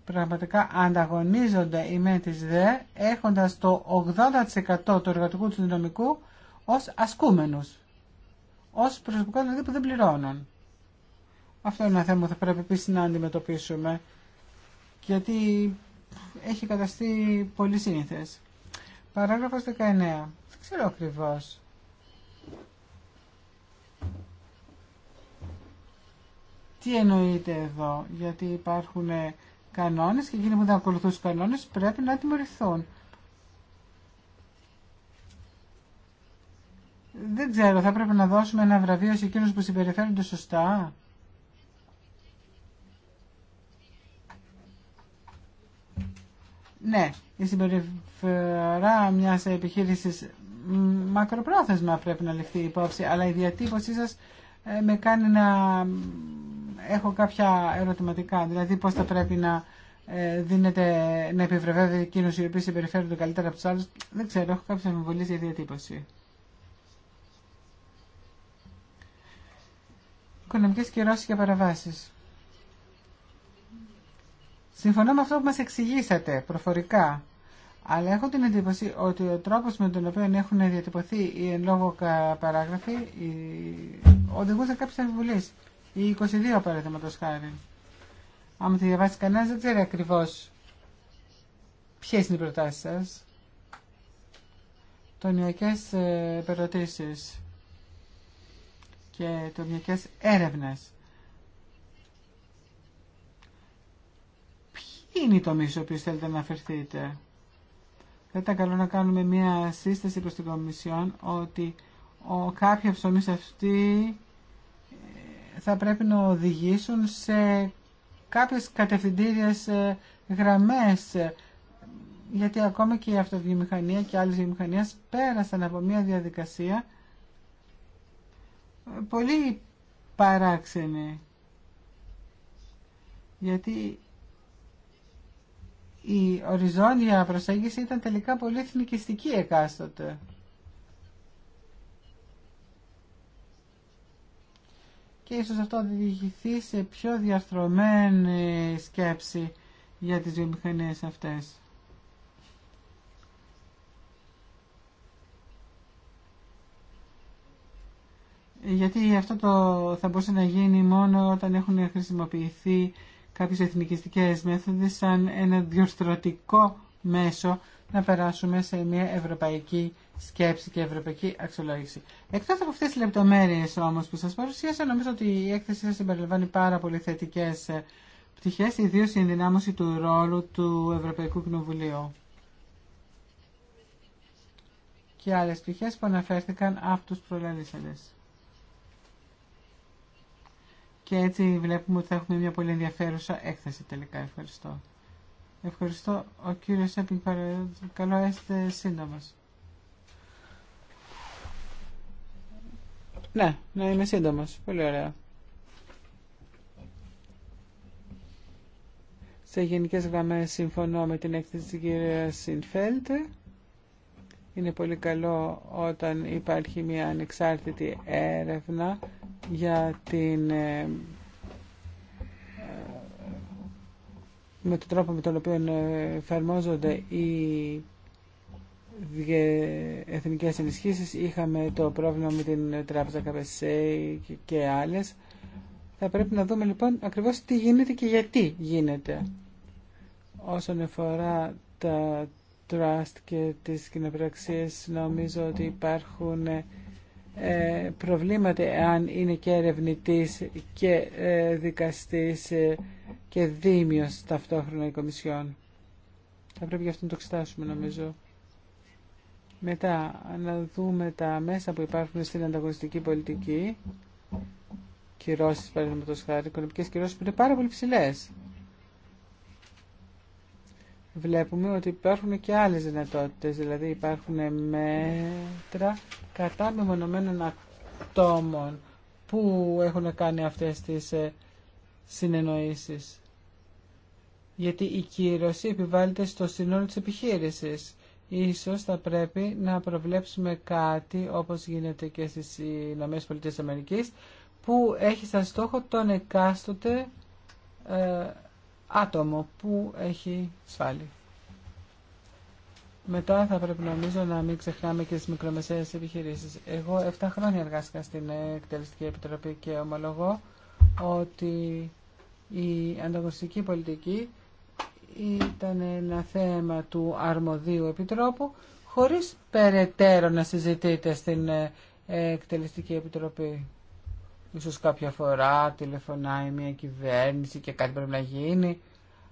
πραγματικά ανταγωνίζονται οι με τις δε, έχοντας το 80% του εργατικού του δυναμικού ως ασκούμενους, ως προσωπικό δηλαδή που δεν πληρώνουν. Αυτό είναι ένα θέμα που θα πρέπει επίση να αντιμετωπίσουμε, γιατί έχει καταστεί πολύ σύνηθες. Παράγραφος 19. Δεν ξέρω ακριβώς. Τι εννοείται εδώ, γιατί υπάρχουν κανόνες και εκείνοι που δεν ακολουθούν τους κανόνες πρέπει να τιμωρηθούν. Δεν ξέρω, θα πρέπει να δώσουμε ένα βραβείο σε εκείνους που συμπεριφέρονται σωστά. Ναι, η συμπεριφορά μια επιχείρηση μακροπρόθεσμα πρέπει να ληφθεί υπόψη, αλλά η διατύπωσή σας ε, με κάνει να έχω κάποια ερωτηματικά, δηλαδή πώς θα πρέπει να ε, δίνεται, να επιβραβεύει εκείνους οι οποίοι συμπεριφέρονται καλύτερα από του άλλου. Δεν ξέρω, έχω κάποιε αμφιβολίε για διατύπωση. Οικονομικέ κυρώσει και παραβάσει. Συμφωνώ με αυτό που μας εξηγήσατε προφορικά, αλλά έχω την εντύπωση ότι ο τρόπος με τον οποίο έχουν διατυπωθεί οι εν λόγω παράγραφοι οδηγούν σε κάποιες αμφιβολίες. Οι 22 παραδείγματος χάρη. Άμα τη διαβάσει κανένα δεν ξέρει ακριβώς ποιες είναι οι προτάσεις σας. Τονιακές ε, και τονιακές έρευνες. είναι οι τομεί στου οποίου θέλετε να αναφερθείτε. Θα ήταν καλό να κάνουμε μια σύσταση προς την Κομισιόν ότι ο, κάποιοι από αυτοί ε, θα πρέπει να οδηγήσουν σε κάποιες κατευθυντήριες ε, γραμμές ε, γιατί ακόμα και η αυτοβιομηχανία και άλλες βιομηχανίες πέρασαν από μια διαδικασία πολύ παράξενη γιατί η οριζόντια προσέγγιση ήταν τελικά πολύ εθνικιστική εκάστοτε. Και ίσως αυτό διηγηθεί σε πιο διαρθρωμένη σκέψη για τις βιομηχανίες αυτές. Γιατί αυτό το θα μπορούσε να γίνει μόνο όταν έχουν χρησιμοποιηθεί κάποιες εθνικιστικές μέθοδες σαν ένα διορθωτικό μέσο να περάσουμε σε μια ευρωπαϊκή σκέψη και ευρωπαϊκή αξιολόγηση. Εκτός από αυτές τις λεπτομέρειες όμως που σας παρουσίασα, νομίζω ότι η έκθεση σας συμπεριλαμβάνει πάρα πολύ θετικές πτυχές, ιδίως η ενδυνάμωση του ρόλου του Ευρωπαϊκού Κοινοβουλίου και άλλες πτυχές που αναφέρθηκαν από τους προλαλήσαντες και έτσι βλέπουμε ότι θα έχουμε μια πολύ ενδιαφέρουσα έκθεση τελικά. Ευχαριστώ. Ευχαριστώ. Ο κύριος Παραδείγματο. Καλό είστε σύντομος. Ναι, ναι, είμαι σύντομος. Πολύ ωραία. Σε γενικέ γραμμέ συμφωνώ με την έκθεση τη κυρία Σινφέλτερ. Είναι πολύ καλό όταν υπάρχει μια ανεξάρτητη έρευνα για την ε, ε, με τον τρόπο με τον οποίο ε, εφαρμόζονται οι εθνικές ενισχύσεις είχαμε το πρόβλημα με την τράπεζα ΚΑΠΕΣΕΙ και άλλες θα πρέπει να δούμε λοιπόν ακριβώς τι γίνεται και γιατί γίνεται όσον αφορά τα Trust και τις κοινοπραξίες νομίζω ότι υπάρχουν ε, προβλήματα αν είναι και ερευνητή και ε, δικαστής ε, και δήμιος ταυτόχρονα η Κομισιόν. Θα πρέπει γι' αυτό να το ξετάσουμε νομίζω. Μετά να δούμε τα μέσα που υπάρχουν στην ανταγωνιστική πολιτική. Κυρώσεις, παραδείγματος χάρη, οικονομικές κυρώσεις που είναι πάρα πολύ ψηλές βλέπουμε ότι υπάρχουν και άλλες δυνατότητες, δηλαδή υπάρχουν μέτρα κατά μεμονωμένων ατόμων που έχουν κάνει αυτές τις ε, συνεννοήσεις. Γιατί η κύρωση επιβάλλεται στο σύνολο της επιχείρησης. Ίσως θα πρέπει να προβλέψουμε κάτι όπως γίνεται και στις ΗΠΑ που έχει σαν στόχο τον εκάστοτε ε, άτομο που έχει σφάλει. Μετά θα πρέπει νομίζω να μην ξεχνάμε και τις μικρομεσαίες επιχειρήσεις. Εγώ 7 χρόνια εργάστηκα στην Εκτελεστική Επιτροπή και ομολογώ ότι η ανταγωνιστική πολιτική ήταν ένα θέμα του αρμοδίου επιτρόπου χωρίς περαιτέρω να συζητείτε στην Εκτελεστική Επιτροπή. Ίσως κάποια φορά τηλεφωνάει μια κυβέρνηση και κάτι πρέπει να γίνει.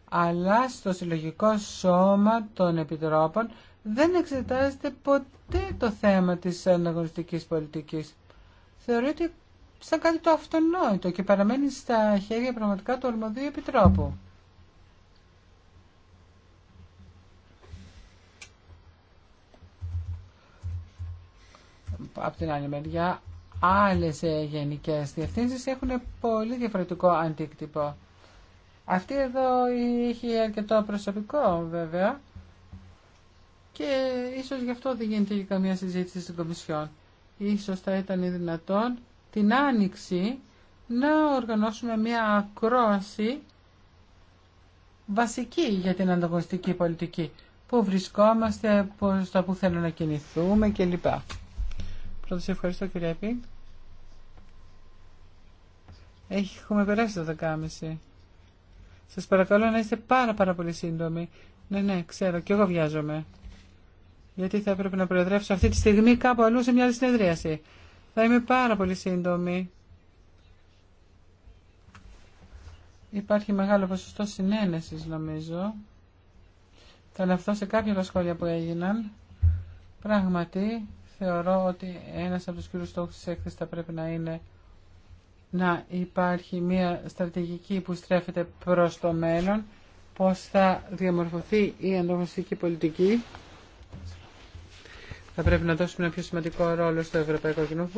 Αλλά στο συλλογικό σώμα των επιτρόπων δεν εξετάζεται ποτέ το θέμα της αναγνωστικής πολιτικής. Θεωρείται σαν κάτι το αυτονόητο και παραμένει στα χέρια πραγματικά του αρμοδίου επιτρόπου. Από την άλλη μεριά άλλες ε, γενικές διευθύνσεις έχουν πολύ διαφορετικό αντίκτυπο. Αυτή εδώ είχε αρκετό προσωπικό βέβαια και ίσως γι' αυτό δεν γίνεται και καμία συζήτηση στην Κομισιόν. Ίσως θα ήταν δυνατόν την Άνοιξη να οργανώσουμε μια ακρόαση βασική για την ανταγωνιστική πολιτική. Πού βρισκόμαστε, στο που θέλουμε να κινηθούμε κλπ. Πρώτα ευχαριστώ κύριε Επί. Έχουμε περάσει το δεκάμιση. Σας παρακαλώ να είστε πάρα πάρα πολύ σύντομοι. Ναι, ναι, ξέρω, και εγώ βιάζομαι. Γιατί θα έπρεπε να προεδρεύσω αυτή τη στιγμή κάπου αλλού σε μια άλλη συνεδρίαση. Θα είμαι πάρα πολύ σύντομη. Υπάρχει μεγάλο ποσοστό συνένεσης νομίζω. Θα αναφθώ σε κάποια τα σχόλια που έγιναν. Πράγματι, θεωρώ ότι ένας από τους κύριους στόχους της έκθεσης θα πρέπει να είναι να υπάρχει μια στρατηγική που στρέφεται προς το μέλλον, πώς θα διαμορφωθεί η ανταγωνιστική πολιτική. Θα πρέπει να δώσουμε ένα πιο σημαντικό ρόλο στο Ευρωπαϊκό Κοινοβούλιο.